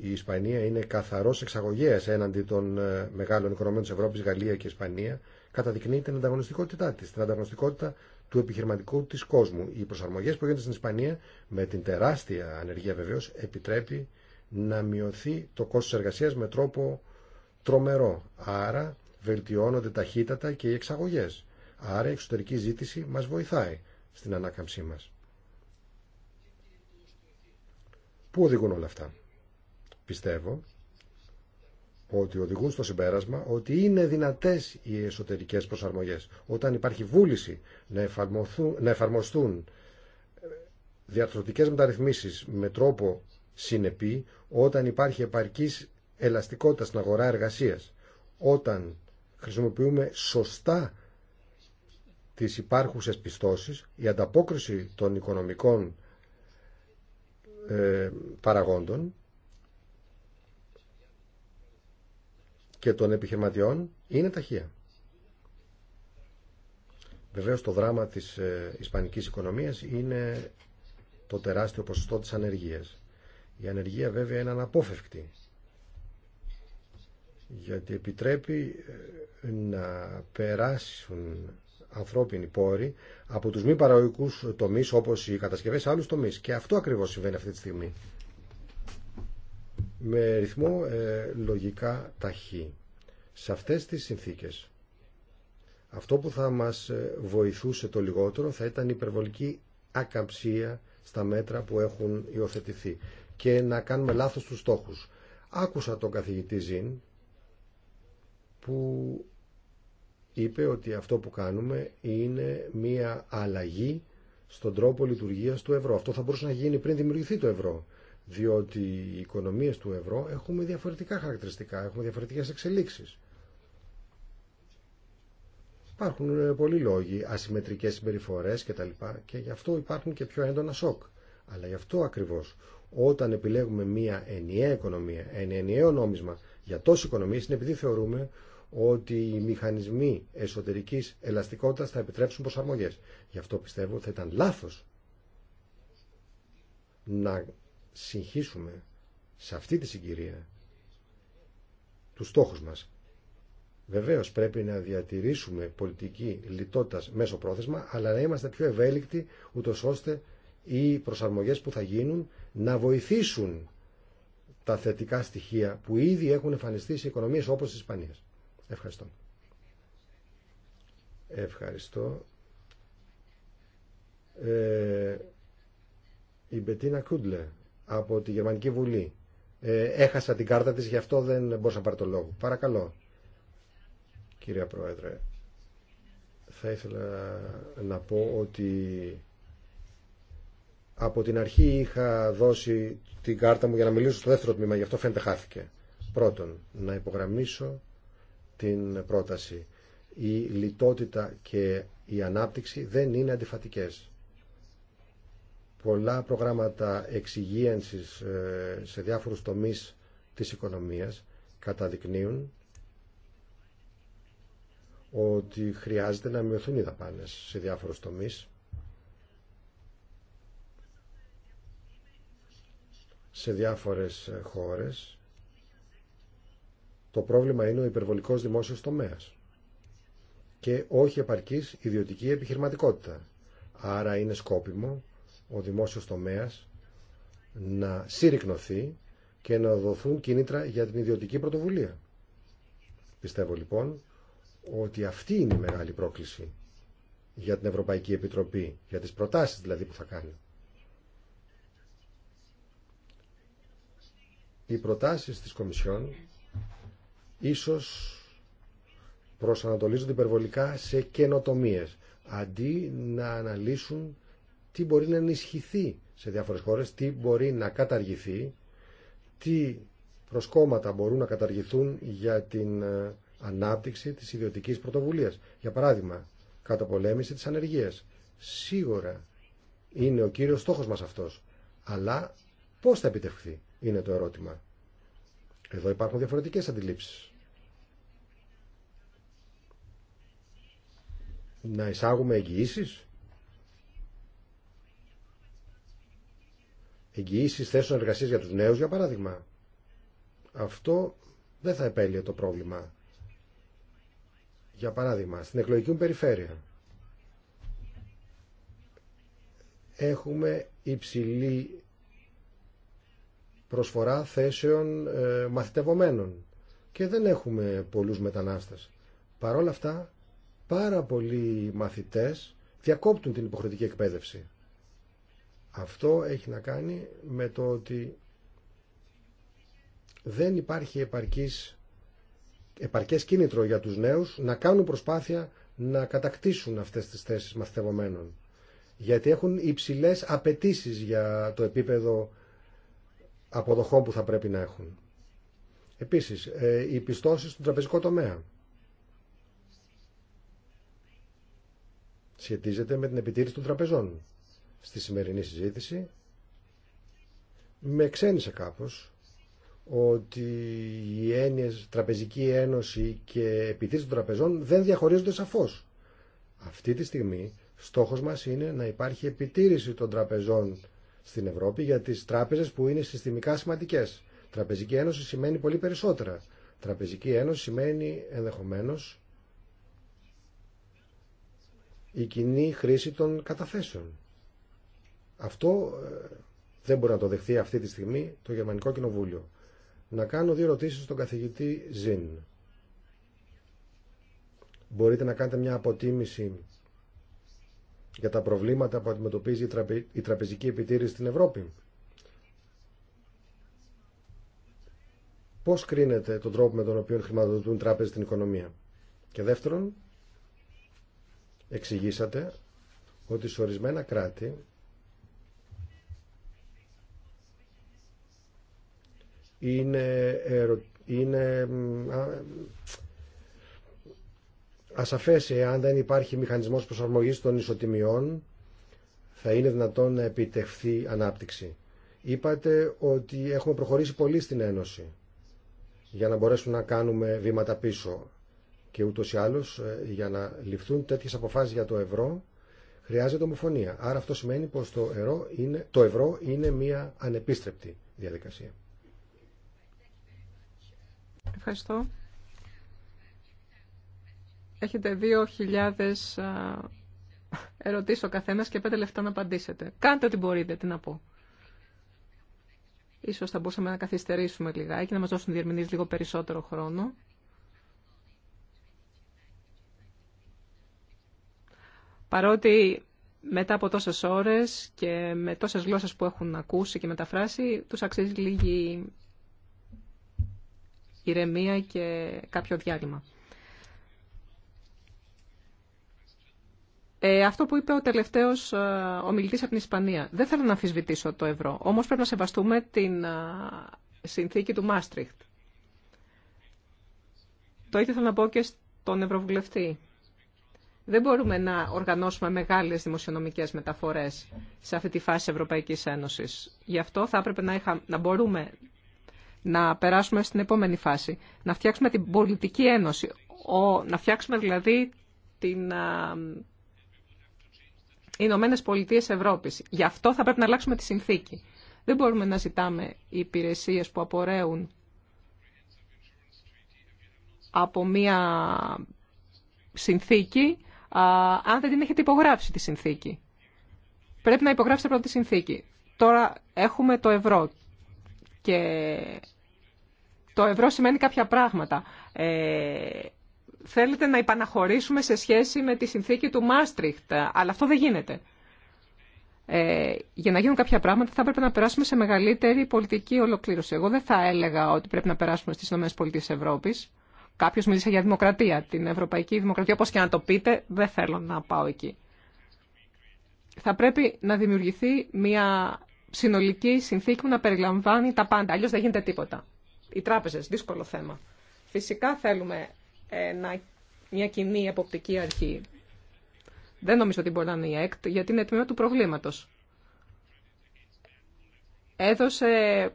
η Ισπανία είναι καθαρός εξαγωγέας έναντι των ε, μεγάλων οικονομίων της Ευρώπης, Γαλλία και Ισπανία καταδεικνύει την ανταγωνιστικότητά της, την ανταγωνιστικότητα του επιχειρηματικού τη κόσμου. Οι προσαρμογέ που γίνονται στην Ισπανία, με την τεράστια ανεργία βεβαίω, επιτρέπει να μειωθεί το κόστο εργασία με τρόπο τρομερό. Άρα βελτιώνονται ταχύτατα και οι εξαγωγέ. Άρα η εξωτερική ζήτηση μα βοηθάει στην ανάκαμψή μα. Πού οδηγούν όλα αυτά. Πιστεύω ότι οδηγούν στο συμπέρασμα ότι είναι δυνατές οι εσωτερικές προσαρμογές. Όταν υπάρχει βούληση να, να εφαρμοστούν ε, διαρθρωτικές μεταρρυθμίσεις με τρόπο συνεπή, όταν υπάρχει επαρκής ελαστικότητα στην αγορά εργασίας, όταν χρησιμοποιούμε σωστά τις υπάρχουσες πιστώσεις, η ανταπόκριση των οικονομικών ε, παραγόντων και των επιχειρηματιών είναι ταχεία. Βεβαίω το δράμα της ε, ισπανικής οικονομίας είναι το τεράστιο ποσοστό της ανεργίας. Η ανεργία βέβαια είναι αναπόφευκτη γιατί επιτρέπει ε, να περάσουν ανθρώπινοι πόροι από τους μη παραγωγικούς τομείς όπως οι κατασκευές σε άλλους τομείς. Και αυτό ακριβώς συμβαίνει αυτή τη στιγμή με ρυθμό ε, λογικά ταχύ. Σε αυτές τις συνθήκες αυτό που θα μας ε, βοηθούσε το λιγότερο θα ήταν η υπερβολική ακαμψία στα μέτρα που έχουν υιοθετηθεί και να κάνουμε λάθος στους στόχους. Άκουσα τον καθηγητή Ζήν που είπε ότι αυτό που κάνουμε είναι μία αλλαγή στον τρόπο λειτουργίας του ευρώ. Αυτό θα μπορούσε να γίνει πριν δημιουργηθεί το ευρώ διότι οι οικονομίες του ευρώ έχουν διαφορετικά χαρακτηριστικά, έχουν διαφορετικές εξελίξεις. Υπάρχουν ε, πολλοί λόγοι, ασυμμετρικές συμπεριφορές κτλ. Και γι' αυτό υπάρχουν και πιο έντονα σοκ. Αλλά γι' αυτό ακριβώς όταν επιλέγουμε μια ενιαία οικονομία, ένα ενιαίο νόμισμα για τόση οικονομία, είναι επειδή θεωρούμε ότι οι μηχανισμοί εσωτερικής ελαστικότητας θα επιτρέψουν προσαρμογές. Γι' αυτό πιστεύω ότι θα ήταν λάθος να συγχύσουμε σε αυτή τη συγκυρία τους στόχους μας. Βεβαίως πρέπει να διατηρήσουμε πολιτική λιτότητας μέσω πρόθεσμα, αλλά να είμαστε πιο ευέλικτοι, ούτως ώστε οι προσαρμογές που θα γίνουν να βοηθήσουν τα θετικά στοιχεία που ήδη έχουν εμφανιστεί σε οικονομίες όπως της Ισπανίας. Ευχαριστώ. Ευχαριστώ. Ε, η Μπετίνα Κούντλε από τη Γερμανική Βουλή. Ε, έχασα την κάρτα της, γι' αυτό δεν μπορούσα να πάρω το λόγο. Παρακαλώ, κυρία Πρόεδρε. Θα ήθελα να πω ότι από την αρχή είχα δώσει την κάρτα μου για να μιλήσω στο δεύτερο τμήμα, γι' αυτό φαίνεται χάθηκε. Πρώτον, να υπογραμμίσω την πρόταση. Η λιτότητα και η ανάπτυξη δεν είναι αντιφατικές πολλά προγράμματα εξυγίανσης ε, σε διάφορους τομείς της οικονομίας καταδεικνύουν ότι χρειάζεται να μειωθούν οι δαπάνες σε διάφορους τομείς σε διάφορες ε, χώρες το πρόβλημα είναι ο υπερβολικός δημόσιος τομέας και όχι επαρκής ιδιωτική επιχειρηματικότητα. Άρα είναι σκόπιμο ο δημόσιος τομέας να συρρυκνωθεί και να δοθούν κίνητρα για την ιδιωτική πρωτοβουλία. Πιστεύω λοιπόν ότι αυτή είναι η μεγάλη πρόκληση για την Ευρωπαϊκή Επιτροπή, για τις προτάσεις δηλαδή που θα κάνει. Οι προτάσεις της Κομισιόν ίσως προσανατολίζονται υπερβολικά σε καινοτομίες αντί να αναλύσουν τι μπορεί να ενισχυθεί σε διάφορες χώρες, τι μπορεί να καταργηθεί, τι προσκόμματα μπορούν να καταργηθούν για την ε, ανάπτυξη της ιδιωτικής πρωτοβουλίας. Για παράδειγμα, καταπολέμηση της ανεργίας. Σίγουρα είναι ο κύριος στόχος μας αυτός. Αλλά πώς θα επιτευχθεί είναι το ερώτημα. Εδώ υπάρχουν διαφορετικές αντιλήψεις. Να εισάγουμε εγγυήσει εγγυήσει θέσεων εργασία για τους νέους, για παράδειγμα. Αυτό δεν θα επέλυε το πρόβλημα. Για παράδειγμα, στην εκλογική μου περιφέρεια έχουμε υψηλή προσφορά θέσεων ε, μαθητευομένων και δεν έχουμε πολλούς μετανάστες. Παρ' όλα αυτά, πάρα πολλοί μαθητές διακόπτουν την υποχρεωτική εκπαίδευση. Αυτό έχει να κάνει με το ότι δεν υπάρχει επαρκής, επαρκές κίνητρο για τους νέους να κάνουν προσπάθεια να κατακτήσουν αυτές τις θέσεις μαθητευομένων. Γιατί έχουν υψηλές απαιτήσεις για το επίπεδο αποδοχών που θα πρέπει να έχουν. Επίσης, ε, οι πιστώσεις στον τραπεζικό τομέα. Σχετίζεται με την επιτήρηση των τραπεζών στη σημερινή συζήτηση. Με ξένησε κάπως ότι οι έννοιες τραπεζική ένωση και επιτήρηση των τραπεζών δεν διαχωρίζονται σαφώς. Αυτή τη στιγμή στόχος μας είναι να υπάρχει επιτήρηση των τραπεζών στην Ευρώπη για τις τράπεζες που είναι συστημικά σημαντικές. Τραπεζική ένωση σημαίνει πολύ περισσότερα. Τραπεζική ένωση σημαίνει ενδεχομένως η κοινή χρήση των καταθέσεων. Αυτό ε, δεν μπορεί να το δεχθεί αυτή τη στιγμή το Γερμανικό Κοινοβούλιο. Να κάνω δύο ερωτήσεις στον καθηγητή Ζιν. Μπορείτε να κάνετε μια αποτίμηση για τα προβλήματα που αντιμετωπίζει η τραπεζική επιτήρηση στην Ευρώπη. Πώς κρίνεται τον τρόπο με τον οποίο χρηματοδοτούν τράπεζες στην οικονομία. Και δεύτερον, εξηγήσατε ότι σε ορισμένα κράτη είναι, ερω... είναι ασαφές εάν δεν υπάρχει μηχανισμός προσαρμογής των ισοτιμιών θα είναι δυνατόν να επιτευχθεί ανάπτυξη. Είπατε ότι έχουμε προχωρήσει πολύ στην Ένωση για να μπορέσουμε να κάνουμε βήματα πίσω και ούτως ή άλλως ε, για να ληφθούν τέτοιες αποφάσεις για το ευρώ χρειάζεται ομοφωνία. Άρα αυτό σημαίνει πως το ευρώ είναι, το ευρώ είναι μια ανεπίστρεπτη διαδικασία. Ευχαριστώ. Έχετε 2.000 ερωτήσει ο καθένας και πέντε λεφτά να απαντήσετε. Κάντε ό,τι μπορείτε, τι να πω. Ίσως θα μπορούσαμε να καθυστερήσουμε λιγάκι, να μας δώσουν διερμηνείς λίγο περισσότερο χρόνο. Παρότι μετά από τόσες ώρες και με τόσες γλώσσες που έχουν ακούσει και μεταφράσει, τους αξίζει λίγη ηρεμία και κάποιο διάλειμμα. Ε, αυτό που είπε ο τελευταίο ε, ομιλητής από την Ισπανία. Δεν θέλω να αμφισβητήσω το ευρώ. Όμως πρέπει να σεβαστούμε την ε, συνθήκη του Μάστριχτ. Το ίδιο θέλω να πω και στον Ευρωβουλευτή. Δεν μπορούμε να οργανώσουμε μεγάλες δημοσιονομικές μεταφορές... σε αυτή τη φάση Ευρωπαϊκής Ένωσης. Γι' αυτό θα έπρεπε να, να μπορούμε να περάσουμε στην επόμενη φάση. Να φτιάξουμε την πολιτική ένωση. να φτιάξουμε δηλαδή την, οι Ηνωμένε Πολιτείε Ευρώπη. Γι' αυτό θα πρέπει να αλλάξουμε τη συνθήκη. Δεν μπορούμε να ζητάμε οι υπηρεσίε που απορρέουν από μία συνθήκη, α, αν δεν την έχετε υπογράψει τη συνθήκη. Πρέπει να υπογράψετε πρώτα τη συνθήκη. Τώρα έχουμε το ευρώ και το ευρώ σημαίνει κάποια πράγματα. Ε, θέλετε να υπαναχωρήσουμε σε σχέση με τη συνθήκη του Μάστριχτ, αλλά αυτό δεν γίνεται. Ε, για να γίνουν κάποια πράγματα θα πρέπει να περάσουμε σε μεγαλύτερη πολιτική ολοκλήρωση. Εγώ δεν θα έλεγα ότι πρέπει να περάσουμε στις ΗΠΑ. Κάποιος μίλησε για δημοκρατία, την Ευρωπαϊκή Δημοκρατία, όπως και να το πείτε, δεν θέλω να πάω εκεί. Θα πρέπει να δημιουργηθεί μια συνολική συνθήκη να περιλαμβάνει τα πάντα. Αλλιώ δεν γίνεται τίποτα. Οι τράπεζε, δύσκολο θέμα. Φυσικά θέλουμε ε, μια κοινή εποπτική αρχή. Δεν νομίζω ότι μπορεί να είναι η ΕΚΤ, γιατί είναι τμήμα του προβλήματο. Έδωσε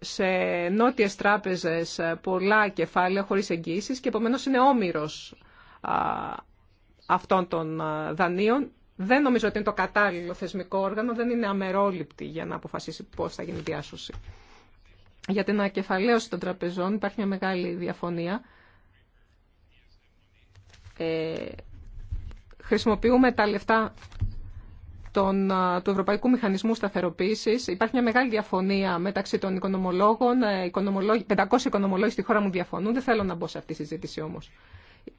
σε νότιες τράπεζες πολλά κεφάλαια χωρίς εγγύησει και επομένω είναι όμοιρο αυτών των δανείων δεν νομίζω ότι είναι το κατάλληλο θεσμικό όργανο, δεν είναι αμερόληπτη για να αποφασίσει πώ θα γίνει η διάσωση. Για την ακεφαλαίωση των τραπεζών υπάρχει μια μεγάλη διαφωνία. Ε, χρησιμοποιούμε τα λεφτά τον, του Ευρωπαϊκού Μηχανισμού Σταθεροποίηση. Υπάρχει μια μεγάλη διαφωνία μεταξύ των οικονομολόγων. 500 ε, οικονομολόγοι στη χώρα μου διαφωνούν. Δεν θέλω να μπω σε αυτή τη συζήτηση όμω.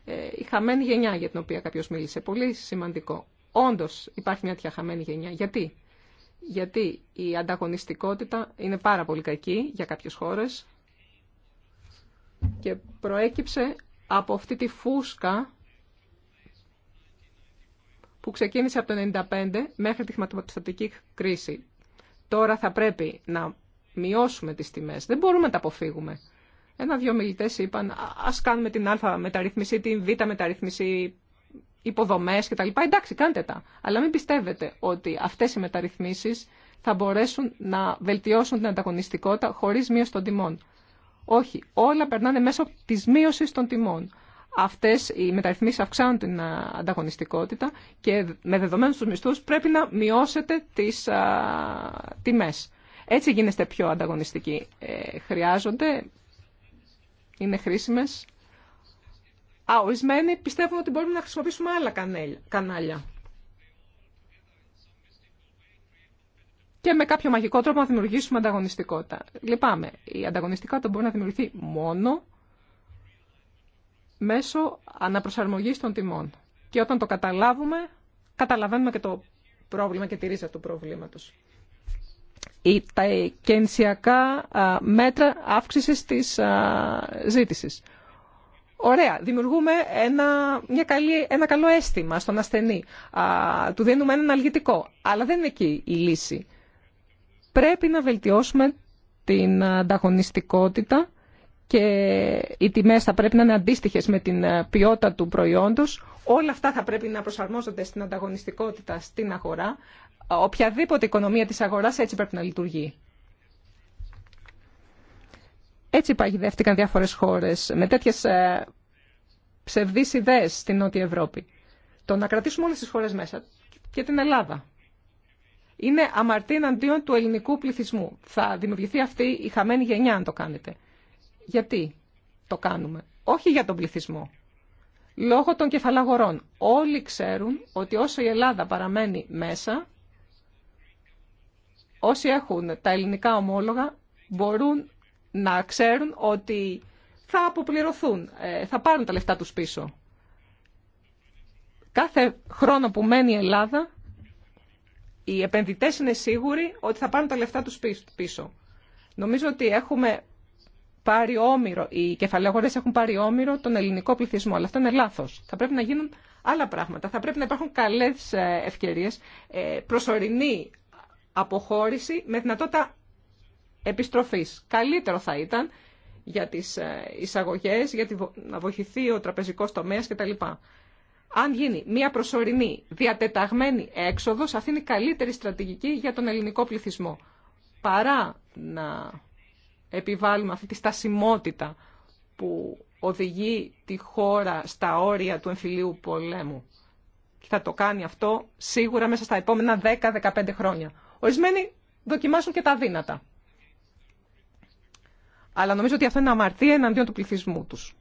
Ε, η χαμένη γενιά για την οποία κάποιο μίλησε. Πολύ σημαντικό. Όντω υπάρχει μια τέτοια χαμένη γενιά. Γιατί? Γιατί η ανταγωνιστικότητα είναι πάρα πολύ κακή για κάποιε χώρε και προέκυψε από αυτή τη φούσκα που ξεκίνησε από το 1995 μέχρι τη χρηματοπιστωτική κρίση. Τώρα θα πρέπει να μειώσουμε τις τιμές. Δεν μπορούμε να τα αποφύγουμε. Ένα-δυο μιλητέ είπαν ας κάνουμε την α μεταρρύθμιση, την β μεταρρύθμιση, υποδομές κτλ. Εντάξει, κάντε τα. Αλλά μην πιστεύετε ότι αυτές οι μεταρρυθμίσει θα μπορέσουν να βελτιώσουν την ανταγωνιστικότητα χωρίς μείωση των τιμών. Όχι, όλα περνάνε μέσω τη μείωση των τιμών. Αυτές οι μεταρρυθμίσει αυξάνουν την ανταγωνιστικότητα και με δεδομένους τους μισθούς πρέπει να μειώσετε τις Έτσι γίνεστε πιο ανταγωνιστικοί. Ε, χρειάζονται, είναι χρήσιμες Α, ορισμένοι πιστεύουν ότι μπορούμε να χρησιμοποιήσουμε άλλα κανάλια. Και με κάποιο μαγικό τρόπο να δημιουργήσουμε ανταγωνιστικότητα. Λυπάμαι. Η ανταγωνιστικότητα μπορεί να δημιουργηθεί μόνο μέσω αναπροσαρμογής των τιμών. Και όταν το καταλάβουμε, καταλαβαίνουμε και το πρόβλημα και τη ρίζα του προβλήματος. Τα κενσιακά μέτρα αύξησης της ζήτησης. Ωραία, δημιουργούμε ένα, μια καλή, ένα καλό αίσθημα στον ασθενή. Α, του δίνουμε ένα αλγητικό. Αλλά δεν είναι εκεί η λύση. Πρέπει να βελτιώσουμε την ανταγωνιστικότητα και οι τιμέ θα πρέπει να είναι αντίστοιχε με την ε, ποιότητα του προϊόντος. Όλα αυτά θα πρέπει να προσαρμόζονται στην ανταγωνιστικότητα στην αγορά. Οποιαδήποτε οικονομία της αγοράς έτσι πρέπει να λειτουργεί. Έτσι παγιδεύτηκαν διάφορες χώρες με τέτοιες ε, ψευδείς ιδέες στην Νότια Ευρώπη. Το να κρατήσουμε όλε τι χώρες μέσα και την Ελλάδα. Είναι αμαρτία εναντίον του ελληνικού πληθυσμού. Θα δημιουργηθεί αυτή η χαμένη γενιά αν το κάνετε. Γιατί το κάνουμε. Όχι για τον πληθυσμό. Λόγω των κεφαλαγορών. Όλοι ξέρουν ότι όσο η Ελλάδα παραμένει μέσα, όσοι έχουν τα ελληνικά ομόλογα μπορούν να ξέρουν ότι θα αποπληρωθούν, ε, θα πάρουν τα λεφτά τους πίσω. Κάθε χρόνο που μένει η Ελλάδα, οι επενδυτές είναι σίγουροι ότι θα πάρουν τα λεφτά τους πίσω. Νομίζω ότι έχουμε πάρει όμοιρο, οι κεφαλαίγορες έχουν πάρει όμοιρο τον ελληνικό πληθυσμό, αλλά αυτό είναι λάθος. Θα πρέπει να γίνουν άλλα πράγματα. Θα πρέπει να υπάρχουν καλές ε, ευκαιρίες, ε, προσωρινή αποχώρηση με δυνατότητα επιστροφής. Καλύτερο θα ήταν για τις ε, εισαγωγές, για να βοηθηθεί ο τραπεζικός τομέας κτλ. Αν γίνει μια προσωρινή διατεταγμένη έξοδος, αυτή είναι η καλύτερη στρατηγική για τον ελληνικό πληθυσμό. Παρά να επιβάλλουμε αυτή τη στασιμότητα που οδηγεί τη χώρα στα όρια του εμφυλίου πολέμου. Και θα το κάνει αυτό σίγουρα μέσα στα επόμενα 10-15 χρόνια. Ορισμένοι δοκιμάσουν και τα δύνατα. Αλλά νομίζω ότι αυτό είναι αμαρτία εναντίον του πληθυσμού τους.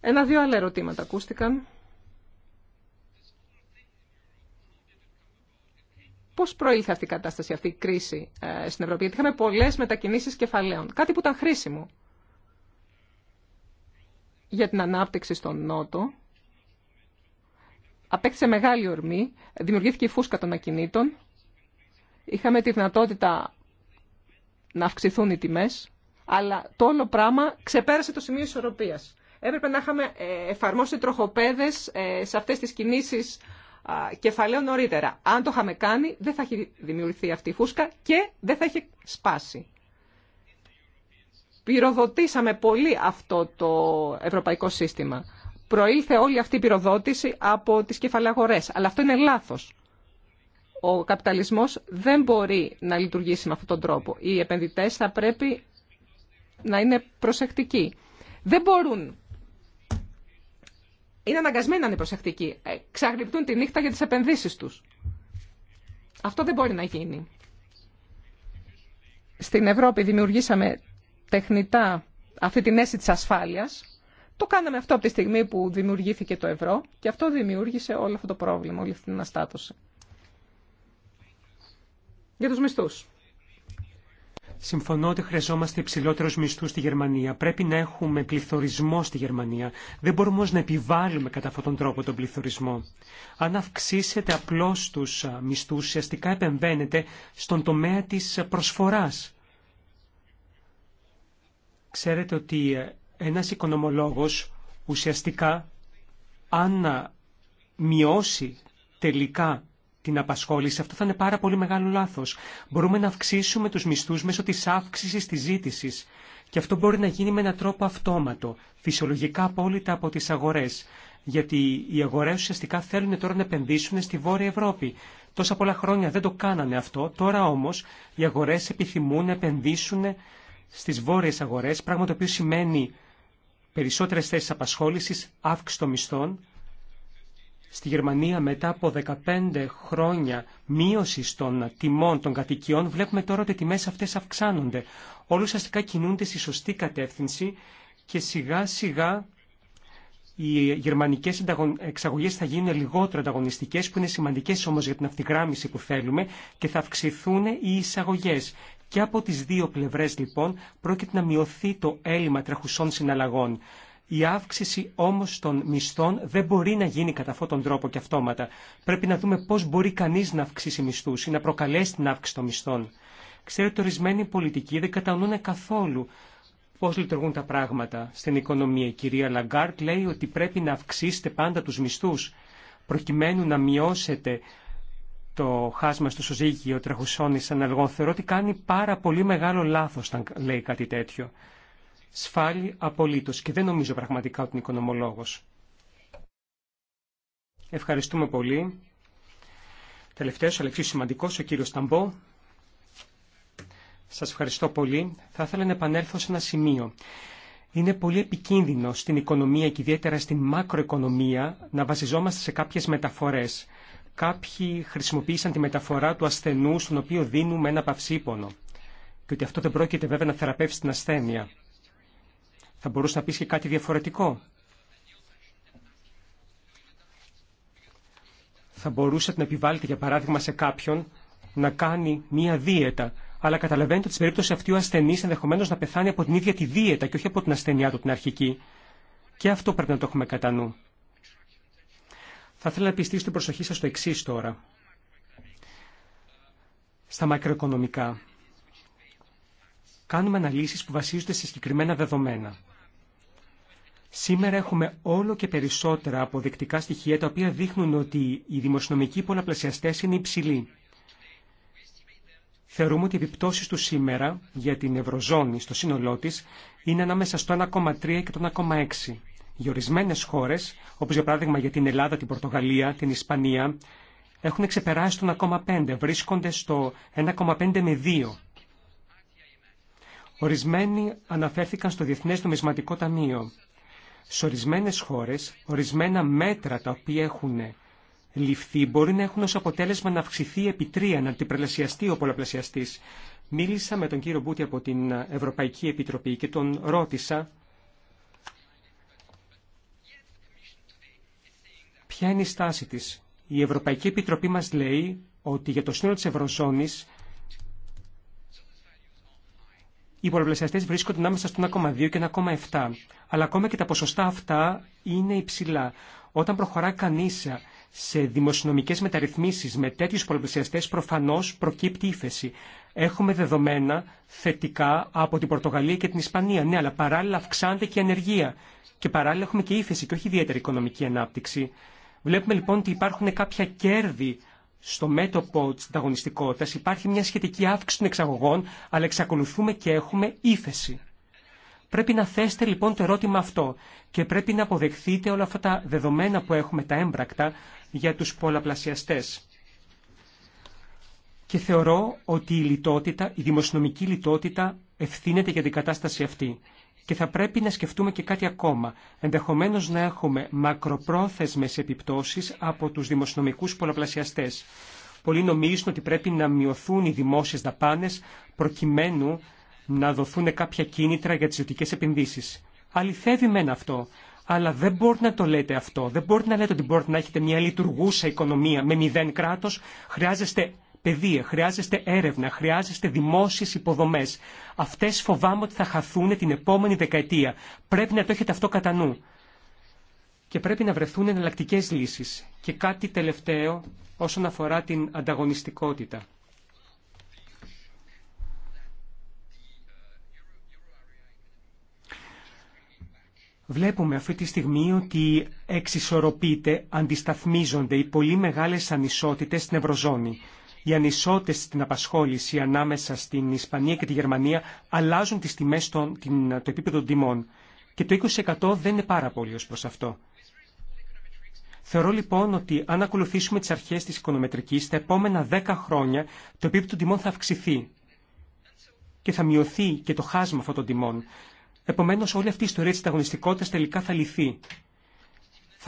Ένα-δύο άλλα ερωτήματα ακούστηκαν. Πώ προήλθε αυτή η κατάσταση, αυτή η κρίση ε, στην Ευρώπη, Γιατί είχαμε πολλέ μετακινήσει κεφαλαίων. Κάτι που ήταν χρήσιμο για την ανάπτυξη στον Νότο. Απέκτησε μεγάλη ορμή, δημιουργήθηκε η φούσκα των ακινήτων. Είχαμε τη δυνατότητα να αυξηθούν οι τιμέ, αλλά το όλο πράγμα ξεπέρασε το σημείο ισορροπίας. Έπρεπε να είχαμε ε, εφαρμόσει τροχοπέδες ε, σε αυτές τις κινήσεις κεφαλαίων νωρίτερα. Αν το είχαμε κάνει, δεν θα είχε δημιουργηθεί αυτή η φούσκα και δεν θα είχε σπάσει. Πυροδοτήσαμε πολύ αυτό το ευρωπαϊκό σύστημα. Προήλθε όλη αυτή η πυροδότηση από τις κεφαλαγορές. Αλλά αυτό είναι λάθος. Ο καπιταλισμός δεν μπορεί να λειτουργήσει με αυτόν τον τρόπο. Οι επενδυτές θα πρέπει να είναι προσεκτικοί. Δεν μπορούν. Είναι αναγκασμένοι να είναι προσεκτικοί. Ε, Ξαγρυπτούν τη νύχτα για τις επενδύσεις τους. Αυτό δεν μπορεί να γίνει. Στην Ευρώπη δημιουργήσαμε τεχνητά αυτή την αίσθηση της ασφάλειας. Το κάναμε αυτό από τη στιγμή που δημιουργήθηκε το ευρώ και αυτό δημιούργησε όλο αυτό το πρόβλημα, όλη αυτή την αστάτωση για τους μισθούς. Συμφωνώ ότι χρειαζόμαστε υψηλότερου μισθού στη Γερμανία. Πρέπει να έχουμε πληθωρισμό στη Γερμανία. Δεν μπορούμε όμω να επιβάλλουμε κατά αυτόν τον τρόπο τον πληθωρισμό. Αν αυξήσετε απλώ του μισθού, ουσιαστικά επεμβαίνετε στον τομέα τη προσφορά. Ξέρετε ότι ε, ένα οικονομολόγο ουσιαστικά αν μειώσει τελικά την απασχόληση. Αυτό θα είναι πάρα πολύ μεγάλο λάθος. Μπορούμε να αυξήσουμε τους μισθούς μέσω της αύξησης της ζήτησης. Και αυτό μπορεί να γίνει με έναν τρόπο αυτόματο, φυσιολογικά απόλυτα από τις αγορές. Γιατί οι αγορές ουσιαστικά θέλουν τώρα να επενδύσουν στη Βόρεια Ευρώπη. Τόσα πολλά χρόνια δεν το κάνανε αυτό, τώρα όμως οι αγορές επιθυμούν να επενδύσουν στις βόρειες αγορές, πράγμα το οποίο σημαίνει περισσότερες θέσεις απασχόλησης, αύξηση των μισθών Στη Γερμανία μετά από 15 χρόνια μείωση των τιμών των κατοικιών βλέπουμε τώρα ότι οι τιμές αυτές αυξάνονται. Όλοι ουσιαστικά κινούνται στη σωστή κατεύθυνση και σιγά σιγά οι γερμανικές εξαγωγές θα γίνουν λιγότερο ανταγωνιστικές που είναι σημαντικές όμως για την αυτιγράμμιση που θέλουμε και θα αυξηθούν οι εισαγωγές. Και από τις δύο πλευρές λοιπόν πρόκειται να μειωθεί το έλλειμμα τραχουσών συναλλαγών. Η αύξηση όμως των μισθών δεν μπορεί να γίνει κατά αυτόν τον τρόπο και αυτόματα. Πρέπει να δούμε πώς μπορεί κανείς να αυξήσει μισθούς ή να προκαλέσει την αύξηση των μισθών. Ξέρετε, ορισμένοι πολιτικοί δεν κατανοούν καθόλου πώς λειτουργούν τα πράγματα στην οικονομία. Η κυρία Λαγκάρτ λέει ότι πρέπει να αυξήσετε πάντα τους μισθούς προκειμένου να μειώσετε το χάσμα στο σωζύγιο τρεχουσών εισαναλγών. Θεωρώ ότι κάνει πάρα πολύ μεγάλο λάθος να λέει αναλγον θεωρω οτι κανει παρα πολυ τέτοιο σφάλει απολύτως και δεν νομίζω πραγματικά ότι είναι οικονομολόγος. Ευχαριστούμε πολύ. Τελευταίος, αλλά σημαντικός, ο κύριος Ταμπό. Σας ευχαριστώ πολύ. Θα ήθελα να επανέλθω σε ένα σημείο. Είναι πολύ επικίνδυνο στην οικονομία και ιδιαίτερα στην μακροοικονομία να βασιζόμαστε σε κάποιες μεταφορές. Κάποιοι χρησιμοποίησαν τη μεταφορά του ασθενού στον οποίο δίνουμε ένα παυσίπονο. Και ότι αυτό δεν πρόκειται βέβαια να θεραπεύσει την ασθένεια. Θα μπορούσε να πεις και κάτι διαφορετικό. Θα μπορούσε να επιβάλλετε, για παράδειγμα, σε κάποιον να κάνει μία δίαιτα. Αλλά καταλαβαίνετε ότι στην περίπτωση αυτή ο ασθενή ενδεχομένω να πεθάνει από την ίδια τη δίαιτα και όχι από την ασθενειά του την αρχική. Και αυτό πρέπει να το έχουμε κατά νου. Θα ήθελα να πιστήσω την προσοχή σας στο εξή τώρα. Στα μακροοικονομικά κάνουμε αναλύσεις που βασίζονται σε συγκεκριμένα δεδομένα. Σήμερα έχουμε όλο και περισσότερα αποδεικτικά στοιχεία τα οποία δείχνουν ότι οι δημοσιονομικοί πολλαπλασιαστές είναι υψηλοί. Θεωρούμε ότι οι επιπτώσει του σήμερα για την Ευρωζώνη στο σύνολό τη είναι ανάμεσα στο 1,3 και το 1,6. Για ορισμένε χώρε, όπω για παράδειγμα για την Ελλάδα, την Πορτογαλία, την Ισπανία, έχουν ξεπεράσει το 1,5, βρίσκονται στο 1,5 με 2 Ορισμένοι αναφέρθηκαν στο Διεθνές Νομισματικό Ταμείο. Σε ορισμένε χώρες, ορισμένα μέτρα τα οποία έχουν ληφθεί μπορεί να έχουν ω αποτέλεσμα να αυξηθεί επί τρία, να αντιπρελασιαστεί ο πολλαπλασιαστή. Μίλησα με τον κύριο Μπούτη από την Ευρωπαϊκή Επιτροπή και τον ρώτησα ποια είναι η στάση της. Η Ευρωπαϊκή Επιτροπή μας λέει ότι για το σύνολο της Ευρωζώνης οι πολλαπλασιαστές βρίσκονται ανάμεσα στον 1,2 και 1,7. Αλλά ακόμα και τα ποσοστά αυτά είναι υψηλά. Όταν προχωρά κανείς σε δημοσιονομικές μεταρρυθμίσεις με τέτοιους πολλαπλασιαστές προφανώς προκύπτει ύφεση. Έχουμε δεδομένα θετικά από την Πορτογαλία και την Ισπανία. Ναι, αλλά παράλληλα αυξάνεται και η ανεργία. Και παράλληλα έχουμε και ύφεση και όχι ιδιαίτερη οικονομική ανάπτυξη. Βλέπουμε λοιπόν ότι υπάρχουν κάποια κέρδη στο μέτωπο τη ανταγωνιστικότητα υπάρχει μια σχετική αύξηση των εξαγωγών, αλλά εξακολουθούμε και έχουμε ύφεση. Πρέπει να θέσετε λοιπόν το ερώτημα αυτό και πρέπει να αποδεχθείτε όλα αυτά τα δεδομένα που έχουμε τα έμπρακτα για τους πολλαπλασιαστές. Και θεωρώ ότι η λιτότητα, η δημοσιονομική λιτότητα ευθύνεται για την κατάσταση αυτή. Και θα πρέπει να σκεφτούμε και κάτι ακόμα. Ενδεχομένως να έχουμε μακροπρόθεσμες επιπτώσεις από τους δημοσιονομικούς πολλαπλασιαστές. Πολλοί νομίζουν ότι πρέπει να μειωθούν οι δημόσιες δαπάνες προκειμένου να δοθούν κάποια κίνητρα για τις ιδιωτικές επενδύσεις. Αληθεύει μεν αυτό, αλλά δεν μπορεί να το λέτε αυτό. Δεν μπορεί να λέτε ότι μπορείτε να έχετε μια λειτουργούσα οικονομία με μηδέν κράτος. Χρειάζεστε παιδεία, χρειάζεστε έρευνα, χρειάζεστε δημόσιες υποδομές. Αυτές φοβάμαι ότι θα χαθούν την επόμενη δεκαετία. Πρέπει να το έχετε αυτό κατά νου. Και πρέπει να βρεθούν εναλλακτικέ λύσεις. Και κάτι τελευταίο όσον αφορά την ανταγωνιστικότητα. Βλέπουμε αυτή τη στιγμή ότι εξισορροπείται, αντισταθμίζονται οι πολύ μεγάλες ανισότητες στην Ευρωζώνη οι ανισότητες στην απασχόληση ανάμεσα στην Ισπανία και τη Γερμανία αλλάζουν τις τιμές των, την, το επίπεδο των τιμών. Και το 20% δεν είναι πάρα πολύ ως προς αυτό. Θεωρώ λοιπόν ότι αν ακολουθήσουμε τις αρχές της οικονομετρικής, τα επόμενα 10 χρόνια το επίπεδο των τιμών θα αυξηθεί και θα μειωθεί και το χάσμα αυτών των τιμών. Επομένως όλη αυτή η ιστορία της ανταγωνιστικότητας τελικά θα λυθεί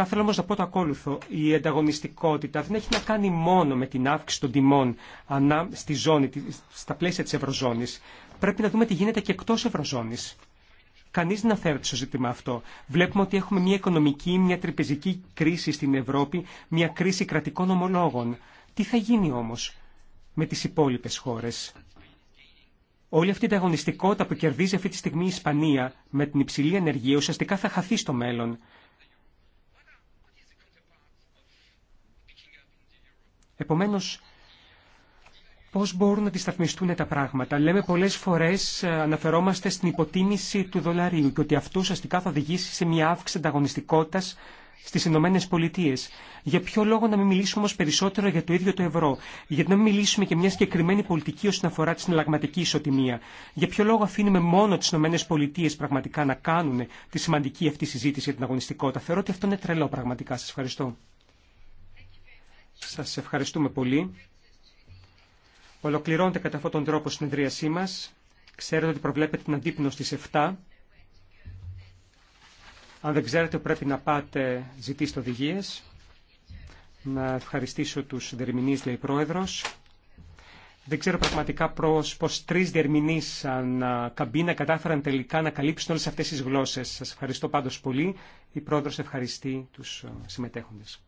θα ήθελα όμω να πω το ακόλουθο. Η ανταγωνιστικότητα δεν έχει να κάνει μόνο με την αύξηση των τιμών ανά στη ζώνη, στα πλαίσια τη Ευρωζώνη. Πρέπει να δούμε τι γίνεται και εκτό Ευρωζώνη. Κανεί δεν αναφέρεται στο ζήτημα αυτό. Βλέπουμε ότι έχουμε μια οικονομική, μια τριπεζική κρίση στην Ευρώπη, μια κρίση κρατικών ομολόγων. Τι θα γίνει όμω με τι υπόλοιπε χώρε. Όλη αυτή η ανταγωνιστικότητα που κερδίζει αυτή τη στιγμή η Ισπανία με την υψηλή ενεργεία ουσιαστικά θα χαθεί στο μέλλον. Επομένως, πώς μπορούν να αντισταθμιστούν τα πράγματα. Λέμε πολλές φορές, ε, αναφερόμαστε στην υποτίμηση του δολαρίου και ότι αυτό ουσιαστικά θα οδηγήσει σε μια αύξηση ανταγωνιστικότητας στι Ηνωμένε Πολιτείε. Για ποιο λόγο να μην μιλήσουμε όμω περισσότερο για το ίδιο το ευρώ, γιατί να μην μιλήσουμε και μια συγκεκριμένη πολιτική όσον αφορά τη συναλλαγματική ισοτιμία. Για ποιο λόγο αφήνουμε μόνο τι Ηνωμένε Πολιτείε πραγματικά να κάνουν τη σημαντική αυτή συζήτηση για την αγωνιστικότητα. Θεωρώ ότι αυτό είναι τρελό πραγματικά. Σα ευχαριστώ. Σας ευχαριστούμε πολύ. Ολοκληρώνεται κατά αυτόν τον τρόπο η συνεδρίασή μας. Ξέρετε ότι προβλέπετε την αντίπνο στις 7. Αν δεν ξέρετε πρέπει να πάτε ζητήστε οδηγίες. Να ευχαριστήσω τους δερμηνείς, λέει πρόεδρος. Δεν ξέρω πραγματικά προς πως τρεις διερμηνείς σαν καμπίνα κατάφεραν τελικά να καλύψουν όλες αυτές τις γλώσσες. Σας ευχαριστώ πάντως πολύ. Η πρόεδρος ευχαριστεί τους συμμετέχοντες.